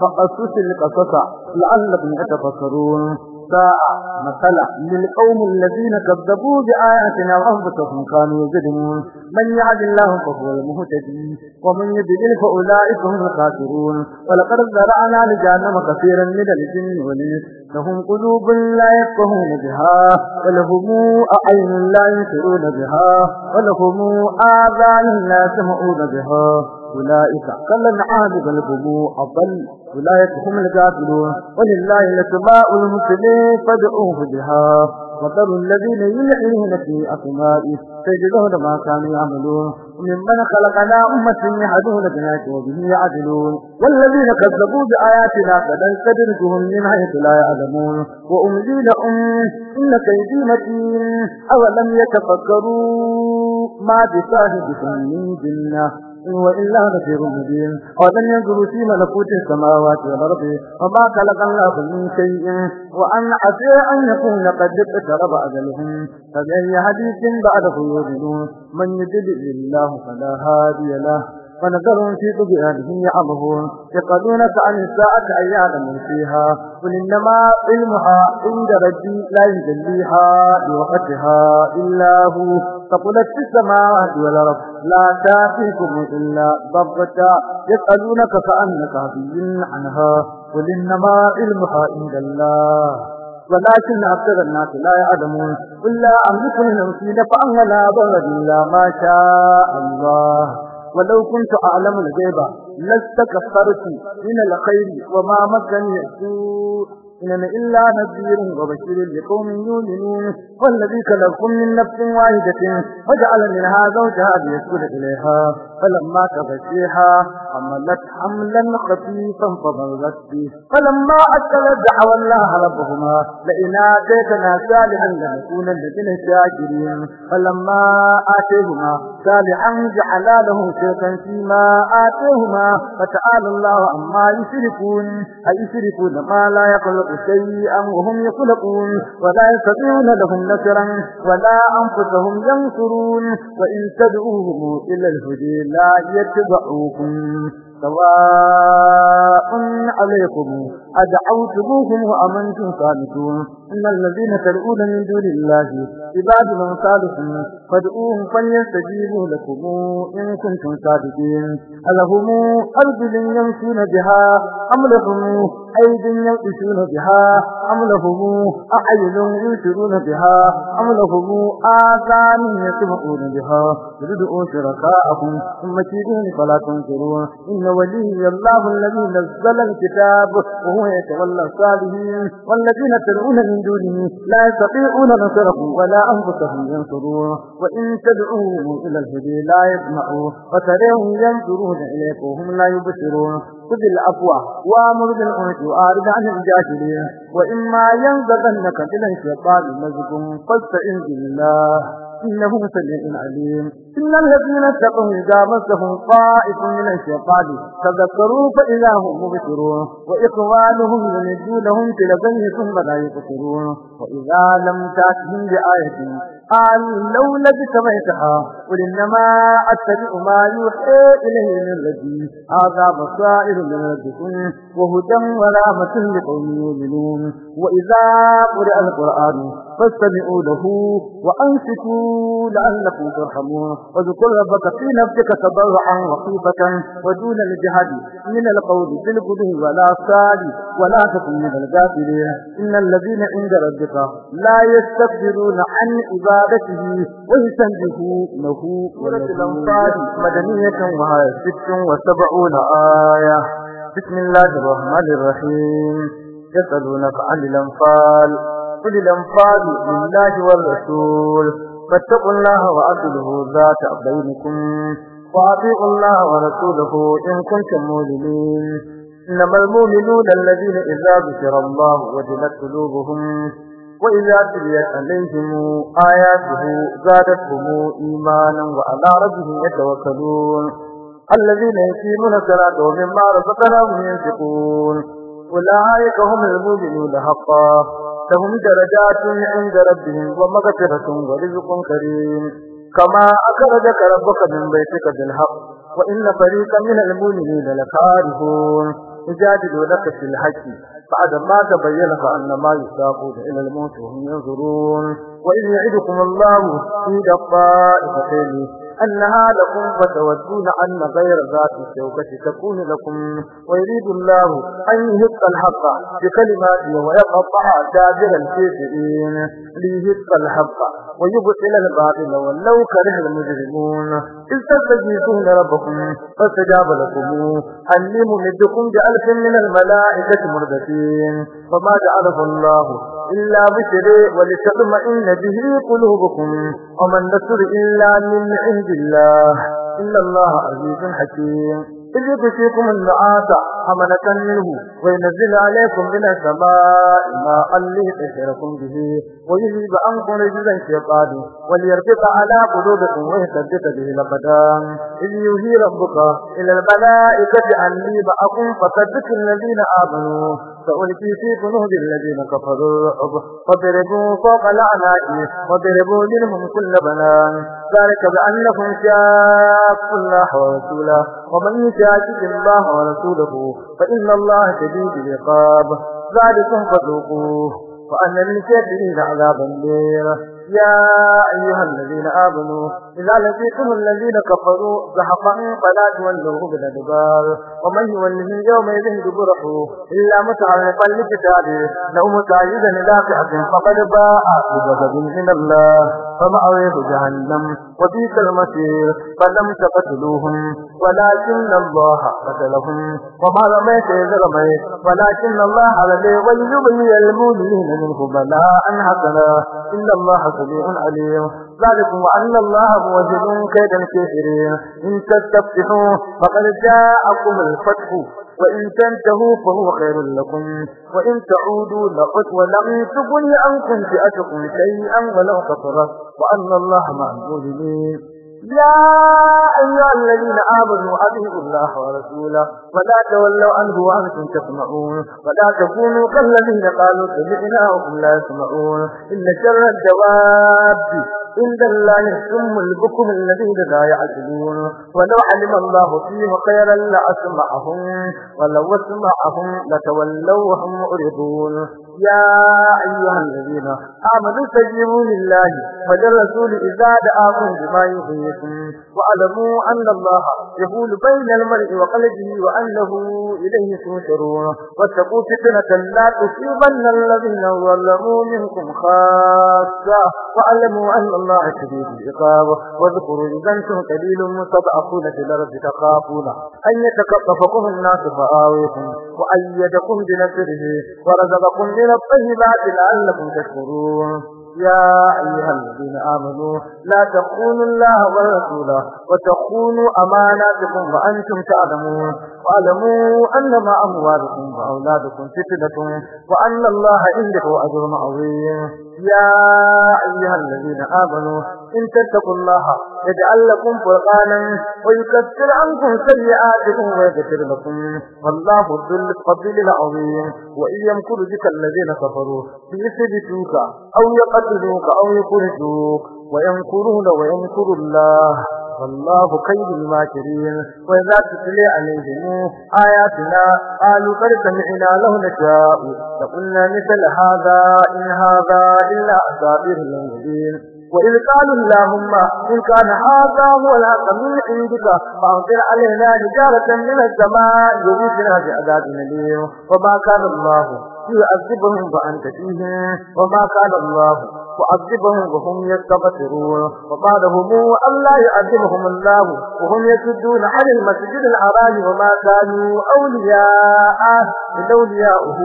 فقصص القصص لعلكم يتفكرون الساعة مثلا للقوم الذين كذبوا بآياتنا وأنفسهم كانوا يجدون من يعد الله فهو المهتدي ومن يضلل فأولئك هم الخاسرون ولقد زرعنا لجانب كثيرا من الجن والإنس لهم قلوب لا يفقهون بها ولهم أعين لا يسرون بها ولهم آذان لا يسمعون بها أولئك كالأنعام بل هم أضل أولئك هم الكافرون ولله لسماء المسلمين فادعوه بها وذروا الذين يلعنون في أسمائه سيجدون ما كانوا يعملون وممن خلقنا أمة يهدون بناك وبه يعدلون والذين كذبوا بآياتنا تدركهم من حيث لا يعلمون وأملي لهم إن كيدي متين أولم يتفكروا ما بصاحبكم من جنة إن وإلا نذير مبين ولن ينظروا في ملكوت السماوات والأرض وما خلق الله من شيء وأن عسى أن يكون قد اقترب أجلهم فبأي حديث بعده يؤمنون من يدل الله فلا هادي له ونذرهم في طغيانهم يعمهون يقالونك عن الساعة أيان من فيها قل إنما علمها عند ربي لا يجليها لوقتها إلا هو فقلت في السماوات والأرض لا تأتيكم إلا ضرة يسألونك فأنك هبي عنها قل إنما علمها عند الله ولكن أكثر الناس لا يعلمون قل لا أملك لنفسي نفعا ولا ضرا إلا ما شاء الله ولو كنت أعلم الغيب لاستكثرت من الخير وما مكني السوء إنما إلا نذير وبشير لقوم يؤمنون والذي خلقكم من نفس واحدة وجعل منها زوجها ليسكن إليها فلما تغشيها حملت حملا خفيفا فضلت به فلما أكلت دعوى الله ربهما لئن آتيتنا صالحا لنكونن من الشاكرين فلما آتيهما صالحا جعلا له شيئا فيما آتيهما فتعالى الله عما يشركون أيشركون ما لا يخلق شيئا وهم يخلقون ولا يستطيعون لهم نكرا ولا أنفسهم ينصرون وإن تدعوهم إلى الهدي لا يتبعوكم سواء عليكم أدعوتموهم وأمنتم صامتون إن الذين تدعون من دون الله عباد صالحين فادعوهم فليستجيبوا لكم إن كنتم صادقين ألهم أرض يمشون بها أم لهم أيد يمشون بها أم لهم أعين يمشون بها أم لهم آذان يسمعون بها يردعوا شركاءهم ثم كيدون فلا تنكرون إن ولي الله الذي نزل الكتاب وهو يتولى الصالحين والذين تدعون من دونه لا يستطيعون نصرهم ولا أنفسهم ينصرون وإن تدعوهم إلى الهدي لا يسمعون وتريهم ينصرون إليك وهم لا يبشرون خذ العفو وامر بالعنف وأعرض عن الجاهلين وإما ينزغنك إلى الشيطان مزق فاستعن بالله إنه سميع عليم إن الذين اتقوا إذا مسهم طائف من الشيطان تذكروا فإذا هم مبصرون وإخوانهم ينجونهم في لبنه ثم لا يبصرون وإذا لم تأتهم بآية قال لو لبث بيتها قل إنما أتبع ما يوحى إليه من ربي هذا بصائر من ربكم وهدى ورحمة لقوم يؤمنون وإذا قرأ القرآن فاستمعوا له وأنصتوا لعلكم ترحمون واذكر ربك في نفسك تضرعا وخيفة ودون الجهد من القول بالغدو ولا سال ولا تكن من الغافلين إن الذين عند ربك لا يستكبرون عن عبادته له ولله مدنية وهي 76 آية بسم الله الرحمن الرحيم يسألونك عن الأنفال قل الأنفال لله والرسول فاتقوا الله وأصله ذات بينكم وأطيعوا الله ورسوله إن كنتم مؤمنين إنما المؤمنون الذين إذا ذكر الله وجلت قلوبهم وإذا تليت عليهم آياته زادتهم إيمانا وعلى ربهم يتوكلون الذين يقيمون الصلاة ومما رزقناهم ينفقون أولئك هم المؤمنون حقا لهم درجات عند ربهم ومغفرة ورزق كريم كما أخرجك ربك من بيتك بالحق وإن فريقا من المؤمنين لكارهون لك في الحج ما تبينك تبين ما يساقون إلى الموت وهم ينظرون وإن يعدكم الله في دقائق خيره أنها لكم فتودون أن غير ذات الشوكة تكون لكم ويريد الله أن يهق الحق بكلماته ويقطع دابر الكافرين ليهق الحق ويبطل الباطل ولو كره المجرمون استغيثون ربكم فاستجاب لكم أني ممدكم بألف من الملائكة مردفين فما جعله الله إلا بشر ولتطمئن به قلوبكم وما النصر إلا من عند الله إن الله عزيز حكيم إذ يغشيكم النعاس حملة منه وينزل عليكم من السماء ماء ليطهركم به ويذهب عنكم رجل الشيطان وليرفق على قلوبكم ويثبت به الأقدام إذ يهي ربك إلى الملائكة أني معكم فثبتوا الذين آمنوا فألقي في قلوب الذين كفروا الرعب فضربوا فوق الأعناق وضربوا منهم كل بنان ذلك بأنهم شاقوا الله ورسوله ومن يشاكك الله ورسوله فإن الله شديد العقاب ذلكم فذوقوه وأن للكافرين عذابا النير يا أيها الذين آمنوا إذا لقيتم الذين كفروا زحفا فلا تولوه بالأدبار ومن يوله يومئذ دبره إلا متعلقا لكتابه لو متعيدا إلى فقد باء بغضب من الله فمأويه جهنم وبئس المصير فلم تقتلوهم ولكن الله قتلهم وما رميت إذ رميت ولكن الله على لي وليبلي المؤمنين منه بلاء حسنا إن الله سميع عليم ذلك وأن الله موجد كيد الكافرين إن تستفتحوا فقد جاءكم الفتح وإن تنتهوا فهو خير لكم وإن تعودوا لقد ولم تبني عنكم فئتكم شيئا ولو كثرت وأن الله مع المؤمنين يا أيها الذين آمنوا أبهوا الله ورسوله ولا تولوا عنه وأنتم تسمعون ولا تكونوا كالذين قالوا سمعنا وهم لا يسمعون إن شر الدواب عند الله ثم البكم الذين لا يعجلون ولو علم الله فيه خيرا لأسمعهم ولو اسمعهم لتولوا وهم معرضون يا أيها الذين آمنوا استجيبوا لله وللرسول إذا دعاكم بما يحييكم واعلموا أن الله يقول بين المرء وقلبه وأنه إليه تنشرون واتقوا فتنة لا تصيبن الذين ظلموا منكم خاصة واعلموا أن الله شديد العقاب واذكروا إذا أنتم قليل مستضعفون في الأرض تخافون أن يتكففكم الناس فآويكم وأيدكم بنصره ورزقكم من الطيبات لعلكم تشكرون يا أيها الذين آمنوا لا تخونوا الله ورسوله وتخونوا أماناتكم وأنتم تعلمون واعلموا أنما أموالكم وأولادكم فتنة وأن الله عنده أجر عظيم يا أيها الذين آمنوا إن تتقوا الله يجعل لكم فرقانا ويكفر عنكم سيئاتكم ويغفر لكم والله ذو الفضل العظيم وإن يمكر بك الذين كفروا ليثبتوك أو يقتلوك أو يخرجوك وينكرون وينكر الله والله كيد الماكرين وإذا تتلي عليهم آياتنا قالوا قد سمعنا له نشاء لقلنا مثل هذا إن هذا إلا أساطير المبين وإذ قالوا اللهم إن كان هذا هو الحق من عندك فأمطر علينا حجارة من السماء يميتنا بعذاب أليم وما كان الله يعذبهم وأنت فيهم وما كان الله تعذبهم وهم يستغفرون وقال هم أن لا يعذبهم الله وهم يسدون عن المسجد الحرام وما كانوا أولياء إلا أولياءه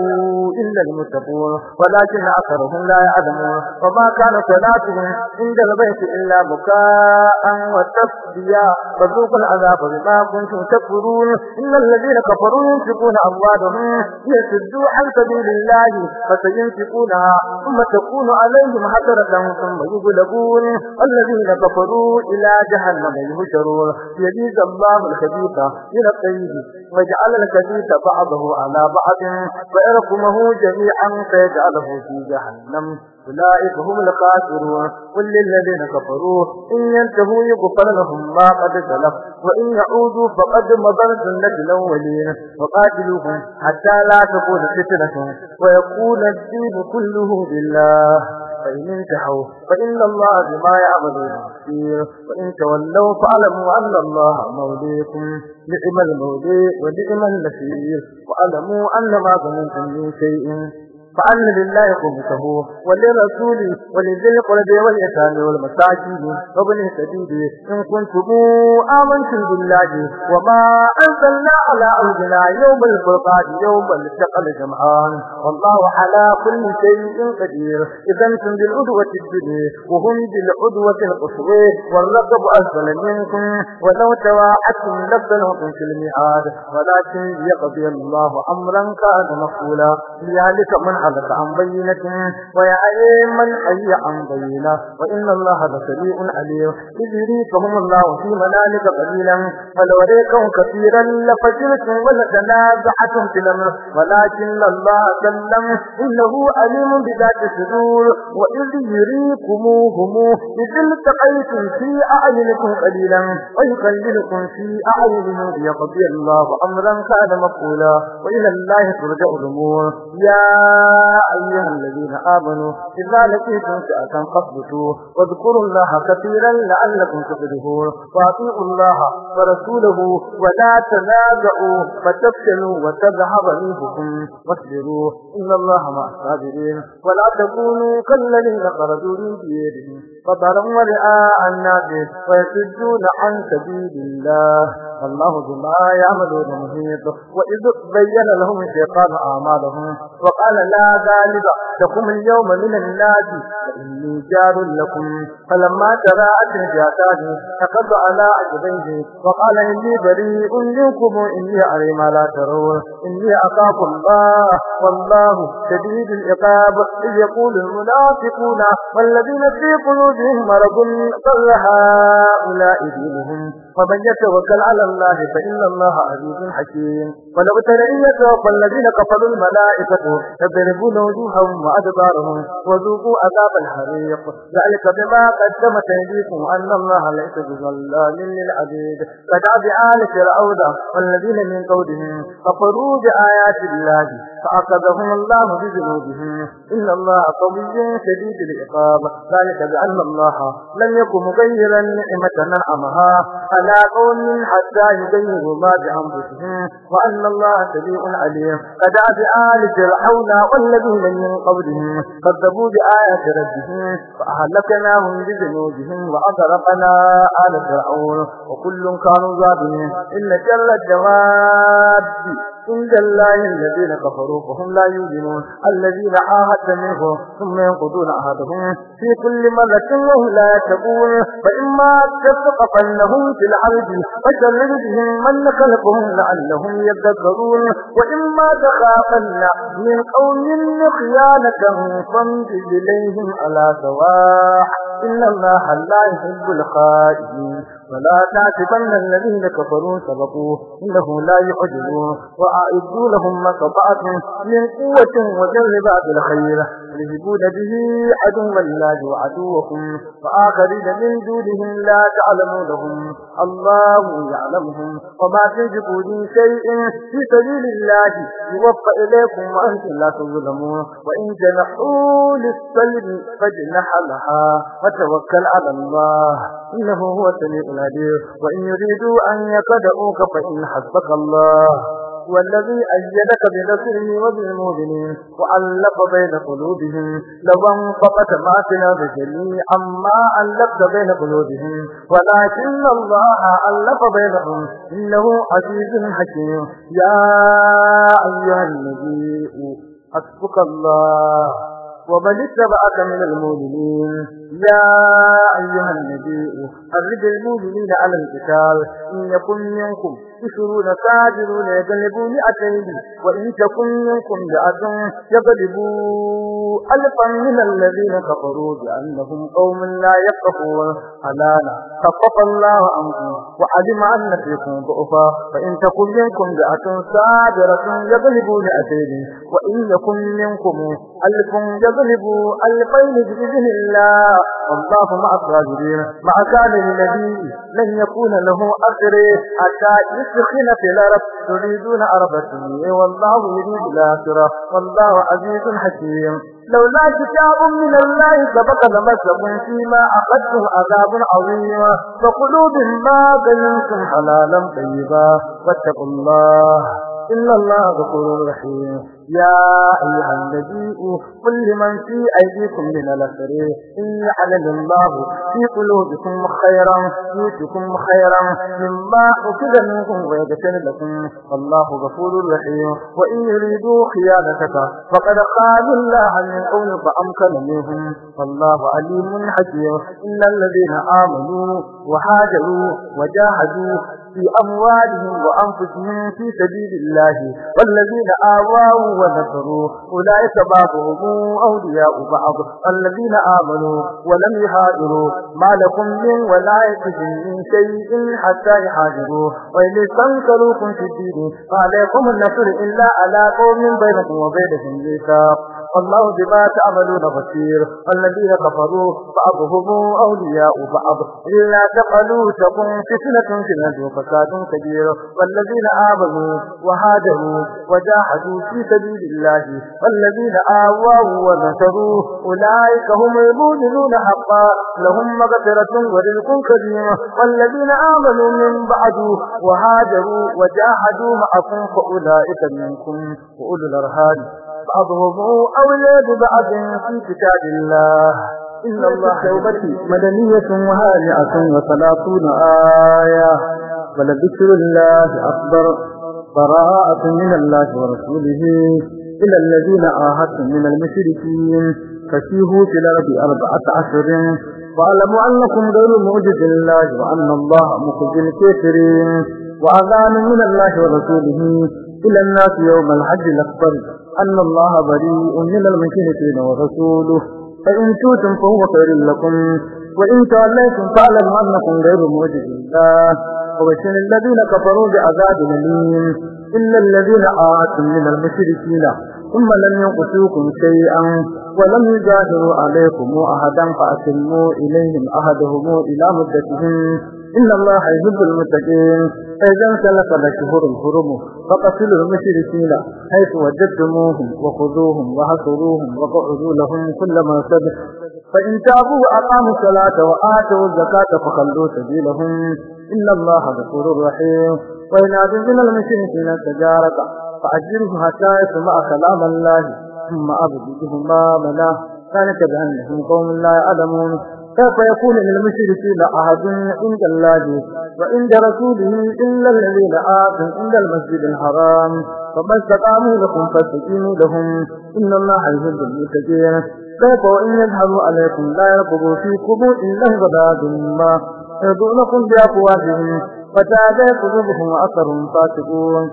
إلا المتقون ولكن أكثرهم لا يعلمون وما كان صلاتهم عند البيت إلا بكاء وتصديا فذوقوا العذاب بما كنتم تكفرون إن الذين كفروا ينفقون أموالهم ليسدوا عن سبيل الله فسينفقونها ثم تكون عليهم له ثم يغلبون الذين كفروا إلى جهنم يهجرون يجيز الله الخبيث إلى الطيب ويجعل الخبيث بعضه على بعض ويركمه جميعا فيجعله في جهنم أولئك هم الخاسرون قل للذين كفروا إن ينتهوا يغفر لهم ما قد سلف وإن يعودوا فقد مضر سنة الأولين وقاتلوهم حتى لا تكون فتنة ويكون الدين كله لله فإن انتهوا فإن الله بما يعملون كثير وإن تولوا فاعلموا أن الله موليكم نعم المولي ونعم النصير وعلموا أن ما ظننتم من شيء فأن لله قوته ولرسول ولذي القرب واليتامى والمساكين وابن السبيل إن كنتم آمنتم بالله وما أنزلنا على أرضنا يوم الفرقان يوم التقى الجمعان والله على كل شيء قدير إذا أنتم بالعدوة الدنيا وهم بالعدوة القصوى والرقب أسفل منكم ولو تواعدتم لبنهم في الميعاد ولكن يقضي الله أمرا كان مقبولا ليهلك من حدث عن بينة ويا من حي عن بينة وإن الله بسريع عليم إذ يريكهم الله في منامك قليلا ولوريكم كثيرا لفجرتم ولتنازعتم في الأمر ولكن الله سلم إنه عليم بذات الصدور وإذ يريكموهم إذ التقيتم في أعينكم قليلا ويقللكم في أعينهم ليقضي الله أمرا كان مقولا وإلى الله ترجع الأمور يا أيها الذين آمنوا إذا لقيتم فئة فاثبتوا واذكروا الله كثيرا لعلكم تفلحون وأطيعوا الله ورسوله ولا تنازعوا فتفشلوا وتذهب ريحكم واصبروا إن الله مع الصابرين ولا تكونوا كالذين خرجوا من ديرهم فطرا ورئاء الناس ويسجون عن سبيل الله الله بما يعملون مهيط وإذ بين لهم الشيطان أعمالهم وقال لا ذلك لكم اليوم من الناس فإني جار لكم فلما تراءت الجاتان أخذ على عجبيه وقال إني بريء منكم إني أري ما لا ترون إني أخاف الله والله شديد العقاب إذ يقول المنافقون والذين في قلوبهم به مرض هؤلاء دينهم ومن يتوكل على الله فإن الله عزيز حكيم ولو تلئيت الذين كفروا الملائكة تضربون وجوههم وأدبارهم وذوقوا عذاب الحريق ذلك بما قدمت أيديكم أن الله ليس بظلام للعبيد فدع آل فرعون والذين من قولهم كفروا بآيات الله فأخذهم الله بذنوبهم إن الله قوي شديد العقاب ذلك بأن الله لم يكن مغيرا نعمة نعمها على قوم حتى يغيروا ما بأنفسهم وأن إن الله سميع عليم قد بآل فرعون والذين من قبلهم كذبوا بآيات ربهم فأهلكناهم بذنوبهم وأغرقنا آل فرعون وكل كانوا ظالمين إن جل الدواب إن الله الذين كفروا فهم لا يؤمنون الذين عاهدت منهم ثم ينقضون عهدهم في كل مرة وهم لا يتقون فإما تثقفنهم في العرض فشرد بهم من خلقهم لعلهم يبدأون تذكرون وإما تخافن من قوم خيانة فانجز إليهم على سواح إن الله لا يحب الخائنين ولا تعتبن الذين كفروا سبقوه إنه لا يعجزون وأعدوا لهم ما استطعتم من قوة وجلب الخير يجبون به عدو الله يعدوكم وآخرين من دونهم لا تعلمونهم الله يعلمهم وما تجبوا لي شيء في سبيل الله يوفى إليكم وأنتم لا تظلمون وإن جنحوا للسلم فاجنح لها وتوكل على الله إنه هو سميع به وإن يريدوا أن يقدعوك فإن حسبك الله والذي أيدك بنصره وبالمؤمنين وألف بين قلوبهم لو انفقت ما في الأرض جميعا ما ألفت بين قلوبهم ولكن الله ألف بينهم إنه عزيز حكيم يا أيها النبي حسبك الله ومن اتبعك من المؤمنين يا أيها النبي أرد المؤمنين على القتال إن يكن منكم عشرون صادرون يغلبوا مئتين وإن تكن منكم مئة يغلبوا ألفا من الذين كفروا بأنهم قوم لا يفقهون حلالا خفف الله عنكم وعلم أن فيكم ضعفا فإن تكن منكم مئة صابرة يغلبوا مئتين وإن يكن منكم ألف يغلبوا ألفين بإذن الله والله مع الصابرين مع كان الذي لن يكون له أجر حتى يسخن في الأرض تريدون أرض الدنيا والله يريد الآخرة والله عزيز حكيم لولا كتاب من الله سبق لمسكم فيما أخذتم عذاب عظيم فقلوا بما بينكم حلالا طيبا واتقوا الله إن الله غفور رحيم يا أيها النبي قل لمن في أيديكم من الأسرى إن يعلم الله في قلوبكم خيرا يؤتكم خيرا مما أخذ منكم ويجتن لكم الله غفور رحيم وإن يريدوا خيانتك فقد قال الله من قول فأمكن منهم والله عليم حكيم إن الذين آمنوا وهاجروا وجاهدوا في أموالهم وأنفسهم في سبيل الله والذين آواوا ونكروا أولئك بعضهم أولياء بعض الذين آمنوا ولم يهاجروا ما لكم من ولايتهم من شيء حتى يهاجروا وإن استنكروكم في الدين فعليكم النصر إلا على قوم بينكم وبينهم ميثاق الله بما تعملون بصير الذين كفروا بعضهم أولياء بعض إلا تقلوا تكون فتنة في الأرض وفساد كبير والذين آمنوا وهاجروا وجاهدوا في سبيل الله والذين آووا ونصروا أولئك هم المؤمنون حقا لهم مغفرة ورزق كريم والذين آمنوا من بعد وهاجروا وجاهدوا معكم فأولئك منكم وأولو الأرهاب بعضهم أولاد بعض في كتاب الله إن الله توبتي مدنية وهانئة وثلاثون آية ولذكر الله أكبر براءة من الله ورسوله إلى الذين آهدتم من المشركين فسيهوا في الأرض أربعة عشر واعلموا أنكم غير معجز الله وأن الله مخزي الكافرين وأذان من الله ورسوله إلى الناس يوم الحج الأكبر أن الله بريء من المشركين ورسوله فإن توتم فهو خير لكم وإن توليتم فاعلموا أنكم غير موجد الله وبشر الذين كفروا بعذاب أليم إلا الذين آتوا من المشركين ثم لم ينقصوكم شيئا ولم يجاهروا عليكم أحدا فأتموا إليهم أحدهم إلى مدتهم إن الله يحب المتقين إذا انسلخ بشهور الحرم فقتلوا المشركين حيث وجدتموهم وخذوهم وحصروهم وقعدوا لهم كل ما سبق فإن تابوا وأقاموا الصلاة وآتوا الزكاة فخلوا سبيلهم إن الله غفور رحيم وإن أذن المشركين تجارة فأجره حتى يسمع كلام الله ثم أبدهم بلاه مناه ذلك بأنهم قوم لا يعلمون كيف يكون من المشركين أحد عند الله وعند رسوله إلا الذين آتوا عند المسجد الحرام فما استقاموا لكم فاستقيموا لهم إن الله وجل المتقين كيف وإن يذهبوا عليكم لا في فيكم إلا غدا ذمة يرضونكم بأقوالهم فتابع قلوبهم وأثرهم فاسقون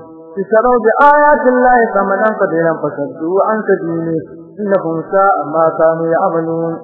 اشتروا بآيات الله ثمنا قليلا فشدوا عن سبيله إنهم ساء ما كانوا يعملون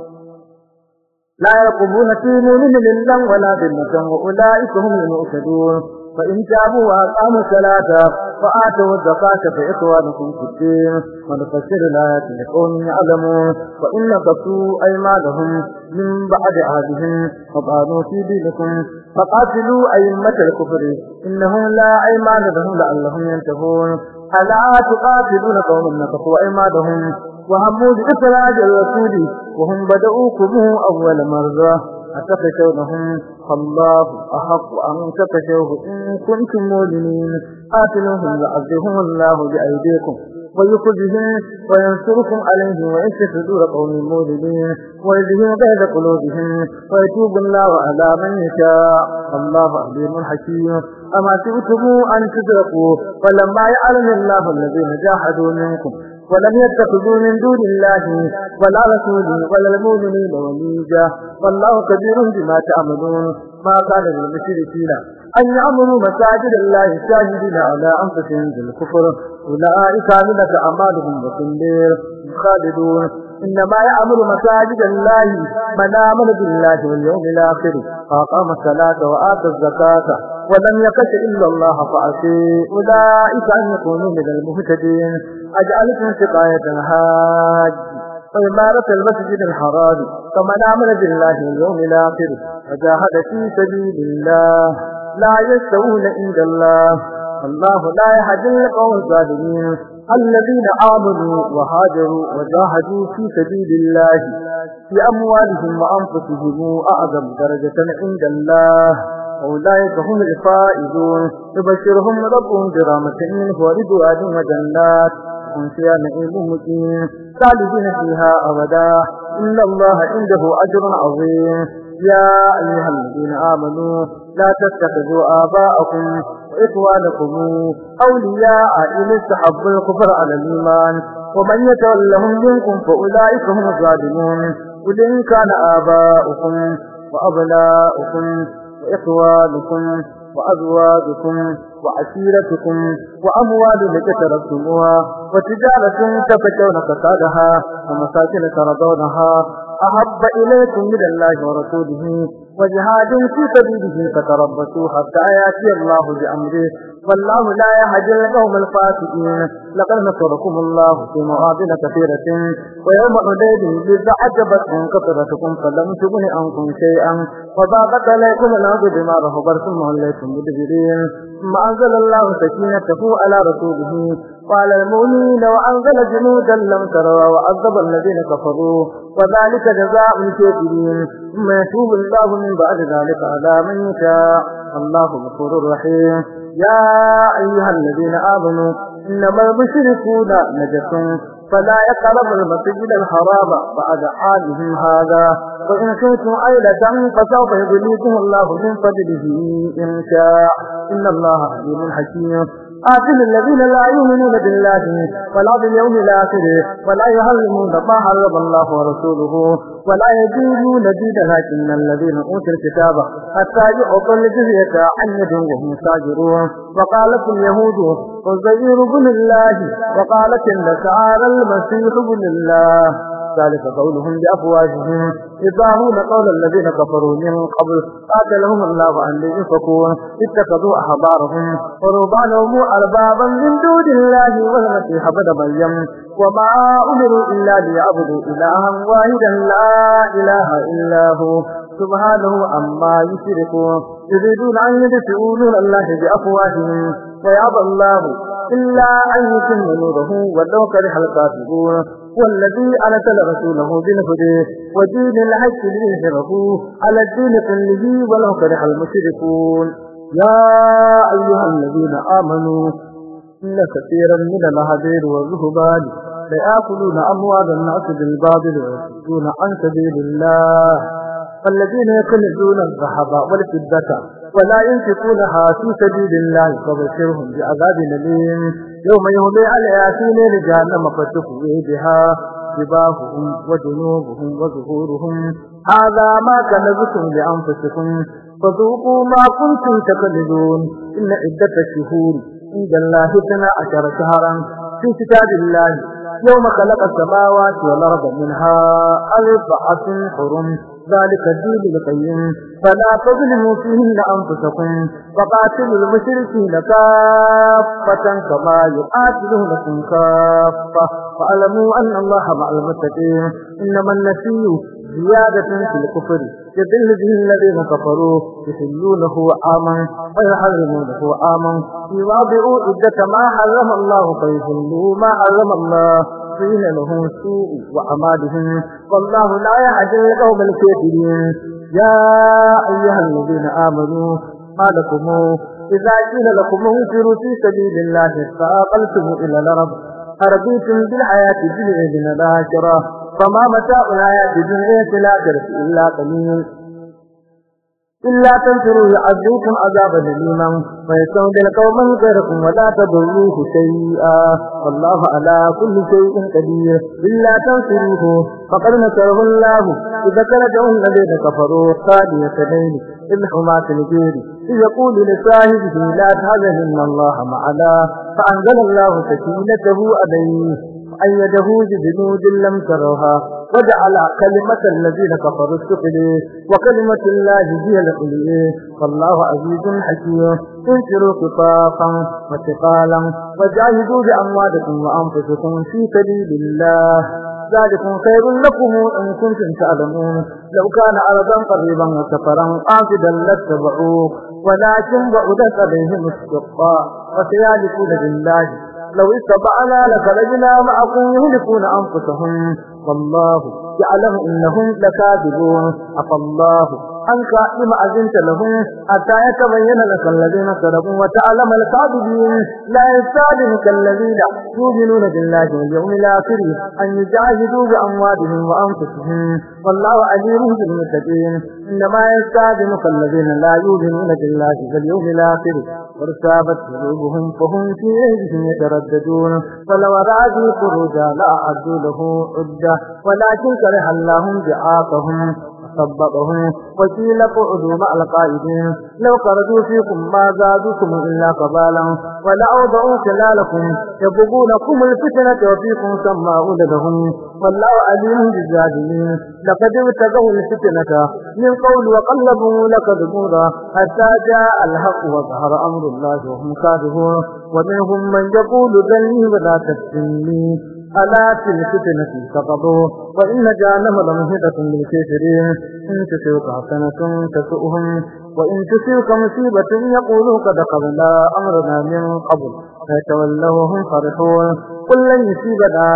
لا يقبون في مؤمن إلا ولا ذمة وأولئك هم المؤسدون فإن تابوا وأقاموا ثلاثة فآتوا الزكاة فإخوانكم في الدين ونفسر الآيات لقوم يعلمون وإن نقصوا أيمانهم من بعد عهدهم فبانوا في دينكم فقاتلوا أئمة الكفر إنهم لا أيمان لهم لعلهم ينتهون ألا تقاتلون قوما نكفوا عمادهم وهموا بإخراج الرسول وهم بدؤوكم أول مرة أتخشونهم فالله أحق أن تخشوه إن كنتم مؤمنين قاتلوهم يعذبهم الله بأيديكم به وينصركم عليه ويشف صدور قوم مذنبين ويذهب بعد قلوبهم ويتوب الله على من يشاء الله عليم حكيم أما تبتم أن تدركوا فلما يعلم الله الذين جاحدوا منكم ولم يتخذوا من دون الله ولا رسوله ولا المؤمنين وليجا والله كبير بما تعملون ما قال للمشركين أن يعمروا مساجد الله شاهدين على أنفسهم بالكفر أولئك من أعمالهم وكلهم خالدون إنما يعمر مساجد الله من آمن بالله واليوم الآخر أقام الصلاة وآتى الزكاة ولم يكش إلا الله فأسي أولئك أن يكونوا من المهتدين أجعلكم سقاية الهاج وإمارة المسجد الحرام فمن آمن بالله اليوم الآخر وجاهد في سبيل الله لا يستوون عند الله الله لا يهدي القوم الظالمين الذين آمنوا وهاجروا وجاهدوا في سبيل الله في أموالهم وأنفسهم أعظم درجة عند الله أولئك هم الفائزون يبشرهم ربهم برامة منه ورضوان وجنات هم فيها نعيم مكين خالدين فيها أبدا إن الله عنده أجر عظيم يا أيها الذين آمنوا لا تتخذوا آباءكم وإخوانكم أولياء إن استحبوا الكفر على الإيمان ومن يتولهم منكم فأولئك هم الظالمون قل إن كان آباؤكم وأبناؤكم وإخوانكم وأزواجكم وعشيرتكم وأموال لتتربتموها وتجارة تفتون فسادها ومساكن ترضونها أحب إليكم من الله ورسوله وجهاد في سبيله فتربصوا حتى يأتي الله بأمره والله لا يهدي القوم الفاسقين لقد نصركم الله في مغابل كثيرة ويوم حديد إذا عجبتكم كثرتكم فلم تغن عنكم شيئا وضاقت عليكم الأرض بما رهبت ثم وليتم مدبرين ما أنزل الله سكينته على رسوله وعلى المؤمنين وأنزل جنودا لم تروا وعذب الذين كفروا وذلك جزاء الكافرين ثم يتوب الله من بعد ذلك على من يشاء الله غفور رحيم يا أيها الذين آمنوا إنما المشركون نجس فلا يقرب المسجد الحرام بعد حالهم هذا وإن كنتم عيلة فسوف يبليكم الله من فضله إن شاء إن الله عليم حكيم آتل الذين لا يؤمنون بالله ولا باليوم الآخر ولا يهلمون ما حرم الله ورسوله ولا يجوزون دينها إن الذين أوتوا الكتاب حتى يعطوا الجزية عن يدهم وهم ساجرون وقالت اليهود والزبير بن الله وقالت النسارى المسيح بن الله ذلك قولهم بأفواجهم إباهون قول الذين كفروا من قبل قاتلهم الله أن يفكون اتخذوا أحبارهم وربانهم أربابا من دون الله والمسيح بن مريم وما أمروا إلا ليعبدوا إلها واحدا لا إله إلا هو سبحانه عما يشركون يريدون أن يدفئوا نور الله بأفواههم ويعبى الله إلا أن يتم نوره ولو كره الكافرون والذي أنزل رسوله بالهدى ودين الحج ليظهره على الدين كله ولو كره المشركون يا أيها الذين آمنوا إن كثيرا من المهابير والرهبان ليأكلون أموال الناس بالباطل ويصدون عن سبيل الله فالذين يكنزون الذهب والفضة ولا ينفقونها في سبيل الله فبشرهم بعذاب أليم يوم يهدي على ياسين لجهنم فتكوي بها جباههم وجنوبهم وظهورهم هذا ما كنزتم لأنفسكم فذوقوا ما كنتم تكنزون إن عدة الشهور عند الله اثنا عشر شهرا في كتاب الله يوم خلق السماوات والأرض منها ألف حسن حرم ذلك الدين لقيم فلا تظلموا فيهن أنفسكم وقاتلوا المشركين كافة كما يقاتلونكم كافة فاعلموا أن الله مع المتقين إنما النسي زيادة في الكفر يضل به الذين كفروا يحلونه عاما ويحرمونه عاما يواضعوا عدة ما حرم الله فيحلوا ما حرم الله قيل لهم سوء وعمادهم والله لا يعجل قوم الكافرين يا أيها الذين آمنوا ما لكم إذا قيل لكم انفروا في سبيل الله فأقلتم إلى الأرض أرضيتم بالحياة الدنيا من الآخرة فما متاع الحياة الدنيا في الآخرة إلا قليل إلا تنفروا يعذبكم عذابا أليما ويستبدل قوما غيركم ولا تضروه شيئا والله على كل شيء قدير إلا تنفروه فقد نصره الله إذا كانوا الذين كفروا قالوا يتدين إن هما في الجيد يقول لصاحبه لا تحزن إن الله معنا فأنزل الله سكينته عليه أيده بجنود لم ترها وجعل كلمة الذين كفروا السفلي وكلمة الله هي العليا فالله عزيز حكيم انشروا قطاقا وثقالا وجاهدوا بأموالكم وأنفسكم في سبيل الله ذلكم خير لكم إن كنتم تعلمون لو كان عرضا قريبا وكفرا قاصدا لاتبعوك ولكن بعدت عليهم الشقاء وسيالكون بالله لو استطعنا لخرجنا معكم يهلكون أنفسهم والله يعلم إنهم لكاذبون الله أنك لما أذنت لهم حتى يتبين لك الذين صدقوا وتعلم الكاذبين لا يستعلمك الذين يؤمنون بالله واليوم الآخر أن يجاهدوا بأموالهم وأنفسهم والله عليم بالمتقين إنما يستعلمك الذين لا يؤمنون بالله واليوم الآخر وارتابت قلوبهم فهم في عيدهم يترددون فلو أرادوا خروجا لأعدوا له عدة ولكن كره الله بعاقهم صبقهم وقيل قعدوا مع القائدين لو قردوا فيكم ما زادوكم إلا قبالا ولا أوضعوا خلالكم يبغونكم الفتنة وفيكم سماعون لهم والله عليم بالزادين لقد ابتغوا الفتنة من قول وقلبوا لك ذكورا حتى جاء الحق وظهر أمر الله وهم كارهون ومنهم من يقول ذلي ولا تبتني ألا في الفتنة سقطوا وإن جهنم لمهدة للكافرين إن تسوك حسنة تسؤهم وإن تسوك مصيبة يقولوا قد قبلنا أمرنا من قبل فتولوا فرحون قل لن يصيبنا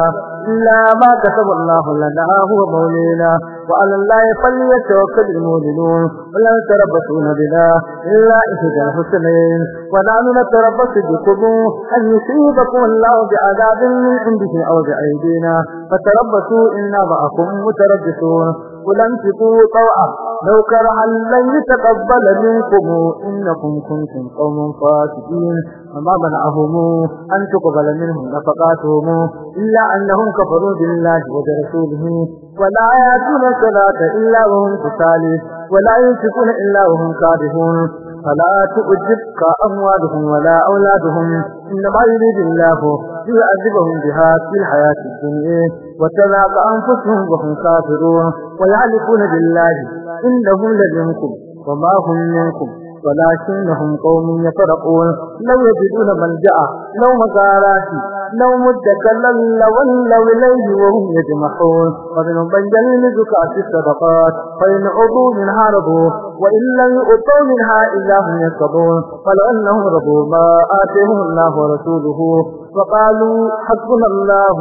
إلا ما كتب الله لنا هو مولينا وعلى الله فليتوكل المؤمنون ولا يتربصون بنا إلا إهدى الحسنين ونحن نتربص بكم أن يصيبكم الله بعذاب من عنده أو بأيدينا فتربصوا إنا معكم متربصون فلانفقوا طوعا لو كره لن يتقبل منكم إنكم كنتم قوم فاسدين فما منعهم أن تقبل منهم نفقاتهم إلا أنهم كفروا بالله وبرسوله ولا يأتون الصلاة إلا وهم تسالي ولا ينفقون إلا وهم كارهون فلا تؤجبك أموالهم ولا أولادهم إنما يريد الله ليعذبهم بها في الحياة الدنيا وتذاق أنفسهم وهم كافرون ويعلقون بالله إنهم لجنكم وما هم منكم ولكنهم قوم يفرقون لو يجدون ملجأ لو مزارات لو مدة لولوا إليه وهم يجمحون ومنهم من يلمزك في الصدقات فإن عضوا منها رضوا وإن لم يؤطوا منها إلا هم يصبون فلأنهم أنهم رضوا ما آتهم الله ورسوله وقالوا حسبنا الله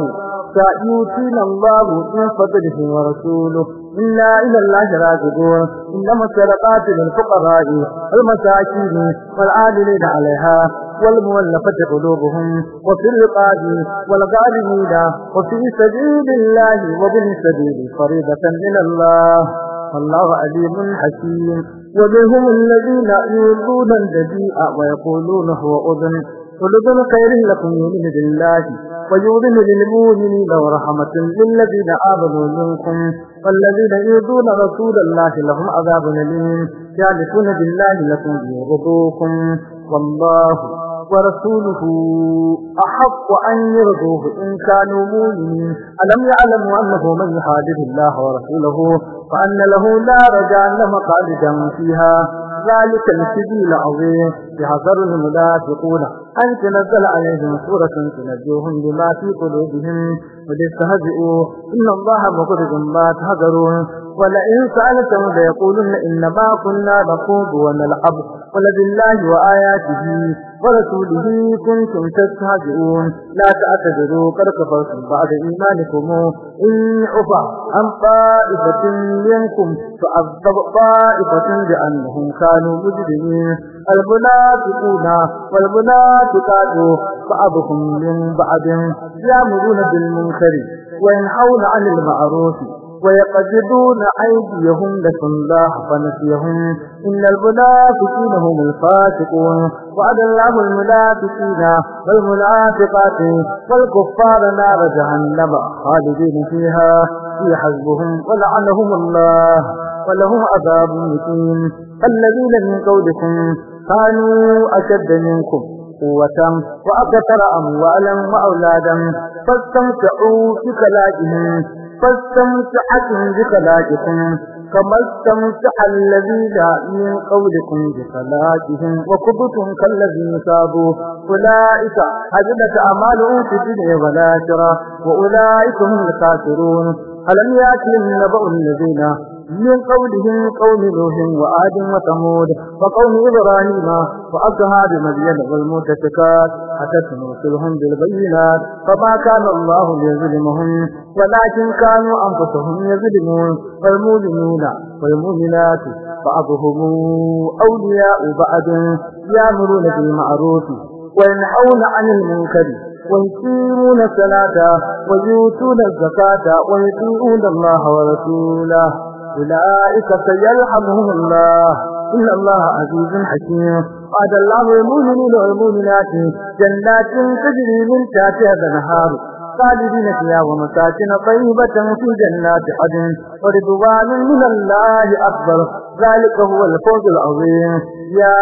حتى يؤتينا الله من فضله ورسوله إلا إلى الله راجعون إنما الصدقات للفقراء والمساكين والعاملين عليها والمولفة قلوبهم وفي الرقاب والغالبين وفي سبيل الله وبن سبيل فريضة من الله الله عليم حكيم ومنهم الذين يؤذون النبي ويقولون هو أذن ثلثا خير لكم يؤمن بالله ويؤمن للمؤمنين ورحمة للذين آمنوا منكم والذين يؤذون رسول الله لهم عذاب أليم يعرفون بالله لكم يرضوكم والله ورسوله أحق أن يرضوه إن كانوا مؤمنين ألم يعلموا أنه من يحادث الله ورسوله فأن له لا رجاء خالدا فيها ذلك السبيل العظيم يحذر المنافقون أن تنزل عليهم سورة تنجوهم بما في قلوبهم وليستهزئوا إن الله مخرج ما تهذرون ولئن سألتهم ليقولن إنما كنا نخوض ونلعب بالله وآياته ورسوله كنتم تستهزئون لا تعتذروا قد كفرتم بعد إيمانكم إن عفا عن طائفة منكم فعذب طائفة بأنهم كانوا مجرمين المنافقون والمنافقات بعضهم من بعض يأمرون بالمنكر وينحون عن المعروف ويقبضون أيديهم لكم الله فنسيهم إن المنافقين هم الفاسقون وعد الله المنافقين والمنافقات والكفار نار جهنم خالدين فيها في حزبهم ولعنهم الله ولهم عذاب مكين الذين من قولكم كانوا أشد منكم قوة وأكثر أموالا وأولادا فاستمتعوا بكلامهم فاستمتعتم بخلاقكم كما استمتع الذين من قولكم بصلاتهم وكبتم كالذين سابوا أولئك حجبت أعمالهم في الدنيا والآخرة وأولئك هم الخاسرون ألم يأتهم نبأ الذين من قولهم قوم نوح وعاد وثمود وقوم إبراهيم وأصحاب مدين والمتفكات حتى تنوصلهم بالبينات فما كان الله يظلمهم ولكن كانوا أنفسهم يظلمون والمؤمنون والمؤمنات بعضهم أولياء بعض يأمرون بالمعروف وينحون عن المنكر ويقيمون الصلاة ويؤتون الزكاة ويطيعون الله ورسوله أولئك سيلحمهم الله إن الله عزيز حكيم وعد الله المؤمنين والمؤمنات جنات تجري من تحتها الأنهار خالدين فيها ومساكن طيبة في جنات عدن ورضوان من الله أكبر ذلك هو الفوز العظيم يا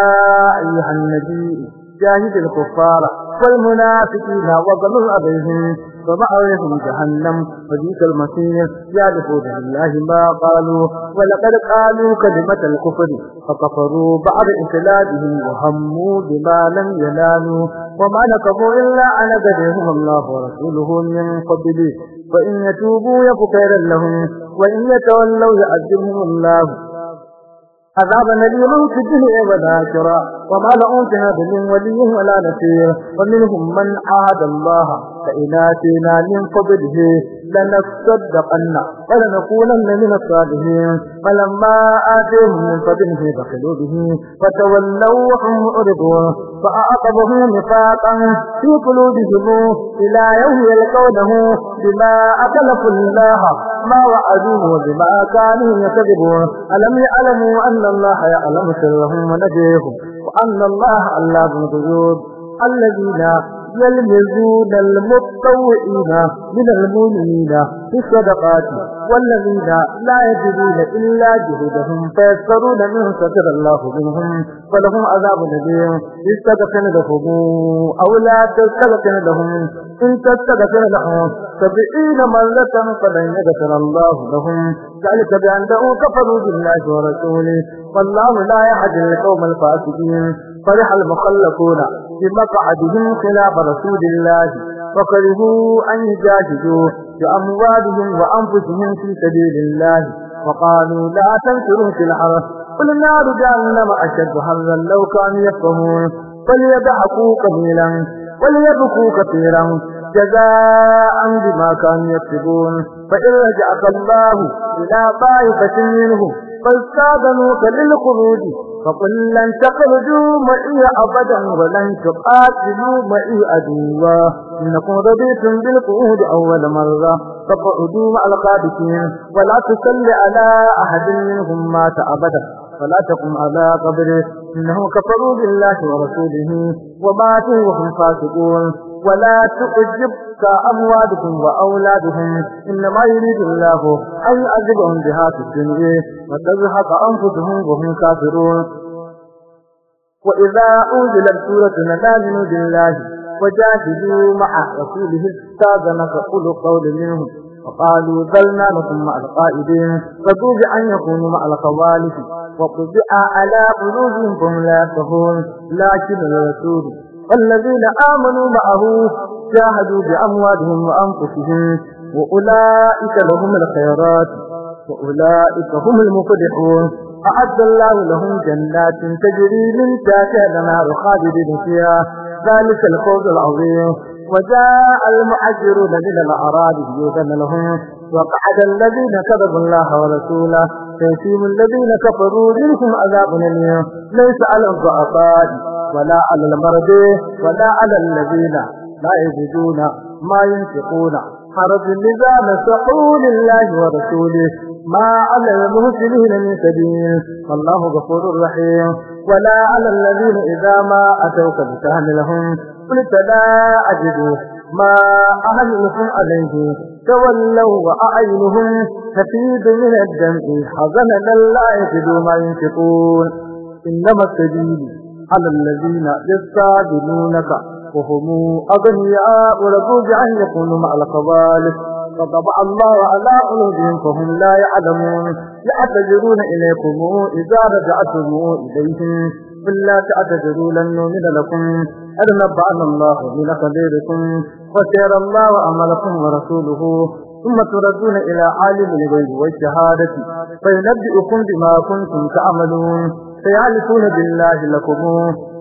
أيها النبي جاهد الكفار والمنافقين وظلوا عليهم ومأويهم جهنم فذيك المصير يعرفوا بالله ما قالوا ولقد قالوا كلمة الكفر فكفروا بعد إسلامهم وهموا بما لم ينالوا وما نكفوا إلا على قدرهم الله ورسوله من قبله فإن يتوبوا يكفر لهم وإن يتولوا يعذبهم الله عذاب أليما في الدنيا والآخرة وما لهم بمن من ولي ولا نصير ومنهم من عاد الله فإن آتينا من فضله لنصدقن ولنكونن من الصالحين فلما آتيهم من فضله بخلوا به فتولوا وهم أرضوا فأعقبهم نفاقا في قلوبهم إلى يوم يلقونه بما أكلفوا الله ما وعدوه بما كانوا يكذبون ألم يعلموا أن الله يعلم سرهم ونجيهم وأن الله علام الغيوب الذين يلمزون المتطوئين من المؤمنين في الصدقات والذين لا يجدون إلا جهدهم فيسرون منهم سجد الله منهم فلهم عذاب نبيهم استغفر لهم أو لا تستغفر لهم إن تستغفر لهم سبعين مرة فلن يغفر الله لهم ذلك بأنهم كفروا بالله ورسوله والله لا يهدي قوم الفاسدين فرح المخلقون بمقعدهم خلاف رسول الله فكرهوا أن يجاهدوا بأموالهم وأنفسهم في سبيل الله وقالوا لا تنفروا في الحرس قل النار جهنم أشد حرا لو كانوا يفهمون فليضحكوا قليلا وليبكوا كثيرا جزاء بما كانوا يكسبون فإن رجعك الله إلى طائفة منهم فاستاذنوك للخروج فقل لن تخرجوا معي أبدا ولن تقاتلوا معي أدوا إنكم رضيتم بالقعود أول مرة فقعدوا مع القادسين ولا تصل على أحد منهم مات أبدا فلا تقم على قبره إنهم كفروا بالله ورسوله وماتوا وهم فاسقون ولا تعجبك تزكى أموالهم وأولادهم إنما يريد الله أن يعذبهم بها في الدنيا وتزهق أنفسهم وهم كافرون وإذا أنزلت سورة نتاجن بالله وجاهدوا مع رسوله استاذنك قولوا قول منهم وقالوا ذلنا لكم مع القائدين فدوب أن يكونوا مع الخوالف وقضع على قلوبهم فهم لا يفقهون لكن الرسول والذين آمنوا معه جاهدوا بأموالهم وأنفسهم وأولئك لهم الخيرات وأولئك هم المفلحون أعد الله لهم جنات تجري من تحتها الأنهار خالدين فيها ذلك الفوز العظيم وجاء المعجرون من الأعراب يؤذن لهم وقعد الذين كذبوا الله ورسوله تنسيم الذين كفروا منهم عذاب أليم ليس على الضعفاء ولا على المرضى ولا على الذين لا يجدون ما ينفقون حرج النزام سقول لله ورسوله ما على المهسلين من سبيل الله غفور رحيم ولا على الذين إذا ما أتوك لهم قلت لا أجدوا ما أهلهم عليه تولوا وأعينهم تفيد من الدمع حزنا لا يجدوا ما ينفقون إنما السبيل على الذين يستعجلونك ترهقهم أغنياء ورضوا بأن يكونوا مع القبالس فضبع الله على قلوبهم فهم لا يعلمون يعتذرون إليكم إذا رجعتم إليهم فلا تعتذروا لن نؤمن لكم قد نبعنا الله من خبيركم فسير الله أملكم ورسوله ثم تردون إلى عالم الغيب والشهادة فينبئكم بما كنتم تعملون فيعرفون بالله لكم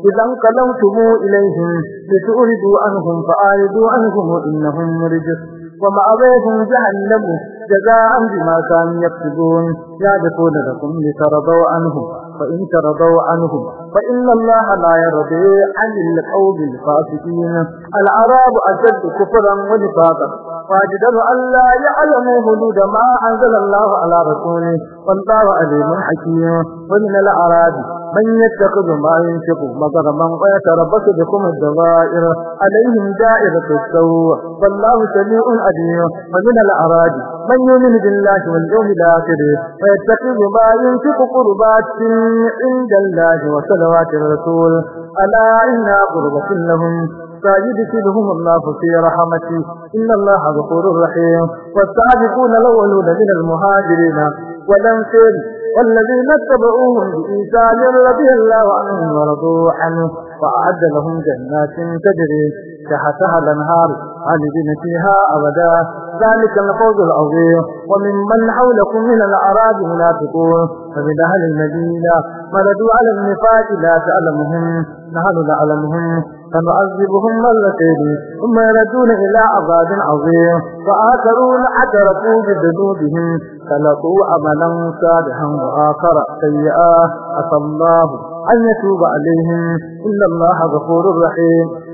إذا انقلوتم إليهم لتؤردوا عنهم فآردوا عنهم إنهم رجس ومأويهم جهنم جزاء بما كانوا يكتبون يكسبون يعرفون لكم لترضوا عنهم فإن ترضوا عنهم فإن الله لا يرضي عن القوم الفاسقين العرب أشد كفرا ونفاقا واجدر أن لا يعلموا حدود ما أنزل الله على رسوله والله عليم حكيم ومن الأعراب من يتخذ ما ينفق مضرما ويتربص بكم الدوائر عليهم دائرة السوء والله سميع عليم ومن الأعراب من يؤمن بالله واليوم الآخر ويتخذ ما ينفق قربات عند الله وسلم صلوات الرسول ألا إنا قربة لهم سيدهم الله في رحمتي إن الله غفور رحيم والسابقون الأولون من المهاجرين والأنصار والذين اتبعوهم بإيسان رضي الله عنهم ورضوا عنه وأعد لهم جنات تجري تحتها الأنهار عالدين فيها أبدا ذلك الفوز العظيم ومن من حولكم من الأعراب منافقون فمن أهل المدينة مردوا على النفاق لا تعلمهم نحن نعلمهم فنعذبهم مرتين ثم يردون إلى عذاب عظيم فآخرون اعترفوا بذنوبهم خلقوا عملا صالحا وآخر سيئا عسى الله أن يتوب عليهم إن الله غفور رحيم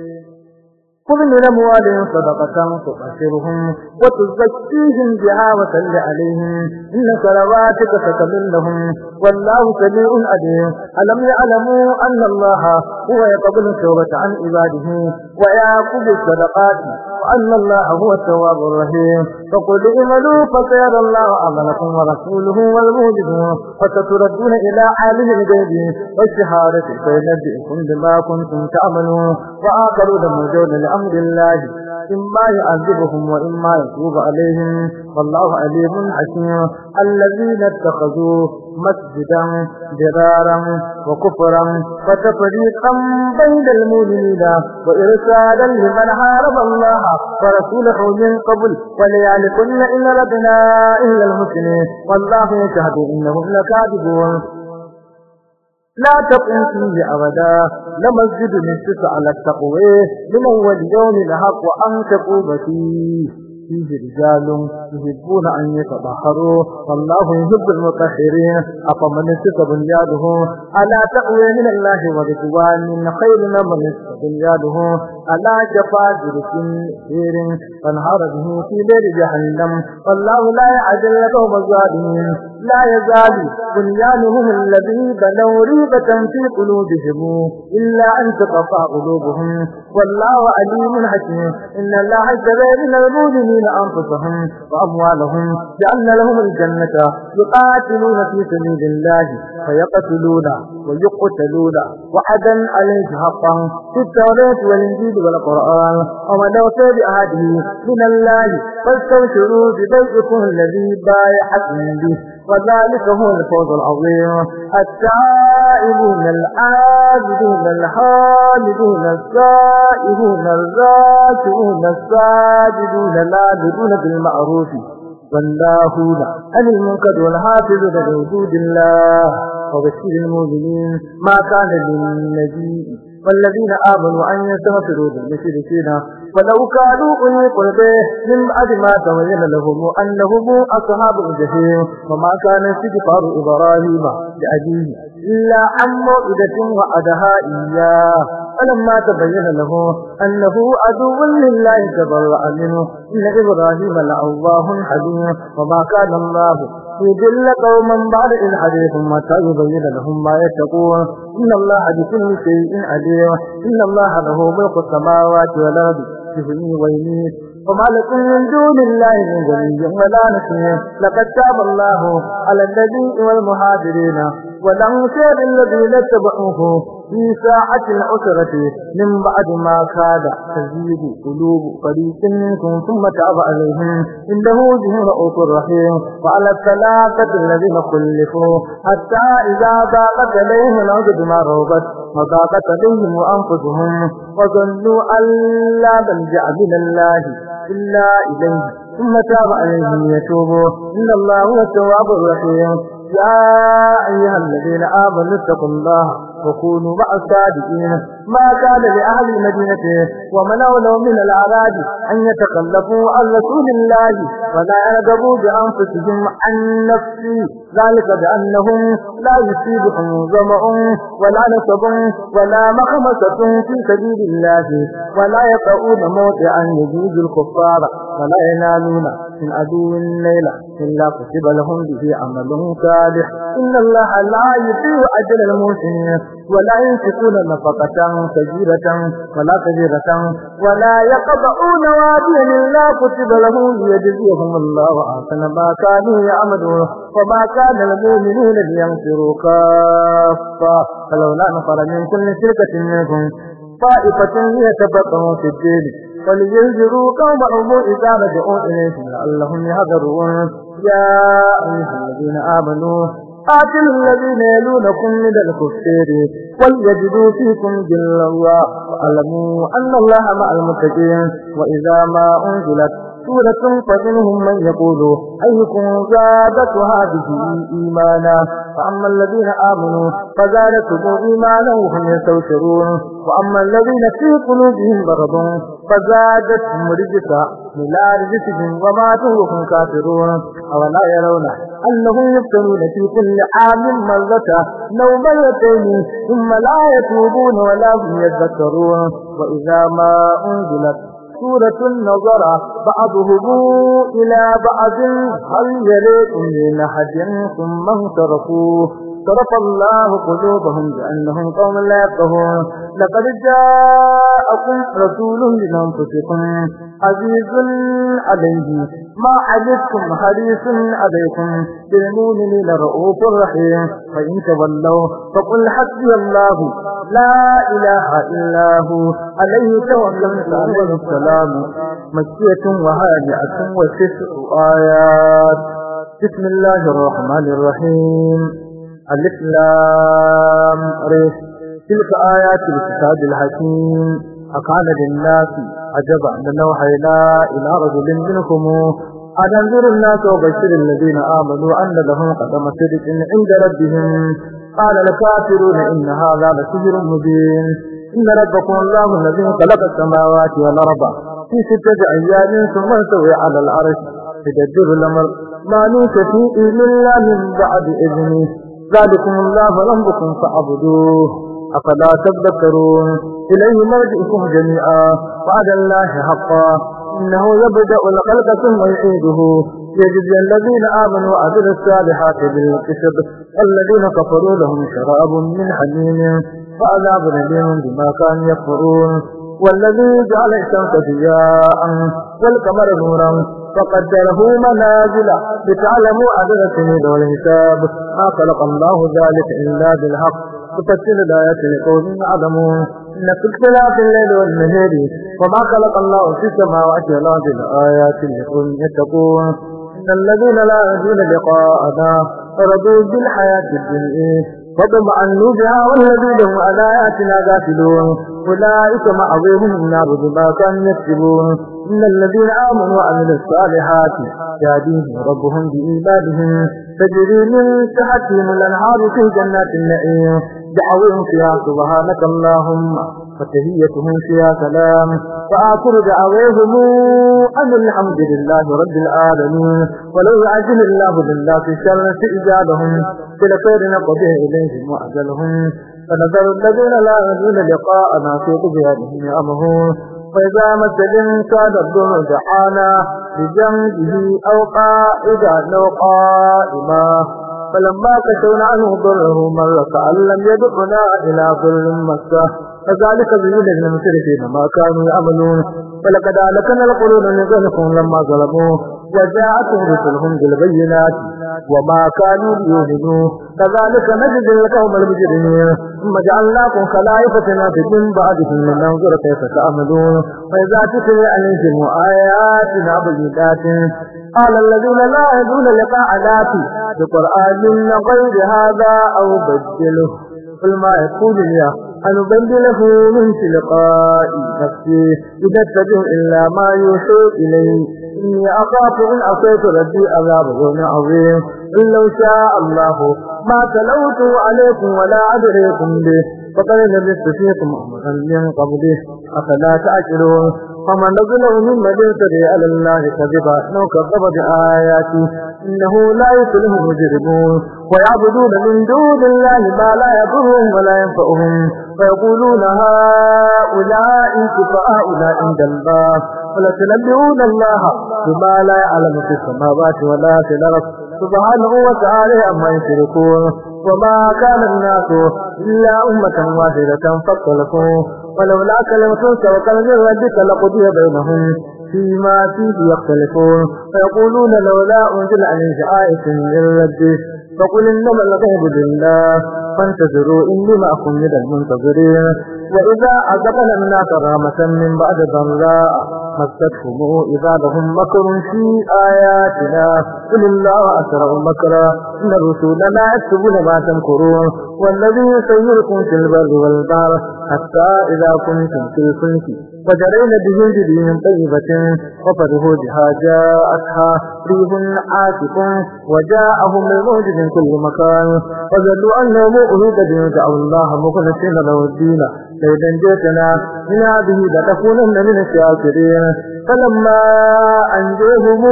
ومن من أموالهم صدقة تؤثرهم وتزكيهم بها وسل عليهم إن صلواتك ستمن لهم والله سميع عليم ألم يعلموا أن الله هو يقبل التوبة عن عباده ويعقب الصدقات وأن الله هو التواب الرحيم فقل اعملوا فسيرى الله عملكم ورسوله والمؤمنون فستردون إلى عالم الغيب والشهادة فينبئكم بما كنتم تعملون وآخرون موجود بأمر الله إما يعذبهم وإما يتوب عليهم والله عليم حكيم الذين اتخذوا مسجدا جرارا وكفرا وتفريقا بين المؤمنين وإرسالا لمن حارب الله ورسوله من قبل وليالكن إن ربنا إلا المسلمين والله يشهد إنهم لكاذبون لا تقم فيه أبدا لمسجد نسس على التقوى من أول يوم الحق وأن تقوم فيه فيه رجال يحبون أن يتبحروا والله يحب المتخرين أفمن نسس بنياده على تقوى من الله ورضوان خير من نسس بنياده على جفا جرس سير فانهار به في ليل جهنم والله لا يعدل قوم الظالمين لا يزال بنيانهم الذي بنوا ريبة في قلوبهم إلا أن تقطع قلوبهم والله عليم حكيم إن الله وجل من المؤمنين أنفسهم وأموالهم جعلنا لهم الجنة يقاتلون في سبيل الله فيقتلون ويقتلون وعدا عليه حقا في التوراة والإنجيل والقرآن وما ولو تبعته من الله فاستبشروا ببيعكم الذي بايعتم به وذلك هو الفوز العظيم التائبون العابدون الحامدون السائبون الراكعون الساجدون العابدون بالمعروف والله أن المنكر والحافظ لحدود الله وبشر المؤمنين ما كان للنبي والذين آمنوا أن يستغفروا للمشركين ولو كانوا أولي قربى من بعد ما تبين لهم أنهم أصحاب الجحيم وما كان استغفار إبراهيم لأبيه إلا عن موئدة وعدها إياه فلما تبين له أنه عدو لله تبرأ منه إن إبراهيم لأواه حليم وما كان الله يجل قوما بعد إذ حديثهم متى يبين لهم ما يتقون إن الله بكل شيء عليم إن الله له ملك السماوات والأرض يحيي ويميت وما لكم من دون الله من ولي ولا نصير لقد تاب الله على النبي والمهاجرين ولهم كان الذين اتبعوه في ساعة العسرة من بعد ما كاد تزيد قلوب فريق منكم ثم تعب عليهم إنه به رؤوف رحيم وعلى الثلاثة الذين خلفوا حتى إذا ضاقت عليهم الأرض بما روبت وضاقت عليهم وأنفسهم وظنوا أن لا ملجأ من الله إلا إليه ثم تاب عليهم يتوبوا إن الله هو التواب الرحيم يا أيها الذين آمنوا اتقوا الله وكونوا مع الصادقين ما كان لأهل المدينة ومن لهم من العراج أن يتخلفوا عن رسول الله ولا يرغبوا بأنفسهم عن نفسي ذلك بأنهم لا يصيبهم ظمأ ولا نصب ولا مخمسة في سبيل الله ولا موت موطئا يجوز الكفار ولا ينالون من عدو الليل إلا كتب لهم به عمل صالح إن الله لا يطيع أجل المسلمين ولا ينفقون نفقة كبيرة ولا كبيرة ولا يقضعون واديا إلا كتب له ليجزيهم الله أحسن ما كانوا يعملون وما كان المؤمنون لينفروا كافة فلولا نفر من كل شركة منهم طائفة يتفقهوا في الدين ولينذروا قومهم إذا رجعوا إليهم لعلهم يهذرون يا أيها الذين آمنوا قاتل الذين يلونكم من الكفار وليجدوا فيكم جل الله واعلموا أن الله مع المتقين وإذا ما أنزلت سورة فمنهم من يقول أيكم زادت هذه إيمانا فأما الذين آمنوا فزادتهم إيمانا وهم يستوشرون وأما الذين في قلوبهم مرض فزادتهم رجسا إلى رجسهم وماتوا وهم كافرون أولا يرون أنهم يفتنون في كل عام مرة لو مرتين ثم لا يتوبون ولا هم يذكرون وإذا ما أنزلت سورة النظرة بعضهم إلى بعض هل يليكم من أحد ثم انصرفوه صرف الله قلوبهم بأنهم قوم لا يفقهون لقد جاءكم رسول من أنفسكم عزيز عليه ما عجبتم حريص عليكم بالمؤمن لرؤوف رحيم فإن تولوا فقل حسبي الله لا إله إلا هو عليه توكلت أول السلام مكية وهادئة وتسع آيات بسم الله الرحمن الرحيم الإسلام ريس تلك آيات الكتاب الحكيم فقال للناس عجبا لأنه لا إلى رجل منكم أتنذر الناس وبشر الذين آمنوا أن لهم قدم صدق عند ربهم قال الكافرون إن هذا لسجر مبين إن ربكم الله الذي خلق السماوات والأرض في ستة أيام ثم استوي على العرش يدبر الأمر ما نوت فيه إلا من بعد إذنه ذلكم الله ربكم فاعبدوه أفلا تذكرون إليه مرجئكم جميعا وعد الله حقا إنه يبدأ الخلق ثم يعيده يجزي الذين آمنوا وعملوا الصالحات بالكسب الذين كفروا لهم شراب من حميم فعذاب نبيهم بما كانوا يكفرون والذي جعل الشمس ضياء والقمر نورا فقدره منازل لتعلموا عدد السنين والحساب ما خلق الله ذلك إلا بالحق تفسر الآيات لقوم يعلمون إن في اختلاف الليل والنهار وما خلق الله في السماوات والأرض لآيات لقوم يتقون إن الذين لا يرجون لقاءنا رضوا بالحياة الدنيا عن نوبها والذين هم على آياتنا غافلون أولئك معظمهم النار بما كانوا يكسبون إن الذين آمنوا وعملوا الصالحات يهديهم ربهم بإيمانهم تجري من تحتهم الأنهار في جنات النعيم دعوهم فيها سبحانك اللهم فتهيتهم فيها سلام فآخر دعوهم أن الحمد لله رب العالمين ولو عجل الله بالله شر استئجالهم فلخير نقضيه إليهم وأجلهم فنذر الذين لا يجون لقاءنا في طغيانهم يأمهون فإذا مثل كان ابن دعانا بجنبه أو قائدا أو قائما فلما كشونا عنه ضره من كأن لم يدعنا إلى ضر مكة فذلك زين للمشركين ما كانوا يعملون ولقد أهلكنا القلوب من لما ظلموا وجاءتهم رسلهم بالبينات وما كانوا يؤمنون كذلك نجد القوم المجرمين ثم جعلناكم خلائف في من بعدهم لننظر كيف تعملون فإذا تتلى عليهم آياتنا بينات قال الذين لا يدون لقاء بقرآن من غير هذا أو بدله قل ما يقول لي أن أبدله من تلقاء نفسي إذا اتبع إلا ما يوحي إليه إني أخاف إن أصيت ربي أذاب غون عظيم إن لو شاء الله ما تلوت عليكم ولا أدريكم به فقال النبي فيكم أمرا من قبله أفلا تعقلون فمن نزله ممن يفتري على الله كذبا أو كذب بآياتي إنه لا يفلح المجرمون ويعبدون من دون الله ما لا يضرهم ولا ينفعهم فيقولون هؤلاء هؤلاء عند الله فلا تنبئون الله بما لا يعلم في السماوات ولا في الأرض سبحانه وتعالى عما يشركون وما كان الناس إلا أمة واحدة فاختلفوا ولولا كلمة سبقت من ربك لقضي بينهم فيما فيه يختلفون فيقولون لولا أنزل عليه آية من ربه فقل إنما الغيب لله فانتظروا إني معكم من المنتظرين وإذا أذقنا الناس كرامة من بعد ضراء مستهم إذا لهم مكر في آياتنا قل الله أسرع مكرا إن الرسول لا يكتبون ما تمكرون والذي يسيركم في البر والبحر حتى إذا كنتم في الفلك وجرينا بهم بدين طيبة وفره بها جاءتها ريح عاتق وجاءهم الموج من كل مكان وجدوا أنهم أهد بهم دعوا الله مخلصين له الدين لئن جئتنا من هذه لتكونن من الشاكرين فلما أنجوهم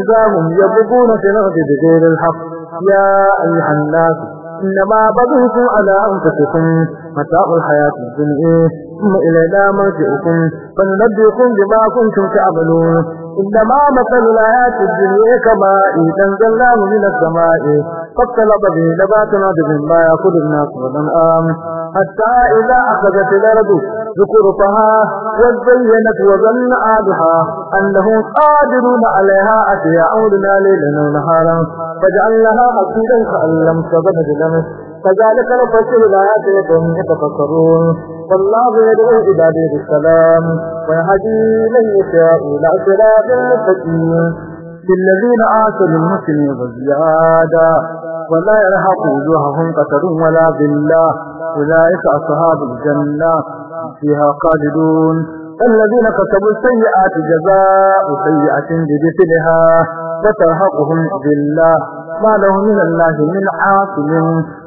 إذا هم يبقون في الأرض بغير الحق يا أيها الناس إنما بغيكم على أنفسكم متاع الحياة الدنيا ثم إلينا مرجعكم فننبئكم بما كنتم تعملون إنما مثل الآيات الدنيا كما إنزل الله من السماء فاختلط به نبات نادر ما يأخذ الناس غدا آمن حتى إذا أخذت الأرض ذكرتها وزينت وظن آلها أنه قادرون عليها أتي عودنا ليلا ونهارا فجعلها حسيدا كأن لم تبدل كذلك نفصل الآيات لقوم يتفكرون والله يدعو عباده بالسلام ويهدي من يشاء إلى صراط مستقيم للذين آتوا للمسلم وزيادة ولا يرهق وجوههم قتر ولا ذلة أولئك أصحاب الجنة فيها خالدون الذين كسبوا السيئات جزاء سيئة بمثلها وترهقهم ذلة ما لهم من الله من عاصم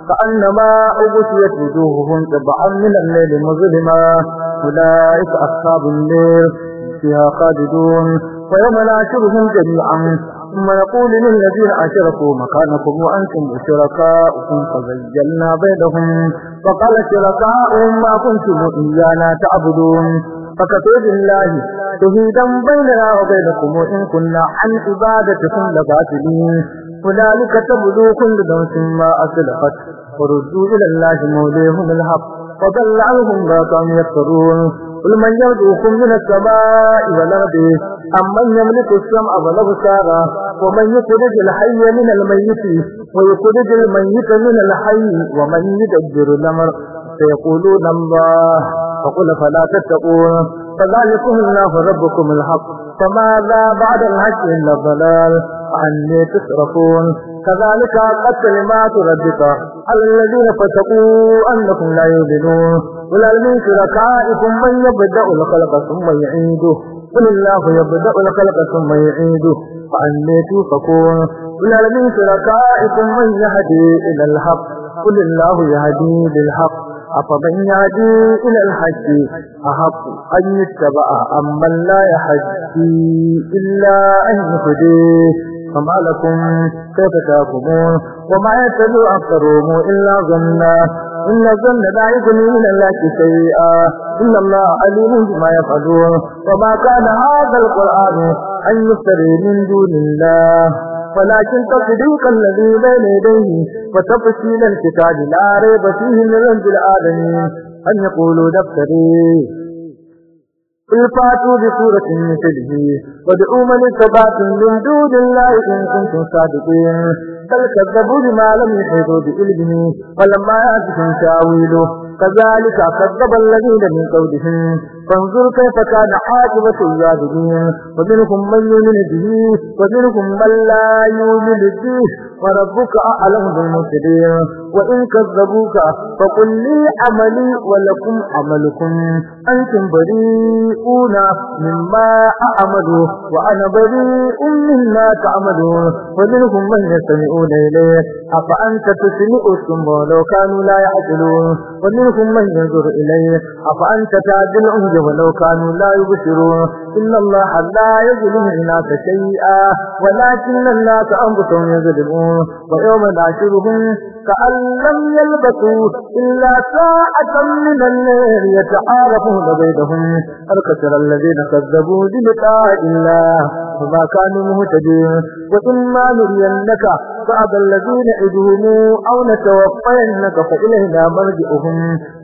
كأنما أبتيت وجوههم تبعا من الليل مظلما أولئك أصحاب الليل فيها خالدون ويوم ناشرهم جميعا ثم يقول للذين أشركوا مكانكم وأنتم شركاؤكم فزجلنا بينهم فقال شركاؤهم ما كنتم إيانا تعبدون فكتب الله شهيدا بيننا وبينكم إن كنا عن عبادتكم لباتلين هنالك تبدو كل دوس ما أسلحت وردوا إلى الله موليهم الحق فضل عنهم ما كانوا يفترون قل من يرجوكم من السماء والأرض من يملك السمع والأبصار ومن يخرج الحي من الميت ويخرج الميت من الحي ومن يدبر الأمر فيقولون الله فقل فلا تتقون فذلكم الله ربكم الحق فماذا بعد الحق إلا الضلال عني تصرفون كذلك قد كلمات ربك على الذين فتقوا أنكم لا يؤمنون قل من شركائكم من يبدأ الخلق ثم يعيده قل الله يبدأ الخلق ثم يعيده فعني توفقون قل من شركائكم من يهدي إلى الحق قل الله يهدي للحق أفضل يهدي إلى الحج أحب أن يتبع أمن لا يحجي إلا أن يخدي فما لكم كيف تأخذون وما يتبع أكثرهم إلا ظنا إن الظن لا يغني من الله شيئا إن الله عليم بما يفعلون وما كان هذا القرآن أن يفتري من دون الله ولكن تصديق الذي بين يديه وتفصيل الكتاب لا ريب فيه من رب العالمين أن يقولوا دفتري قل فاتوا بسورة مثله وادعوا من اتبعت من دون الله إن كنتم صادقين بل كذبوا بما لم يحيطوا بعلمه ولما يأتهم تاويله كذلك كذب الذين من قولهم فانظر كيف كان عاقبة الظالمين ومنكم من يؤمن به ومنكم من لا يؤمن به وربك أعلم بالمسلمين وإن كذبوك فقل لي عملي ولكم عملكم أنتم بريئون مما أعمل وأنا بريء مما تعملون ومنهم من يستمعون إليه أفأنت تسمع الصم ولو كانوا لا يعقلون ومنهم من ينظر إليه أفأنت تعدل ولو كانوا لا يبشرون إن الله لا يظلم الناس شيئا ولكن الناس أنفسهم يظلمون ويوم نحشرهم كأن لم يلبثوا إلا ساعة من الليل يتعارفون بينهم أركسر الذين كذبوا بلقاء الله وما كانوا مهتدين وإما نرينك بعض الذين عدوهم أو نتوفينك فإلينا مرجئهم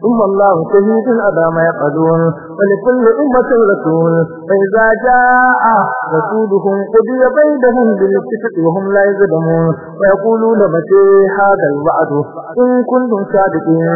ثم الله شهيد على ما يقدون ولكل أمة رسول فإذا جاء رسولهم قضي بينهم بالاتفاق وهم لا يزدمون ويقولون متى هذا الوعد إن كنتم صادقين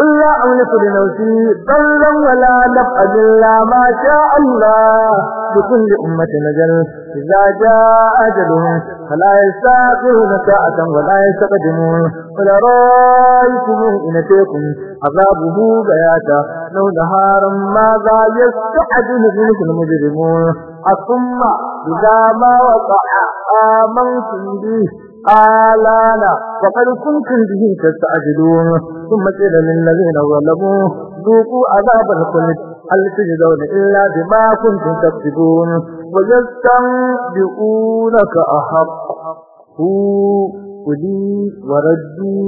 قل لا أملك لنفسي ضلا ولا نفعا إلا ما شاء الله لكل أمة نجل إذا جاء أجلهم فلا يستاقون ساعة ولا يستقدمون ولا فلرأيكم إن أتيكم عذابه بياتا لو نهارا ماذا يستحدث منكم المجرمون ثم إذا ما وقع آمنتم به آلانا وقد كنتم به تستعجلون ثم قيل للذين ظلموا ذوقوا عذاب الخلد هل تجدون إلا بما كنتم تكسبون ويستنبئونك أحق هو ولي وردي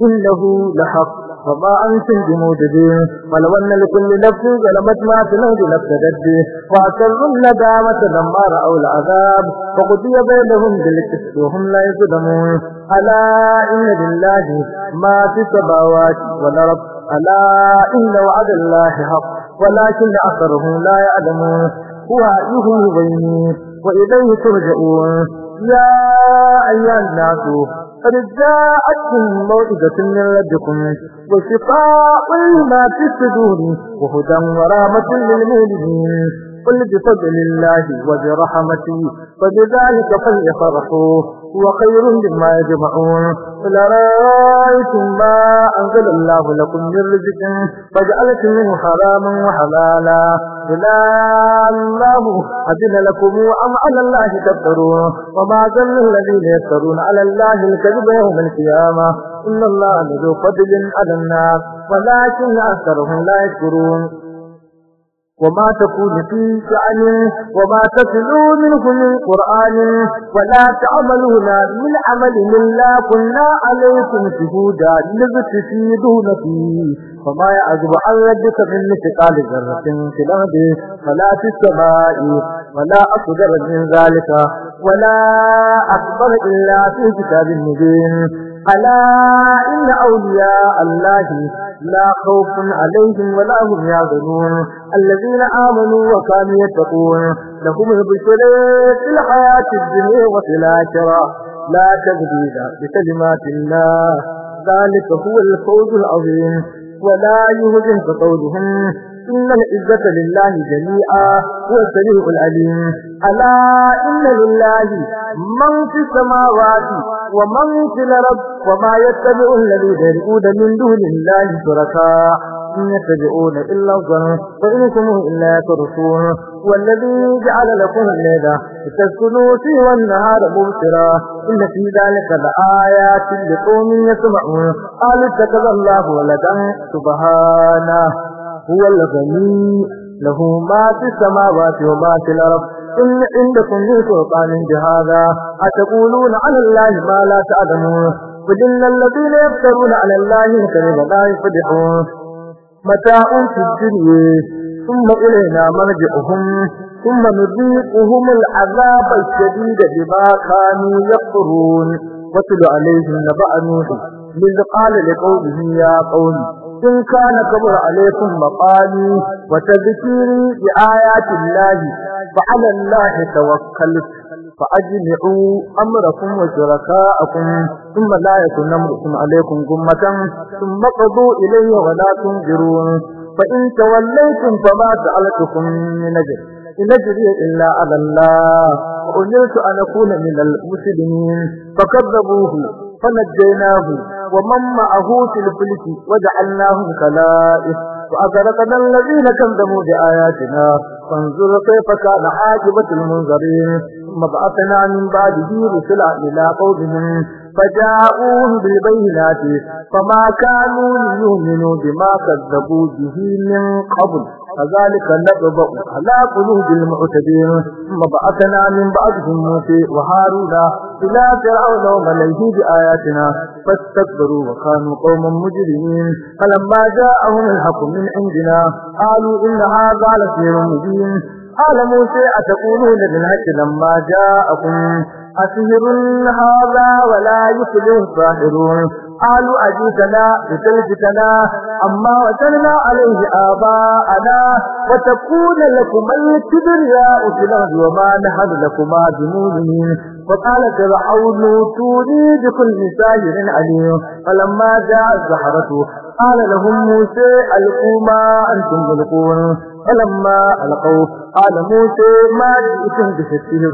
كله لحق وما أنتم بموجدين ولو أن لكل نفس ظلمت ما تنهد لفتدت به وأسروا الندامة لما رأوا العذاب فقضي بينهم بالقسط وهم لا يظلمون ألا إن لله ما في السماوات والأرض ألا إن وعد الله حق ولكن أكثرهم لا يعلمون هو يهوي وإليه ترجعون يا أيها الناس قد جاءتكم موئدة من ربكم وشفاء لما في الصدور وهدى ورامة للمؤمنين قل بفضل الله وبرحمته فبذلك فليفرحوا وخير مما يجمعون فلرأيتم ما أنزل الله لكم من رزق فجعلت منه حراما وحلالا إلا الله أدل لكم أم على الله تفترون وما ذل الذين يفترون على الله الكذب يوم القيامة إن الله لذو فضل على الناس ولكن أكثرهم لا يشكرون وما تكون في شأن وما تتلو منه من قرآن ولا تعملون من عمل إلا كنا عليكم شهودا لبتفيدون فيه فما يعجب عن ربك من مثقال ذرة في الأرض فلا في السماء ولا أصدر من ذلك ولا أكبر إلا في كتاب مبين ألا إن أولياء الله لا خوف عليهم ولا هم يعظمون الذين آمنوا وكانوا يتقون لهم البشرى في الحياة الدنيا وفي الآخرة لا تبديل بكلمات الله ذلك هو الفوز العظيم ولا يهزم قولهم إن العزة لله جميعا هو السميع العليم ألا إن لله من في السماوات ومن في الأرض وما يتبع الذي يدعون من دون الله شركاء إن يتبعون إلا الظن وإنكم إلا يترسون والذي جعل لكم الليلة لتسكنوا فيه والنهار مبصرا إن في ذلك لآيات لقوم يسمعون قال اتخذ الله ولدا سبحانه هو الغني له ما في السماوات وما في الأرض إن عندكم من سلطان بهذا أتقولون على الله ما لا تعلمون قل إن الذين يفترون على الله الكذب لا يفلحون متاع في الدنيا ثم إلينا مرجعهم ثم نذيقهم العذاب الشديد بما كانوا يكفرون واتل عليهم نبأ نوح إذ قال لقومه يا قوم إن كان كبر عليكم مقالي وتذكيري بآيات الله فعلى الله توكلت فأجمعوا أمركم وشركاءكم ثم لا يكن أمركم عليكم جمة ثم قضوا إليه ولا تنجرون فإن توليتم فما سألتكم من أجر إن أجري إلا على الله وأمرت أن أكون من المسلمين فكذبوه فنجيناه ومن معه في الفلك وجعلناهم خلائف وأغرقنا الذين كذبوا بآياتنا فانظر كيف كان عاقبة المنذرين ثم بعثنا من بعده رسلا إلى قومهم فجاءوهم بالبينات فما كانوا ليؤمنوا بما كذبوا به من قبل فذلك نطبع على قلوب المعتدين ثم بعثنا من بعدهم موسى وهارون إلى فرعون وملئه بآياتنا فاستكبروا وكانوا قوما مجرمين فلما جاءهم الحق من عندنا قالوا إن هذا لسير مبين قال موسى أتقولون للحق لما جاءكم أسهر هذا ولا يفلح الظاهرون قالوا أجيتنا بسلفتنا أما وجدنا عليه آباءنا وتكون لكما الكبرياء في الأرض وما نحن لكما بمؤمنين فقال فرعون توني بكل ساهر عليم فلما جاء الزحرة قال لهم موسى ألقوا ما أنتم ملقون فلما ألقوا قال موسى ما جئتم بسحر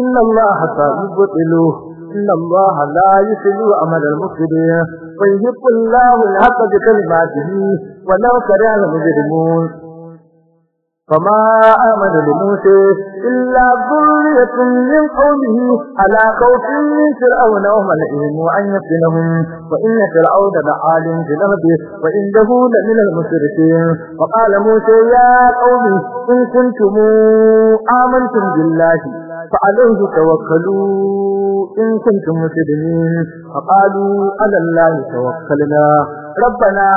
إن الله سيبطلوه إن الله لا يسلو أمر المسلمين ويحب الله الحق بكلماته ولو كره المجرمون فما آمن لموسى إلا ذرية من قومه على خوف من فرعون وملئهم وأن يفتنهم وإن فرعون لعال في الأرض وإنه لمن المشركين وقال موسى يا قوم إن كنتم آمنتم بالله فعليه توكلوا إن كنتم مسلمين فقالوا على الله توكلنا ربنا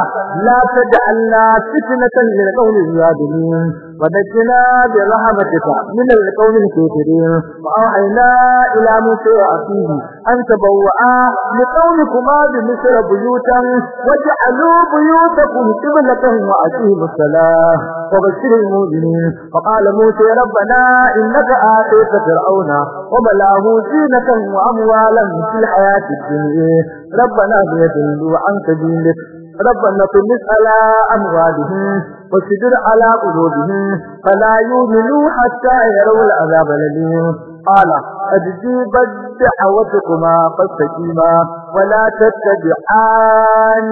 لا تجعلنا فتنة للقوم الظالمين فدكنا برحمتك من القوم الكافرين وأوحينا إلى موسى وأخيه أن تبوأ لقومكما بمصر بيوتا واجعلوا بيوتكم قبلة وأقيموا الصلاة وبشر المؤمنين وقال موسى ربنا إنك آتيت فرعون وملاه زينة وأموالا في الحياة الدنيا ربنا ليضلوا عن سبيلك ربنا تنس على أموالهم وسدر على قلوبهم فلا يؤمنوا حتى يروا العذاب الأليم قال اجيب دعوتكما فاستجيبا ولا تتبعان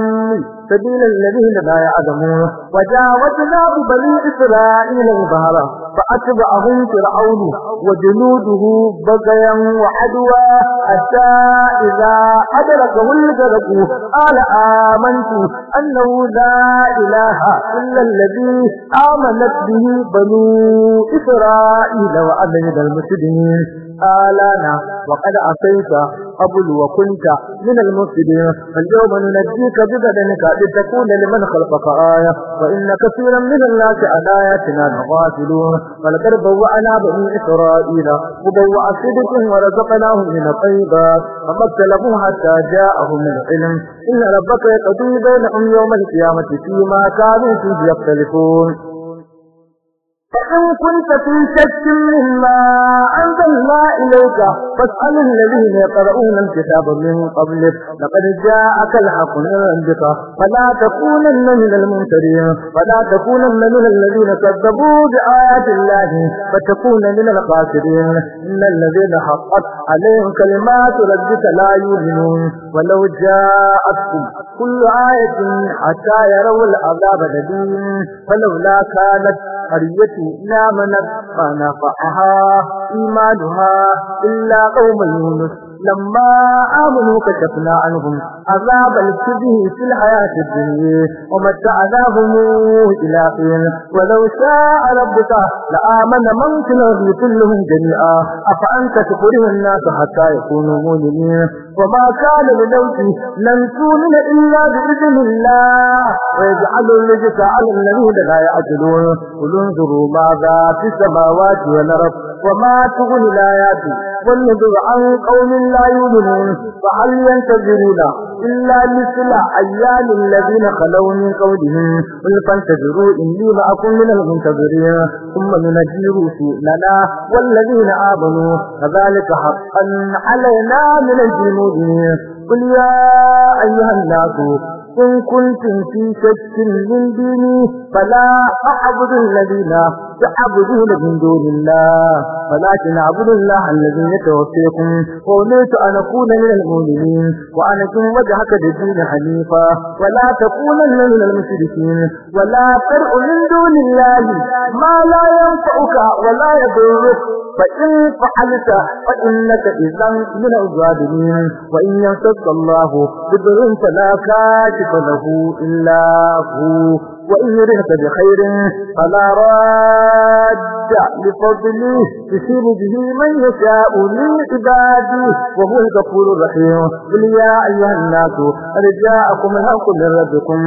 سبيل الذين لا يعلمون وجاوزنا ببني إسرائيل البهر فأتبعهم فرعون وجنوده بغيا وعدوا حتى إذا أدركه الجرق قال آمنت أنه لا إله إلا الذي آمنت به بنو إسرائيل وأبيد المسلمين آلانا وقد عصيت قبل وكنت من المفسدين اليوم ننجيك ببدنك لتكون لمن خلقك آية وإن كثيرا من الناس على آياتنا لغافلون ولقد بوعنا بني إسرائيل وبوع صدق ورزقناهم من الطيبات فمثلهم حتى جاءهم العلم إن ربك يقضي بينهم يوم القيامة فيما كانوا فيه يختلفون فإن كنت في شك مما أنزل الله إليك فاسأل الذين يقرؤون الكتاب من قبلك لقد جاءك الحق من عندك فلا تكونن من المنكرين فلا تكونن من الذين كذبوا بآيات الله فتكون من الخاسرين إن الذين حقت عليهم كلمات ربك لا يؤمنون ولو جاءتكم كل آية حتى يروا العذاب الذين فلولا كانت قرية لا نبقى نفعها إيمانها إلا قوم يونس لما آمنوا كشفنا عنهم عذاب الكبه في الحياة الدنيا ومتعناهم إلى حين ولو شاء ربك لآمن من في الأرض كلهم جميعا أفأنت تكره الناس حتى يكونوا مؤمنين وما كان لنوت لن تؤمن إلا بإذن الله ويجعل الرجس على الذين لا يعدلون قل انظروا ماذا في السماوات والأرض وما تغني الآيات والنذر عن قوم لا يؤمنون فهل ينتظرون إلا مثل أيام الذين خلوا من قولهم قل فانتظروا إني معكم من المنتظرين ثم ننجي رسولنا والذين آمنوا فذلك حقا علينا من الجنودين قل يا أيها الناس إن كنتم في شك من ديني فلا أعبد الذين تعبدون من دون الله فلا تنعبد الله الذي يتوفيكم قولت أن أكون من المؤمنين وأن أكون وجهك بالدين حنيفة ولا تكون من المشركين ولا ترع من دون الله ما لا ينفعك ولا يضرك فإن فعلت فإنك إذا من الظالمين وإن ينصد الله بدر فلا كاتف له إلا هو وإن يرهك بخير فلا راد لفضله تسير به من يشاء من عباده وهو الغفور الرحيم قل يا أيها الناس أرجاءكم جاءكم الحق من ربكم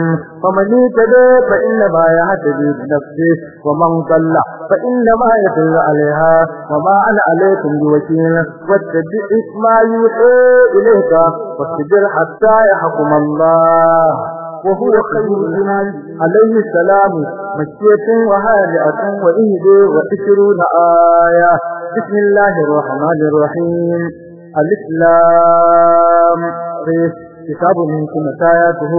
فمن اهتدى فإنما يهتدي بنفسه ومن ضل فإنما يضل عليها وما أنا عليكم بوكيل واتبع ما يوحى إليك واصبر حتى يحكم الله وهو خير الجنان عليه السلام مشيئة وهادئة وإهد وعشرون آية بسم الله الرحمن الرحيم الإسلام كتاب منكم مساياته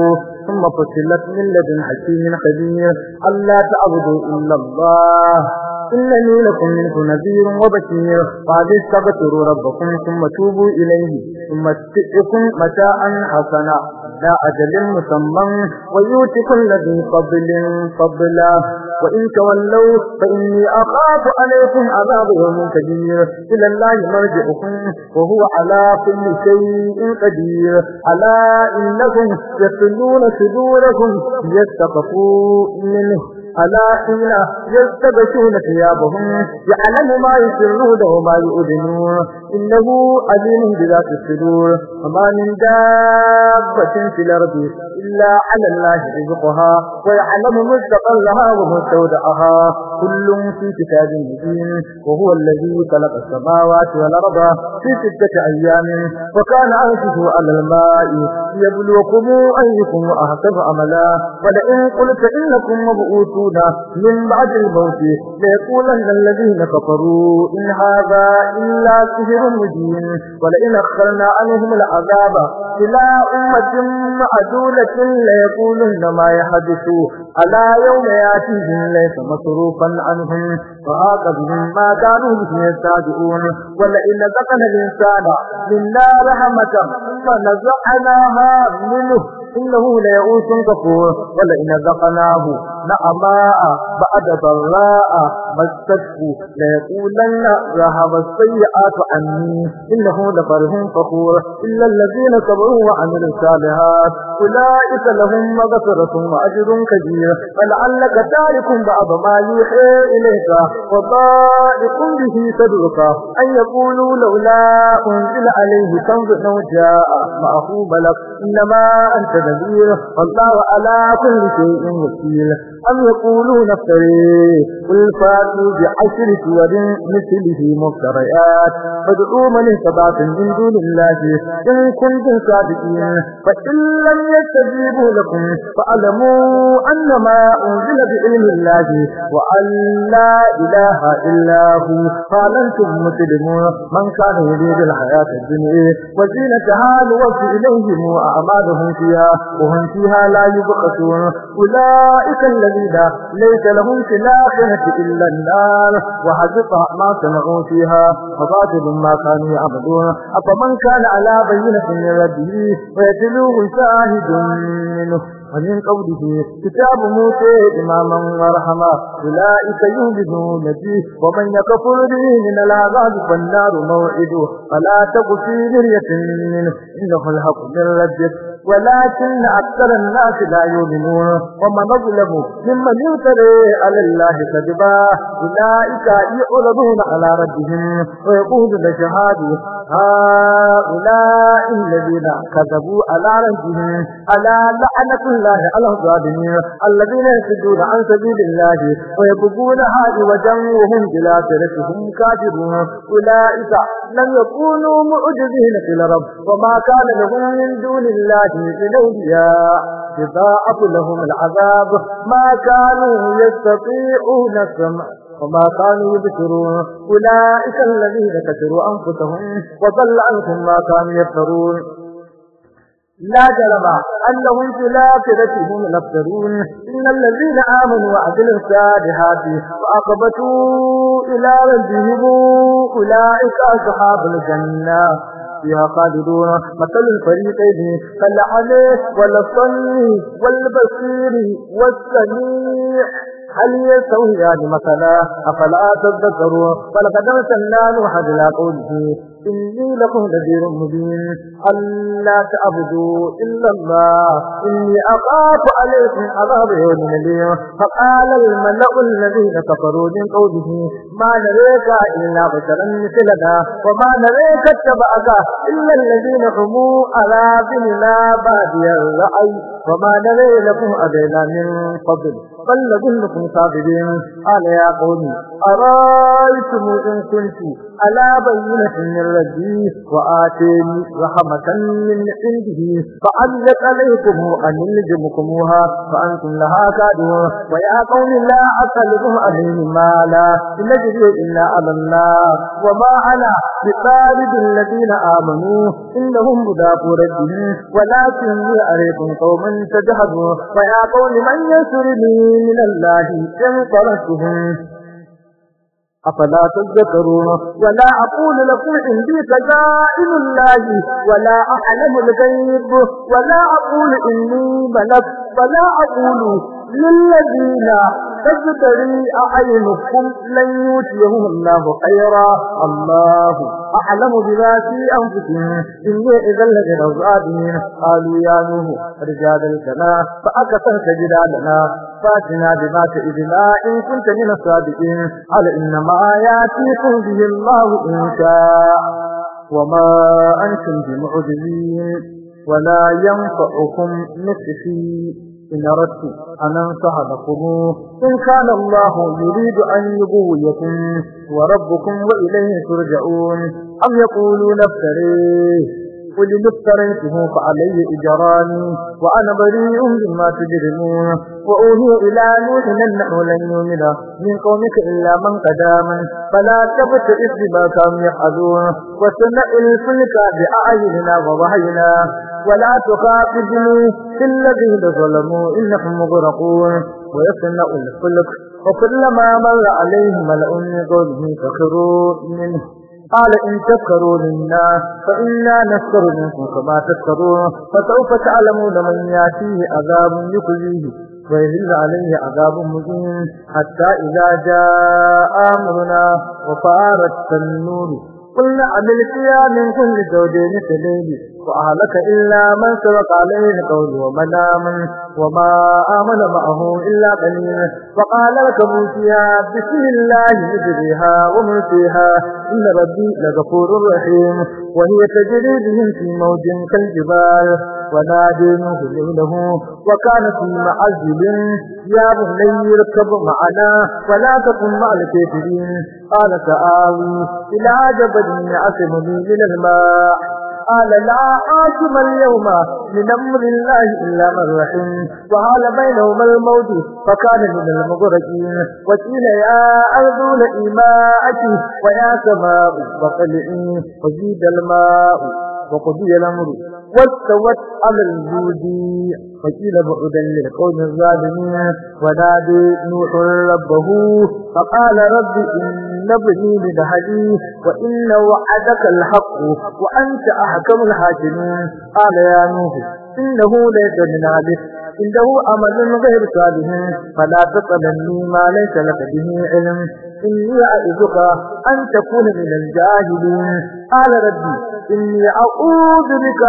ثم فصلت من لدن حكيم خبير ألا تعبدوا إلا الله إنني لكم منه نذير وبشير قد استغفروا ربكم ثم توبوا إليه ثم متاعا حسنا لا أجل مسمى ويوتك كل ذي فضل فضلا وإن تولوا فإني أخاف عليكم عذاب يوم كبير إلى الله مرجعكم وهو على كل شيء قدير على إنكم يقلون صدوركم ليستقفوا منه ألا حين يستبشون ثيابهم يعلم ما يسرون وما يؤذنون إنه عليم بذات الصدور وما من دابة في الأرض إلا على الله رزقها ويعلم مستقلها ومستودعها كل في كتاب مبين وهو الذي خلق السماوات والأرض في ستة أيام وكان عرشه على الماء ليبلوكم أيكم أحسن عملا ولئن قلت إنكم مبعوثون يخرجون من بعد الموت ليقولن الذين كفروا إن هذا إلا سهر مجين ولئن أخرنا عنهم العذاب إلى أمة معدولة ليقولن ما يحدث ألا يوم يأتيهم ليس مصروفا عنهم فهذا بهم ما كانوا به يستهزئون ولئن ذقنا الإنسان منا رحمة فنزعناها منه إنه ليؤوس كفور ولئن ذقناه نعماء بعد ضراء مسته ليقولن ذهب السيئات عني إنه لفرح فخور إلا الذين صبروا وعملوا الصالحات أولئك لهم مغفرة وأجر كبير فلعلك تارك بعض ما يوحي إليك وضائق به صدرك أن يقولوا لولا أنزل عليه كنز جاء معه ملك إنما أنت نذير الله على كل شيء وكيل أم يقولون افتريه قل فاتوا بعشر سور مثله مفتريات فادعوا من اهتبعتم من دون الله إن كنتم صادقين فإن لم يستجيبوا لكم فاعلموا أنما أنزل بعلم الله وأن لا إله إلا هو قال أنتم مسلمون من كان يريد الحياة الدنيا وزينتها نوفي إليهم أعمالهم فيها وهم فيها لا يبخسون أولئك الذين الذين ليس لهم في الآخرة إلا النار وحزق ما سمعوا فيها وباطل ما كانوا يعبدون أفمن كان على بينة من ربه ويتلوه شاهد منه ومن قوله كتاب موسى إماما ورحمة أولئك يهجدون فيه ومن يكفر به من العذاب فالنار موعده فلا تقفي مرية منه إنه الحق من ربك ولكن أكثر الناس لا يؤمنون ومن أظلم ممن يفتري على الله كذبا أولئك يعرضون على ربهم ويقولون شهادة هؤلاء الذين كذبوا على ربهم على لعنة الله على الظالمين الذين يسجون عن سبيل الله ويبقون هذه وجنوهم بلا سرتهم كاذبون أولئك لم يكونوا معجزين في الرب وما كان لهم من دون الله في إليها جزاء لهم العذاب ما كانوا يستطيعون السمع وما كانوا يبشرون أولئك الذين كسروا أنفسهم وضل عنهم ما كانوا يفترون لا جرم أنهم في هم لفترون إن الذين آمنوا وعدلوا الصالحات وأقبتوا إلى ربهم أولئك أصحاب الجنة فيها خالدون مثل الفريقين كالعن والصم والبصير والسميع هل يستويان مثلا أفلا تذكروا فلقد أرسلنا نوحا إلى قلبي إني لكم نذير مبين ألا تعبدوا إلا الله إني أخاف عليكم عذاب يوم أليم فقال الملأ الذين كفروا من قومه ما نريك إلا بشرا مثلنا وما نريك اتبعك إلا الذين هم على بلا بادي الرأي وما نري لكم أبينا من قبل بل لكم صابرين قال يا قوم أرايتم إن كنت على بينة من ربي وآتيني رحمة من عنده فعلت عليكم أن يلزمكموها فأنتم لها كادون ويا قوم لا أسألكم عليه مالا إن أجري إلا على الله وما أنا بطارد الذين آمنوا إنهم مذاقوا ربهم ولكني عليكم قوما تجهدون ويا قوم من ينصرني من الله إن طرقتهم أفلا تذكرون ولا أقول لكم عندي خزائن الله ولا أعلم الغيب ولا أقول إني ملك ولا أقول للذين تجتري أعينكم لن يوتيهم الله خيرا الله أعلم بما في أنفسهم إني إذا لغير الظالمين قالوا يا نوح رجالتنا فأكثرت جلالنا فاتنا بما تئذنا إن كنت من الصادقين قال إنما ياتيكم به الله إن شاء وما أنتم بمعجزين ولا ينفعكم نفسي in rasu a nan saha da kuma in kana Allah yuridu an yi guwuyatun wa rabbukum wa ilayhi turja'un am yaquluna naftari ولم افتريته فعلي إجراني وأنا بريء مما تجرمون وأوهي إلى نوح أنه لن يؤمن من قومك إلا من قداما فلا تبتئس إذ كانوا يفعلون وسنع الفلك بأعيننا ووحينا ولا تخاطبني في الذين ظلموا إنهم مغرقون ويصنع الفلك وكلما مر عليهم ملأ من قومه فخروا منه قال إن تذكروا لنا فإنا نذكر منكم كما تذكرون فسوف تعلمون من ياتيه عذاب يخزيه ويهل عليه عذاب مجين حتى إذا جاء أمرنا وفارت النور قلنا عمل فيها من كل زوجين ثلاثة وأهلك إلا من سبق عليه قول ومن آمن وما آمن معه إلا قليل فقال لكم موسيا بسم الله اجريها ومن فيها إن ربي لغفور رحيم وهي تجري بهم في موج كالجبال ونادي نوح ابنه وكان في معزل يا بني اركب معنا ولا تكن مع الكافرين قال تعالوا إلى جبل يعصمني من الماء قال لا حاكم اليوم من أمر الله إلا من رحم وحال بينهما الموت فكان من المغرقين وقيل يا أرض لإماءك ويا سماء فقلعي وزيد الماء وقضي الأمر واستوت على الجودي فقيل بعدا للقوم الظالمين ونادى نوح ربه فقال رب إن ابني هدي وإن وعدك الحق وأنت أحكم الحاكمين قال يا نوح إنه ليس من عبث عنده عمل غير صالح فلا تطلني ما ليس لك به علم إني أعذك أن تكون من الجاهلين قال ربي إني أعوذ بك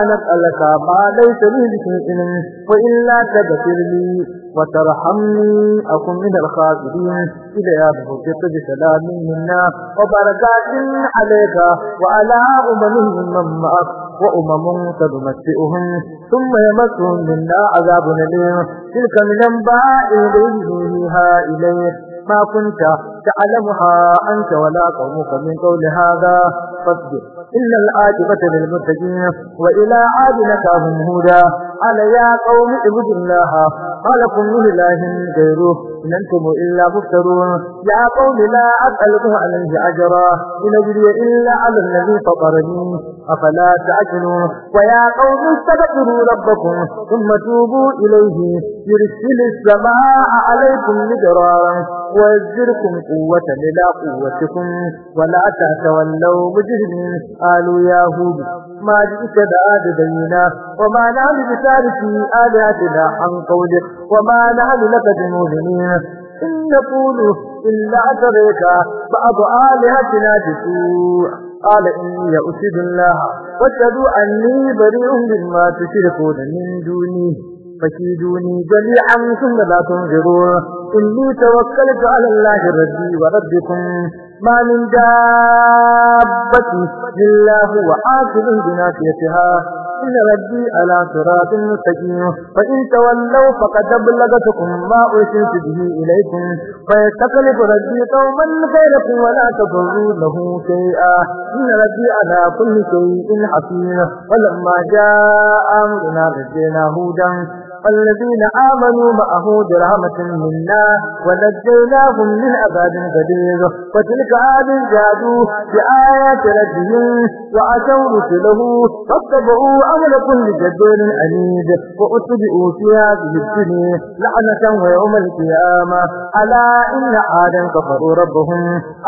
أن أسألك ما ليس لي به علم وإلا تغفر لي وترحمني أكن من الخاسرين إلى بحجة بسلام منا وبركات عليك وعلى أمم من معك وأمم تمتئهم ثم يمسهم منا عذاب أليم تلك من أنباء إليها إليك ما كنت تعلمها أنت ولا قومك من قول هذا فاصبر إن العاجبة للمتقين وإلى عاد نكاهم هدى قال يا قوم اعبدوا الله ما لكم من إله غيره إن أنتم إلا مفترون يا قوم لا أسألكم عليه أجرا إن أجري إلا على الذي فطرني أفلا تعجلون ويا قوم استغفروا ربكم ثم توبوا إليه يرسل السماء عليكم مدرارا ويزركم قوة إلى قوتكم ولا تتولوا مجرمين قالوا يا هود ما جئت بعد بينا وما نعمل في آلاتنا عن قولك وما نعم لك بمؤمنين إن نقول إلا أتريك بعض آلهتنا بسوء قال إني أشهد الله واشهدوا أني بريء مما تشركون من دوني فكيدوني جميعا ثم لا تنظرون إني توكلت على الله ربي وربكم ما من دابة إلا هو آخذ بناصيتها إن ربي على صراط مستقيم فإن تولوا فقد أبلغتكم ما أرسلت به إليكم فيتخلف ربي قوما غيركم ولا تضروا له شيئا إن ربي على كل شيء حكيم ولما جاء أمرنا رجينا هودا الذين آمنوا معه برحمة منا ونجيناهم من عذاب غليظ وتلك عاد جادوا بآيات ربهم وعتوا رسله فاتبعوا أمر كل جبير عنيد وأتبعوا في هذه الدنيا لعنة ويوم القيامة ألا إن عاد كفروا ربهم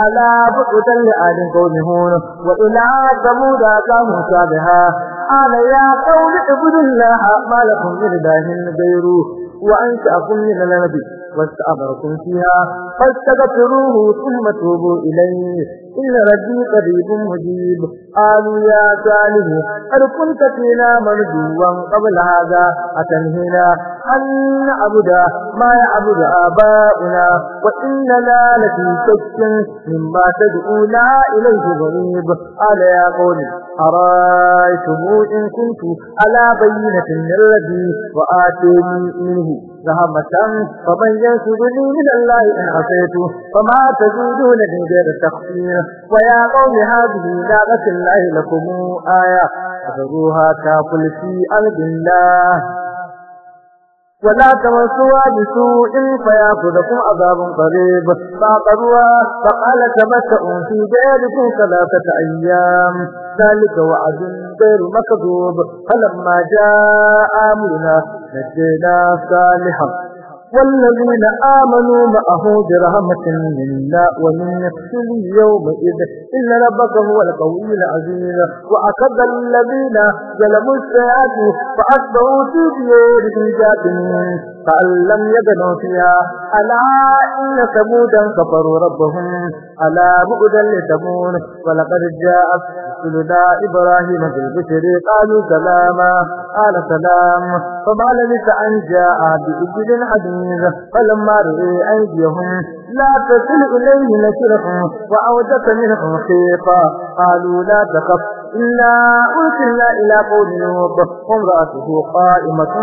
ألا بعدا لآل قومهون وإلى ثمود أتاهم شابها ta'ala ya kauli ibudillaha ma lakum min ilahin ghayru wa anta aqul li nabi wasta'barakum fiha fastaghfiruhu thumma tubu ilayhi inna rabbi qareebun mujib قالوا يا صالح قد كنت فينا مرجوا قبل هذا أتنهينا أن نعبد ما يعبد آباؤنا وإننا لفي شك مما تدعونا إليه غريب قال يا قوم أرأيتم إن كنت على بينة من ربي وآتيني منه رحمة فمن ينصرني من الله إن عصيته فما تزيدون تزيدونني غير التخفير ويا قوم هذه ناقة الله لكم آية فذروها كافل في أرض الله ولا تمسوا بسوء فيأخذكم عذاب قريب فاقروا فقال تمتعوا في ديركم ثلاثة أيام ذلك وعد غير مكذوب فلما جاء أمرنا نجينا صالحا والذين آمنوا معه برحمة منا نفسه يومئذ إن ربك هو القوي العزيز وأخذ الذين ظلموا السيئات فأتبعوا في ديارهم جاثمين فأن لم يغنوا فيها ألا إن ثمودا كفروا ربهم ألا بؤدا لثمود ولقد جاءت سلنا إبراهيم في البشر قالوا سلاما قال سلام فما لبث أن جاء بإجل عزيز فلما رئي أيديهم لا تصل إليه نسرهم وأوجس منهم خيطا قالوا لا تخف إلا أرسلنا إلى قول لوط وامرأته قائمة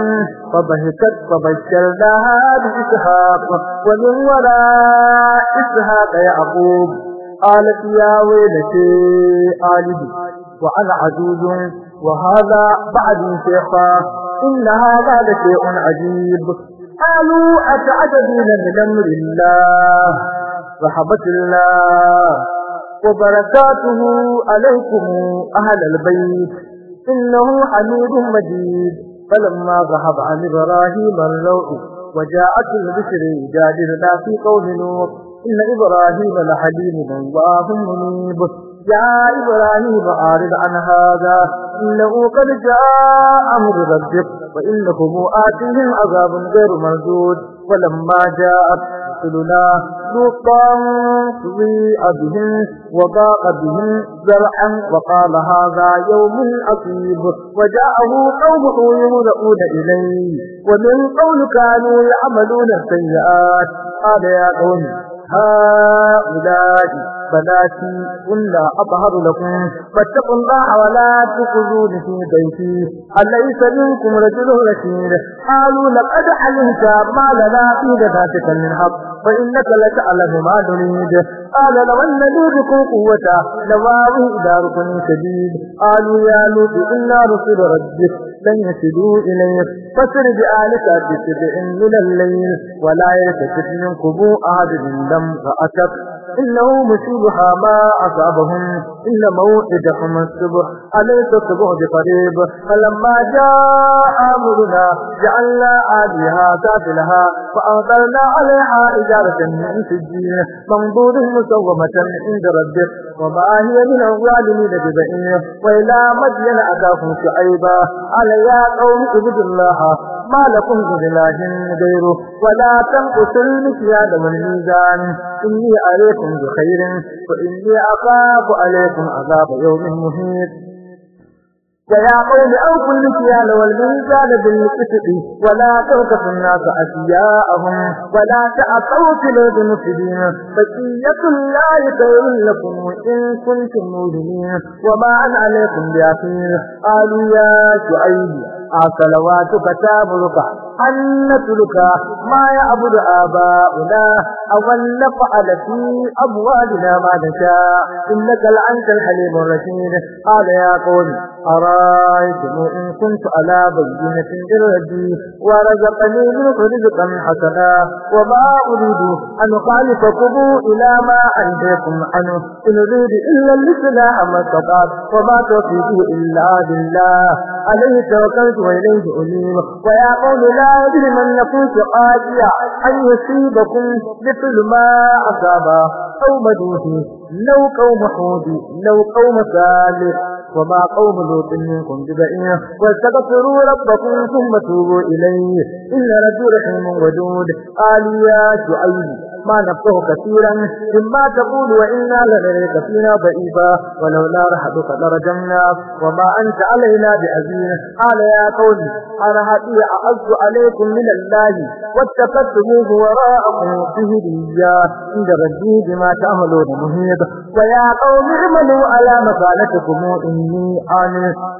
فبهتت فبشرناها بإسحاق ومن وراء إسحاق يعقوب قالت يا ويلتي آلدي وأنا عجوز وهذا بعد شيخا إن هذا لشيء عجيب قالوا أتعجبون من أمر الله رحمة الله وبركاته عليكم أهل البيت إنه حميد مجيد فلما ذهب عن إبراهيم الروح وجاءت البشر جادلنا في قوم نور إن إبراهيم لحليم الله منيب يا إبراهيم أعرض عن هذا إنه قد جاء أمر ربك وإنهم آتهم عذاب غير مردود ولما جاءت رسلنا لوطا سويء بهم وضاق بهم زرعا وقال هذا يوم عصيب وجاءه قومه يهرؤون إليه ومن قول كانوا يعملون السيئات قال يا قوم هؤلاء بناتي إلا أطهر لكم فاتقوا الله ولا تخذون في بيتي أليس منكم رجل رشيد قالوا لقد علمت ما لنا في ذاتك من حق فإنك لتعلم ما نريد قال لو أن نوركم قوة لواوي إلى ركن شديد قالوا يا لوط إنا رسل ربك لن يسدوا إليه فسر بآلك بسبع من الليل ولا يلتفت منكم أحد من لم فأتت إنه مصيبها ما أصابهم إلا موعدهم الصبح أليس الصبح بقريب فلما جاء أمرنا جعلنا عاليها سافلها فأمطرنا عليها إجارة من سجين منظور مسومة عند ربك وما هي من الظالمين ببئين وإلى مدين أتاهم شعيبا على يا قوم اعبدوا الله ما لكم من غيره ولا تنقصوا المكيال والميزان إني عليكم بخير وإني أخاف عليكم عذاب يوم مهيد ويا قوم أوفوا المكيال والميزان بالقسط ولا تغتفوا الناس أشياءهم ولا تعطوا في الأرض مفسدين بقية الله خير لكم إن كنتم مؤمنين وما أن عليكم بعزيز قالوا يا شعيب آه، صلواتك تابلك أن نترك ما يعبد آباؤنا أو أن نفعل في أبوالنا ما نشاء إنك لأنت الحليم الرشيد قال يا قول أرأيتم إن كنت على بينة من ربي ورزقني منك رزقا حسنا وما أريد أن أخالفكم إلى ما أنهيكم عنه إن أريد إلا الإصلاح ما استطعت وما توفيقه إلا بالله عليه توكلت وإليه أنيب ويا قول لا ولا يجرمنكم أن يصيبكم مثل ما أصاب قوم نوح لو قوم حود لو قوم صالح وما قوم لوط منكم ببعير واستغفروا ربكم ثم توبوا إليه إن رجل رحيم ودود قال يا شعيب ما نفقه كثيرا مما تقول وإنا لغيرك فينا ضعيفا ولولا رحبك لرجمنا وما أنت علينا بعزيز قال يا قوم أنا هدي أعز عليكم من الله واتخذتموه وراءكم بهدية عند ربي بما تعملون مهيد ويا قوم اعملوا على مكانتكم إني أن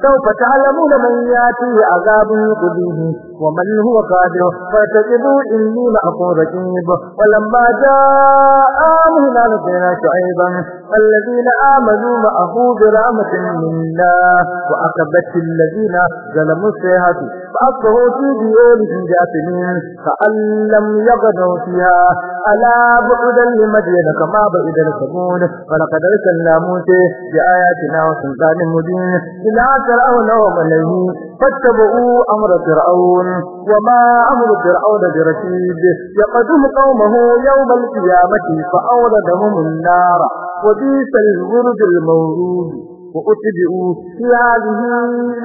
سوف تعلمون من ياتي عذاب يقضيه ومن هو قادر فاتقبوا إني معكم رجيب ولما جاء من لدينا شعيبا الذين آمنوا معه برحمة الله وأكبت الذين ظلموا السيئات فأصبحوا في ديارهم جاثمين فأن لم يغنوا فيها ألا بعدا لمدينة كما بعد الكبون ولقد أرسلنا موسى بآياتنا وسلطان مبين إلى فرعون وملئه فاتبعوا أمر فرعون وما أمر فرعون برشيد يقدم قومه يوم القيامة فأوردهم النار وبئس الورد المورود وأتبعوا في هذه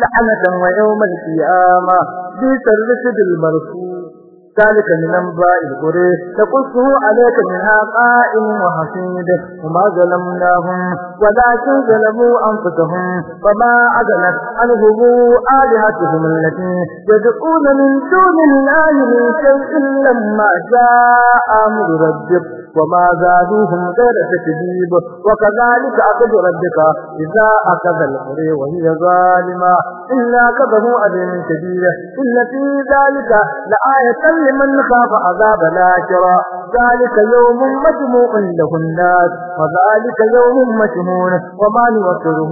لعنة ويوم القيامة بئس الرشد المرفوض ذلك من أنباء القرى تقصه عليك منها قائم وحسيد وما ظلمناهم ولكن ظلموا أنفسهم وما أغنت عنهم آلهتهم التي يدعون من دون الله من شيء لما جاء أمر ربك وما زادوهم غير تكذيب وكذلك أخذ ربك إذا أخذ القرى وهي ظالمة إلا أخذه أذن كبير إن في ذلك لآية لمن خاف عذاب الآخرة ذلك يوم مجموع له الناس وذلك يوم مجمون وما نوكره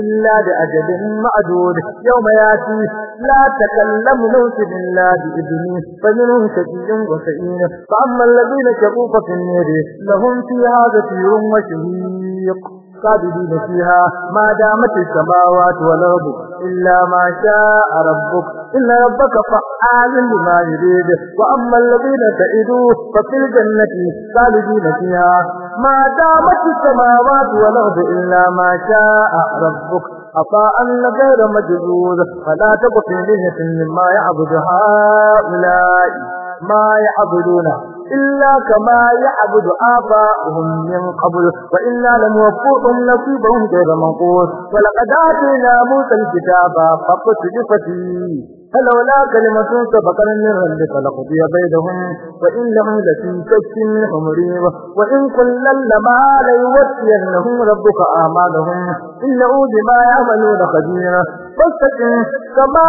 إلا بأجل معدود يوم ياتي لا تكلم نوت بالله بإذنه فمنهم شديد وسئين فأما الذين شقوا ففي بغيره لهم فيها زفير وشهيق قابلين فيها ما دامت السماوات والأرض إلا ما شاء ربك إن ربك فعال لما يريد وأما الذين تئدوه ففي الجنة خالدين فيها ما دامت السماوات والأرض إلا ما شاء ربك عطاء غير مجذوذ فلا تبقي لهم مما يعبد هؤلاء ما يعبدون إلا كما يعبد آباؤهم من قبل وإنا يوفوهم نصيبهم غير منقوص ولقد آتينا موسى الكتاب فاقتل فتيه فلولا كلمة سبقنا من ربك لقضي بينهم وإنهم لفي شك منهم ريب وإن كلا لما ليوفينهم ربك أعمالهم إنه بما يعملون خبير فاستقم كما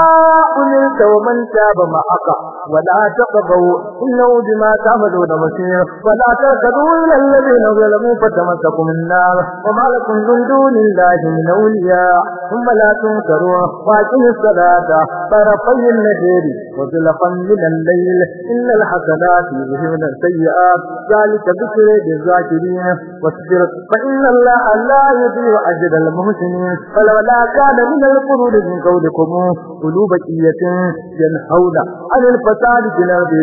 قلت ومن تاب معك ولا تقضوا إنه بما تعملون بصير ولا تركضوا إلى الذين ظلموا فتمسكم النار وما لكم من دون الله من أولياء ثم لا تنكروا وأقم الصلاة طرفي النهير وزلقا من الليل إن الحسنات يذهبن السيئات ذلك بكر للذاكرين واصبر فإن الله لا يضيع أجر المؤمنين محسنين فلولا كان من القرون من قولكم قلوب بقية ينحون عن الفساد في الأرض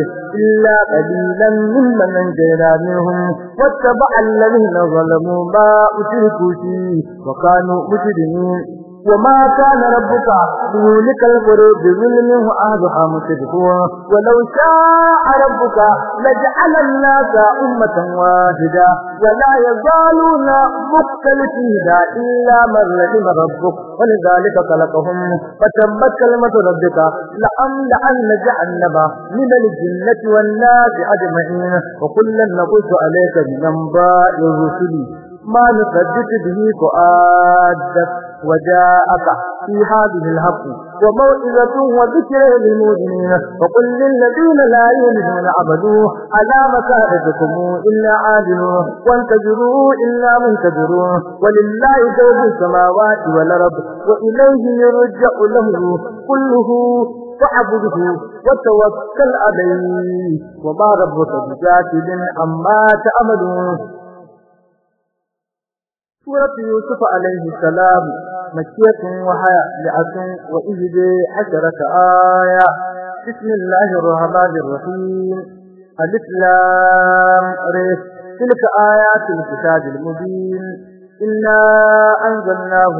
إلا قليلا ممن أنجينا منهم واتبع الذين ظلموا ما أشركوا فيه وكانوا مجرمين وما كان ربك ليهلك القرى بظلم أهلها مصلحون ولو شاء ربك لجعل الناس أمة واحدة ولا يزالون مختلفين إلا من رحم ربك ولذلك خلقهم فتمت كلمة ربك لأملأن جهنم من الجنة والناس أجمعين وكلا نقص عليك من أنباء الرسل ما نثبت به فؤادك وجاءك في هذه الحق وموئذة وذكر للمؤمنين وقل للذين لا يؤمنون عبدوا على مساعدكم إلا عادلوا وانتجروا إلا منتجروا ولله جوب السماوات والأرض وإليه يرجع له كله فاعبده وتوكل عليه وما ربك بجاكل عما تعملون سورة يوسف عليه السلام مكية وحية وإذ عشرة آية بسم الله الرحمن الرحيم الإسلام ريس تلك آيات الكتاب المبين إنا أنزلناه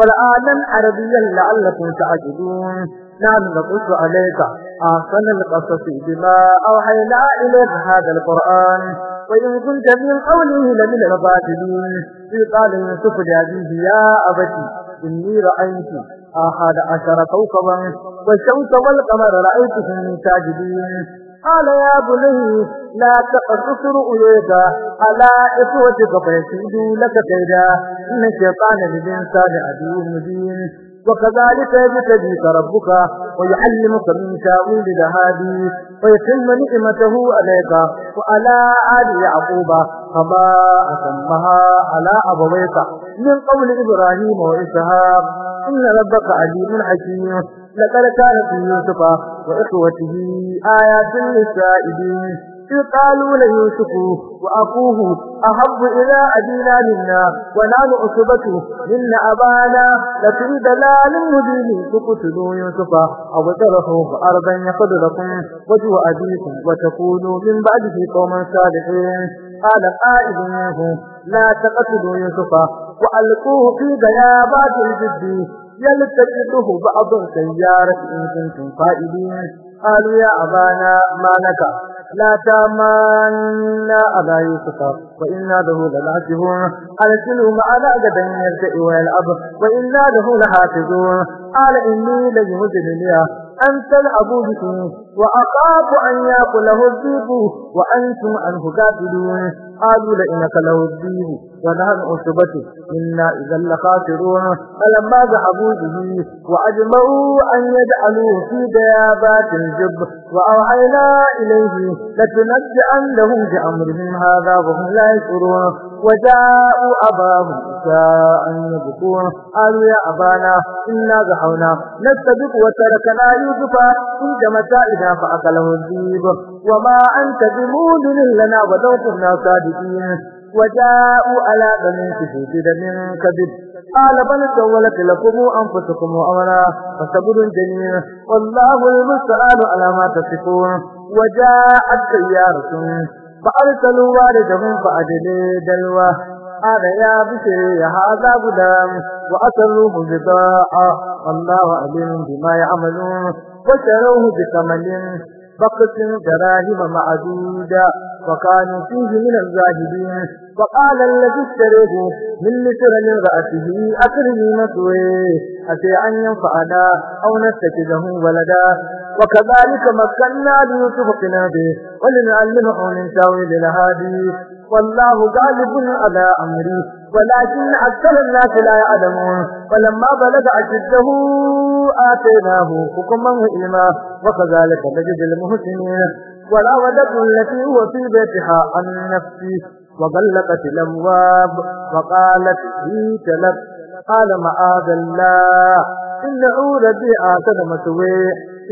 قرآنا عربيا لعلكم تعجبون نعم نقص عليك أحسن القصص بما أوحينا إليك هذا القرآن وإن كنت من قوله لمن الباطلين في قال يوسف لأبيه يا أبتي إني رأيت أحد عشر كوكبا والشمس والقمر رأيتهم ساجدين قال يا بني لا تقصص رؤيك على إخوتك فيكيدوا لك كيدا إن الشيطان للإنسان عدو مبين وكذلك يجتبيك ربك ويعلمك من شاول ذهابي ويتم نعمته عليك وعلى آل يعقوب كما أتمها على أبويك من قول إبراهيم وإسحاق إن ربك عليم حكيم لقد كان في يوسف وإخوته آيات للسائلين قالوا ليوسف وأقوه أحب إلى أبينا منا ولا نعصبته من أبانا لفي دلال مبين تقتلوا يوسف أو ترحوه أرضا يقد لكم وجه أبيكم وتكونوا من بعده قوما صالحين قال قائد منه لا تقتلوا يوسف وألقوه في غيابات الجد يلتقطه بعض سيارة إن كنتم قائدين قالوا يا أبانا ما لك لا تامنا أبا يوسف وإنا له للعجبون أرسلوا معنا أجدا يرتئ ويلعب وإنا له لحافظون قال إني لي أنت تلعبوا بكم وأخاف أن يأكله الذيب وأنتم عنه قابلون قالوا لإنك له الذيب ونحن أصبته إنا إذا لخاسرون فلما ذهبوا به وأجمعوا أن يجعلوه في ديابات الجب وأوحينا إليه لتنجأنهم بأمرهم هذا وهم لا يشعرون وجاءوا أباهم إساء يبكون قالوا يا أبانا إنا ذهبنا نستبق وتركنا يوسف عند متاعنا فأكله الذيب وما أنت بمولد لنا ولو كنا صادقين وجاءوا على بني بنته من كذب قال بل سولت لكم أنفسكم أمرا فصبر جميل والله المسأل على ما تصفون وجاءت سيارة فأرسلوا واردهم فأجلي دلوة هذا يا بشري هذا غلام وأسروه بضاعة والله عليم بما يعملون وشروه بثمن بقت دراهم معدودة وكانوا فيه من الزاهدين وقال الذي اشتريه من لسر من رأسه أكرمي مثويه أتي أن ينفعنا أو نستجده ولدا وكذلك مكنا ليوسف به ولنعلمه من تاويل الهادي والله غالب على أمره ولكن أكثر الناس لا يعلمون فلما بلغ أشده آتيناه حكما وإلما وكذلك نجد المحسنين وراودته التي هو في بيتها عن نفسي وغلقت الأبواب وقالت لي تلب قال معاذ الله إن إنه بها آتنا مسوي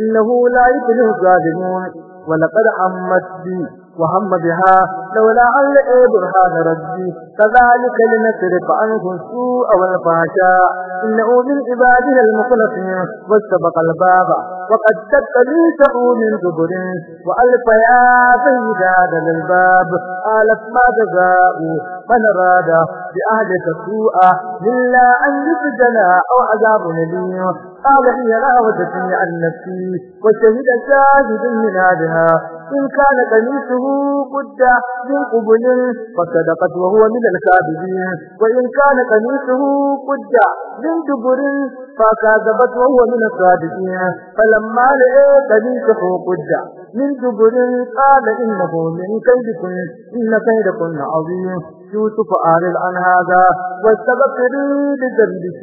إنه لا يكره الظالمون ولقد عمت بي وهم بها لولا أن برهان ربي كذلك لنترك عنه السوء والفحشاء إنه من عبادنا المخلصين واتبق الباب وقد تتليسه من دبر وألف يا سيد هذا للباب قالت ما جزاء من أراد بأهلك سوءا إلا أن يسجنا أو عذاب نبي قال هي لا عن نفسي وشهد شاهد من هذا إن كان قميصه قد من قبل فصدقت وهو من الكاذبين وإن كان قميصه قد من دبر فكاذبت وهو من الكاذبين فلما رأى قميصه قد من دبر قال إنه من كيدكم إن كيدكم عظيم يوسف أعرض عن هذا واستغفري لذنبك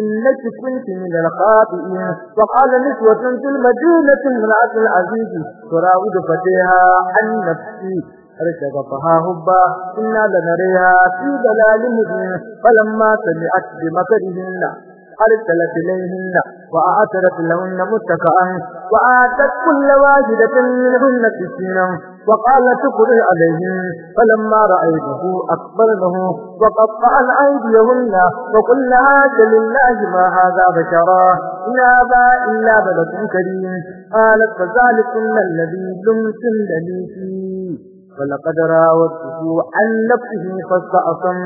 إنك كنت من الخاطئين وقال نسوة في المدينة امرأة العزيز تراود فتيها عن نفسي ارتقطها هبا إنا لنريها في ضلال مبين فلما سمعت بمكرهن أرسلت إليهن وأعترت لهن متكئا وآتت كل واجدة منهن سكينا وقالت تقر عليهم فلما رأيته أكبرنه وقطعن أيديهن وقلنا هذا لله ما هذا بشرا إن أبا إلا بلد كريم قالت فذلكن الذي لمسن لي فيه ولقد راوته عن نفسه فاستعصم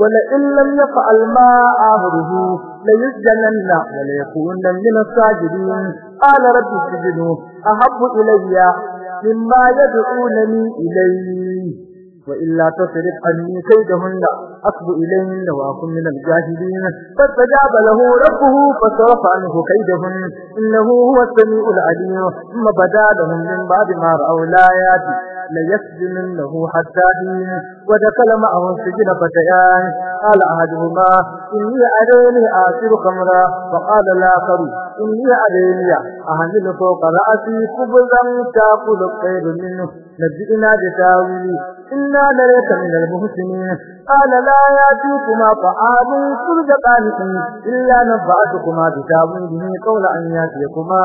ولئن لم يفعل ما آهره ليسجنن وليكون من الساجدين قال رب السجن أحب إلي مما يدعونني إليه وإلا تصرف عني كيدهن أصب إليهن وأكن من الجاهلين فاستجاب له ربه فصرف عنه كيدهن إنه هو السميع العليم ثم بدا لهم من بعد ما رأوا الآيات ليسجننه حتى دين ودخل معه السجن فتيان قال أحدهما إني أريني آسر خمرا فقال الآخر إني أريني أهمل فوق رأسي خبزا تأكل الطير منه نبئنا بتاويل إنا لريك من المحسنين قال لا يأتيكما طعام ترزقانه إلا نبأتكما بتاويله قول أن يأتيكما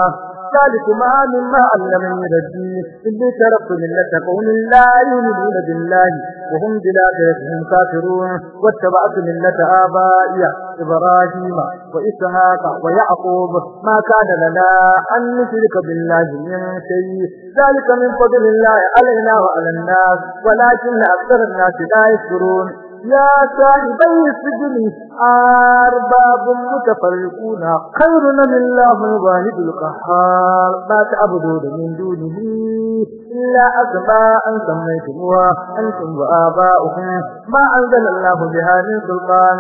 ذلك ما مما من ربي إني تركت ملة قوم لا يؤمنون بالله وهم بالآخرة هم كافرون واتبعت ملة آبائي إبراهيم وإسحاق ويعقوب ما كان لنا أن نشرك بالله من شيء ذلك من فضل الله علينا وعلى الناس ولكن أكثر الناس لا يشكرون يا صاحبي السجن أرباب متفرقون خير من الله الواحد القهار لا تعبدون من دونه إلا أسماء سميتموها أنتم وآباؤكم ما أنزل الله بها من سلطان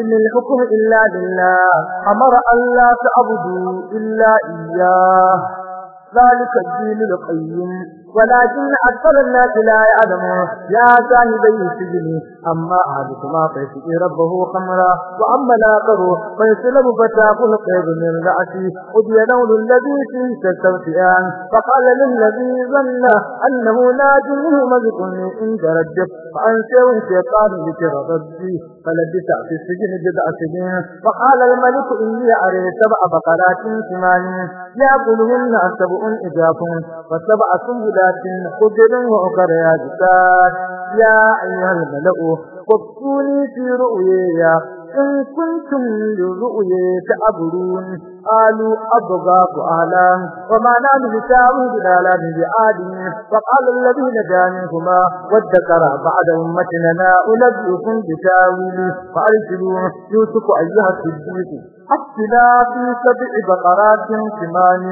إن الحكم إلا لله أمر أن لا تعبدوا إلا إياه ذلك الدين القيم ولكن أكثر الناس لا يعلمون يا صاحبي السجن أما أحدكما فيسقي ربه خمرا وأما الآخر فيسلم فتاق قيد من رأسه قضي لون الذي في تستمتعان فقال للذي ظن أنه ناج منه ملك إن رجب فأنسي شيطان ذكر ربي فلبس في السجن بضع سنين فقال الملك إني أري سبع بقرات ثمان يأكلهن سبع إجاف وسبع سنجد ذات خدر وأخر أجساد يا أيها الملأ قبطوني في رؤيا إن كنتم لرؤيا تعبرون قالوا أبغاق أهلا وما نعم بتاوه بلالا بعادي وقال الذين منهما وادكر بعد أمتنا أنبئكم بتاويل فأرسلوا يوسف أيها السبيل حتى في سبع بقرات ثمان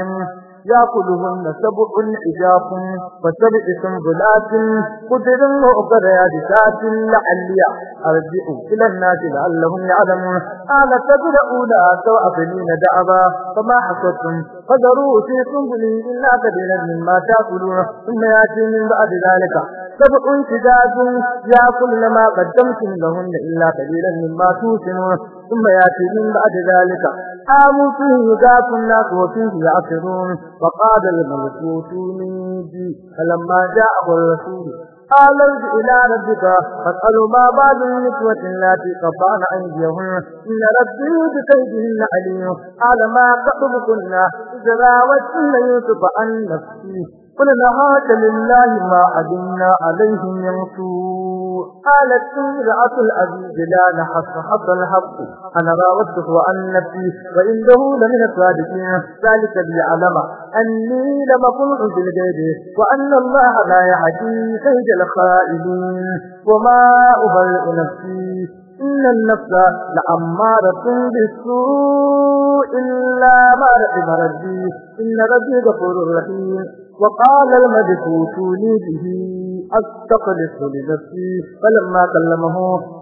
يأكلهن سبع عجاف فسبع سنبلات قدر وأخر يابسات لعليا أرجعوا إلى الناس لعلهم يعلمون قال تدرؤون سوء بنين دعبا فما حصدتم فذروا في سنبله إلا قليلا مما تأكلون ثم يأتي من بعد ذلك سبع شداد يأكلن ما قدمتم لهن إلا قليلا مما توسنون ثم يأتي من بعد ذلك مصيبة وفيه يعصرون فقال الملك يوتوني بي فلما جاءه الرسول قال ارجع إلى ربك فاسألوا ما بعد النسوة التي قطعن أيديهن إن ربي بكيدهن عليم قال ما قطبكن إذا راوتن يوسف عن نفسه قل لا لله ما علمنا عليه من سوء قالت امرأة العزيز لا نحص حص الحق أنا راودته عن نفسي وإنه لمن الصادقين ذلك ليعلم أني لم أكن الغيب وأن الله لا يهدي كيد الخائنين وما أبرئ نفسي إن النفس لأمارة بالسوء إلا ما رحم ربي إن ربي غفور رحيم وقال المدفوت لي به أستقلص لنفسي فلما كلمه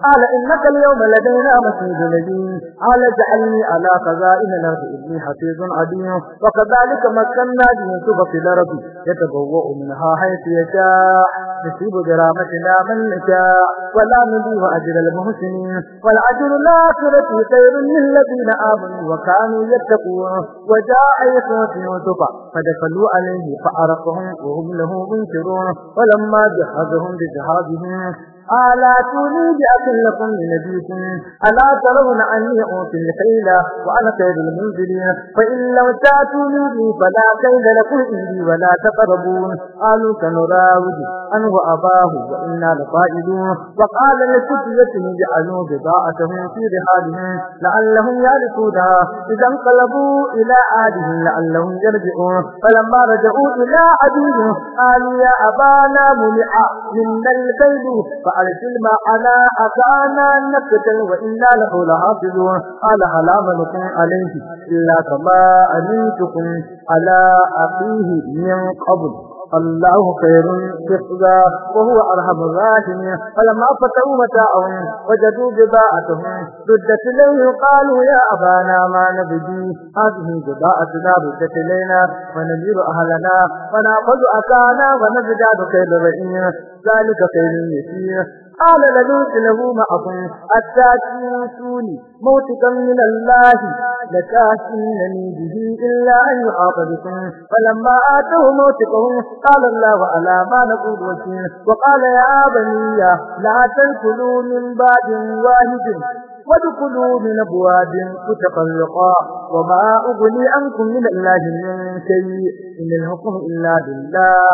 قال إنك اليوم لدينا مسجد مبين قال اجعلني على خزائن الأرض إني حفيظ عديم وكذلك مكنا ليوسف في الأرض يتبوأ منها حيث يشاء نسيب برامتنا من نشاء ولا نضيع أجر المحسنين والأجر الآخرة خير للذين آمنوا وكانوا يتقون وجاء يسوع في يوسف فدخلوا عليه فأرقهم وهم له منكرون ولما يسبح أحدهم بذهابهن ألا تريد أكل لكم نبيكم ألا ترون أني أوتي الخيل وأنا خير المنزلين فإن لو تأتوني بي فلا كيل لكم إلي ولا تقربون قالوا سنراود أنه أباه وإنا لقائدون وقال لكتية جعلوا بضاعتهم في رحالهم لعلهم يعرفونها إذا انقلبوا إلى آلهم لعلهم يرجعون فلما رجعوا إلى أبيهم قالوا يا أبانا منع منا الكيل وأرسل معنا أخانا نقتل وإنا له لحافظون على لا لكم عليه إلا كما أمنتكم على أخيه من قبل الله خير حفظا وهو أرحم الراحمين فلما فتحوا متاعهم وجدوا بضاعتهم ردت إليه قالوا يا أبانا ما نبدي هذه بضاعتنا ردت إلينا ونمير أهلنا ونأخذ أسانا ونزداد خير الرئيس ذلك خير يسير qala ladut lahu ma'afu attatuni mawtikan min Allah la tasinani bihi illa a yu'ata bikum falamma atuhu mawtikahum qala Allah ala ma naqulu wakil wa qala ya baniya la tadkhulu min ba'din wahidin وادخلوا من أبواب متفرقة وما أغني عنكم من الله من شيء إن الحكم إلا بالله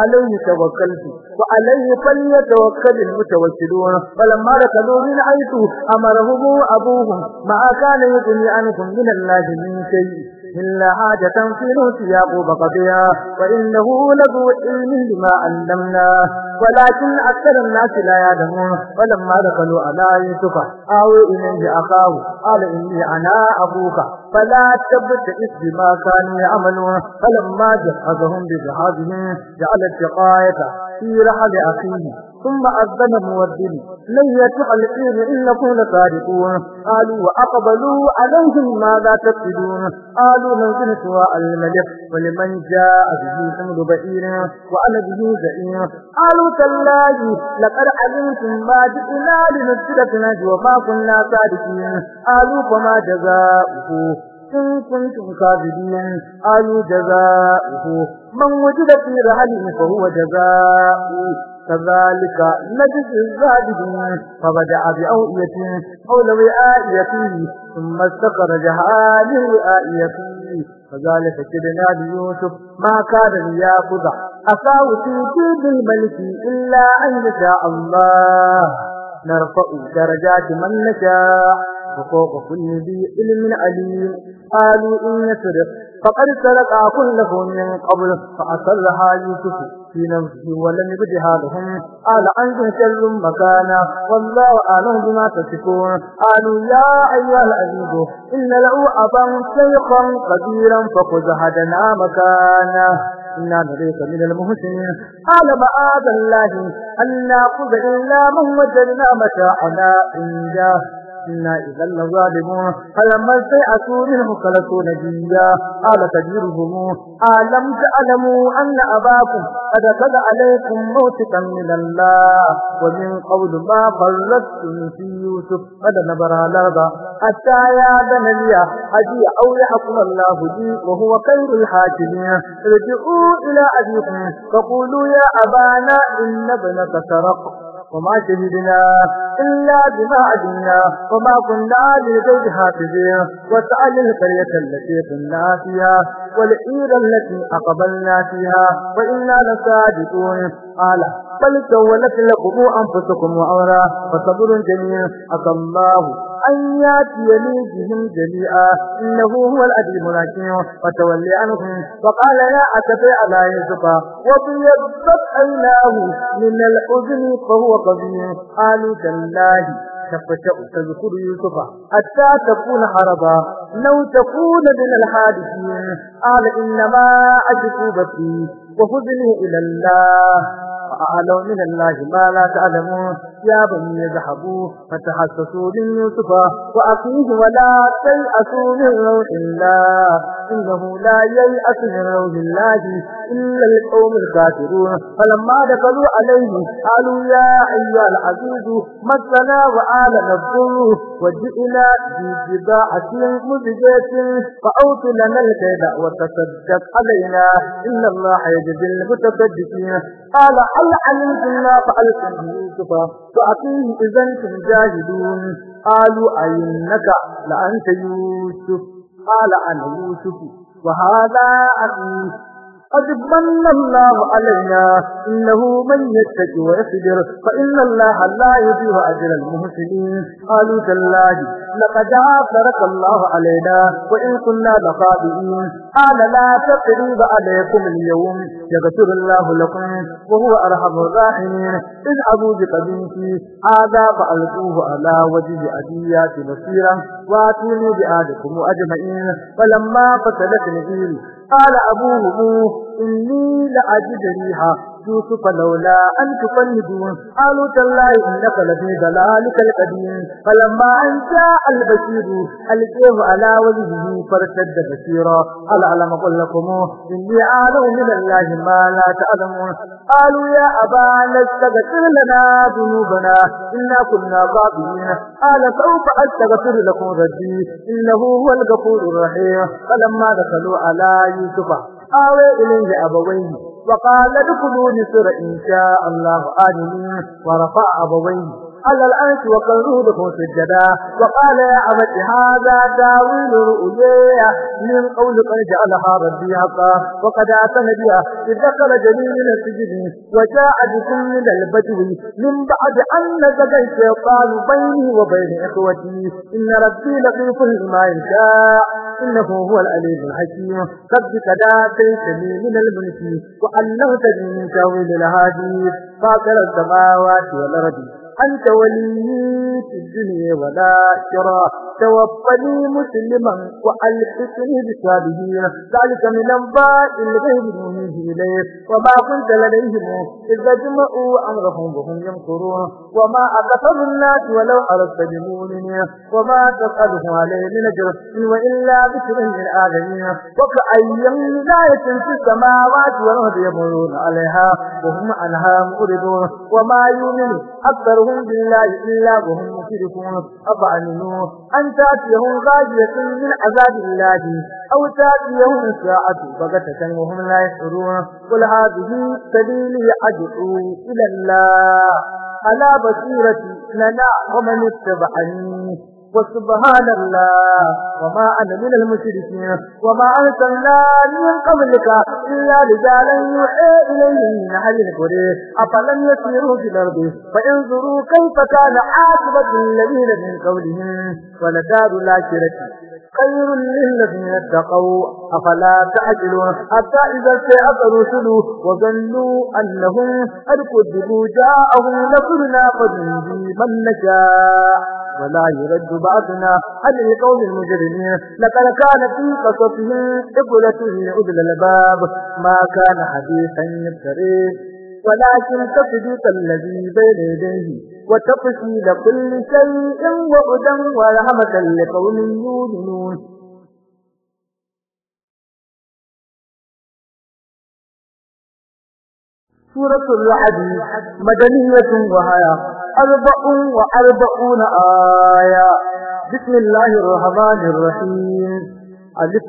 عليه توكلت وعليه فليتوكل المتوكلون فلما ركبوا من حيث أمرهم أبوهم ما كان يغني عنكم من الله من شيء إلا حاجة في فلوس يعقوب قضيها وإنه لذو علم لما علمناه ولكن أكثر الناس لا يعلمون ولما دخلوا على يوسف أو إليه أخاه قال إني أنا أبوك فلا تبتئس بما كانوا يعملون فلما جهزهم بجهازهم جعل الشقاية في رحل أخيه ثم أذن المؤذن لن يتع العير إنكم لتاركون قالوا وأقبلوا عليهم ماذا تفسدون قالوا ننزل سواء الملك ولمن جاء به حمد بئير وأنا به زعيم قالوا تالله لقد علمتم ما جئنا لنفسد في وما كنا تاركين قالوا فما جزاؤه إن كنتم كاذبين قالوا جزاؤه من وجد في رحله فهو جزاؤه كذلك نجزي الزاهدين فبدأ بأوئية حول وآئيته ثم استخرجها من وآئيته فذلك كدنا ليوسف ما كان ليأخذ أفاه في جيب الملك إلا أن نشاء الله نرفع درجات من نشاء وفوق كل ذي علم عليم قالوا إن يسرق فقد سلكا كله من قبل فأسرها يوسف في نفسه ولم يبدها لهم قال أنتم شر مكانا والله أعلم بما تصفون قالوا يا أيها العزيز إن له أبا شيخا كبيرا فخذ هدنا مكانا إنا نريك من المحسنين قال معاذ الله أن نأخذ إلا من وجدنا متاعنا عنده إنا إذا لظالمون فلما سيأتوا منه خلصوا نبيا قال كبيرهم ألم تعلموا أن أباكم قد قد عليكم موتكا من الله ومن قول ما فرستم في يوسف قد نبر على حتى يا بني أجي أو يحكم الله بي وهو خير الحاكمين ارجعوا إلى أبيكم فقولوا يا أبانا إن ابنك سرق وما شهدنا إلا بما عدنا وما كنا لغير حافظين واسأل القرية التي كنا فيها والعير التي أقبلنا فيها وإنا لصادقون قال بل سولت لكم أنفسكم وأمرا فصبر جميع عسى الله أن لي بهم جميعا إنه هو الأديب الأكيم وتولي عنهم فقال لا أتفي لا يوسفا وبيضت عيناه من الحزن فهو قديم قالوا تالله تفشق تذكر يوسف حتى تكون حربا لو تكون من الحادثين قال إنما أشكو بكي وخذني إلى الله أعلم من الله ما لا تعلمون يا بني اذهبوا فتحسسوا من يوسف وأخيه ولا تيأسوا من روح الله إنه لا ييأس من روح الله إلا القوم الكافرون فلما دخلوا عليه قالوا يا أيها العزيز مسنا وعلى الضر وجئنا بجباعة مزجة فأوت لنا الكيد وتصدق علينا إن الله يجزي المتصدقين قال هل علمتم ما فعلتم يوسف فأتيه إذا أنتم جاهدون قالوا أينك لأنت يوسف قال أنا يوسف وهذا أبي قد من الله علينا إنه من يتق ويصبر فإن الله لا يضيع أجر المحسنين قالوا تالله لقد عافرك الله علينا وإن كنا لخاطئين قال لا تقريب عليكم اليوم يغفر الله لكم وهو أرحم الراحمين إذ أبو هذا فألقوه على وجه أديات بصيرا واتوني بآلكم أجمعين فلما فتلت نجيل قال أبوه إني لأجد ريها يوسف لولا أن تفندون قالوا تالله إنك لفي ضلالك القديم فلما أن جاء البشير ألقيه على وجهه فارتد بشيرا قال ألم أقل لكم إني أعلم من الله ما لا تعلمون قالوا يا أبا استغفر لنا ذنوبنا إنا كنا ظالمين قال سوف أستغفر لكم ربي إنه هو الغفور الرحيم فلما دخلوا على يوسف آوى إليه أبويه وقال لكم مصر إن شاء الله آمين ورفع أبويه على الأنس وقلوبكم سجدا وقال يا أبت هذا داول رؤيا من قول قد جعلها ربي حقا وقد أتن بها إذ دخل جميل السجن وجاء بكم من البدو من بعد أن نزل الشيطان بيني وبين إخوتي إن ربي لطيف ما يشاء إنه هو الأليم الحكيم قد كداتيتني من الملك وعلمتني من تاويل الأحاديث فاكر السماوات والأرض أنت ولي في الدنيا والآخرة توفني مسلما وألحقني بالصالحين ذلك من أنباء الغيب نوحيه إليه وما كنت لديهم إذا جمعوا أمرهم وهم يمكرون وما أكثر الناس ولو أردت بمؤمنين وما تسألهم عليه من أجر وإلا بشر للآدمين وكأي من آية في السماوات والأرض يمرون عليها وهم عنها مؤردون وما يؤمن أكثر وهم بالله إلا وهم مشركون أفأمنوا أن تأتيهم غاجية من عذاب الله أو تأتيهم ساعة بغتة وهم لا يشعرون قل هذه سبيلي أدعو إلى الله على بصيرتي لنا ومن اتبعني وسبحان الله وما أنا من المشركين وما أرسلنا من قبلك إلا رجالا يوحى إليهم من أهل القرى أفلم يسيروا في الأرض فانظروا كيف كان عاقبة الذين من قولهم ولدار الآخرة خير للذين اتقوا أفلا تعجلون حتى إذا استيأس الرسل وظنوا أنهم قد كذبوا جاءهم نصرنا قد من نشاء ولا يرد بعثنا هل القوم المجرمين لقد كان في قصصهم إبلة عدل الباب ما كان حديثا يفتريه ولكن تصديق الذي بين يديه وتفصيل كل شيء وهدى ورحمة لقوم يؤمنون سورة الحديث مدنية وهي أربع وأربعون آية بسم الله الرحمن الرحيم ألف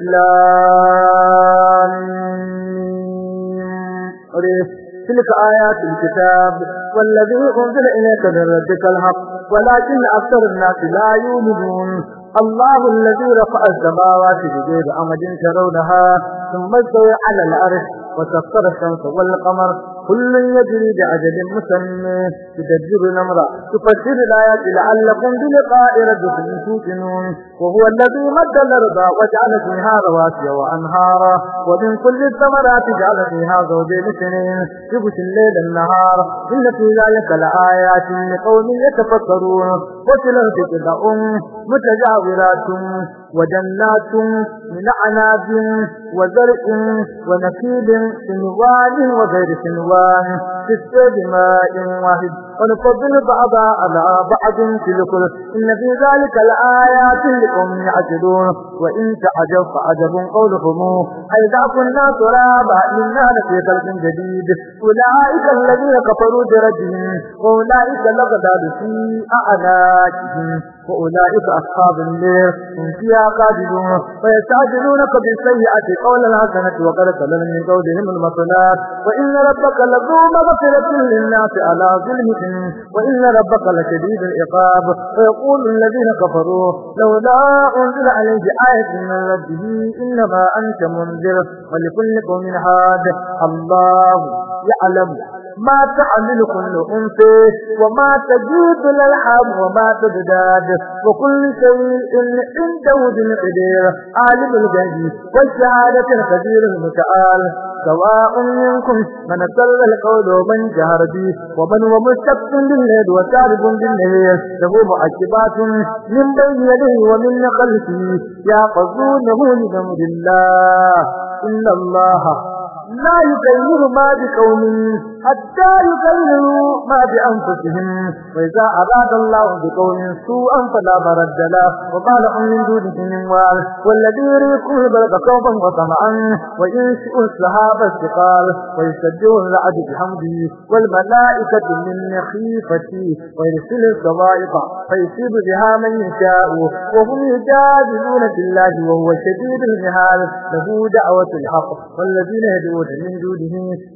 تلك آيات الكتاب والذي أنزل إليك من ربك الحق ولكن أكثر الناس لا يؤمنون الله الذي رفع السماوات بغير أمد ترونها ثم استوى على العرش وسخر الشمس والقمر كل يجري بعجل مسمى تدبر الأمر تفسر الآيات لعلكم بلقاء ربكم توقنون وهو الذي مد الأرض وجعل فيها رواسي وأنهارا ومن كل الثمرات جعل فيها زوجين سنين تبث الليل النهار إن في ذلك لآيات لقوم يتفكرون وفي الأرض متجاورات وجنات من أعناب وزرع ونخيل سنوان وغير سنوان الله في السجماء وهد ونفضل بعضا على بعض في الكل إن في ذلك الآيات لكم يعجلون وإن تعجب فعجب قولهم أيضا كنا ترابا إنا في خلق جديد أولئك الذين كفروا بربهم وأولئك لقد في أعناقهم وأولئك أصحاب النار هم فيها قادرون ويستعجلونك بالسيئة قول الحسنة وقد سلم من قولهم المصلات وإن ربك لذو مغفرة للناس على ظلمهم وإن ربك لشديد العقاب ويقول الذين كفروا لولا أنزل عليه آية من ربه إنما أنت منذر ولكل قوم حاد الله يعلم ما تحمل كل أنثى وما تجيب الألحام وما تزداد وكل شيء عنده بالقدير عالم الغيب والشهادة الخبير المتعال سواء منكم من سر القول ومن جهر به ومن هو مستقف بالليل وشارب بالليل له معجبات من بين يديه ومن خلفه يعقزونه لذنب الله إن الله لا يكلم ما بقوله حتى يكلموا ما بأنفسهم وإذا أراد الله بقوم سوءا فلا مرد له وما لهم من دونه من وال والذي يريكم البلد صوبا وطمعا وينشئ السحاب الثقال ويسجه الرعد بحمده والملائكة من نخيفتي ويرسل الصوائف فيصيب بها من يشاء وهم يجادلون في الله وهو شديد المهال له دعوة الحق والذين يدعون يدعون من دونه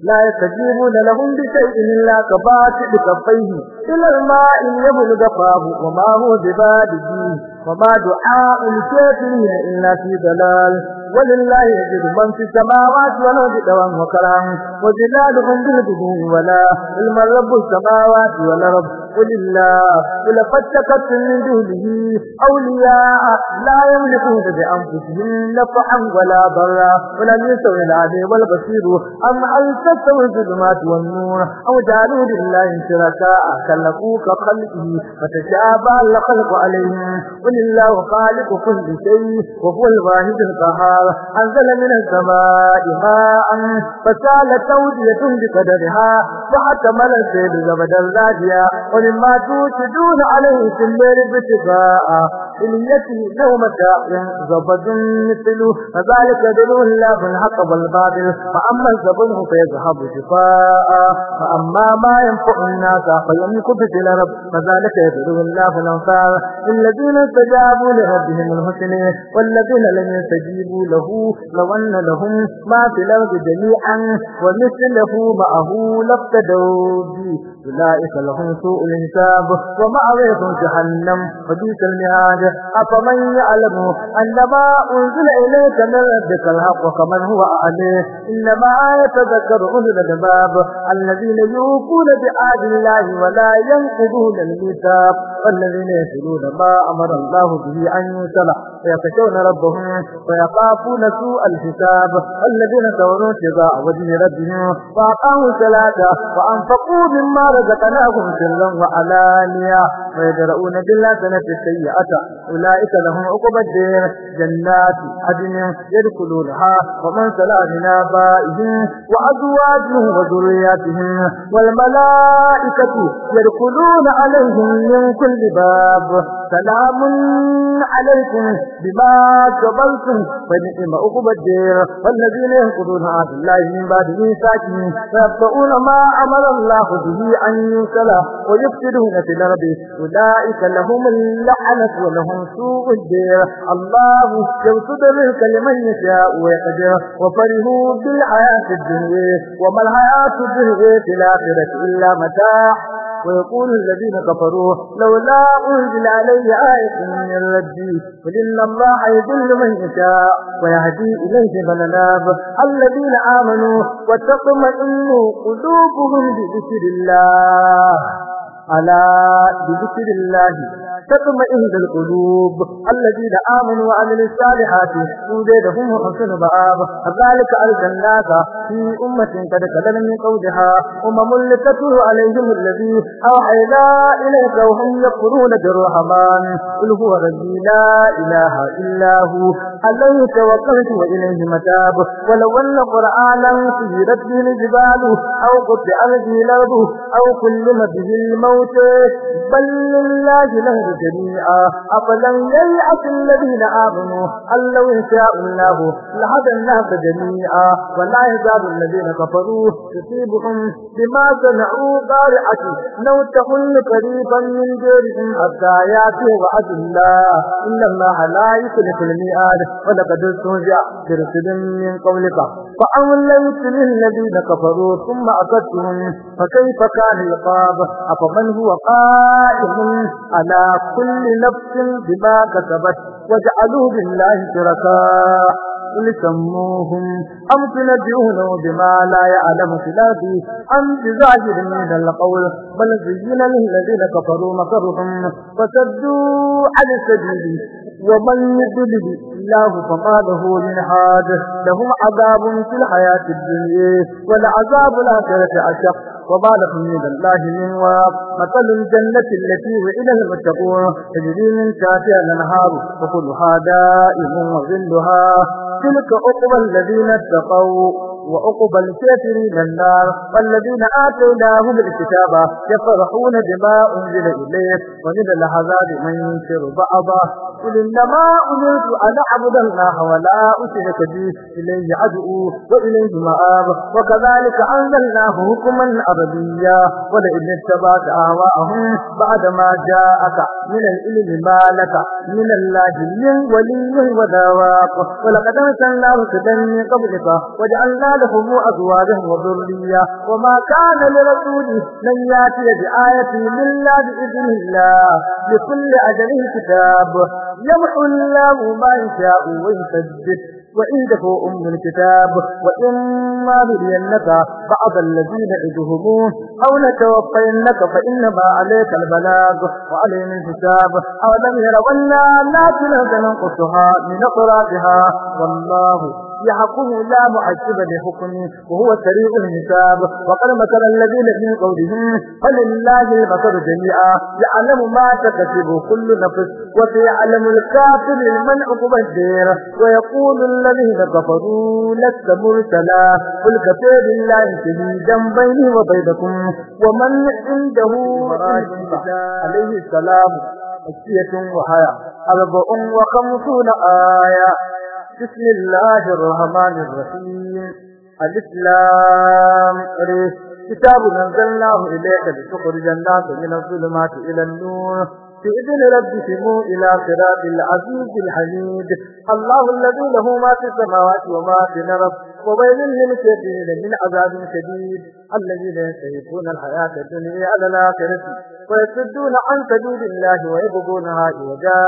لا يستجيبون لهم بشيء إلا كباسط كفيه إلى الماء يبلغ فاه وما هو ببالغه وما دعاء الكافرين إلا في ضلال ولله يجد من في السماوات والأرض دوام وكرام وجلالهم بالغدو ولا المرب السماوات والأرض قل الله قل فتكت من دونه أولياء لا يملكون بأنفسهم نفعا ولا ضرا ولم يسوي العلي والبصير أم أن تستوي الظلمات والنور أو جعلوا لله شركاء خلقوا كخلقه فتشابه الخلق عليهم قل الله خالق كل شيء وهو الواحد القهار أنزل من السماء ماء فسالت أودية بقدرها فحتم السيد زبدا الزاجية ولما توتدون عليه في الليل يتي له متاع زبد مثله فذلك دلوه الله الحق والباطل فأما الزبنه فيذهب شفاء فأما ما ينفع الناس فيملك في الأرض فذلك يدلوه الله الأنصار الذين استجابوا لربهم الحسن والذين لم يستجيبوا له لو أن لهم ما في الأرض جميعا ومثله معه لافتدوا به أولئك لهم سوء الحساب ومعويهم جهنم حديث المهاد أفمن يعلم أن ما أنزل إليك من ربك الحق كمن هو عليه إنما يتذكر أولو الألباب الذين يوفون بعهد الله ولا ينقضون الميثاق والذين يصلون ما أمر الله به أن يوصل ويخشون ربهم ويخافون سوء الحساب الذين تولوا ابتغاء وجه ربهم وأقاموا الصلاة وأنفقوا مما رزقناهم سرا وعلانيا ويدرؤون سنة السيئة أولئك لهم عقب الدين جنات عدن يدخلونها ومن سلى من آبائهم وأزواجهم وذرياتهم والملائكة يدخلون عليهم من كل باب سلام عليكم بما كبرتم فنعم عقب الدين والذين ينقضون عهد الله من بعد ميثاقه ويبدؤون ما أمر الله به أن يسلى ويفسدون في الأرض أولئك لهم اللعنة ولهم سوء الدير الله يوصدر لمن يشاء ويقدر وفرهوا بالحياة الدنيا وما الحياة الدنيا في الآخرة إلا متاع ويقول الذين كفروا لولا أنزل عليه آية من ربي قل إن الله يذل من يشاء ويهدي إليه من أناب الذين آمنوا وتطمئن قلوبهم بذكر الله ألا بذكر الله تطمئن القلوب الذين آمنوا وعملوا الصالحات وزيدهم حسن مآب ذلك أرسلناك في أمة قد كدل من قودها أمم لتتلو عليهم الذي أوحينا إليك وهم يقرون بالرحمن قل هو ربي لا إله إلا هو عليه توكلت وإليه متاب ولو أن قرآنا سيرت به الجبال أو قطع به الأرض أو كلم به الموت بل لله له جميعا أفلن ييأس الذين آمنوا أن لو شاء الله لهدى الناس جميعا ولا يزال الذين كفروا تصيبهم بما صنعوا بارعة لو تقل قريبا من جيرهم حتى ياتي وعد الله إن الله لا يخلف الميعاد ولقد استهزع برسل من قولك فأوليت للذين كفروا ثم أتتهم فكيف كان يقاب أفمن هو قائم على كل نفس بما كتبت وجعلوا بالله شركاء قل سموهم أم تنبئونه بما لا يعلم في أم بزاجر من القول بل زين للذين كفروا مكرهم فسدوا على السبيل ومن يضلل الله فما له من حاد لهم عذاب في الحياة الدنيا ولعذاب الآخرة أشق وما لكم من الله من واق مثل الجنة التي وعد المتقون تجري من تحتها الأنهار وكلها دائم وظلها تلك عقبى الذين اتقوا وعقب الكافرين النار والذين آتيناهم الكتاب يفرحون بما أنزل إليه ومن العذاب من ينكر بعضه قل إنما أمرت أن أعبد الله ولا أشرك به إليه عدو وإليه مآب وكذلك أنزلناه حكما عربية ولئن اتبعت أهواءهم بعد ما جاءك من العلم ما لك من الله من ولي وذواق ولقد أرسلنا رسلا من قبلك وجعلنا لهم أزواجا وذرية وما كان لرسول من يأتي بآية إلا بإذن الله لكل أجل كتاب يمحو الله ما يشاء ويثبت وعنده أم الكتاب وإما نرينك بعض الذين نعدهم أو نتوفينك فإنما عليك البلاغ وعلينا الحساب أولم يروا أنا ناتي ننقصها من أقرابها والله يحكم لا معذبا لحكمه وهو سريع الحساب وقد مثلا الذين من قولهم فلله المثل جميعا يعلم ما تكسب كل نفس وسيعلم الكافر المنع عقب الدير ويقول الذين كفروا لست مرسلا قل كفى بالله شهيدا بيني وبينكم ومن عنده عليه السلام أسية وحياة أربع وخمسون آية بسم الله الرحمن الرحيم الإسلام ريس كتاب انزلناه إليك لتخرج الناس من الظلمات إلى النور بإذن ربهم إلى صراط العزيز الحميد الله الذي له ما في السماوات وما في الأرض وويل للكافرين من عذاب شديد الذين يستحبون الحياة الدنيا على الآخرة ويصدون عن سبيل الله ويبغونها عوجا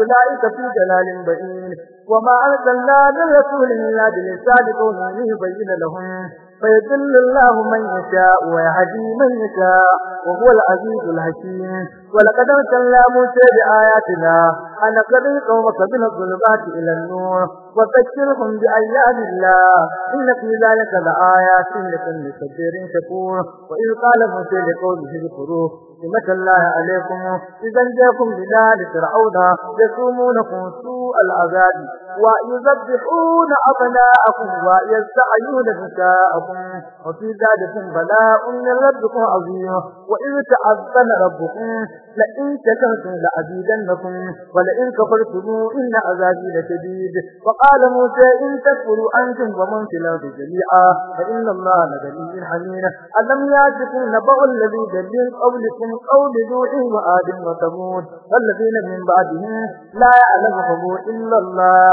أولئك في جلال بعيد وما أرسلنا رسول إلا بلسان قومه ليبين لهم فيضل الله من يشاء ويهدي من يشاء وهو العزيز الحكيم ولقد ارسلنا موسى بآياتنا أن اقضي قومك من الظلمات إلى النور وبشرهم بأيام الله إن في ذلك لآيات لكل صبر شكور وإذ قال موسى لقومه اذكروا نعمة الله عليكم إذا جاكم بلال فرعون يسومونكم سوء العذاب ويذبحون أبناءكم ويستعيون نساءكم وفي ذلك بلاء من ربكم عظيم وإذ تعذن ربكم لئن شكرتم لأزيدنكم ولئن كفرتم إن عذابي لشديد وقال موسى إن تكفروا أنتم ومن في الأرض جميعا فإن الله لدليل حميد ألم يأتكم نبأ الذي من قولكم قول نوح وعاد وثمود والذين من بعدهم لا يعلمهم إلا الله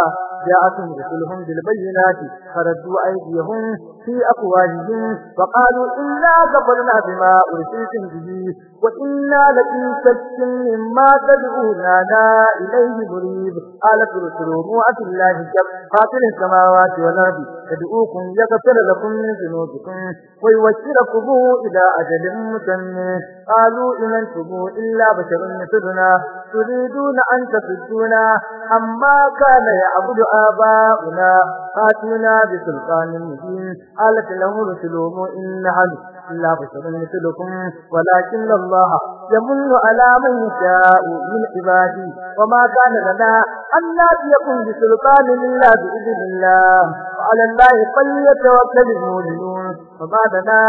جاءتهم رسلهم بالبينات فردوا أيديهم في أقوالهم فقالوا إنا كفرنا بما أرسلتم به وإنا لفي شك مما تدعوننا إليه مريب قالت رسلوا مؤة الله كم قاتل السماوات والأرض يدعوكم يغفر لكم من ذنوبكم ويوكلكم إلى أجل مسمى قالوا إن انتبوا إلا بشر مثلنا تريدون أن تفدونا أما كان يعبد آباؤنا فاتنا بسلطان مبين قالت له رسلوه إن هذا لا بشر مثلكم ولكن الله يمن على من يشاء من عباده وما كان لنا أن نأتيكم بسلطان إلا بإذن الله وعلى الله فليتوكل المؤمنون وما لنا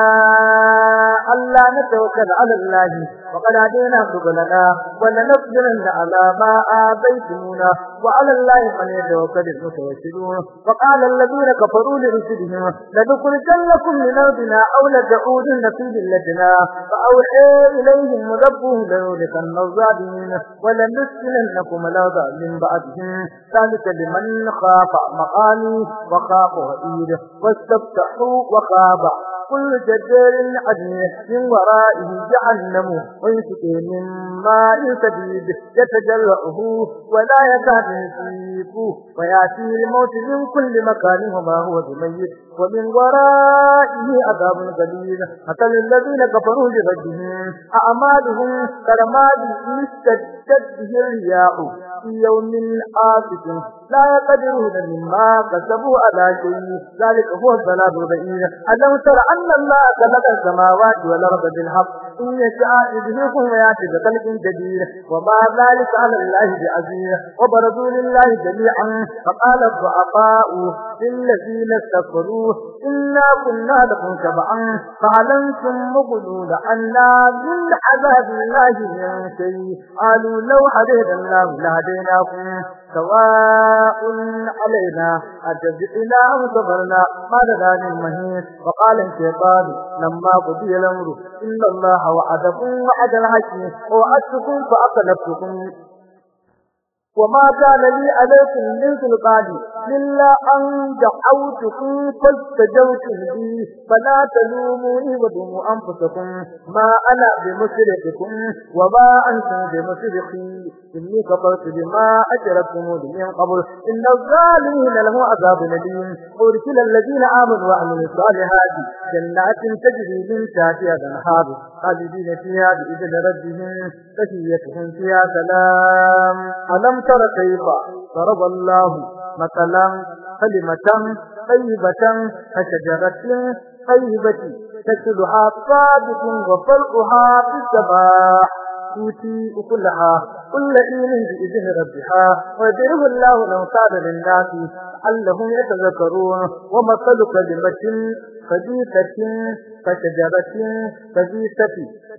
ألا نتوكل على الله وقد أتينا سبلنا ولنصبرن على ما آتيتمونا وعلى الله فليتوكل المتوكلون وقال الذين كفروا لرسلهم لنخرجنكم من أرضنا أو لتعودن وزنة للجنى فأوحى إليهم مذبوه مذبه لنولك الظالمين ولنسلنكم الأرض من بعدهم ذلك لمن خاف مقالي وخاف وعيد واستفتحوا وخاف كل جدير عنيد من ورائه جهنم ويسق من ماء سديد يتجلعه ولا يكاد يسيقه ويأتي الموت من كل مكان وما هو بميت ومن ورائه عذاب قليل مثل الذين كفروا لغدهم أعمالهم كرماد اشتدت به الرياح في يوم آسف لا يقدرون مما كسبوا على شيء ذلك هو البلاء البئير ألم تر أن الله خلق السماوات والأرض بالحق إن يشاء يذهبكم ويأتي بخلق جديد وما ذلك على الله بعزيز وبرزوا لله جميعا فقال الضعفاء للذين استكبروا إنا كنا لكم تبعا فعلمتم مغلول أن من عذاب الله من شيء قالوا لو حدث الله لهدي بينكم سواء علينا أجزئنا وصبرنا ما لنا من مهيس وقال الشيطان لما قضي الأمر إن الله وعدكم وعد الحكم ووعدتكم فأخلفتكم وما كان لي عليكم من سلطان إلا أن دعوتكم فاستجبتم لي فلا تلوموني ولوموا أنفسكم ما أنا بمشرككم وما أنتم بمشركي إني كفرت بما أشركتم من قبل إن الظالمين له عذاب أليم أرسل الذين آمنوا وعملوا الصالحات جنات تجري من تحتها الأنهار خالدين فيها بإذن ربهم تحيتهم فيها سلام ألم تر كيف ضرب الله مثلا كلمة طيبة كشجرة طيبة تكلها صادق وفرقها في الصباح أوتي وكلها كل إيم بإذن ربها ويدره الله الأنصار للناس لعلهم يتذكرون ومثل كلمة خبيثة كشجرة خبيثة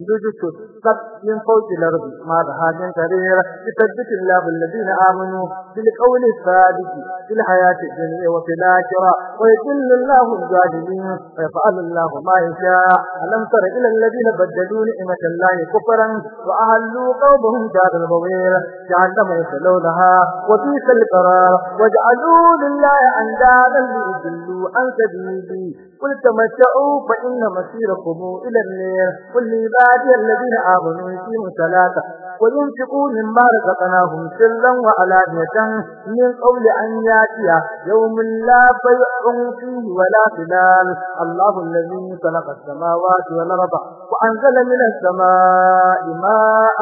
يجس السبت من فوق الأرض ما ذهاب كبيرة يثبت الله الذين آمنوا بالقول الثابت في الحياة الدنيا وفي الآخرة ويذل الله الظالمين ويفعل الله ما يشاء ألم تر إلى الذين بدلوا نعمة الله كفرا وأهلوا قومهم دار البوير جعلهم لها وبئس القرار واجعلوا لله أندادا ليضلوا عن سبيلي قل تمتعوا فإن مسيركم إلى النير قل لعبادي الذين آمنوا يقيموا ثلاثة وينفقوا مما رزقناهم سرا وعلانية من قول أن ياتي يوم لا بيع فيه ولا خلال الله الذي خلق السماوات والأرض وأنزل من السماء ماء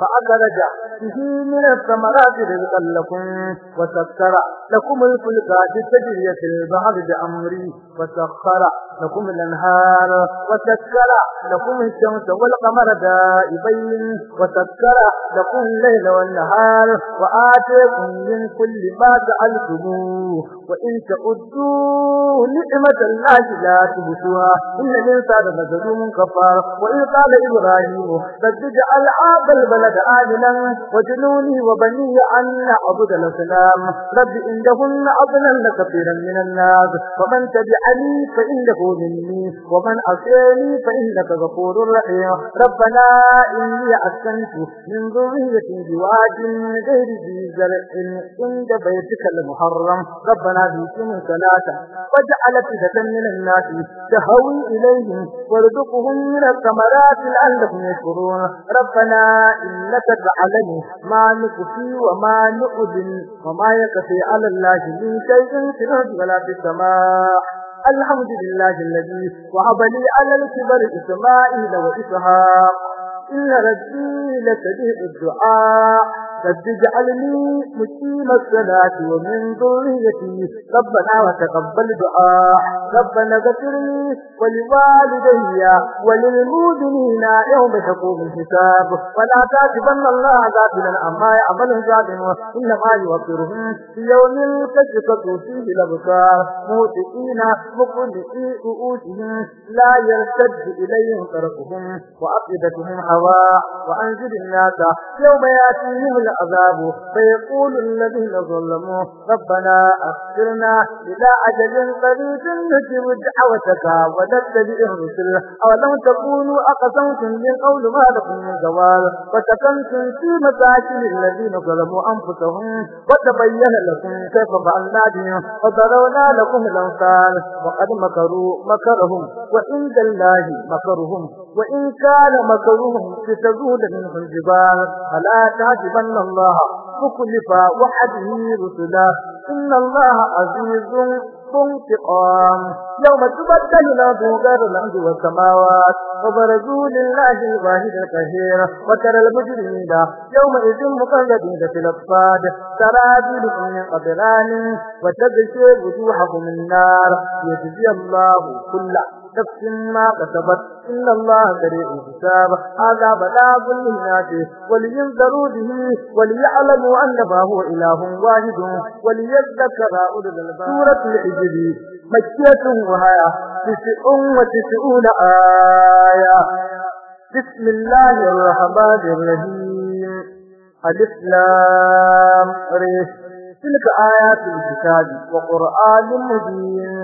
فأخرج به من الثمرات رزقا لكم وسخر لكم الفلك تجري في البحر بأمره وسخر لكم الأنهار وسخر لكم الشمس والقمر دائبين وسخر الشرع لكم الليل والنهار وآتيكم من كل ما جعلتموه وإن تعدوا نعمة الله لا تبسوها إن الإنسان لظلوم كفار وإن قال إبراهيم رب اجعل هذا البلد آمنا وجنوني وبني أن نعبد الأسلام رب إنهن أضلل كثيرا من الناس ومن تبعني فإنه مني ومن عصيني فإنك غفور رحيم ربنا إني أسكنت من ضعيفة بواد من غير ذي زرع عند بيتك المحرم ربنا ذيكم ثلاثة واجعل فدة من الناس تهوي إليهم وارزقهم من الثمرات لعلهم يشكرون ربنا إنك تعلم ما نكفي وما نؤذن وما يكفي على الله من شيء في الأرض ولا في السماء الحمد لله الذي وهب لي على الكبر إسماعيل وإسحاق إن ربي لسميع الدعاء رب اجعلني مقيم الصلاة ومن ذريتي ربنا وتقبل دعاء ربنا اغفر لي ولوالدي وللمؤمنين يوم تقوم الحساب ولا تعجبن الله عذابنا أما يعمل الظالمون إنما يوفرهم في يوم تجفت فيه الأبصار موتئين مقلئي رؤوسهم لا يرتد إليهم تركهم وأفئدتهم سواء وأنزل الناس يوم يأتيهم العذاب فيقول الذين ظلموا ربنا أخبرنا إلى أجل قريب نجيب دعوتك ونتبع الرسل أولم تكونوا أقسمتم من قول ما لكم من زوال وسكنتم في مساكن الذين ظلموا أنفسهم وتبين لكم كيف فعلنا بهم وضرونا لكم الأمثال وقد مكروا مكرهم وعند الله مكرهم وإن كان مكروه تزول منه الجبال فلا تعجبن الله مكلف وحده رسلا إن الله عزيز انتقام يوم تبدل الأرض غير الأرض والسماوات وبرزوا لله الواحد القهير وترى المجرمين يومئذ مقلدين في الأطفال سرابيلهم من قبلان وتبشر وجوحهم النار يجزي الله كل نفس ما كسبت إن الله سريع الحساب هذا بلاغ للناس ولينذروا به وليعلموا أن ما هو إله واحد وليذكر أولو الألباب سورة الحجر مكية وهاية تسع وتسعون آية بسم الله الرحمن الرحيم الإسلام ريس تلك آيات الكتاب وقرآن مبين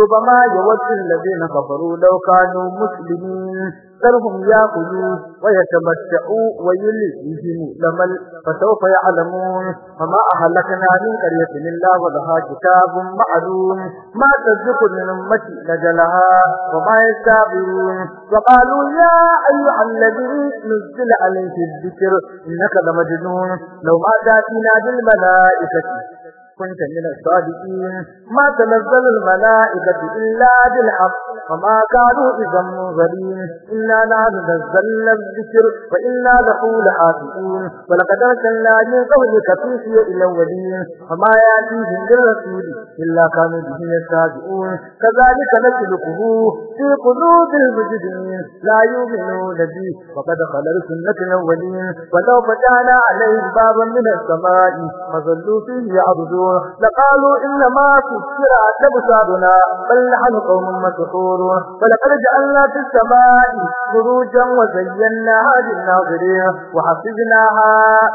ربما يود الذين كفروا لو كانوا مسلمين ذرهم يأكلوا ويتمتعوا ويلههم الأمل فسوف يعلمون فما أهلكنا من قرية إلا ولها كتاب معلوم ما تزق من أمتي نجلها وما يستعبرون وقالوا يا أيها الذين نزل عليك الذكر إنك لمجنون لو ما تأتينا بالملائكة كنت من الصادقين ما تنزل الملائكة إلا بالحق وما كانوا إذا منظرين إنا نحن نزلنا الذكر وإنا له حافظين ولقد أرسلنا من قبلك في إلى الولين وما يأتيهم من إلا كانوا به يستهزئون كذلك نسلكه في قلوب المجرمين لا يؤمنون به وقد خلل سنة الأولين ولو فتحنا عليه بابا من السماء فظلوا فيه يعبدون لقالوا إنما سكر أبصارنا بل نحن قوم مسحور ولقد جعلنا في السماء بروجا وزيناها للناظرين وحفظناها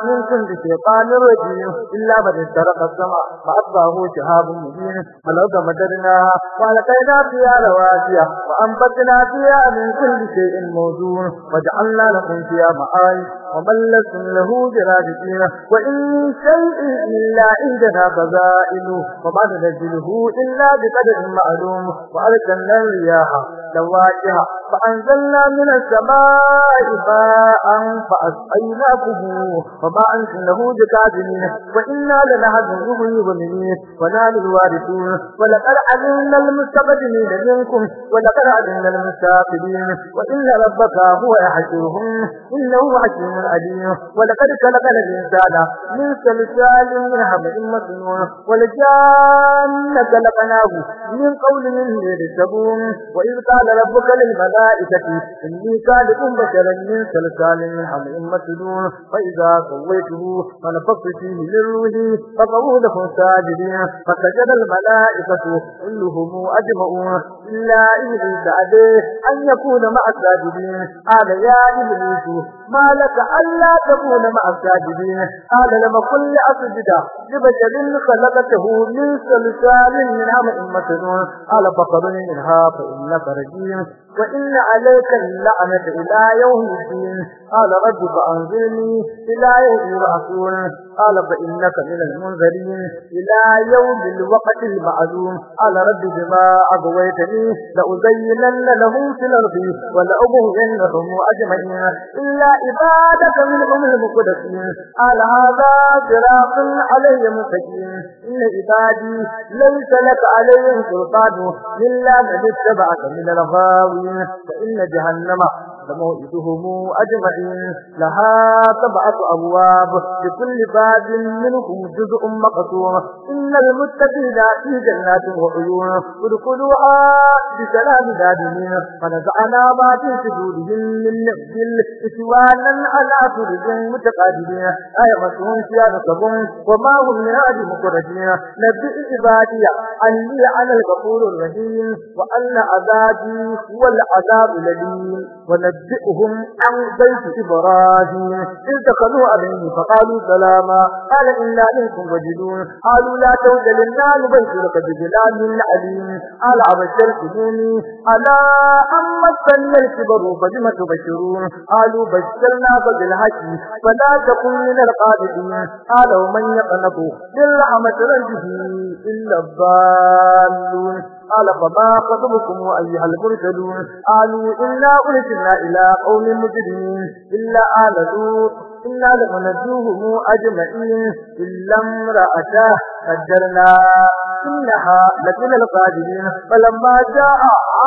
من كل شيطان رجيم إلا من استرق السماء فأتبعه شهاب مبين فالأرض مدرناها وَلَقَيْنَا فيها رواسي وأنبتنا فيها من كل شيء موزون وجعلنا لكم فيها معايش ومن لكم له براجدين وإن شيء إلا عندنا خزائنه وما ننزله إلا بقدر معلوم وأرسلنا الرياح لواجها فأنزلنا من السماء ماء فأسقيناكم وما أنتم له بكاذبين وإنا لنحن ومنين ونال الوارثون ولقد علمنا المستبدلين منكم ولقد علمنا المستعفرين وإن ربك هو يحشرهم إنه حكيم عليم ولقد خلقنا الإنسان من سلسال من حمل مسنون والجان خلقناه من قول من يرتبون وإذ قال ربك للملائكة إني خالق بشرا من صلصال من حمل مسدون فإذا سويته ونفخت فيه من روحي فقعوا لهم ساجدين فسجد الملائكة كلهم أجمعون إلا إبليس عليه أن يكون مع الساجدين قال يا إبليس ما لك ألا تكون مع الساجدين قال لما كل أسجد لبشر خلقته من سلسال من عمل مسنون قال بقرني منها فإنك رجيم وإن عليك اللعنة إلى يوم الدين قال رب فأنزلني إلى يوم الرسول قال فإنك من المنذرين إلى يوم الوقت المعلوم قال رب بما أغويتني لأزينن لهم في الأرض ولأبهنهم أجمعين إلا إبادك منهم المقدسين قال هذا فراق علي مستقيم إن عبادي ليس لك عليهم سلطان إلا من اتبعك من الغاوين فإن جهنم لموئدهم أجمعين لها سبعة أبواب لكل باب منهم جزء مقصور إن المتقين في جنات وعيون ادخلوها بسلام دادمين فنزعنا ما في صدورهم من نقبل إسوانا على سرد متقادمين أيمسهم فيها نصب وما هم من هذه مخرجين نبئ عبادي أني على الغفور الرحيم وأن عذابي هو العذاب الأليم ونبئهم عن بيت إبراهيم إذ دخلوا عليه فقالوا سلاما قال إنا منكم وجدون قالوا لا توجد لنا نبيت لك بجلال عليم قال أبشرتموني ألا أما السنة الكبر فلم تبشرون قالوا بشرناك بالحق فلا تكن من القادمين قال ومن يقنط بالعمة ربه إلا الضالون قال فما خطبكم وأيها المرسلون قالوا إنا أرسلنا إلى قوم مجرمين إلا آل لوط إنا لمنجوهم أجمعين إلا امرأته قدرنا إنها لكل القادرين فلما جاء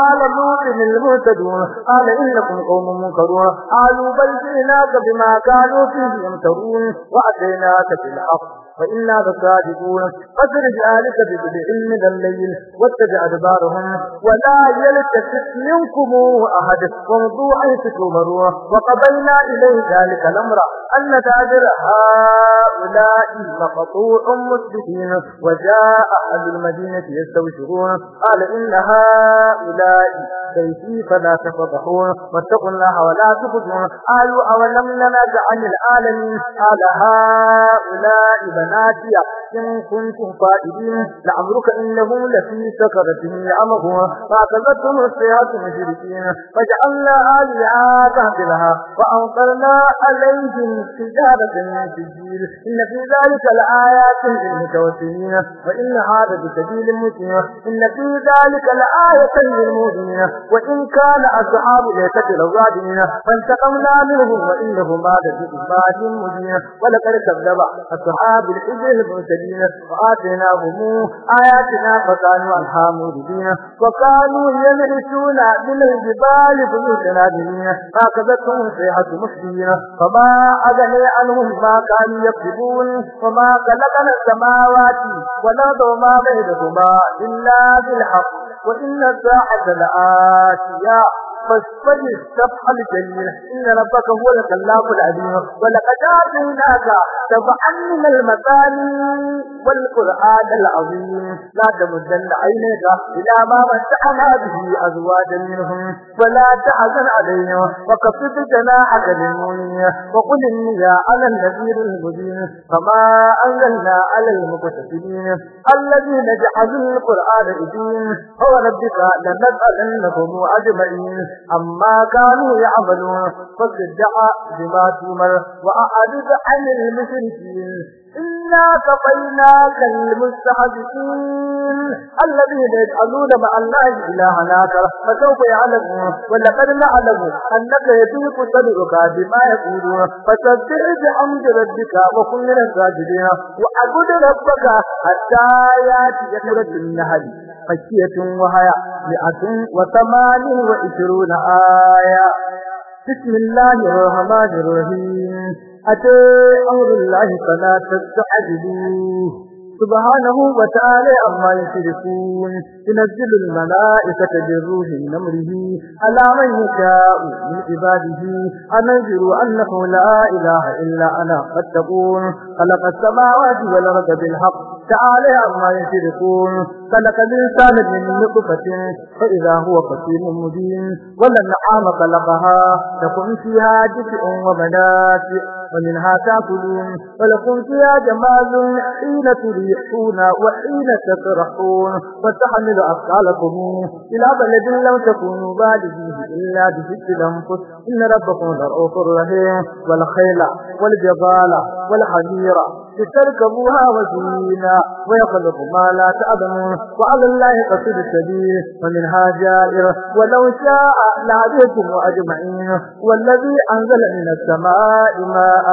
آل لوط المهتدون قال إنكم قوم منكرون قالوا بل جئناك بما كانوا فيه يمترون وأتيناك بالحق فإنا لصادقون فاضرب ذلك بعلم من الليل واتبع أدبارهم ولا يلتفت منكم أحد وامضوا أن تؤمرون وقضينا إليه ذلك الأمر أن تاجر هؤلاء مقطوع مسلمين وجاء أهل المدينة يستوشرون قال إن هؤلاء سيفي فلا تفضحون واتقوا الله ولا تخذون قالوا أولم عن العالمين قال هؤلاء nadia إن كنتم قائدين لعمرك إنه لفي سكرة يعمهوا فأعتبتهم السياط مشركين فجعلنا عاليها تهدلها وأنطرنا عليهم تجارة من سجيل إن في ذلك الآيات للمتوسلين وإن هذا بسبيل المسلمين إن في ذلك الآية للمؤمنين وإن كان أصحاب ليست الغادمين فانتقمنا منهم وإنهم بعد في إباد مدين ولقد كذب أصحاب الحجر المسلمين الذين آتيناهم آياتنا فكانوا عنها مردين وكانوا يمرسون بالجبال بيوتنا بنين فأخذتهم صيحة مسلمين فما أغني عنهم ما كانوا يكذبون وما خلقنا السماوات والأرض وما بينهما إلا بالحق وإن الساعة لآتية فاستجد سبح الجليل إن ربك هو الخلاق العليم ولقد آتيناك سبعا من المثاني والقرآن العظيم لا تمدن عينيك إلى ما متعنا به أزواجا منهم ولا تحزن عليهم وقصد جناحك للمؤمنين وقل إني أنا النذير المبين فما أنزلنا على المقتسمين الذين جعلوا القرآن الدين هو ربك أنهم أجمعين أما كانوا يعملون فقد دعا بما تمر وأعرض عن المشركين إنا تقيناك المستحدثين الذين يجعلون مع الله إلهنا فسوف يعلمون ولقد نعلم أنك يتوق صدرك بما يقولون فسبح بحمد ربك وكل من الساجدين وأعبد ربك حتى ياتيك رب النهل خشية وهيا مئة وثمان وعشرون آية بسم الله الرحمن الرحيم أتى أمر الله فلا تستعجلوه سبحانه وتعالى عما يشركون ينزل الملائكة بالروح من أمره على من يشاء من عباده أنذر أنه لا إله إلا أنا فاتقون خلق السماوات والأرض بالحق تعالى عما يشركون خلق الإنسان من نطفة فإذا هو قسيم مبين والأنعام خلقها لكم فيها جزء ومنافع ومنها تأكلون ولكم فيها جمال حين تريحون وحين تسرحون وتحمل أثقالكم إلى بلد لم تكونوا بالغين إلا بجد الأنفس إن ربكم لرؤوف رحيم والخيل والجبال والحمير لتركبوها وزينا ويخلق ما لا تعلمون وعلى الله قصير السبيل ومنها جائر ولو شاء لعبيتم أجمعين والذي أنزل من السماء ماء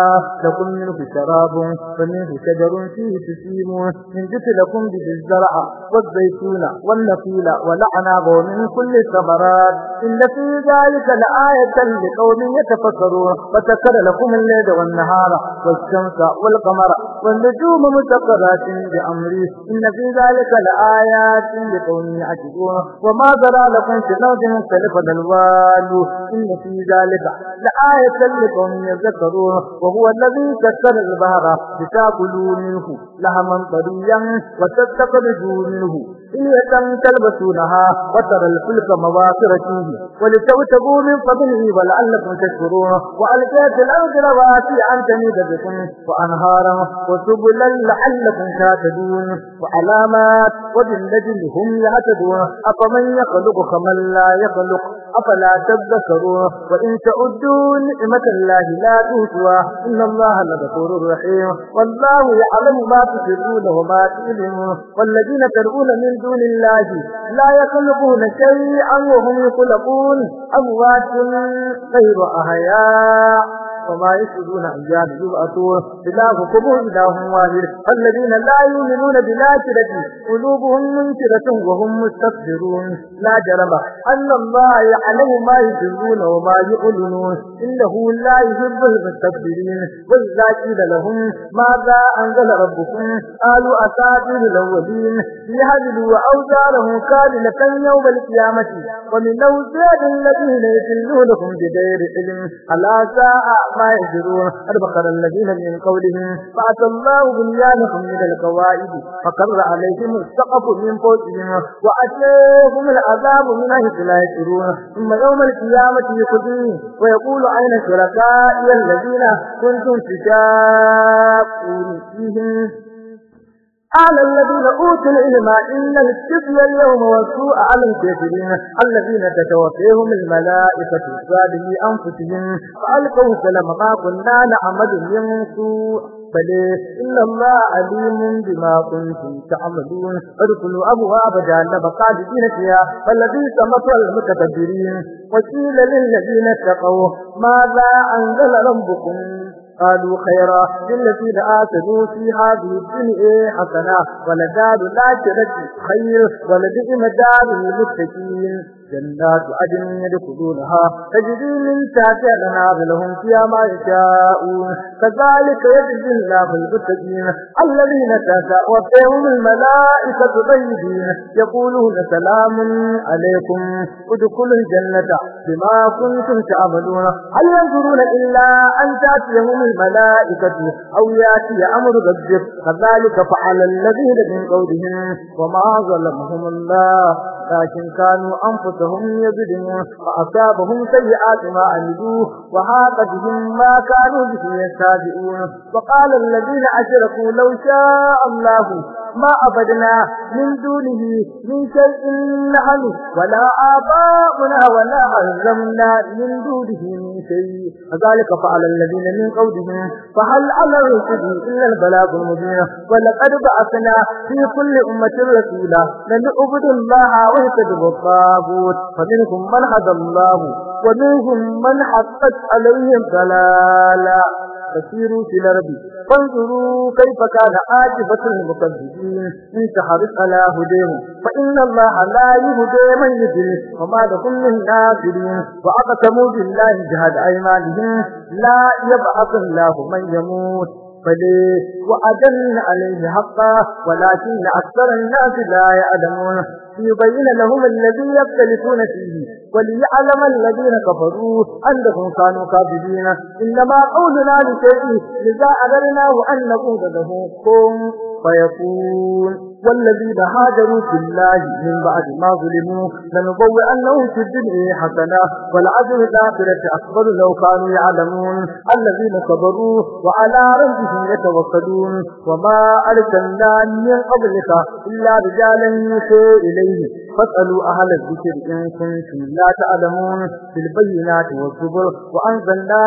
لكم منه شراب ومنه شجر فيه تسيم من جسلكم به الزرع والزيتون والنخيل ولعنب ومن كل الثمرات إن في ذلك لآية لقوم يتفكرون وسكر لكم الليل والنهار والشمس والقمر والنجوم متقرات بأمري إن في ذلك لآيات لقوم يعجبون وما ذرى لكم في الأرض مختلفة الوالو إن في ذلك لآية لقوم يذكرون وهو الذي كسر البهر لتاكلوا منه لهما طريا وتتقبضوا منه حلية تلبسونها وترى الفلك مواخر فيه ولتوتبوا من فضله ولعلكم تشكرون وألقيت الأرض رواسي أن تميد بكم وأنهارا وسبلا لعلكم تهتدون وعلامات وبالنجم هم يعتدون أفمن يخلق كمن لا يخلق أفلا تذكرون وإن تعدوا نعمة الله لا تنسوا إن الله لغفور رحيم والله يعلم ما تسرون وما تعلمون والذين تدعون من دون الله لا يخلقون شيئا وهم يخلقون أموات غير أهياء وما يشهدون أيام يبعثون إله كبه إله واحد الذين لا يؤمنون بالآخرة قلوبهم منكرة وهم مستكبرون لا جرم أن الله يعلم ما يسرون وما يعلنون إنه لا يحب المستكبرين وإذا قيل لهم ماذا أنزل ربكم قالوا أساطير الأولين ليهزلوا أوزارهم كاملة يوم القيامة ومن أوزار الذين يسلونهم بغير علم ألا ساء ما يجرون قد بقر الذين من قولهم فأتى الله بنيانهم من القوائد فقر عليهم السقف من فوقهم وأتيهم العذاب من أهل لا يجرون ثم يوم القيامة يخذين ويقول أين شركائي الذين كنتم تشاقون فيهم على الذين أوتوا العلم إن الخزي اليوم والسوء على الكافرين الذين تتوفيهم الملائكة ظالمي أنفسهم فألقوا سلام ما كنا نعمد من سوء إن الله عليم بما كنتم تعملون ادخلوا أبواب جهنم خالدين فيها فالذي سمط المتكبرين وقيل للذين اتقوا ماذا أنزل ربكم قالوا خيرا للذين آتنوا في هذه الدنيا حسنة ولدار الآخرة خير ولدئم دار المتقين جنات عدن يدخلونها تجري من تحتها الأنهار لهم فيها ما يشاءون كذلك يجزي الله المتقين الذين تساءوا فيهم الملائكة طيبين يقولون سلام عليكم ادخلوا الجنة بما كنتم تعملون هل ينظرون إلا أن تأتيهم الملائكة أو يأتي أمر ربك كذلك فعل الذين من قولهم وما ظلمهم الله لكن كانوا أنفسهم ربهم يبدون فأصابهم سيئات ما عملوا وحاق بهم ما كانوا به يستهزئون وقال الذين أشركوا لو شاء الله ما عبدنا من دونه من شيء نحن ولا آباؤنا ولا عزمنا من دونه من شيء فذلك فعل الذين من قولهم فهل على الرسل إلا البلاغ المبين ولقد بعثنا في كل أمة رسولا لنعبد الله ويتجب الطابور داود فمنهم من هدى الله ومنهم من حقت عليهم ضلالا فسيروا في الأرض فانظروا كيف كان عاجبة المكذبين إن تحرق على هديهم فإن الله لا يهدي من يدري وما لكم من ناصرين وأقسموا بالله جهاد أيمانهم لا يبعث الله من يموت فليه وأجل عليه حقا ولكن أكثر الناس لا يعلمون ليبين لهم الذي يختلفون فيه وليعلم الذين كفروا أنهم كانوا كاذبين إنما قولنا لشيء لذا أدلناه أن نقول له قم فيكون والذين هاجروا في الله من بعد ما ظلموا لنبوء أنه في الدنيا حسنة والعجل الآخرة أكبر لو كانوا يعلمون الذين صبروا وعلى ربهم يتوكلون وما أرسلنا من قبلك إلا رجالا يسوء إليه فاسألوا أهل الذكر إن كنتم لا تعلمون في البينات والزبر وأنزلنا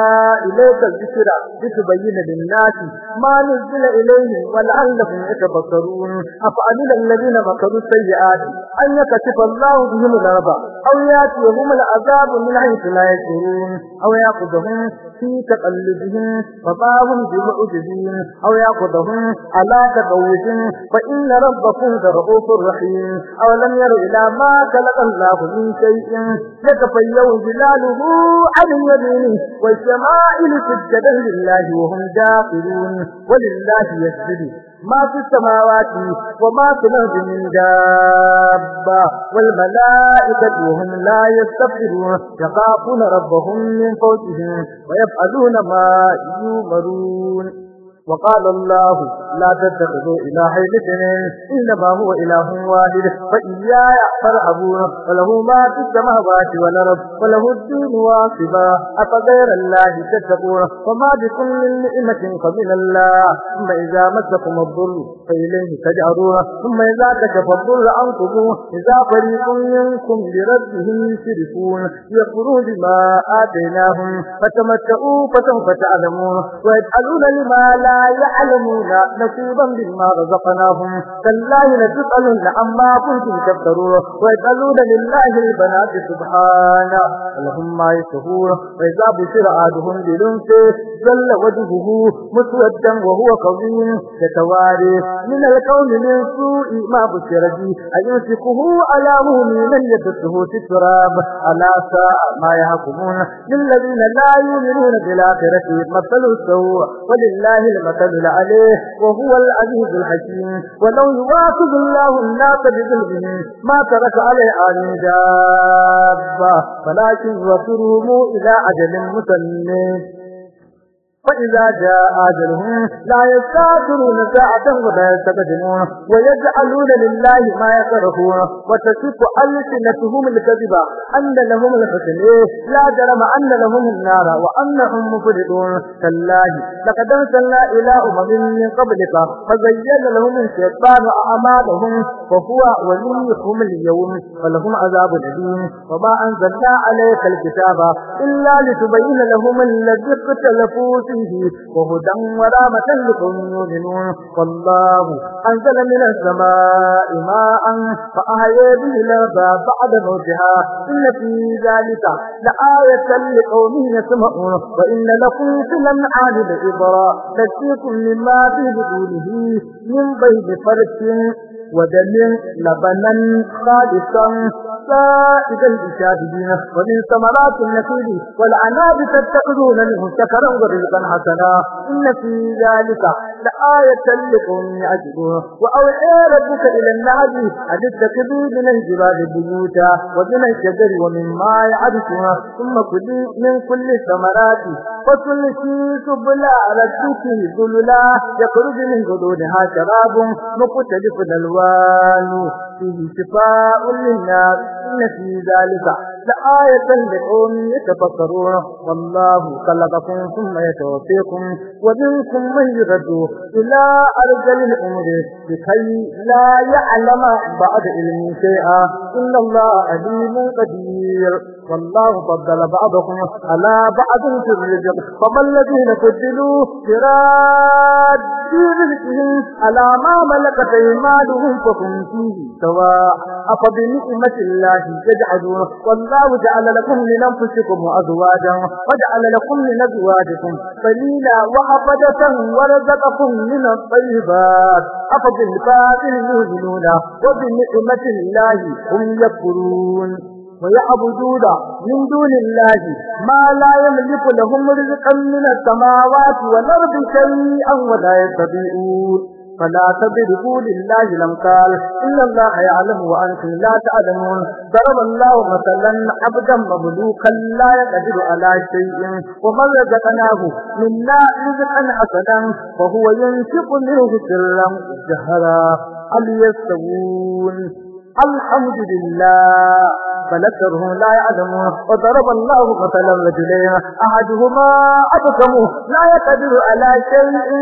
إليك الذكر لتبين للناس ما نزل إليهم ولعلهم يتبصرون أفعلنا الذين مكروا السيئات أن يكتب الله بهم الأرض أو ياتيهم العذاب من حيث لا يشعرون أو يأخذهم في تقلبهم فطاهم بمعجزين أو يأخذهم على تقوش فإن ربكم لرؤوف رحيم أو لم يروا إلى ما خلق الله من شيء يتفيأ جلاله عن اليمين والشمائل سجدا لله وهم داخلون ولله يسجدون ما في السماوات وما في الأرض من دابة والملائكة هم لا يستكبرون يخافون ربهم من فوقهم ويفعلون ما يؤمرون وقال الله لا تتخذوا إلهين اثنين إنما هو إله واحد فإياي فارعبون وله ما في السماوات والأرض وله الدين واصبا أفغير الله تتقون وما بكم من نعمة فمن الله ثم إذا مسكم الضر فإليه تجعرون ثم إذا كشف الضر عنكم إذا فريق منكم بربهم يشركون يقولون بما آتيناهم فتمتعوا فسوف تعلمون ويجعلون لما لا يعلمون نصيبا مما رزقناهم تالله لتسألن عما كنتم تفترون ويسألون لله البنات سبحانه اللهم ما يشهون وإذا بشر عادهم بلنسه جل وجهه مسودا وهو كظيم يتواري من الكون من سوء ما بشر به أيمسكه على مهم من يدسه تتراب على ساء ما يحكمون للذين لا يؤمنون بالآخرة مثل السوء ولله البنات المتلل عليه وهو العزيز الحكيم ولو يواكب الله الناس بظلمهم ما ترك عليه عن جابة ولكن وفرهم إلى عجل مسمى فإذا جاء آجلهم لا يستاثرون ساعة ولا يستقدمون ويجعلون لله ما يكرهون وتشك ألسنتهم الكذبة أن لهم الحسن لا جرم أن لهم النار وأنهم مفردون كالله لقد أرسلنا إلى أمم من قبلك فزين لهم الشيطان أعمالهم وهو وليهم اليوم فلهم عذاب الدين وما أنزلنا عليك الكتاب إلا لتبين لهم الذي اختلفوا فيه فيه وهدى ورامة لكم يؤمنون والله أنزل من السماء ماء فأهيا به الأرض بعد موتها إن في ذلك لآية لقوم يسمعون وإن لكم في الأنعام لعبرا نسيكم مما في بطونه من بيض فرس ودم لبنا خالصا السائد الشاهدين ومن ثمرات النخيل والعناب تتخذون منه شكرا ورزقا حسنا إن في ذلك لآية لكم يعجبون وأوحى ربك إلى النعج أن اتخذوا من الجبال بيوتا ومن الشجر ومما يعرفها ثم كلوا من كل ثمرات على سبل ربك ذللا يخرج من غضونها شراب مختلف الألوان فيه شفاء للناس إن في ذلك لآية لقوم يتفكرون والله خلقكم ثم يتوفيكم ومنكم من يرد إلى أرجل الأمر لكي لا يعلم بعد علم شيئا إن الله عليم قدير والله فضل بعضكم على بعض في الرزق فما الذين فضلوا في رزقهم على ما ملكت ايمانهم فهم فيه سواء أفبنعمة الله يجعلون والله جعل لكم من أنفسكم أزواجا وجعل لكم من أزواجكم قليلا وعبدة ورزقكم من الطيبات أفبالباطل يؤمنون وبنعمة الله هم يكفرون ويعبدون من دون الله ما لا يملك لهم رزقا من السماوات والأرض شيئا ولا يتبعون فلا تضربوا لله لم قال إن الله يعلم وأنتم لا تعلمون ضرب الله مثلا عبدا مملوكا لا يقدر على شيء ومن رزقناه منا رزقا حسنا فهو ينفق منه سرا جهرا هل يستوون الحمد لله فلكره لا يعلمون وضرب الله مثلا رجلين أحدهما أبكم لا يقدر على شيء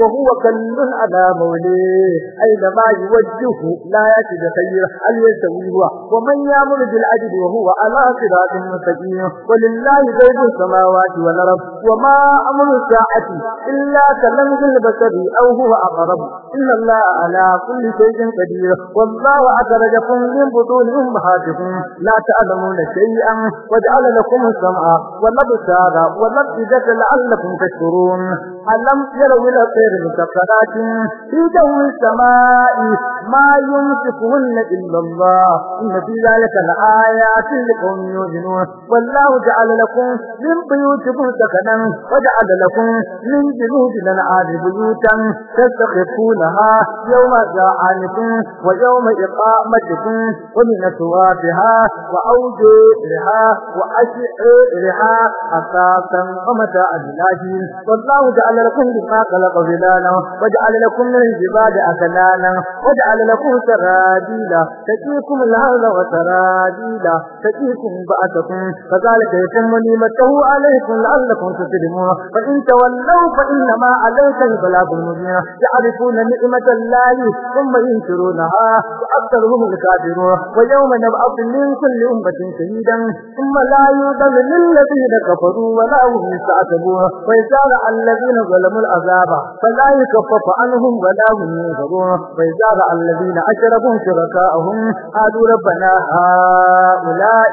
وهو كل على موليه أينما يوجهه لا يجد خير هل يستوي هو ومن يأمر بالعدل وهو على صراط مستقيم ولله زيد السماوات والأرض وما أمر الساعة إلا كلمه البشر أو هو أقرب إن الله على كل شيء قدير والله أخرج لكم من بطون أمهاتكم لا تعلمون شيئا وجعل لكم السمع والأبصار والأفئدة لعلكم تشكرون ألم يروا إلى الطير مسخرات في جو السماء ما يمسكهن إلا الله إن في ذلك لآيات لقوم يؤمنون والله جعل لكم من بيوتكم سكنا وجعل لكم من جنود الأنعام بيوتا تستخفونها يوم جاعانكم ويوم إقامة أصواتكم ومن أصواتها وأشئ وأشعرها أساسا ومتاء لاجين والله جعل لكم بما خلق ظلالا وجعل لكم من الجبال أكلالا وجعل لكم سراديلا تجيكم الهرز وسراديلا تجيكم بأسكم فذلك يتم نيمته عليكم لعلكم تسلمون فإن تولوا فإنما عليك البلاغ المبين يعرفون نعمة الله ثم ينكرونها وأكثرهم الكافرون ويوم نبعث من كل أمة شهيدا ثم لا يؤذن للذين كفروا ولا هم يستعتبون ويزال الذين ظلموا العذاب فلا يكفف عنهم ولا هم ينكرون ويزال الذين أشرفوا شركاءهم قالوا ربنا هؤلاء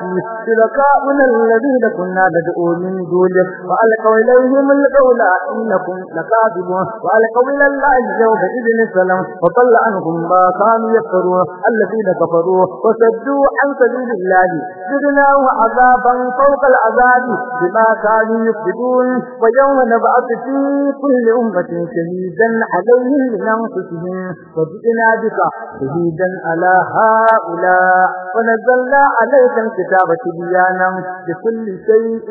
شركاؤنا الذين كنا ندعو من دونه وألقوا إليهم القول إنكم لكاذبون وألقوا إلى الله يومئذ السلام وطل عنهم ما كانوا يفترون الذين الذين كفروا وصدوا عن سبيل الله زدناه عذابا فوق العذاب بما كانوا يفسدون ويوم نبعث في كل أمة شهيدا عليهم من أنفسهم وجئنا بك شهيدا على هؤلاء ونزلنا عليك الكتاب تبيانا لكل شيء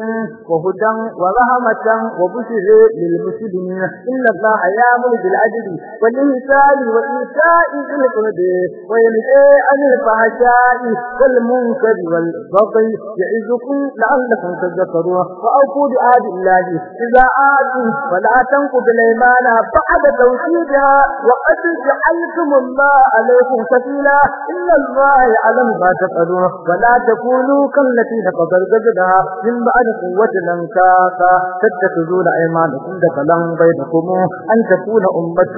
وهدى ورحمة وبشر للمسلمين إن الله يامر بالعدل والإنسان وإيتاء ذي القربى وينهى عن الفحشاء والمنكر والبغي يعظكم لعلكم تذكرون وأوفوا بعهد الله إذا آتوا فلا تنقضوا الأيمان بعد توكيدها وقد جعلتم الله عليكم سبيلا إن الله يعلم ما تفعلون فلا تكونوا كالتي نقضت جدها من بعد قوة أنكاسا تتخذون أيمانكم دخلا بينكم أن تكون أمة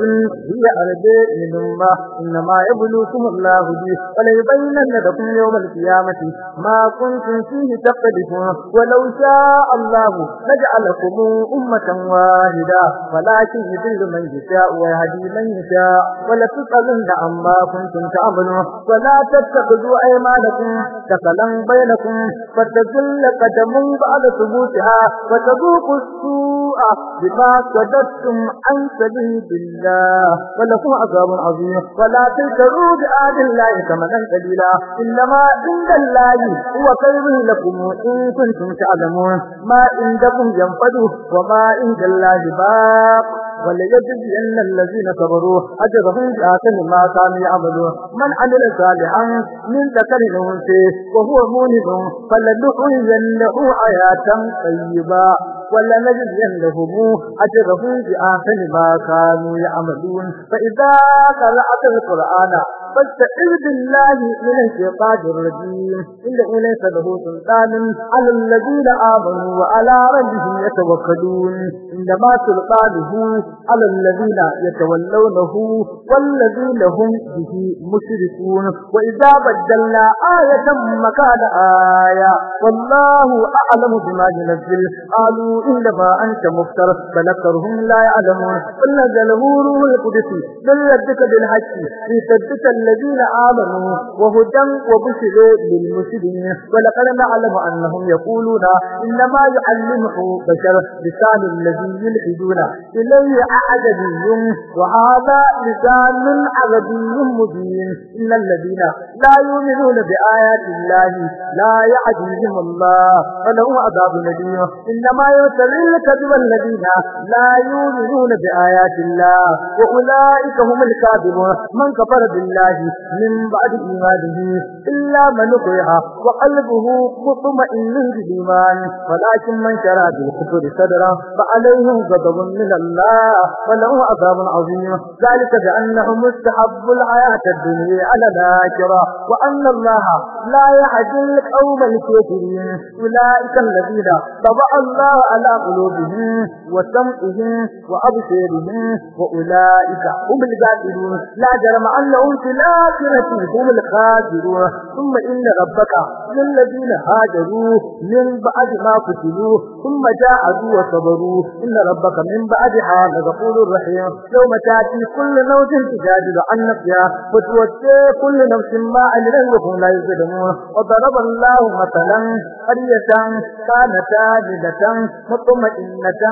هي أرض من أمة إنما يبلوكم الله به وليبينن لكم يوم القيامة ما كنتم فيه تختلفون ولو شاء الله لجعلكم أمة واحدة ولكن يضل من يشاء ويهدي من يشاء ولتسألن عما كنتم تعملون ولا تتخذوا أيمانكم دخلا بينكم فتزل قدم بعد ثبوتها وتذوقوا السوء بما كذبتم عن سبيل الله ولكم عذاب عظيم ولا تنكروا بآل الله ثمنا قليلا إنما عند الله هو خير لكم إن كنتم تعلمون ما عندكم ينفد وما عند الله باق وليجزين الذين صبروا أجرهم بآسن ما كانوا يعملون من عمل صالحا من ذكر أنثى وهو مؤمن فلنحيينه حياة طيبة ولنجزينهم أجرهم بآسن ما كانوا يعملون فإذا قرأت القرآن فاستعذ بالله من الشيطان الرجيم إلا ليس له سلطان على الذين آمنوا وعلى ربهم يتوكلون إنما سلطانه على الذين يتولونه والذين هم به مشركون وإذا بدلنا آية مكان آية والله أعلم بما ينزل قالوا إنما أنت مفتر فلكرهم لا يعلمون فلنزله روح القدس من ربك بالحق في ثبت الذين آمنوا وهدى وبشر للمسلمين ولقد نعلم أنهم يقولون إنما يعلمه بشر لسان الذي يلحدون إليه أعجبي وهذا لسان عربي مبين إن الذين لا يؤمنون بآيات الله لا يعجبهم الله فله عذاب نبيه إنما يوتر الكذب الذين لا يؤمنون بآيات الله وأولئك هم الكاذبون من كفر بالله من بعد إيمانه إلا من أطيع وقلبه مطمئن بالإيمان ولكن من شرى بالكفر صدرا فعليهم غضب من الله وله عذاب عظيم ذلك بأنه مستحب الحياة الدنيا على الآخرة وأن الله لا يهدي القوم الكافرين أولئك الذين طبع الله على قلوبهم وسمعهم وأبصارهم وأولئك هم الغافلون لا جرم أنهم في الآخرة هم الخاسرون ثم إن ربك للذين هاجروا من بعد ما قتلوا ثم جاءوا وصبروا إن ربك من بعدها لغفور رحيم يوم تأتي كل نوز تجادل عن نفسها وتوفي كل نفس ما عملت وهم لا يظلمون وضرب الله مثلا قرية كانت آمنة مطمئنة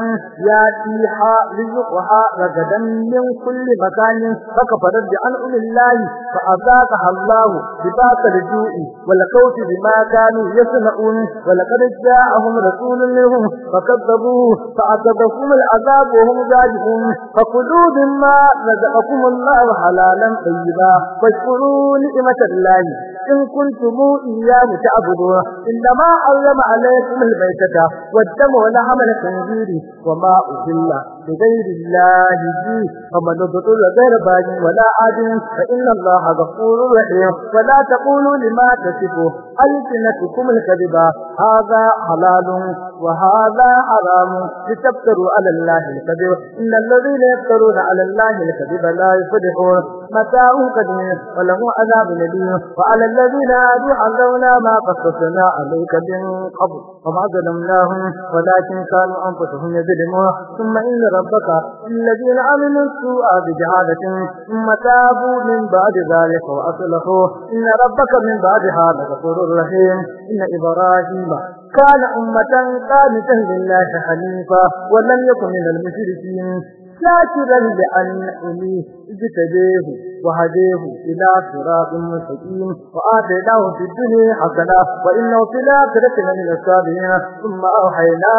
يأتيها رزقها رغدا من كل مكان فكفرت بأنعم الله فأذاقها الله لباس الجوء والخوف بما كانوا يصنعون ولقد جاءهم رسول منهم فكذبوه فأصابهم العذاب وهم جاهلون فكلوا مما رزقكم الله حلالا طيبا واشكروا نعمة الله إن كنتم إياه تعبدون إنما علم عليكم البيتة والدم ولحم الخنزير وما أهل بغير الله فمن ضطر غير باغ ولا عاد فإن الله غفور رحيم ولا تقولوا لما تصف ألسنتكم الكذبة هذا حلال وهذا حرام لتفتروا على الله الكذب إن الذين يفترون على الله الكذب لا يفلحون متاع قدير وله عذاب نبيه وعلى الذين آدوا حذرنا ما قصصنا عليك من قبل وما ظلمناهم ولكن كانوا أنفسهم يظلمون ثم إن ربك الذين عملوا السوء بجهالة ثم تابوا من بعد ذلك وأصلحوا إن ربك من بعدها لغفور رحيم إن إبراهيم كان أمة قانتا لله حنيفا ولم يكن من المشركين شاكرا لأنعمه اجتبيه وهديه إلى صراط مستقيم وآتيناه في الدنيا حسنة وإنه في الآخرة من الصالحين ثم أوحينا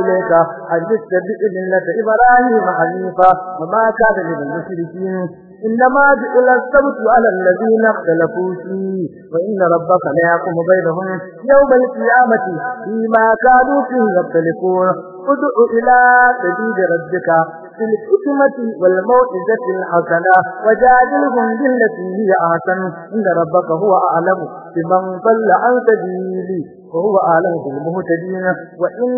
إليك أن تتبع ملة إبراهيم حنيفا وما كان من المشركين إنما جئل السبت على الذين اختلفوا فيه وإن ربك لا يقوم بينهم يوم القيامة فيما كانوا فيه يختلفون ادع إلى سبيل ربك الحكمة والموعظة الحسنة وجادلهم بالتي هي أحسن إن ربك هو أعلم بمن ضل عن سبيله وهو آله بالمهتدين وإن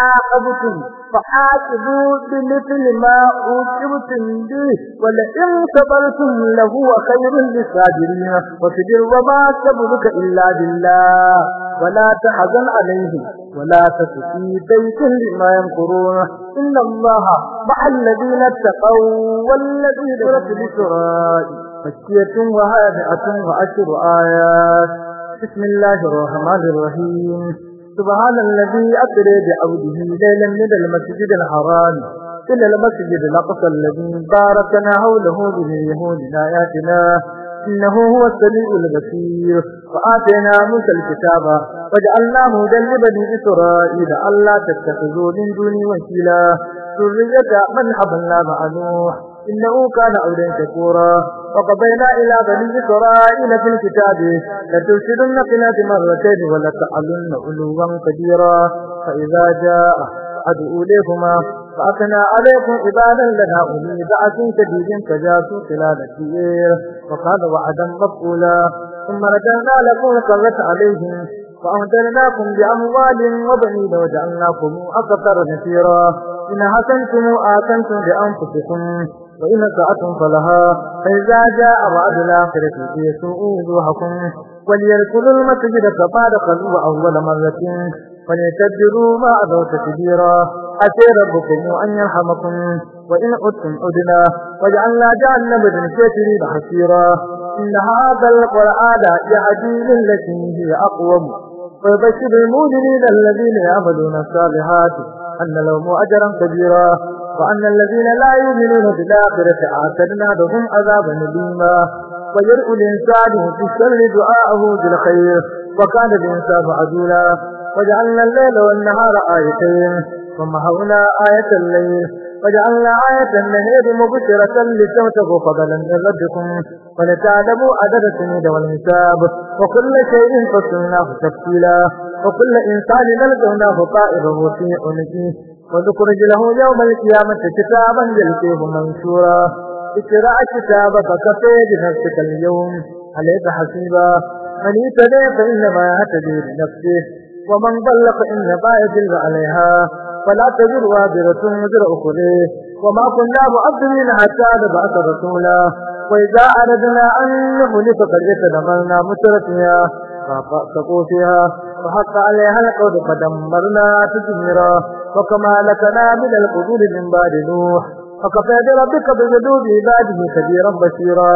عاقبتم فعاقبوا بمثل ما أوكبتم به ولئن صبرتم لهو خير للصابرين وصبر وما صبرك إلا بالله ولا تحزن عليهم ولا تكفي بيت لما يمكرون إن الله مع الذين اتقوا والذين رتبوا شرائي فكية وهادئة وعشر آيات بسم الله الرحمن الرحيم سبحان الذي أسرى بعوده ليلا من المسجد الحرام إلى المسجد الأقصى الذي باركنا حوله باليهود آياتنا إنه هو السميع البصير وآتينا موسى الكتاب وجعلناه هدى لبني إسرائيل ألا تتخذوا من دوني وكيلا ذرية من حملنا مع نوح إنه كان عودا شكورا وقضينا إلى بني إسرائيل في الكتاب لتفسدن في الأرض مرتين ولتعلن علوا كبيرا فإذا جاء أحد أوليهما فأثنى عليكم عبادا لنا أولي بعث شديد فجاسوا خلال الدير وقال وعدا مفعولا ثم رجعنا لكم كرت عليهم فأهدرناكم بأموال وبنين وجعلناكم أكثر نفيرا إن حسنتم آتنتم بأنفسكم وإن ساعتهم فلها فإذا جاء وعد الآخرة ليسوءوا وجوهكم وليركلوا المسجد فقد خلوا أول مرة وليتبروا ما أذوا تكبيرا أتي ربكم أن يرحمكم وإن عدتم أدنا وجعلنا جعلنا بدن كثير حسيرا إن هذا القرآن يهدي للتي هي أقوم ويبشر المؤمنين الذين يعملون الصالحات أن لهم أجرا كبيرا وأن الذين لا يؤمنون بالآخرة أعتدنا لهم عذابا أليما ويدعو الإنسان في الشر دعاءه بالخير وكان الإنسان عجولا وجعلنا الليل والنهار آيتين ومحونا آية الليل وجعلنا آية النهير مبشرة لتبتغوا فضلا من ربكم ولتعلموا عدد السنين والحساب وكل شيء فصلناه تفصيلا وكل إنسان نلقناه طائره في عنقه ونخرج له يوم القيامة كتابا يلقيه منشورا اقرأ كتابك كفى بنفسك اليوم عليك حسيبا من اهتدى فإنما يهتدي لنفسه ومن ضل فإنما يضل عليها فلا تزر وازرة وزر أخرى وما كنا معذبين حتى نبعث رسولا وإذا أردنا أن نهلك قرية دمرنا مترفيها فأفأسقوا فيها وحق عليها القول فدمرنا تدميرا وكما لكنا من القدور من بعد نوح فكفى بربك بجدود عباده كبيرا بشيرا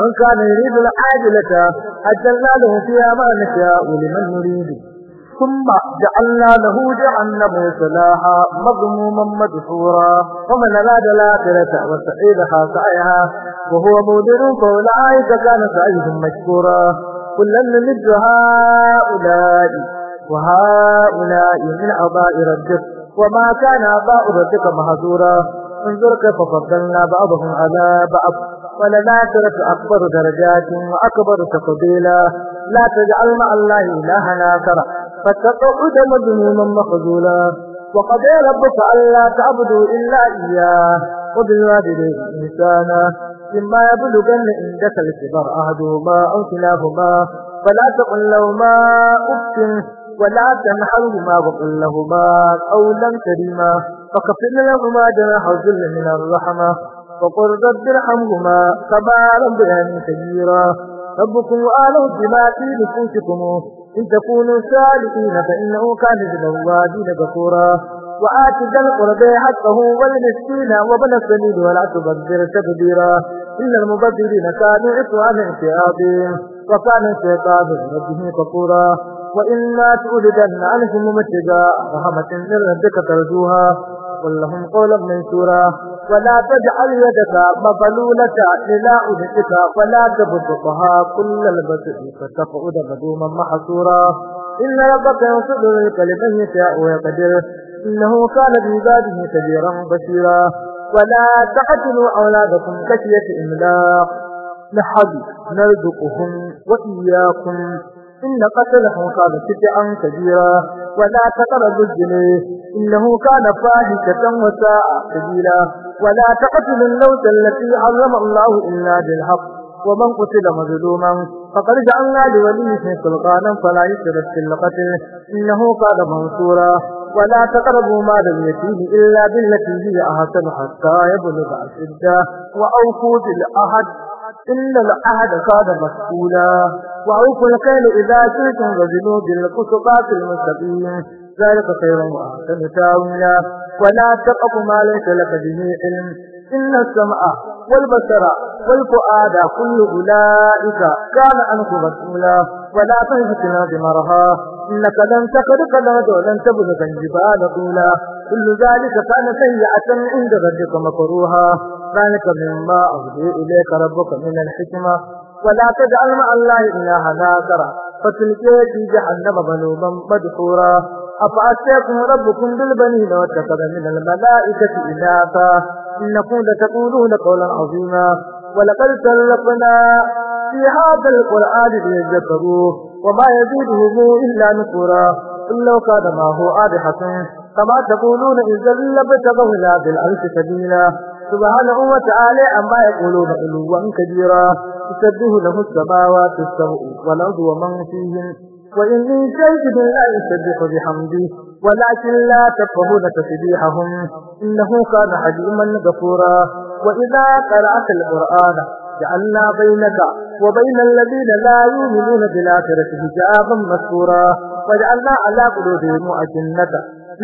من كان يريد العاجلة أجلنا له فيها ما نشاء لمن نريد ثم جعلنا له جعنه سلاحا مضموما مدحورا ومن لا الآخرة وسعيدها سعيها وهو مودر عائشة كان سعيهم مشكورا كلا نمد هؤلاء وهؤلاء من عبائر ربك وما كان بعض ربك مهزورا انظر كيف فضلنا بعضهم على بعض وللآخرة أكبر درجات وأكبر تفضيلا لا تجعل مع الله إلها آخر فتقعد مذموما مخذولا وقد ربك ألا تعبدوا إلا إياه وبالوالدين إنسانا مما يبلغن عندك الكبر أحدهما أو كلاهما فلا تقل لهما أف ولا تنحرهما وقل لهما قولا كريما فكفر لهما جناح الذل من الرحمة وقل رب ارحمهما كما ربياني كبيرا ربكم وآله بما في نفوسكم إن تكونوا سالكين فإنه كان للوادين غفورا وآت ذا القربى حقه والمسكين وبن السبيل ولا تبذر تبذيرا إن المبذرين كانوا إخوانا في عظيم وكان الشيطان ربه كفورا وإلا تؤذن عنهم ممتدا رحمة من ربك ترجوها قل لهم قولا منشورا ولا تجعل يدك مبلولة إلى أذنك فلا تبسطها كل البسط فتقعد مدوما محصورا إن ربك ينصر ذلك لمن يشاء ويقدر إنه كان بعباده كبيرا بشيرا ولا تقتلوا أولادكم كشية إملاق نحن نرزقهم وإياكم إن قتله كان سجعا كبيرا ولا تقربوا الجنيه إنه كان فاحشة وساء كبيرا ولا تقتل اللوت التي علم الله إلا بالحق ومن قتل مظلوما فقد جعلنا لوليه سلطانا فلا يسرف في القتل إنه كان منصورا ولا تقربوا مال اليتيم إلا بالتي هي أحسن حتى يبلغ أشده وأوفوا بالعهد إن العهد كان مسؤولا وأوفوا الكيل إذا كلتم وزنوا بالقسطات المستقيمة ذلك خير وأحسن تاويلا ولا تقف ما ليس لك به علم إن السمع والبصر والفؤاد كل أولئك كان عنه مسؤولا ولا تهزكنا بمرها إنك لن تقرق لنت ولن تبلغ الجبال طولا كل ذلك كان سيئة عند ربك مكروها ذلك مما أهدي إليك ربك من الحكمة ولا تجعل مع الله إلها آخر فتلقي في جهنم ظلوما مدحورا أفأتاكم ربكم بالبنين واتخذ من الملائكة إناثا إنكم لتقولون قولا عظيما ولقد تلقنا في هذا القرآن ليذكروا وما يزيدهم إلا نفورا إلا وكان ما هو آلهة كما تقولون إذا لبتغوا إلى ذي سبيلا سبحانه وتعالى أما يقولون علوا كبيرا تسبه له السماوات السبع والأرض ومن فيهن وإن من شيء لا يسبح بحمده ولكن لا تفهون تسبيحهم إنه كان حليما غفورا وإذا قرأت القرآن جعلنا بينك وبين الذين لا يؤمنون بالآخرة حجابا مستورا وجعلنا على قلوبهم أجنة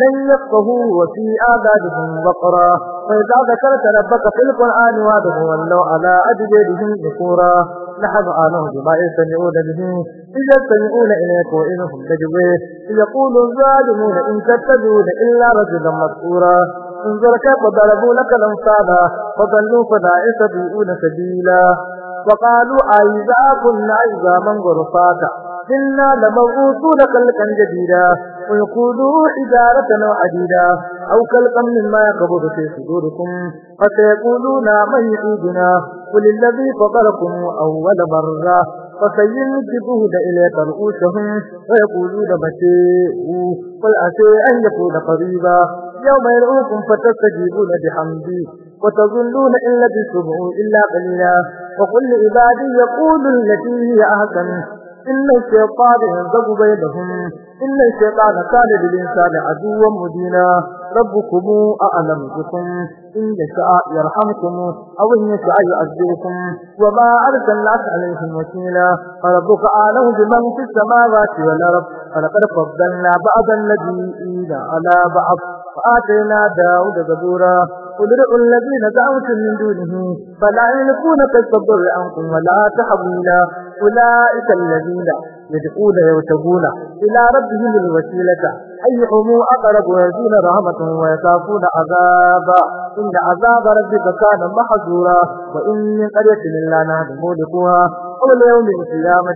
لن يفقهوا وفي آذانهم وقرا فإذا ذكرت ربك في القرآن وعده ولوا على أجدادهم ذكورا نحن آنه بما يستمعون به إذا يستمعون إليك وإنهم لجوه يقول الظالمون إن تتبعون إلا رجلا مذكورا انظر كيف ضربوا لك الأنصاب فضلوا فلا يستطيعون سبيلا وقالوا أئذا كنا عظاما غرفاتا إنا لموعوثون خلقا جديدا ويقولوا إدارة وعديدة أو كلقا مما يقبض في صدوركم فسيقولون من يعيدنا قل الذي فطركم أول مرة فسينجبه إليك رؤوسهم ويقولون بشيء قل عسى أن يكون قريبا يوم يرؤوكم فتستجيبون بحمدي وتظنون إن لبثتم إلا قليلا وقل لعبادي يقولوا التي هي أحسن إن الشيطان ينزغ بينهم إن الشيطان كان للإنسان عدوا مدينا ربكم أعلم بكم إن يشاء يرحمكم أو إن يشاء يعذبكم وما أرسلناك عليهم وكيلا ربك أعلم بمن في السماوات والأرض ولقد فضلنا بعض الذين على بعض وآتينا داود زبورا ادعوا الذين دعوتم من دونه فلا يملكون كشف الضر عنكم ولا تحويلا أولئك الذين يدعون يرتبون إلى ربهم الوسيلة أيهم أقرب ويرجون رحمته ويخافون عذابا إن عذاب ربك كان محزورا وإن من قرية إلا نهد مولكها قبل يوم القيامة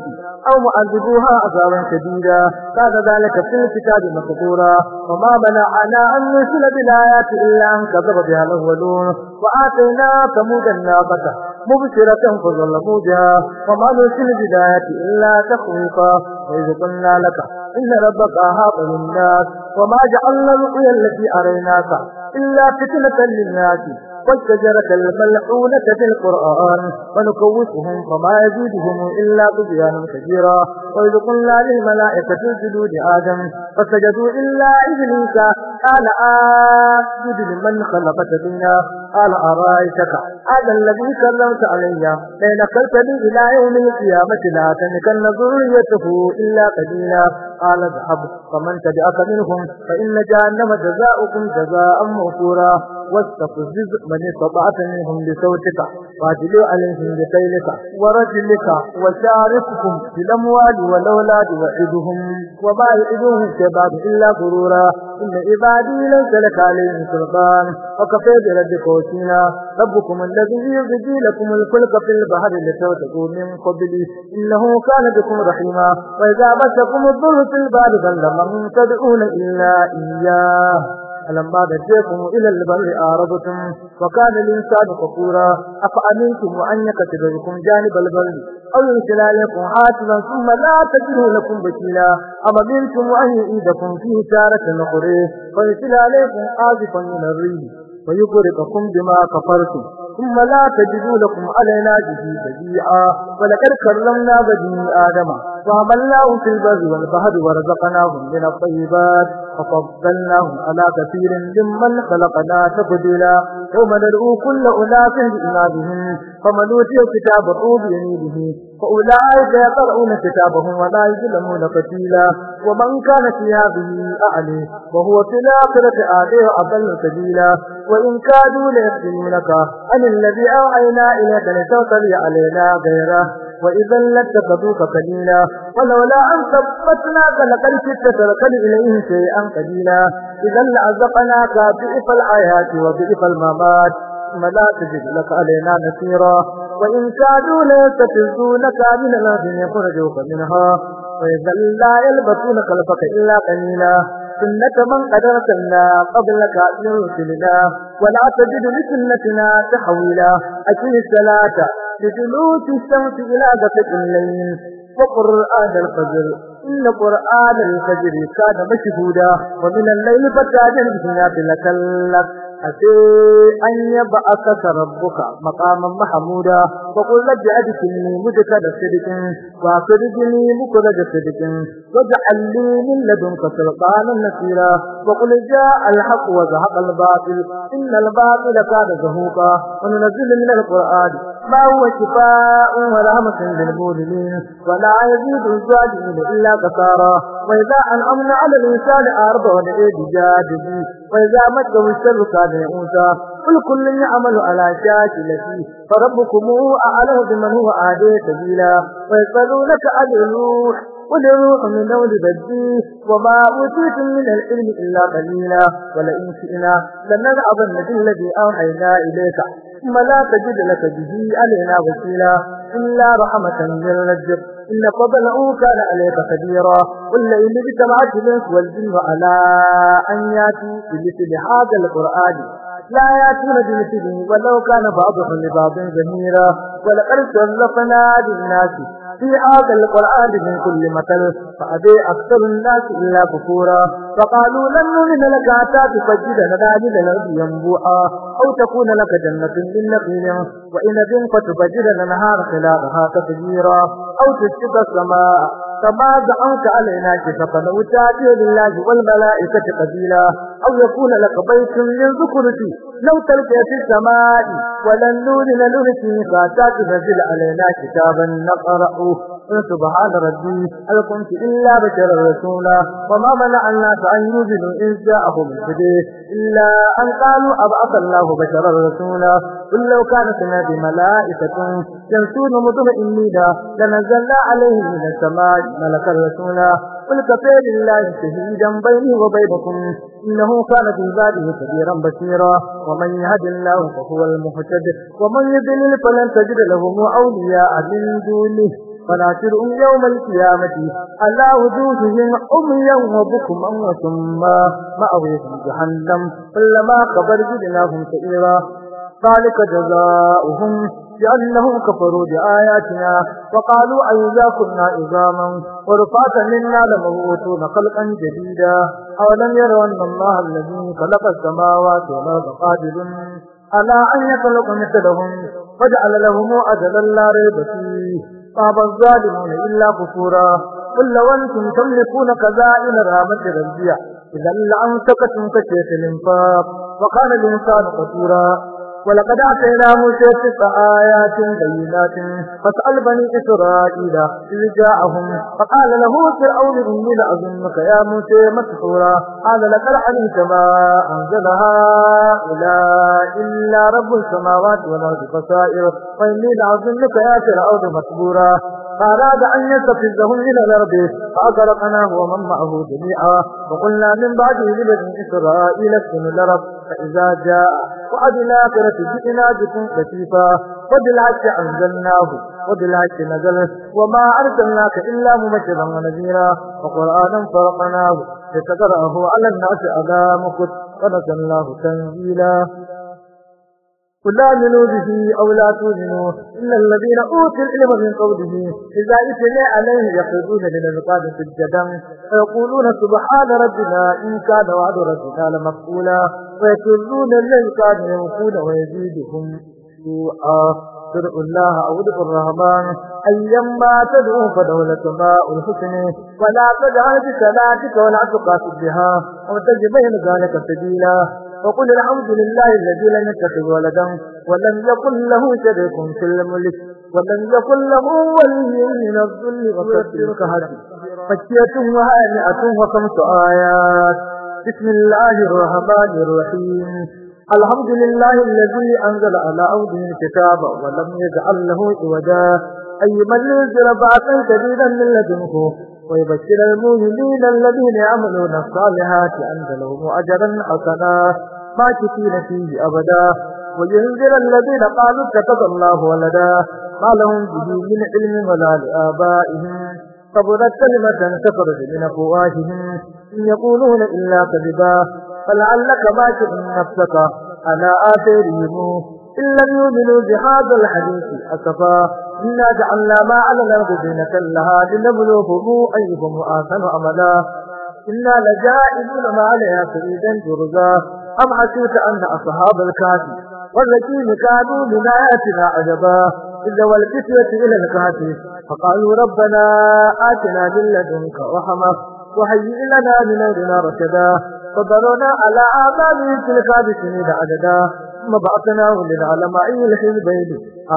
أو معذبوها عذابا شديدا بعد ذلك في الكتاب مكتورا وما منعنا أن نرسل بالآيات إلا أن كذب بها الأولون وآتينا ثمود الناقة مبشرة فظلموا بها وما نرسل بالآيات إلا تخويفا وإذ قلنا لك إن ربك أهاب للناس وما جعلنا الرؤيا التي أريناك إلا فتنة للناس والشجرة الملعونة في القرآن ونكوفهم فما يزيدهم إلا طغيانا كبيرا وإذ قلنا للملائكة جدود لآدم فسجدوا إلا إبليس قال آسجد لمن خلقت دينا قال أرأيتك هذا الذي كلمت علي لئن أكلتني إلى يوم القيامة لا تمكن ذريته إلا قليلا قال اذهب فمن تبعك منهم فإن جهنم جزاؤكم جزاء موفورا واستفزز من استطعت منهم بصوتك واجلوا عليهم بقيلك ورجلك وشاركهم في الأموال والأولاد وعدهم وما يعدوهم شباب إلا غرورا إن عبادي ليس لك عليهم سلطان وكفى بربك وكيلا ربكم الذي يزجي لكم الكلك في البحر لتوتقوا من قبلي إنه كان بكم رحيما وإذا مسكم الضر في البحر فلمن تدعون إلا إياه ألما نجيكم إلى البر أعرضتم وكان الإنسان كفورا أفأمنتم أن يكتب لكم جانب البر أو يرسل عليكم حاتما ثم لا تجدوا لكم بكيلا أما منتم أن يعيدكم فيه تارة أخرى فيرسل عليكم آزفا من الريح ويغرقكم بما كفرتم ثم لا تجدوا لكم علينا به بديعا ولقد كرمنا بني آدم وعملناهم في البر والبهر ورزقناهم من الطيبات وفضلناهم على كثير ممن خلقنا تفضيلا يوم ندعو كل أناس بإمامهم فمن أوتي كتابه بيمينه فأولئك يقرؤون كتابهم ولا يظلمون قتيلا ومن كان في هذه أعلي وهو في الآخرة آله أضل سبيلا وإن كادوا ليفتنونك عن الذي أوحينا إليك لتوتلي علينا غيره وإذا لاتخذوك قليلا ولولا أن ثبتناك لقد كدت تركن إليهم شيئا قليلا إذا لأذقناك بئس الحياة وبئس الممات ثم لا تجد لك علينا نصيرا وإن كادوا ليستفزونك من الأرض يخرجوك منها وإذا لا يلبسونك خلفك إلا قليلا سنة من قد رسلنا قبلك من رسلنا ولا تجد لسنتنا تحويلا أكل الصلاة لجلوس الشمس إلى دقيق الليل وقرآن الفجر إن قرآن الفجر كان مشهودا ومن الليل فتاجر بسنات لك أن يبعثك ربك مقاما محمودا وقل لك أدخلني مدخل صدق وأخرجني مخرج صدق واجعل لي من لدنك سلطانا نسيرا وقل جاء الحق وزهق الباطل إن الباطل كان زهوقا وننزل من القرآن ما هو شفاء ورحمة للمؤمنين ولا يزيد الظالمين إلا قصارا وإذا أنعمنا على الإنسان أرضه لإيجاد وإذا مدهم الشر كان يئوسا قل كل يعمل على شاكلته فربكم أعلم بمن هو أهدي سبيلا ويسألونك عن الروح قل الروح من نور بدي وما أوتيتم من العلم إلا قليلا ولئن شئنا لنذعبن الذي أوحينا إليك ثم لا تجد لك به علينا وسيلا إلا رحمة من ربك إن فضله كان عليك كبيرا والليل اجتمعت الإنس والجن على أن يأتوا بمثل هذا القرآن لا يأتون بمثله ولو كان بعضهم لبعض جميلا ولقد كلفنا للناس في هذا آية القرآن من كل مثل فأبي أكثر الناس إلا كفورا فقالوا لن نؤمن لك حتى تفجد لنا من الأرض ينبوعا أو تكون لك جنة من نخيل وإنب فتفجد الأنهار خلالها تفجيرا أو تسقط السماء كما زعمت علينا كسفا وتاتي لله والملائكة قبيلا أو يكون لك بيت من ذكرتي لو تلقى في السماء ولن نؤمن لك حتى تنزل علينا كتابا نقرأه قلت بهذا ربي ألكم إلا بشرا الرسول وما منع الناس أن يؤمنوا إن جاءهم الهدي إلا أن قالوا أبعث الله بشرا الرسول قل لو كانت هذه ملائكة يمشون مطمئنين لنزلنا عليهم من السماء ملكا الرسول قل كفى لله شهيدا بيني وبينكم إنه كان في باله كبيرا بشيرا ومن يهد الله فهو المهتد ومن يذلل فلن تجد له أولياء من دونه فلا ترهم يوم القيامة الله وجوههم أميا وبكما وسما مأويهم جهنم كلما قبر جدناهم سئرا ذلك جزاؤهم لأنهم كفروا بآياتنا وقالوا أئذا كنا إزاما ورفاتا منا لمبعوثون خلقا جديدا أولم يرون الله الذي خلق السماوات والأرض بقادر على أن يخلق مثلهم فجعل لهم أجلا لا ريب فيه طاب الظالمون إلا غفورا قل لو أنتم تملكون كذائن رحمة ربي إذا لأمسكتم كشيخ الإنفاق وكان الإنسان قصورا ولقد أعطينا موسى تسع آيات بينات فسأل بني إسرائيل إذ جاءهم فقال له فرعون إني لأظنك يا موسى مسحورا قال لقد علمت ما أنزل هؤلاء إلا رب السماوات والأرض بصائر وإني لأظنك يا فرعون مسحورا فأراد أن يستفزهم إلى الأرض فأغرقناه ومن معه جميعا وقلنا من بعده لبني إسرائيل اسكنوا الأرض فإذا جاء وعد الآخرة جئنا بكم لطيفا وبالعكس أنزلناه وبالعكس نزل وما أرسلناك إلا ممثلا ونذيرا وقرآنا فرقناه لتقرأه على الناس على مكت ونزلناه تنزيلا قل آمنوا به أو لا تؤمنوا إن الذين أوتوا العلم من قوله إذا اتلى عليه يقولون في الجدم ويقولون سبحان ربنا إن كان وعد ربنا لمقبولا ويكلون الذي كانوا ينفون ويزيدهم سوءا ادعوا الله أو ادعوا الرحمن أيما تدعوا فدولة الأسماء الحسن ولا تجعل بصلاتك ولا تقاصد بها وابتغ بين ذلك سبيلا وقل الحمد لله الذي لم يتخذ ولدا ولم يكن له شريك في الملك ولم يكن له ولي من الذل وكفر هدي فكية وهانئة وخمس آيات بسم الله الرحمن الرحيم الحمد لله الذي أنزل على عبده الكتاب ولم يجعل له عوجا أي من ينزل بعثا شديدا من لدنه ويبشر المؤمنين الذين يعملون الصالحات أن لهم أجرا حسنا كثير فيه أبدا وينزل الذين قالوا كتب الله ولدا ما لهم به من علم ولا لآبائهم قبلت كلمة تخرج من أفواههم إن يقولون إلا كذبا فلعلك ما باكر نفسك على آثارهم إن لم يؤمنوا بهذا الحديث أسفا إنا جعلنا ما على الأرض زينة لها لنبلوهم أيهم أحسن عملا إنا لجائزون ما عليها سعيدا جرزا أم حسيت أن أصحاب الكافي والذين كانوا من آياتنا عجبا ذوى الكسوة إلى الكهف فقالوا ربنا آتنا من لدنك رحمة وهيئ لنا من أمرنا رشدا فضلنا على آبابه تلك بسنين عددا ثم بعثناه معي أي الحزبين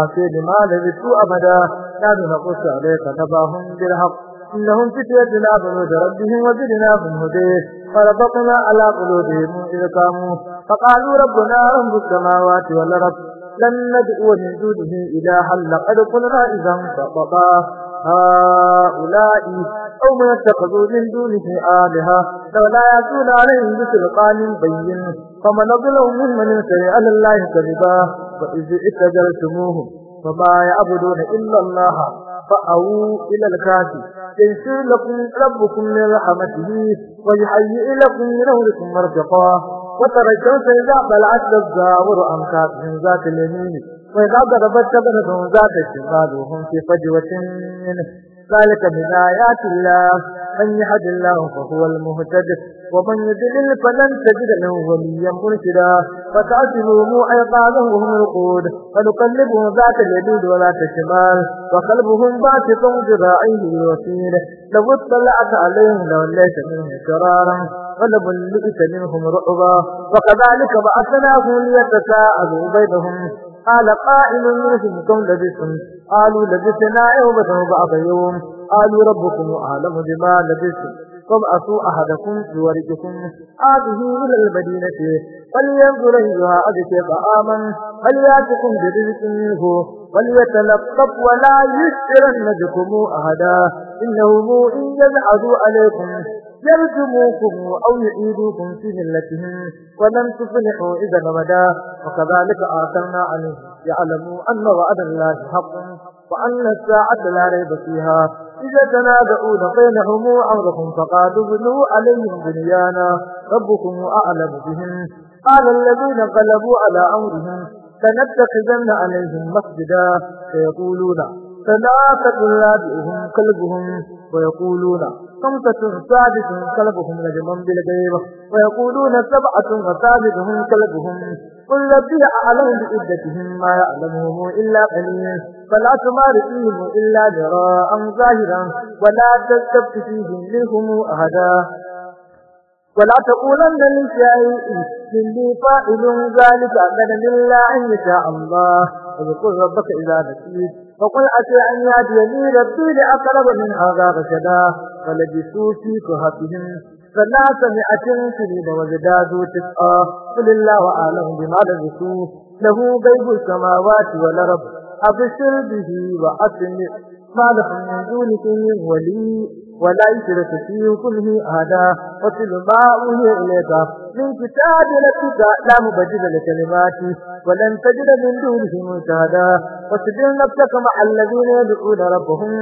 آتي لما لبثوا أبدا كان نقص عليك نباهم بالحق إنهم فتية آمنوا بربهم وزدناهم هديه فربطنا على قلوبهم إذ قاموا فقالوا ربنا رب السماوات والأرض لن ندعو من دونه إلها لقد قلنا إذا انفقطا هؤلاء أو من اتخذوا من دونه آلهة لولا يأتون عليهم بسلطان بين فمن ظلم ممن سمع على الله كذبا وإذ اتجلتموهم فما يعبدون إلا الله فأووا إلى الكافي ينشر لكم ربكم من رحمته ويحيئ لكم من أولكم مرجقا watarajjansa za bal adad zawur amka min zat lamini wa za da batta da zon zat jinadu hum fi fajwatin zalika bidayatillah من يهد الله فهو المهتد ومن يدلل فلن تجد له وليا مرشدا أيقاظهم وهم رقود فنقلبهم ذات اليدود وذات الشمال وقلبهم باسط ذراعيه الوسيل لو اطلعت عليهم لوليت منهم شرارا لئت منهم رعبا وكذلك بعثناهم ليتساءلوا بينهم قال قائل منهم لبثتم قالوا لبثنا يوما أو بعض يوم قالوا ربكم أعلم بما لبثتم اسوا أحدكم بورقكم هذه إلى المدينة فلينظر أيها ابيك طعاما فلياتكم برزق منه وليتلطف ولا يشترن بكم أحدا انه إن يبعدوا عليكم يرجموكم أو يعيدوكم في ملتهم ولن تفلحوا إذا نبدا وكذلك ارسلنا عليه يعلموا أن وعد الله حق وأن الساعة لا ريب فيها إذا تنادؤون بينهم أمرهم فقالوا بنوا عليهم بنيانا ربكم أعلم بهم قال الذين غلبوا على أمرهم لنتخذن عليهم مسجدا فيقولون ثلاثة لا بئهم كلبهم ويقولون خمسة ثابتهم كلبهم نجما بالغيبة ويقولون سبعة وثابتهم كلبهم قل ربي أعلم بإدتهم ما يعلمهم إلا قليل فلا تمار فيهم إلا جراء ظاهرا ولا تستفت فيهم منهم أهدا ولا تقولن لشيء إني فاعل ذلك غدا إلا أن يشاء الله واذكر ربك إذا نسيت فقل أتي أن لي ربي لأقرب من هذا رشدا فلبثوا في كهفهم ثلاث مئة سنين وزدادوا تسعا قل الله أعلم بما لبثوا له غيب السماوات والأرض أبشر به وأسمع ما لهم من دونه من ولي ولا يشرك في كله أحدا وصل ما أوحي إليك من كتاب ربك لا مبدل لكلماته ولن تجد من دونه ملتهدا واصبر نفسك مع الذين يدعون ربهم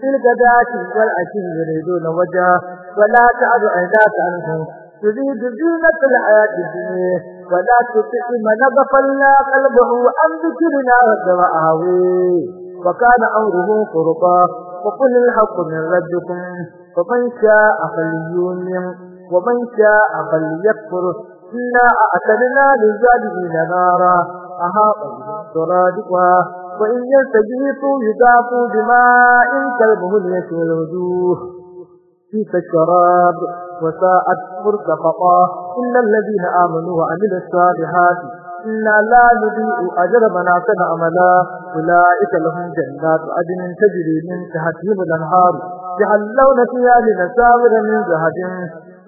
في الغداة والعشي يريدون وجهه ولا تعد عيناك عنهم تريد زينة الحياة الدنيا ولا تطع من غفلنا قلبه عن ذكرنا وأهوي وكان أمره فرقا وقل الحق من ربكم فمن شاء فليؤمن ومن شاء فليكفر إنا أعتدنا للظالمين نارا أحاط ترادقها وإن يستجيبوا يضافوا بماء كالمهل يشوي الوجوه في الشراب وساءت مرتفقا إن الذين آمنوا وعملوا الصالحات إنا لا يضيء أجر من أحسن عملا أولئك لهم جنات أدن تجري من تهتهم الأنهار جعلون فيها لنساور من ذهب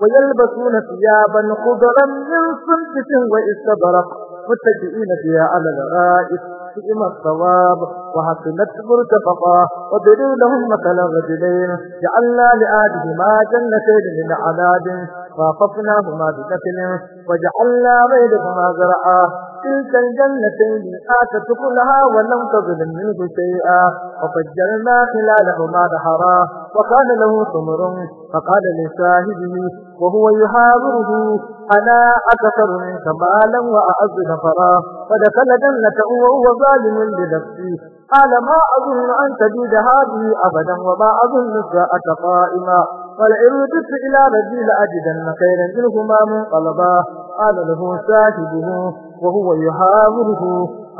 ويلبسون ثيابا خضرا من سندس واستبرق متكئين فيها على الأرائك الصواب الثواب وحسنت مرتفقا وضرب لهم مثل رجلين جعلنا لآدهما جنتين من عناد فاقفناهما بنسل وجعلنا بينهما زرعا تلك الجنتين آتت كلها ولم تظلم منه شيئا وفجرنا خلالهما نهرا وكان له ثمر فقال لصاحبه وهو يحاوره أنا أكثر منك مالا وأعز نفرا فدخل جنته وهو ظالم لنفسه قال ما أظن أن تجد هذه أبدا وما أظن الساعة قائما فلئن رددت إلى ربي لأجدن خيرا منهما منقلبا قال له صاحبه وهو يهاوره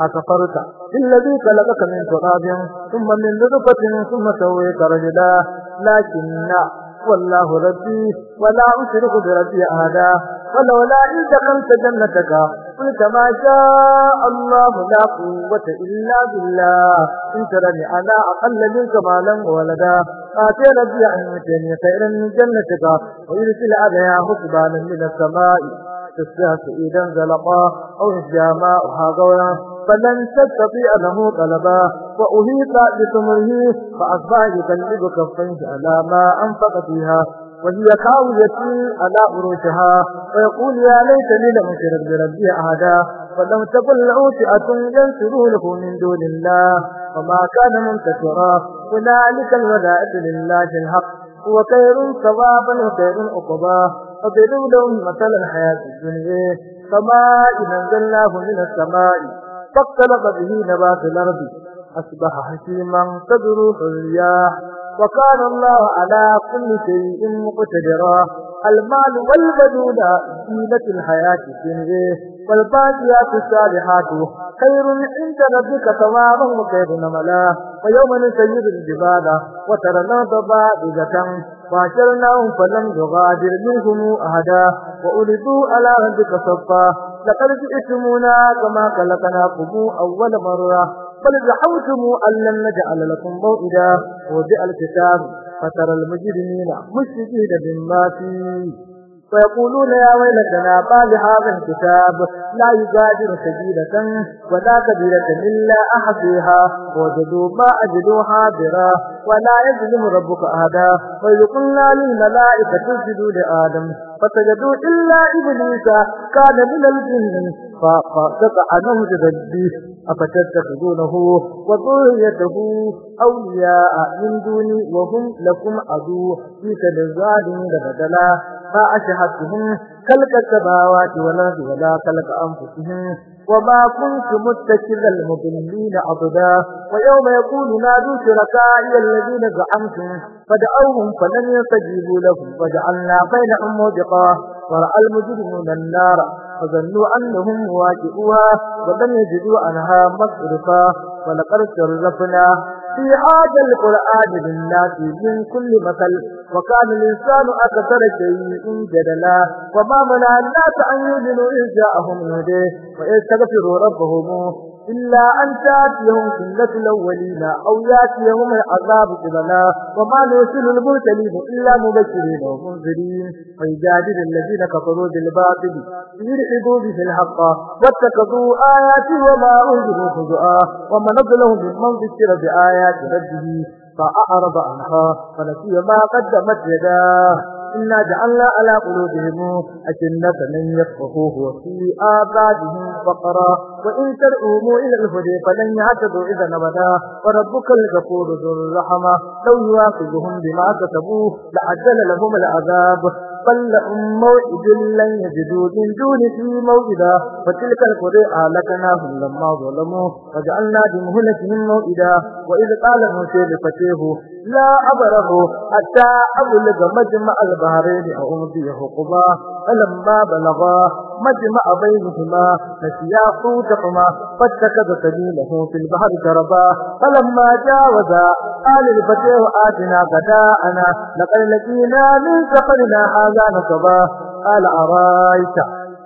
أكفرت الذي خلقك من تراب ثم من نطفة ثم سويت رجلا لكن والله ربي ولا أشرك بربي أهدا ولولا إن دخلت جنتك قلت ما شاء الله لا قوة إلا بالله إن ترني أنا أقل منك مالا ولدا قاتل بها عن مجنة إلى من جنتك ويرسل عليها حسبانا من السماء تستهس إذا انزلقا أو إحجاماؤها غورا فلن تستطيع له طلبا وأهيط بثمره فأصبح يقلب كفيه على ما أنفق فيها وهي خاوية على أروشها ويقول يا ليتني لم أشرك ربي أهدا فلم تكن له فئة له من دون الله وما كان منتشرا هنالك الولاءة لله الحق هو خير ثوابا وخير عقبا فبدوا لهم مثل الحياة الدنيا إن أنزلناه من السماء فاختلط به نبات الأرض أصبح حكيما تدروح الرياح وكان الله على كل شيء مقتدرا المال لا زينة الحياة الدنيا والباقيات الصالحات خير عند ربك ثوابا وخير نملا ويوم نسير الجبال وترى الأرض بارزة وحشرناهم فلم يغادر منهم أحدا وأولدوا على ربك صفا لقد جئتمونا كما خلقناكم أول مرة بل زعمتم أن لن نجعل لكم موئدا وجاء الكتاب فترى المجرمين مشركين مما فيه ويقولون يا ويلتنا بعد هذا الكتاب لا يجادر سبيلة ولا كبيرة إلا أحصيها وجدوا ما أجدوا حاضرا ولا يظلم ربك أهدا وإذ قلنا للملائكة اسجدوا لآدم فتجدوا إلا إبليس كان من الجن فقطع عنه ربي أفتتخذونه وذريته أولياء من دوني وهم لكم عدو في كل ظالم بدلا ما أشهدتهم خلق السماوات والأرض ولا خلق أنفسهم وما كنت متكلا المضلين عبدا ويوم يقول نادوا شركائي الذين زعمتم فدعوهم فلم يستجيبوا لهم وجعلنا بينهم موبقا ورأى المجرمون النار فظنوا أنهم واجئوها ولم يجدوا عنها مصرفا ولقد شرفنا في هذا القرآن للناس من كل مثل وكان الإنسان أكثر شيء جدلا وما منع الناس أن يؤمنوا إذ جاءهم هديه ويستغفروا ربهم إلا أن تأتيهم سنة الأولين أو يأتيهم العذاب قبلا وما نرسل المرسلين إلا مبشرين ومنذرين ويجادل الذين كفروا بالباطل ليلحقوا به الحق واتخذوا آياتي وما أنزلوا خزؤا ومن أظلم ممن ذكر بآيات ربه فأعرض عنها فنسي ما قدمت يداه إنا جعلنا على قلوبهم أجنة من يفقهوه وفي آبادهم فقرا وإن ترؤوموا إلى الهدى فلن يعتدوا إذا نبدا وربك الغفور ذو الرحمة لو يواخذهم بما كتبوه لعجل لهم العذاب بل لهم موعد لن يجدوا من دونه موعدا فتلك القرى أهلكناهم لما ظلموا وجعلنا بمهلكهم موعدا وإذ قال موسى لفتيه لا أبره حتى أبلغ مجمع البحرين أو أمضي حقبا فلما بلغا مجمع بينهما نسيا حوتهما فاتخذ سبيله في البحر جربا فلما جاوزا قال لفتيه آتنا غداءنا لقد لقينا من سفرنا هذا لعنك الله قال أرايت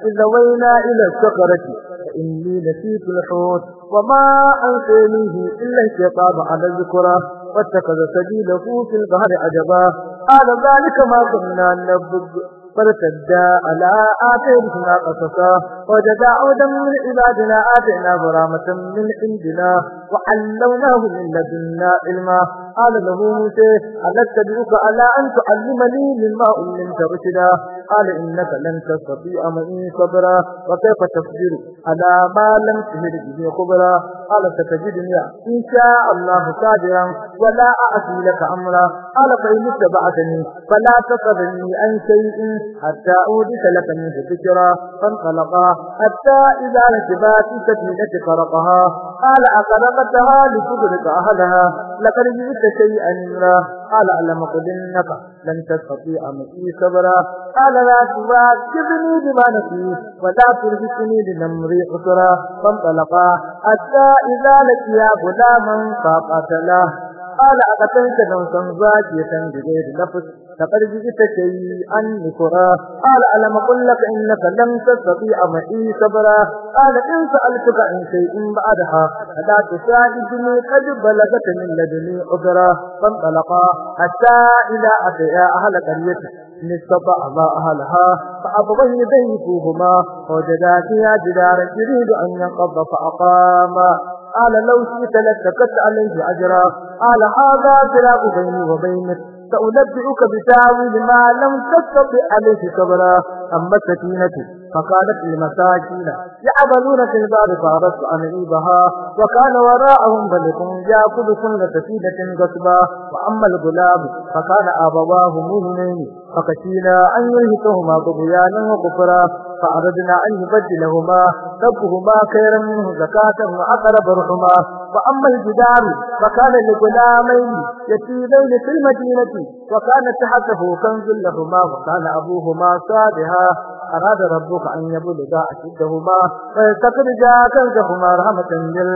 إذا وينا إلى السقرة فإني نسيت الحوت وما أنسى منه إلا الشيطان على الذكرى واتخذ سبيله في البحر عجبا قال ذلك ما ظننا نبذ فارتدا على آثارهما قصصا وجدا عودا من عبادنا آتينا برامة من عندنا وعلمناه من لدنا علما قال له موسى هل اتبعك على أن تعلمني مما علمت رشدا قال إنك لن تستطيع معي صبرا وكيف تصبر على ما لم تهد به خبرا قال ستجدني إن شاء الله صابرا ولا أعطي لك أمرا قال فإن اتبعتني فلا تقذني عن شيء حتى أودك لك من ذكرى فانطلقا حتى إذا نجبا في سفينة فرقها قال أقرقتها لتدرك أهلها لقد جئت شيئا نرى قال أعلمك بالنفع لن تستطيع معي صبرا قال لا تواكبني بما نفيه ولا ترهقني لنمري عسرا فانطلقا حتى إذا لك يا غلاما فقتله قال أقتنت لو سنزاك بغير نفس فقد جئت شيئا كرا قال ألم أقول لك إنك لم تستطيع معي صبرا قال إن سألتك عن شيء بعدها فلا تساعدني قد بلغت من لدني عذرا فانطلقا حتى إذا أتيا أهل قرية إن استطاع ما أهلها فأبغي ضيفهما وجدا فيها جدارا يريد أن ينقض فأقاما قال لو شئت لاتكت عليه أجرا قال هذا فراق بيني وبينك سأنبئك بتاويل ما لم تستطع عليه صبرا أما السكينة فقالت المساكين يعملون في الباب فأردت أن أعيبها وكان وراءهم بلق يأخذ كل سفينة غصبا وأما الغلام فكان أبواه مؤمنين فخشينا أن يلهكهما طغيانا وكفرا فأردنا أن نبدلهما ربهما خيرا منه زكاة وأقرب رحما وأما الجدار فكان لغلامين يتيمين في المدينة وكان تحته كنز لهما وكان أبوهما صالحا أراد ربك أن يبلغ أشدهما ويستخرجا كنزهما رحمة من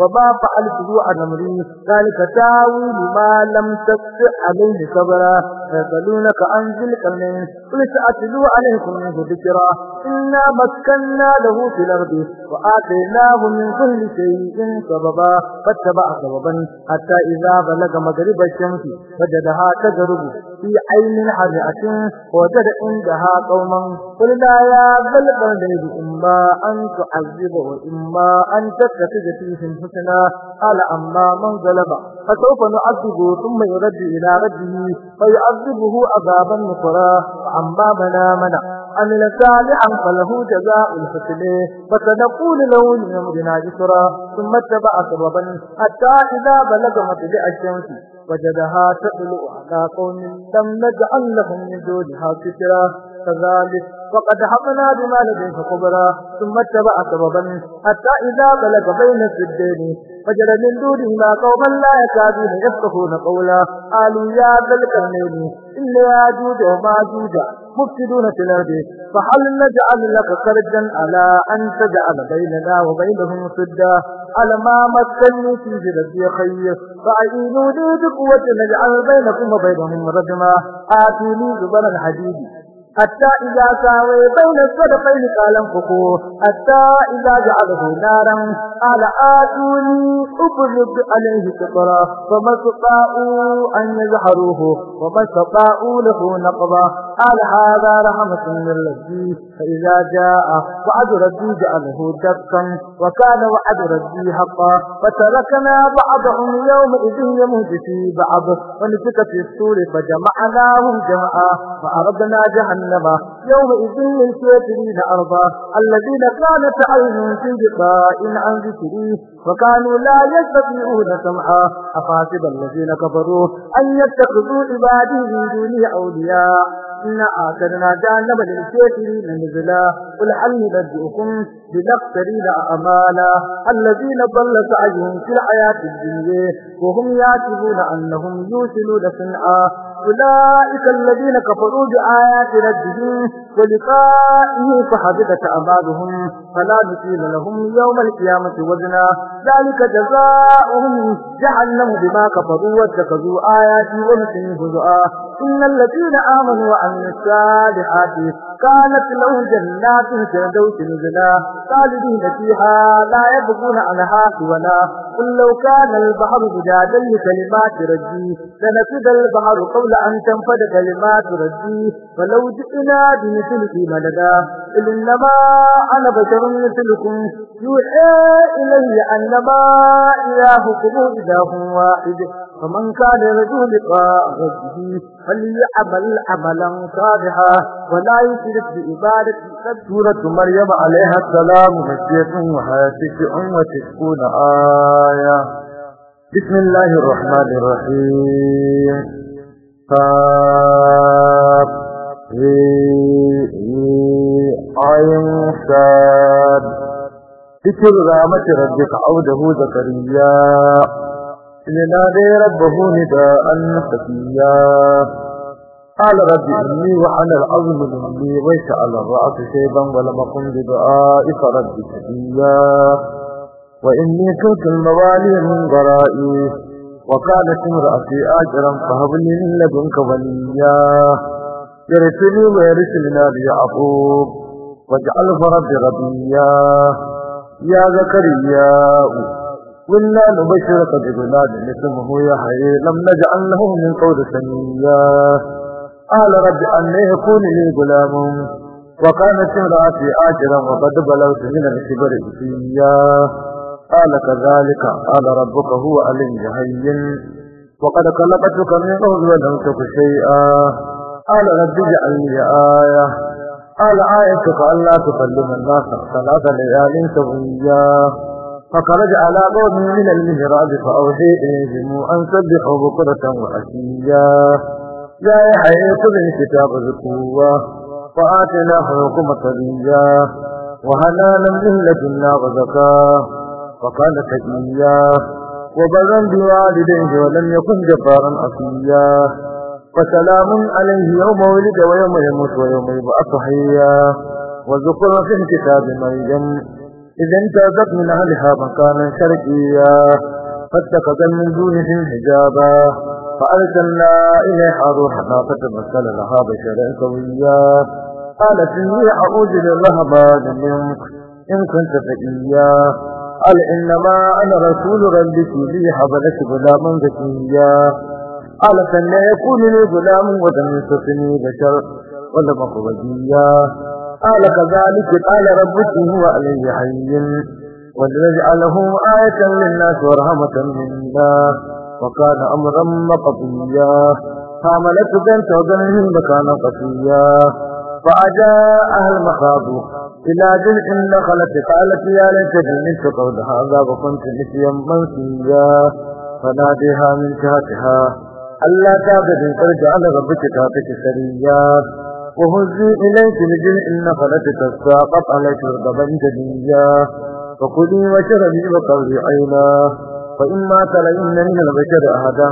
وما فعلته عن أمري ذلك تاوي لما لم تستطع عليه صبرا يسألونك عن ذي القرنين قل سأتلو عليكم منه ذكرا إنا مكنا له في الأرض وآتيناه من كل شيء سببا فاتبع سببا حتى إذا بلغ مغرب الشمس وجدها تجرب في عين حرعة وجد عندها قوما قلنا يا ذا القرنين إما أن تعذب وإما أن تتخذ فيهم حسنا قال أما من ظلم فسوف نعذبه ثم يرد إلى رده فيعذب يعاقبه عذابا نكرا عما بنا منع عمل صالحا فله جزاء الحسن فسنقول له لنمرنا جسرا ثم اتبع سببا حتى إذا بلغ مطلع الشمس وجدها تطلع على قوم لم نجعل لهم من دونها سترا كذلك وقد حقنا بما لديه خبرا ثم اتبع سببا حتى إذا بلغ بين السدين فجر من دونهما قوما لا يكادون يفقهون قولا قالوا يا ذا القرنين إن ياجوج وماجوج مفسدون في الأرض فهل نجعل لك خرجا على أن تجعل بيننا وبينهم سدا على ما مكني في جلدي خير فأعينوني بقوة نجعل بينكم وبينهم رجما آتوني زبر الحديد حتى إذا ساوي بين الصدقين قال انفقوا حتى إذا جعله نارا قال آتوني أبرد عليه قطرا فما استطاعوا أن يزحروه وما استطاعوا له نقضا قال هذا رحمة من ربي فإذا جاء وعد ربي جعله دكا وكان وعد ربي حقا فتركنا بعضهم يومئذ يموت في بعض ونفك في السور فجمعناهم جمعا وأردنا جهنم جهنم يومئذ للكافرين أرضا الذين كانت عينهم في لقاء عن ذكري وكانوا لا يستطيعون سمعا أفاسد الذين كفروا أن يتخذوا عبادي من دوني أولياء إنا آتنا جهنم من نزلا قل هل نبدئكم بنخسرين أعمالا الذين ضلت سعيهم في الحياة الدنيا وهم يعتبون أنهم يوصلون صنعا أولئك الذين كفروا بآيات ربهم ولقائه فحبثت أعمالهم فلا نقيل لهم يوم القيامة وزنا ذلك جزاؤهم جهنم بما كفروا واتخذوا آياتي ومسلم هزؤا إن الذين آمنوا وأن صالحات قالت له جنات جدوت نزلا خالدين فيها لا يبغون عنها ولا قل لو كان البحر بجادا لكلمات ربي لنفذ البحر قول أن تنفذ كلمات ربي فلو جئنا بمثله مددا قل إنما أنا بشر مثلكم يوحى إلي أنما إلهكم إله واحد فمن كان يرجو لقاء ربه فليعمل عملا صالحا ولا يشرك بعبادة سورة مريم عليها السلام مجيئة وهاتف وتكون آية بسم الله الرحمن الرحيم صاد عين صاد ذكر رحمة ربك عوده زكريا إذ ربه نداء خفيا قال رب إني وعن العظم مني على الرأس شيبا ولم أقم بدعاء رب شقيا وإني كنت الموالي من ورائي وقالت امرأتي آجرا فهب لي من لدنك وليا يرثني ويرث من أبي واجعله ربي ربيا يا زكريا قلنا نبشرك بغلام اسمه يحيى لم نجعل له من قول سميا قال رب أن يكون لي غلام وكانت امرأتي آجرا وقد بلغت من الكبر سميا قال كذلك قال ربك هو علي هين وقد خلقتك من قول ولم تك شيئا قال رب اجعل لي آية قال آيتك ألا تكلم الناس ثلاث ليال سويا فخرج على قوم من المهراب فأوحي إليهم أن سبحوا بكرة وعشيا يا يحيى خذ الكتاب بقوة وآتناه حكم كبيا وهنانا من لدنا وزكاة وكان سجيا وبرا بوالديه ولم يكن جبارا عصيا فسلام عليه يوم ولد ويوم يموت ويوم يبعث حيا وذكر في الكتاب مريم إذا امتازت من أهلها مكانا شرقيا فاتخذ من دونهم حجابا فأرسلنا إليها روحنا فتمثل لها بشرا سويا قالت إني أعوذ ما منك إن كنت تقيا قال إنما أنا رسول ربك لي حضرت غلاما ذكيا قال فأنا يكون لي غلام ودم يصفني بشر ولم أخرجيا قال كذلك قال ربك هو علي حين ولنجعله آية للناس ورحمة منا وكان أمرا مقضيا حملت بنت وبنهم وكان قصيا فأجاء أهل مخاض إلى جزء النخلة قالت يا ليت جننت قول هذا وكنت نسيا منسيا فناديها من جهتها ألا تعبدي قد جعل ربك تعطيك سريا وهزي إليك لجنء النخلة تساقط عليك رطبا جديا فكلي وشربي وقولي عينا فإما تلين من البشر أهدا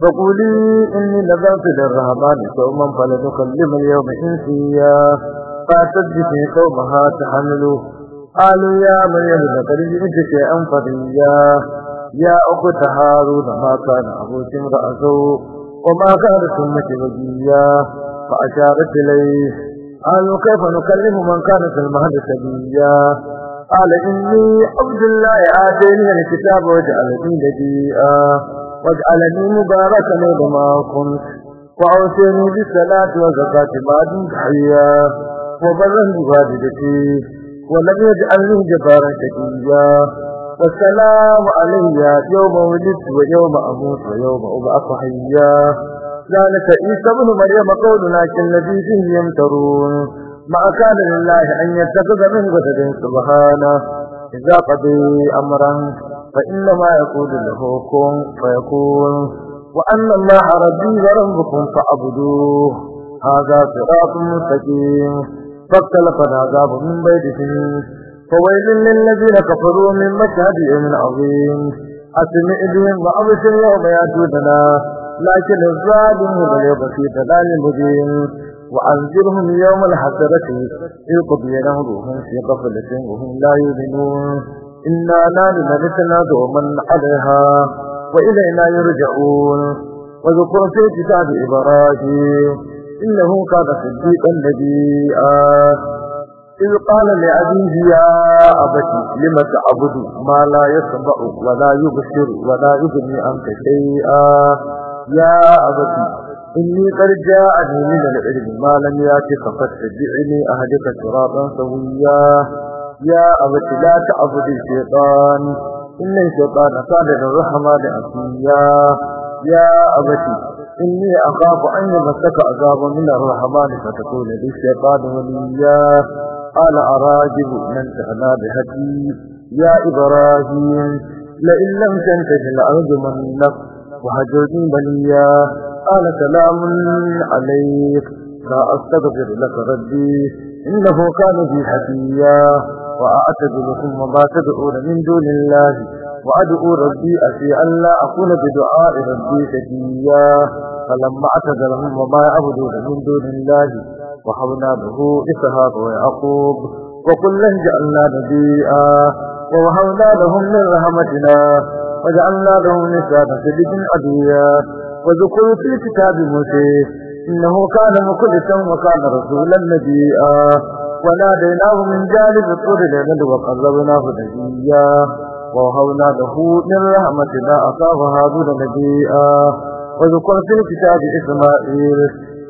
فقولي إني نذرت للرهبان سوما فلنخلم اليوم إنسيا فأتت قومها تحملوا قالوا يا مريم لقد جئت شيئا فريا يا أخت هارون ما كان أبوك امرأ وما كانت أمك وجيا فأشارت إليه قالوا كيف نكلم من كان في المهد سبيا قال إني عبد الله آتيني الكتاب واجعلني لديئا واجعلني مباركا لما كنت وأوصيني بالصلاة وزكاة ما دمت حيا وبرا بوالدتي ولم يجعلني جبارا شقيا والسلام علي يوم ولدت ويوم أموت ويوم أبعث حيا ذلك عيسى بن مريم قول لكن الذي به يمترون ما كان لله أن يتخذ من غسل سبحانه إذا قضي أمرا فإنما يقول له كن فيكون وأن الله ربي وربكم فاعبدوه هذا صراط مستقيم فاختلف العذاب من بيتهم فويل للذين كفروا من مشهد يوم عظيم أسمع بهم وأبشر يوم يأتوننا لكن الظالمون اليوم في ضلال مبين وأنذرهم يوم الحسرة إذ قضي نهرهم في غفلة وهم لا يؤمنون إنا نحن نرثنا دوما عليها وإلينا يرجعون وذكر في كتاب إبراهيم إنه كان صديقا نبيئا إذ قال لأبيه يا أبتي لم تعبد ما لا يسمع ولا يبصر ولا يغني عنك شيئا يا أبتي إني قد جاءني من العلم ما لم يأتك فاتبعني أهدك ترابا سويا يا أبتي لا تعبد الشيطان إن الشيطان كان للرحمن عصيا يا أبتي إني أخاف أن يمسك عذاب من الرحمن فتكون للشيطان وليا أنا أراجب من تهنا بهدي يا إبراهيم لئن لم تنتهي لأرجمنك وهجرني بليا قال سلام عليك لا أستغفر لك ربي إنه كان بي حفيا وأعتذركم وما تدعون من دون الله وأدعو ربي أسي أن لا أكون بدعاء ربي شقيا فلما اعتذرهم وما يعبدون من دون الله وحونا له إسحاق ويعقوب وكلا جعلنا نبيئا ووهبنا لهم من رحمتنا وجعلنا لهم نسابا في الدين وذكروا في كتاب موسى إنه كان مخلصا وكان رسولا نبيئا وناديناه من جانب الطور العلل وقربناه نجيا ووهبنا له من رحمتنا أخاه هارون نبيئا وذكر في كتاب إسماعيل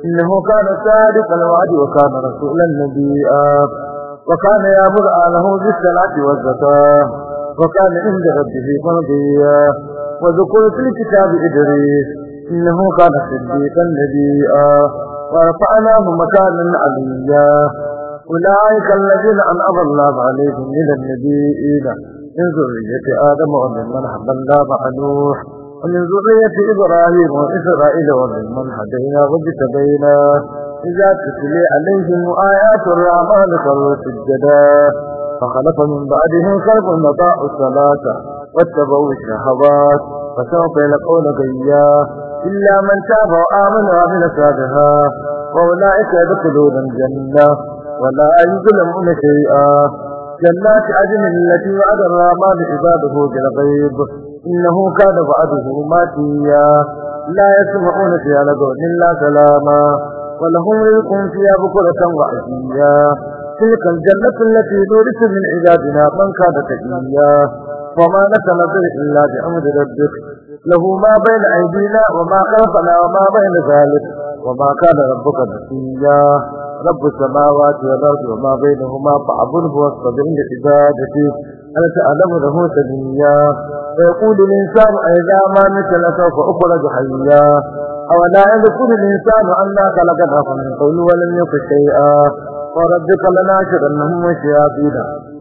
إنه كان صادق الوعد وكان رسولا نبيئا وكان يأمر أهله بالصلاة والزكاة وكان عند ربه مرضيا وذكر في الكتاب إدريس إنه كان صديقا نبيئا ورفعناه مكانا عليا أولئك الذين أنعم الله عليهم من النبيين من ذرية آدم وممن حملنا مع نوح ومن ذرية إبراهيم وإسرائيل وممن هدينا واجتبينا إذا تتلي عليهم آيات الرحمن خروا سجدا فخلف من بعدهم خلف مطاعوا الصلاة واتبعوا الشهوات فسوف يلقون بيا إلا من تاب وآمن وعمل صالحا وأولئك يدخلون الجنة ولا يظلمون شيئا جنات عدن التي وعد الرحمن عباده بالغيب إنه كان وعده ماتيا لا يسمعون فيها لدون إلا سلاما ولهم رزق فيها بكرة وعشيا تلك الجنة التي نورث من عبادنا من كان تقيا وما به إلا بأمر ربك له ما بين أيدينا وما خلفنا وما بين ذلك وما كان ربك نسيا رب السماوات والأرض وما بينهما فاعبده واصطبر لعبادته هل تعلم له سبيا ويقول الإنسان إذا ما نسل سوف أخرج حيا أولا يذكر الإنسان أنا خلقناه من قول ولم يك شيئا وربك لناشرنهم وشياطين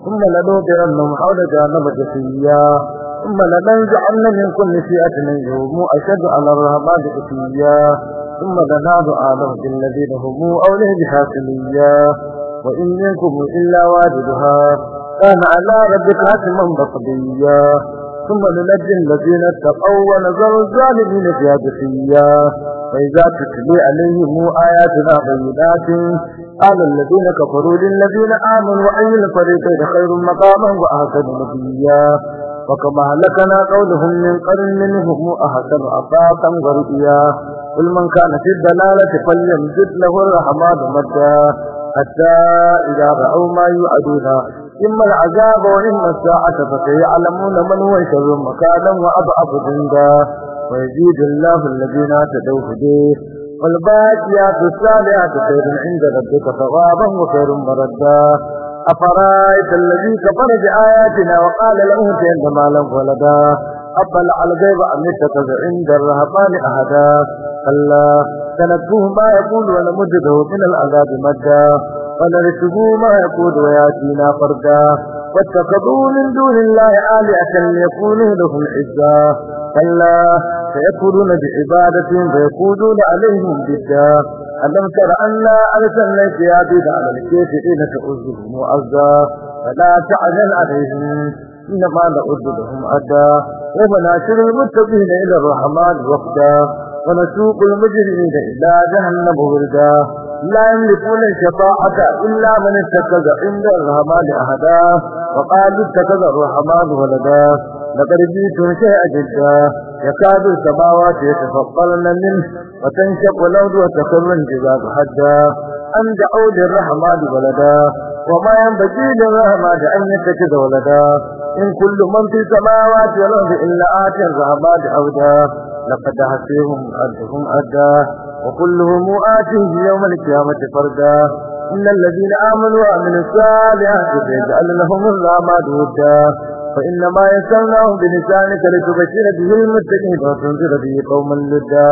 ثم لنوترنهم حول جانب جسيا ثم لننزعن من كل شيئة منهم أشد على الرحمن جسيا ثم لنعد آله بالذين هم أوله بحاسميا وإن منكم إلا واجدها كان على ربك حتما بصبيا ثم ننجي الذين اتقوا ونذر الظالمين فيها جثيا فإذا تتلي عليهم آياتنا بينات قال الذين كفروا للذين آمنوا أي الفريقين خير مقاما وأحسن نبيا وكما هلكنا قولهم من قرن منهم أحسن أفاقا ورئيا قل من كان في الدلالة فليمجد له الرحمن مدا حتى إذا رأوا ما يوعدون إما العذاب وإما الساعة فسيعلمون من هو شر مكانا وأضعف جندا ويزيد الله الذين اهتدوا هديه والباقيات الصالحات خير عند ربك ثوابا وخير مردا أفرأيت الذي كفر بآياتنا وقال له لأوتين مالا ولدا أطلع الغيب أن يتخذ عند الرهبان أهدا كلا سنتبوه ما يقول ولمجده من العذاب مدا قال اركبوا ما يقود وياتينا فردا واتخذوا من دون الله عالية ليكونوا لهم عزا كلا فيكونون بعبادة فيقودون عليهم جدا ألم تر أنا أرسلنا الزيادين على الكافرين تعزهم وأزا فلا تعجل عليهم إنما نعد لهم أدا ومناشر المتقين إلى الرحمن وفدا ونسوق المجرمين إلى جهنم وردا لا يملكون الشفاعة إلا من اتخذ عند الرحمن أحدا وقال اتخذ الرحمن ولدا لقد جئتم شيئا جدا يكاد السماوات يتفطرن منه وتنشق الأرض وتخر الجبال حدا أن دعوا للرحمن ولدا وما ينبغي للرحمن أن يتخذ ولدا إن كل من في السماوات والأرض إلا آتي الرحمن عودا لقد حسيهم أرضهم أدا وكلهم آتيه يوم القيامة فردا إن الذين آمنوا وعملوا الصالحات فيجعل لهم الرحمن ودا فإنما يسألناه بلسانك لتبشر به المتقين وتنذر به قوما لدا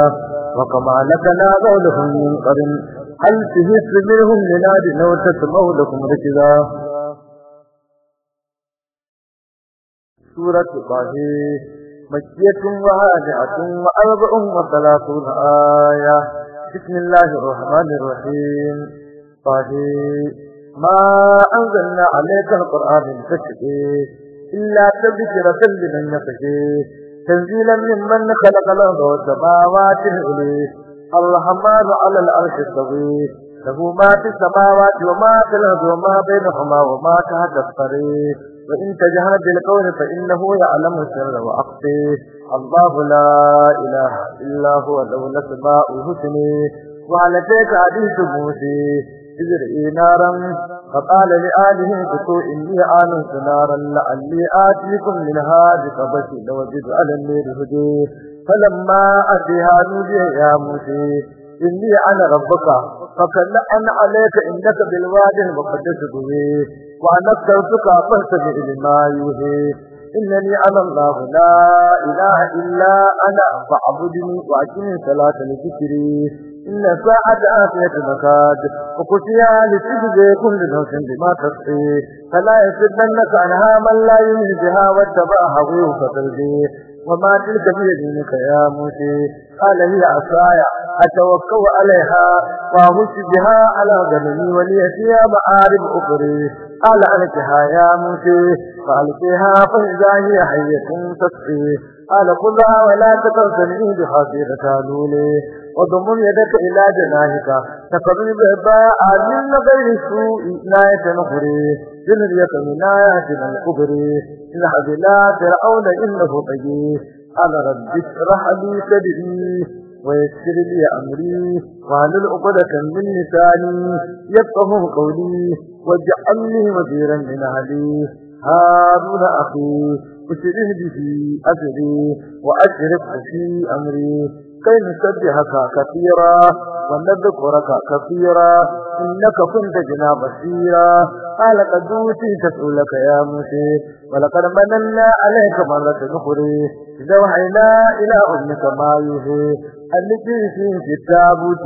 وكما لا قولهم من قبل هل تهس منهم لنادي أو لكم ركزا سورة باهي مكية وهادئة وأربع وثلاثون آية بسم الله الرحمن الرحيم طهي ما أنزلنا عليك القرآن من تشكي إلا تذكرة لمن يتقي تنزيلا ممن خلق الأرض والسماوات العلي الرحمن على العرش الطويل له ما في السماوات وما في الأرض وما بينهما وما تحت الطريق وإن تجهد القول فإنه يعلم السر وأقصيه الله لا إله إلا هو لو الأسماء الحسنى وعلى ذلك حديث موسى إذ نارا فقال لآله اتقوا إني آنست نارا لعلي آتيكم منها بقبس لوجد على النير هدي فلما أتيها نودي يا موسى إني أنا ربك فكل أن عليك إنك بالواد المقدس بوي وأنا اخترتك إلى لما يوهي إنني أنا الله لا إله إلا أنا فاعبدني وأقم صلاة لذكري إن ساعة آتية مكاد وقتيا لسجد كل نوس بما تسقي فلا يسدنك عنها من لا يؤمن بها واتبع هويه فتلقي وما تلك دينك يا موسى قال لي عصايا أتوكل عليها وأمس بها على غنمي ولي فيها معارب أخرى قال عليكها يا موسى فألقها فإذا هي حية تسقي قال خذها ولا تكن بخاطرة لولي وضم يدك إلى جناحك تقضي بإباء من غير سوء ناية نخري جنرية من آياتنا الكبري اذهب لا فرعون إنه طيب قال رب اشرح لي سبيلي ويسر لي أمري وعلى العقدة من لساني يفقه قولي واجعلني وزيرا من أهلي هارون أخي أشره به أجري وأشرفه في أمري كي نسبحك كثيرا ونذكرك كثيرا إنك كنت جنا بصيرا قال قد أوتيت يا موسى ولقد مننا عليك مرة أخرى إذا وحينا إلى أمك ما يهي الذي في التابوت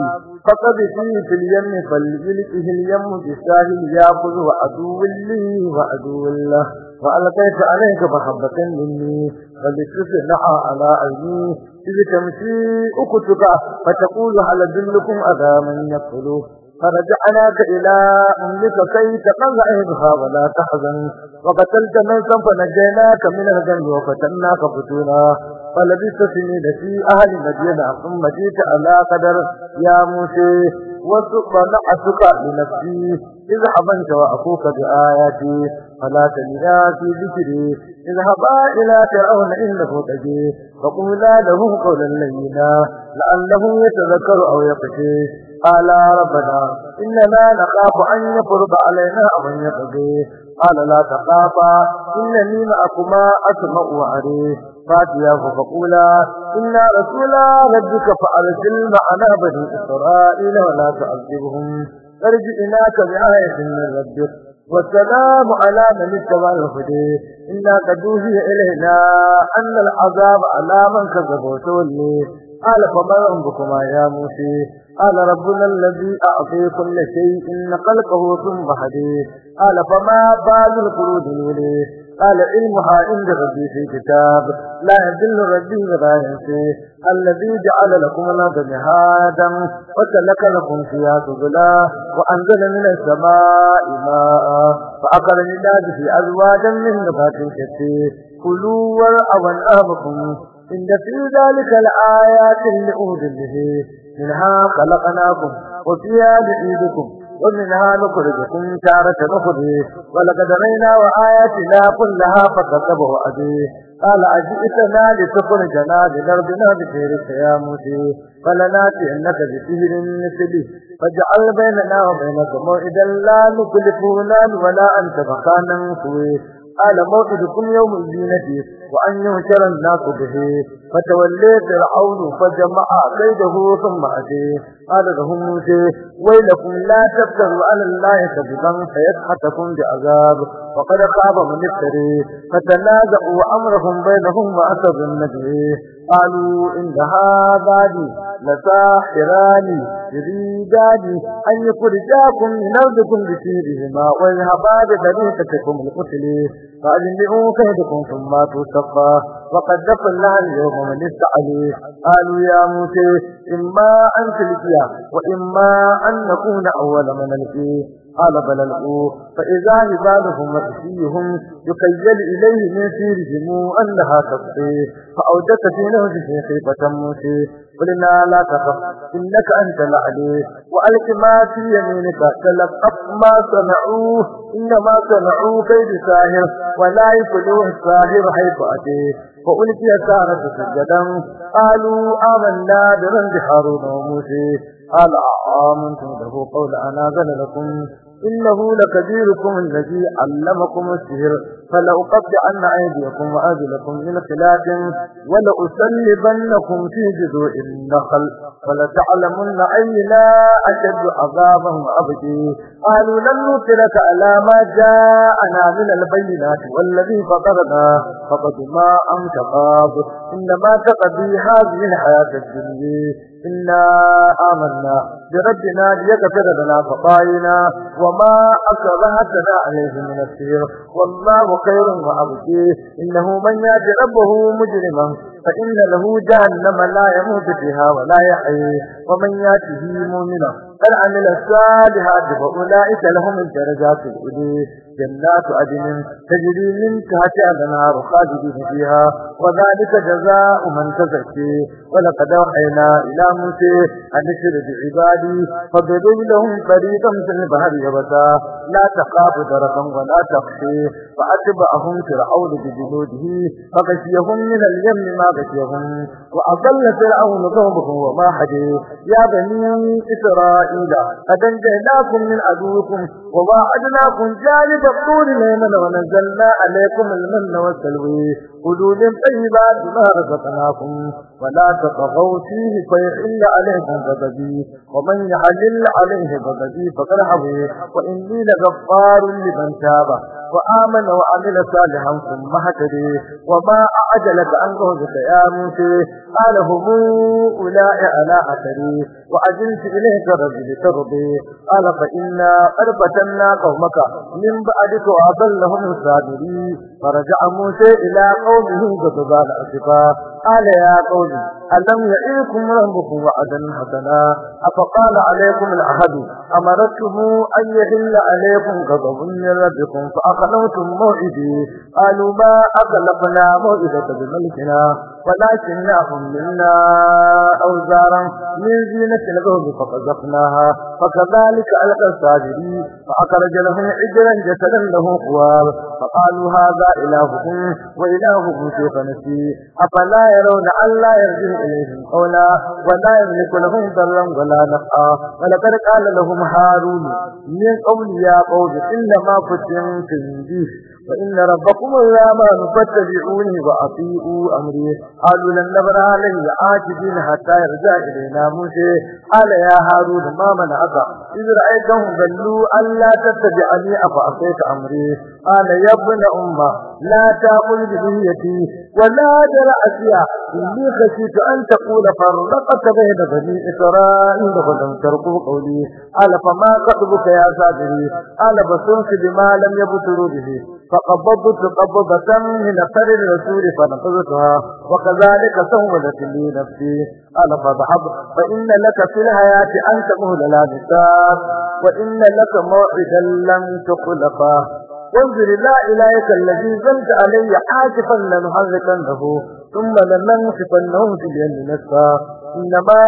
فقد في في اليم فليلقه اليم بالساهل يأخذ وعدو لي وعدو له وألقيت عليك محبة مني فلتصنع على عيني إذ تمشي أختك فتقول هل أدلكم أذى من يقتله فرجعناك إلى أمك كي تقضى عينها ولا تحزن وقتلت ميتا فنجيناك من الجن وفتناك فتونا فلبثت سنين في أهل مدينة ثم جئت على قدر يا موسى نعسك لنفسي اذهب أنت وأخوك بآياتي فلا تنيا في ذكري اذهبا إلى فرعون إنه تجي فقولا له قولا لينا لعله يتذكر أو يقشي قال ربنا إننا نخاف أن يفرض علينا أو يقضي قال لا تخافا إنني معكما أسمع وأريه فاتياه فقولا إنا رسولا ربك فأرسل معنا بني إسرائيل ولا تعذبهم ارجئناك بآية من ربك والسلام على من اتبع الهدي إنا قد أوحي إلينا أن العذاب على من كذب وتولي قال فما ربكما يا موسى قال ربنا الذي أعطي كل شيء خلقه ثم هدي قال فما بال القرود الولي قال علمها عند ربي في كتاب لا يدل ربي غايته الذي جعل لكم الأرض مهادا وسلك لكم فيها سبلا وأنزل من السماء ماء فأقل لله في أزواجا من نبات كثير كلوا وارعوا أنعامكم إن في ذلك لآيات لأولي به منها خلقناكم وفيها نعيدكم ومنها نخرجكم تارة أخرى ولقد رينا وآياتنا كلها فكذبه أبي قال أجئتنا لتخرجنا من أرضنا بخيرك يا موسى فلناتئنك بسهر مثله فاجعل بيننا وبينك موعدا لا نكلفه ولا أنت مكانا سويه قال موعدكم يوم الزينة وأن يهجر الناس به فتولي فرعون فجمع كيده ثم أتي قال لهم موسى ويلكم لا تبتغوا على الله كذبا فيسحتكم بعذاب وقد خاب من افتري فتنازعوا أمرهم بينهم وأسروا النبي قالوا إن هذا لي لساحران يريدان أن يخرجاكم من أرضكم بسيرهما ويذهبا بطريقتكم القتل فأجمعوا كهدكم ثم تصفى وقد دفن لها اليوم من استعلي قالوا يا موسى إما أن تلقيا وإما أن نكون أول من نلقيه قال بل الأو فإذا هبالهم وحسيهم يقيل إليه من سيرهم أنها تبقي فأوجدت في نهجه خيبة موسي قلنا لا تخف إنك أنت العلي وألك ما في يمينك تلقف ما سمعوه إنما سمعوه كيد ساهر ولا يفلوه الساهر حيث أتيه فألك يسارة سجدا قالوا آمنا برنج حارون وموسى قال أعامنتم آه، له قول أنا ذل لكم إنه لكبيركم الذي علمكم السهر فلأقطعن أيديكم وأرجلكم من خلاف ولأسلبنكم في جذوع النخل فلتعلمن أي لا أشد عذابا وأبكي قالوا لن نطلك على ما جاءنا من البينات والذي فطرنا فقد ما أنت قاض إنما تقضي هذه الحياة الدنيا إنا آمنا بربنا ليغفر لنا خطايانا وما أكرهتنا عليه من السير والله خير وأبقي إنه من يأت ربه مجرما فإن له جهنم لا يموت فيها ولا يحيي ومن يأته مؤمنا فالعمل الصالحات فأولئك لهم الدرجات الأولى جنات عدن تجري من تحت الانهار خالدين فيها وذلك جزاء من تزكي ولقد اوحينا الى موسى ان اشر بعبادي فاضرب لهم طريقا في البحر يبسا لا تخاف درقا ولا تخشي فاتبعهم فرعون بجنوده فغشيهم من اليم ما غشيهم واضل فرعون قومه وما هدي يا بني اسرائيل قد انجيناكم من عدوكم وواعدناكم جانب الطور الأيمن ونزلنا عليكم المن والسلوي كلوا من طيبات ما رزقناكم ولا تطغوا فيه فيحل عليكم غضبي ومن يحلل عليه غضبي فقد حوي وإني لغفار لمن تاب وآمن وعمل صالحا ثم هتدي وما أعجلك عن غهزك يا موسى قال هم أولئك على أثري وعجلت إليك ربي لترضي قال فإنا قد فتنا قومك من بعدك وأضلهم السابرين فرجع موسى إلى قومه غضبان أسفا قال يا قوم ألم يعيكم ربكم وعدا حسنا أفقال عليكم العهد أمرتكم أن يهل عليكم غضب من ربكم فأخلوتم موعدي قالوا ما أخلفنا موئدة بملكنا ولكننا حملنا أوزارا من زينة لهم فقذفناها فكذلك ألقى الساجري فأخرج لهم عجلا جسدا له خوار فقالوا هذا إلهكم وإلهكم كيف نسي أفلا يرون أن لا يرجع إليهم قولا ولا يملك لهم ضرا ولا نفعا ولقد قال لهم هارون من قول يا قوم إنما فتنتم به فإن ربكم الرحمن فاتبعوني وأطيعوا أمري قالوا لن نبرى لن عاجزين حتى يرجع إلينا موسى قال يا هارون ما منعك إذ رأيتهم ضلوا ألا تتبعني أفأطيت أمري قال يا ابن أمة لا تأخذ بنيتي ولا درأتي إني خشيت أن تقول فرقت بين بني إسرائيل ولم ترقوا قولي قال فما خطبك يا سادري قال بصرت بما لم يبصروا به فقبضت قبضة من أثر الرسول فنقذتها وكذلك سولت لي نفسي قال فضحب فإن لك في الحياة أنت مهل لا نساك وإن لك موعدا لم تخلقه وانظر لا إلهك الذي زلت علي عاكفا لنحركنه ثم لننصف في بأن نسفا إنما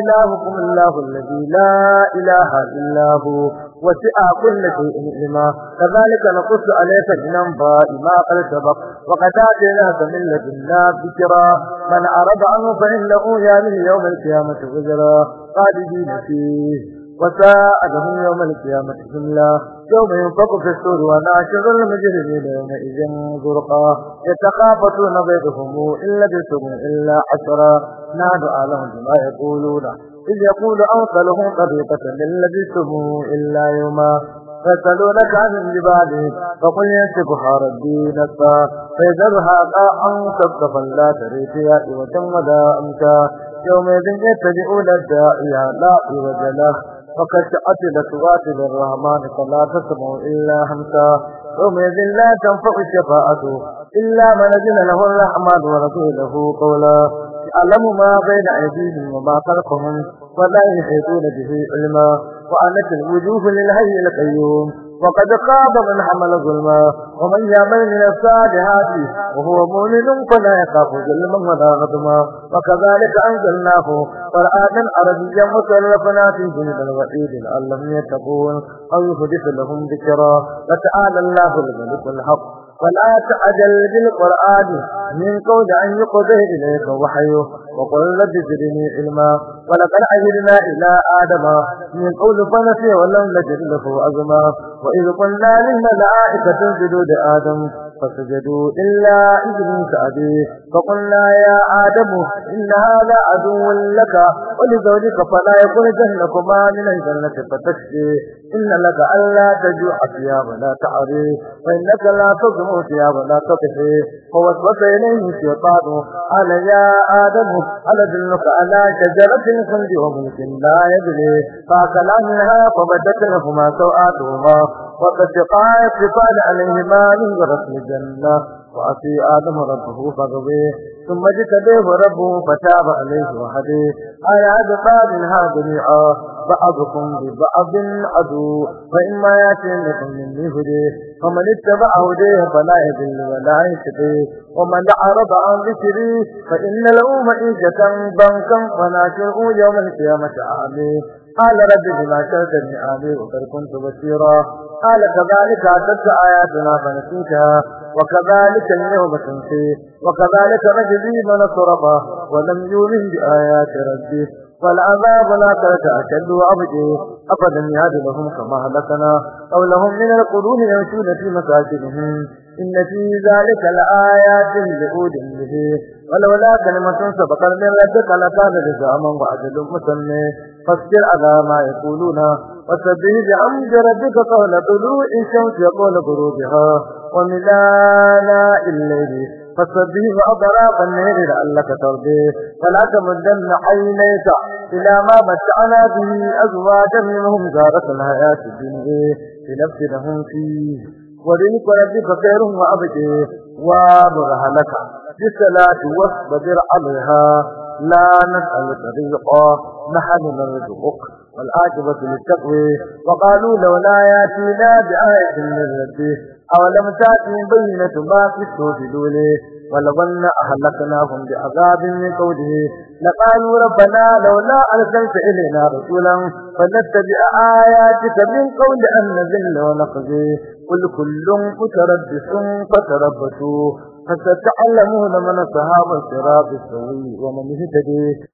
إلهكم الله الذي لا إله إلا هو وسع كل شيء لما كذلك نقص عليك من انباء ما قد سبق وقد اتيناك من لدنا ذكرا من اعرض عنه فانه يامن يوم القيامه وزرا خالدين فيه وساء لهم يوم القيامة جملة يوم ينفق في السور وناشر المجرمين يومئذ زرقا يتخافتون بينهم إلا بيتهم إلا عشرا نهد أعلم بما يقولون إذ يقول أوصلهم للذي سبوا إلا يوما فسألونك عن الجبال فقل ينسفها ربي نسا فيذرها قاعا صفصفا لا تري فيها إوجا ولا أمتا يومئذ يتبعون الداعي لا إوج له فقد عتبت واتب الرحمن فلا تسمع إلا همسا يومئذ لا تنفع الشفاعة إلا من أذن له الرحمن ورسوله قولا يعلم ما بين أيديهم وما خلقهم ولا يحيطون به علما وأنت الوجوه للهي القيوم وقد خاب من حمل ظلما ومن يعمل من الصالحات وهو مؤمن فلا يخاف ظلما ولا غضما وكذلك أنزلناه قرآنا عربيا وصرفنا فيه من ان لعلهم يتقون أو يحدث لهم ذكرا فتعالى الله الملك الحق فلا تعجل بالقرآن من قول أن يقضي إليك وحيه وقل رب علما ولقد عجلنا إلى آدم من قول فنسي ولم نجد له أزما وإذ قلنا للملائكة تنجدوا لآدم فسجدوا إلا إذن سعدي فقلنا يا آدم إن هذا عدو لك ولزوجك فلا يكون جهلكما من الجنة فتشفي إن لك ألا تجوع ثياب ولا تعري فإنك لا تظلم ثياب ولا تطحي فوسوس إليه الشيطان قال يا آدم هل أدلك على شجرة الخلد وملك لا يدري فأكلا منها فبدت لهما سوآتهما وتشقا يصفان عليهما من رسم الجنة وأتي آدم ربه فغويه ثم به ربه فتاب عليه وهديه على هذا جميعا بعضكم ببعض عدو فإما ياتينكم مني هدي فمن اتبع هديه فلا يذل ولا يشقي ومن أعرض عن ذكري فإن له معيشة فلا فناشره يوم القيامة عامي قال رب بما شرتني عامي وقد كنت بشيرا قال كذلك أتت آياتنا فنسيتها وكذلك اليوم تنسيه وكذلك نجزي من تربه ولم يؤمن بآيات ربه فالعذاب لا ترك أشد وأبجيه أفلم يهد لهم كما هلكنا أو لهم من القرون يمشون في مساجدهم إن في ذلك لآيات لأود به ولولا كلمة سبقت من ربك لكان لزاما وعجل مسمى فاصبر على ما يقولون وسبه بعمد ربك قول طلوع الشمس يقول غروبها قل لا إليه فاستبه أضراب النهر لعلك ترضيه فلا تمدن عينيك إلى ما متعنا به أزواجا منهم زارة الحياة الدنيا لهم فيه وليك ربك خير وأبكي وابرها لك السلاة واصبر عليها لا نسأل رزقا نحن نرزقك والآجبة للتقوى وقالوا لولا ياتينا بآية من ربه أولم تأتهم بينة ما في ولو ولظن أهلكناهم بعذاب من قوله لقالوا ربنا لولا أرسلت إلينا رسولا فنتبع آياتك من قول أن نذل ونقضي قل كل متربص فتربصوا فستعلمون من أصحاب الصراط السوي ومن اهتدي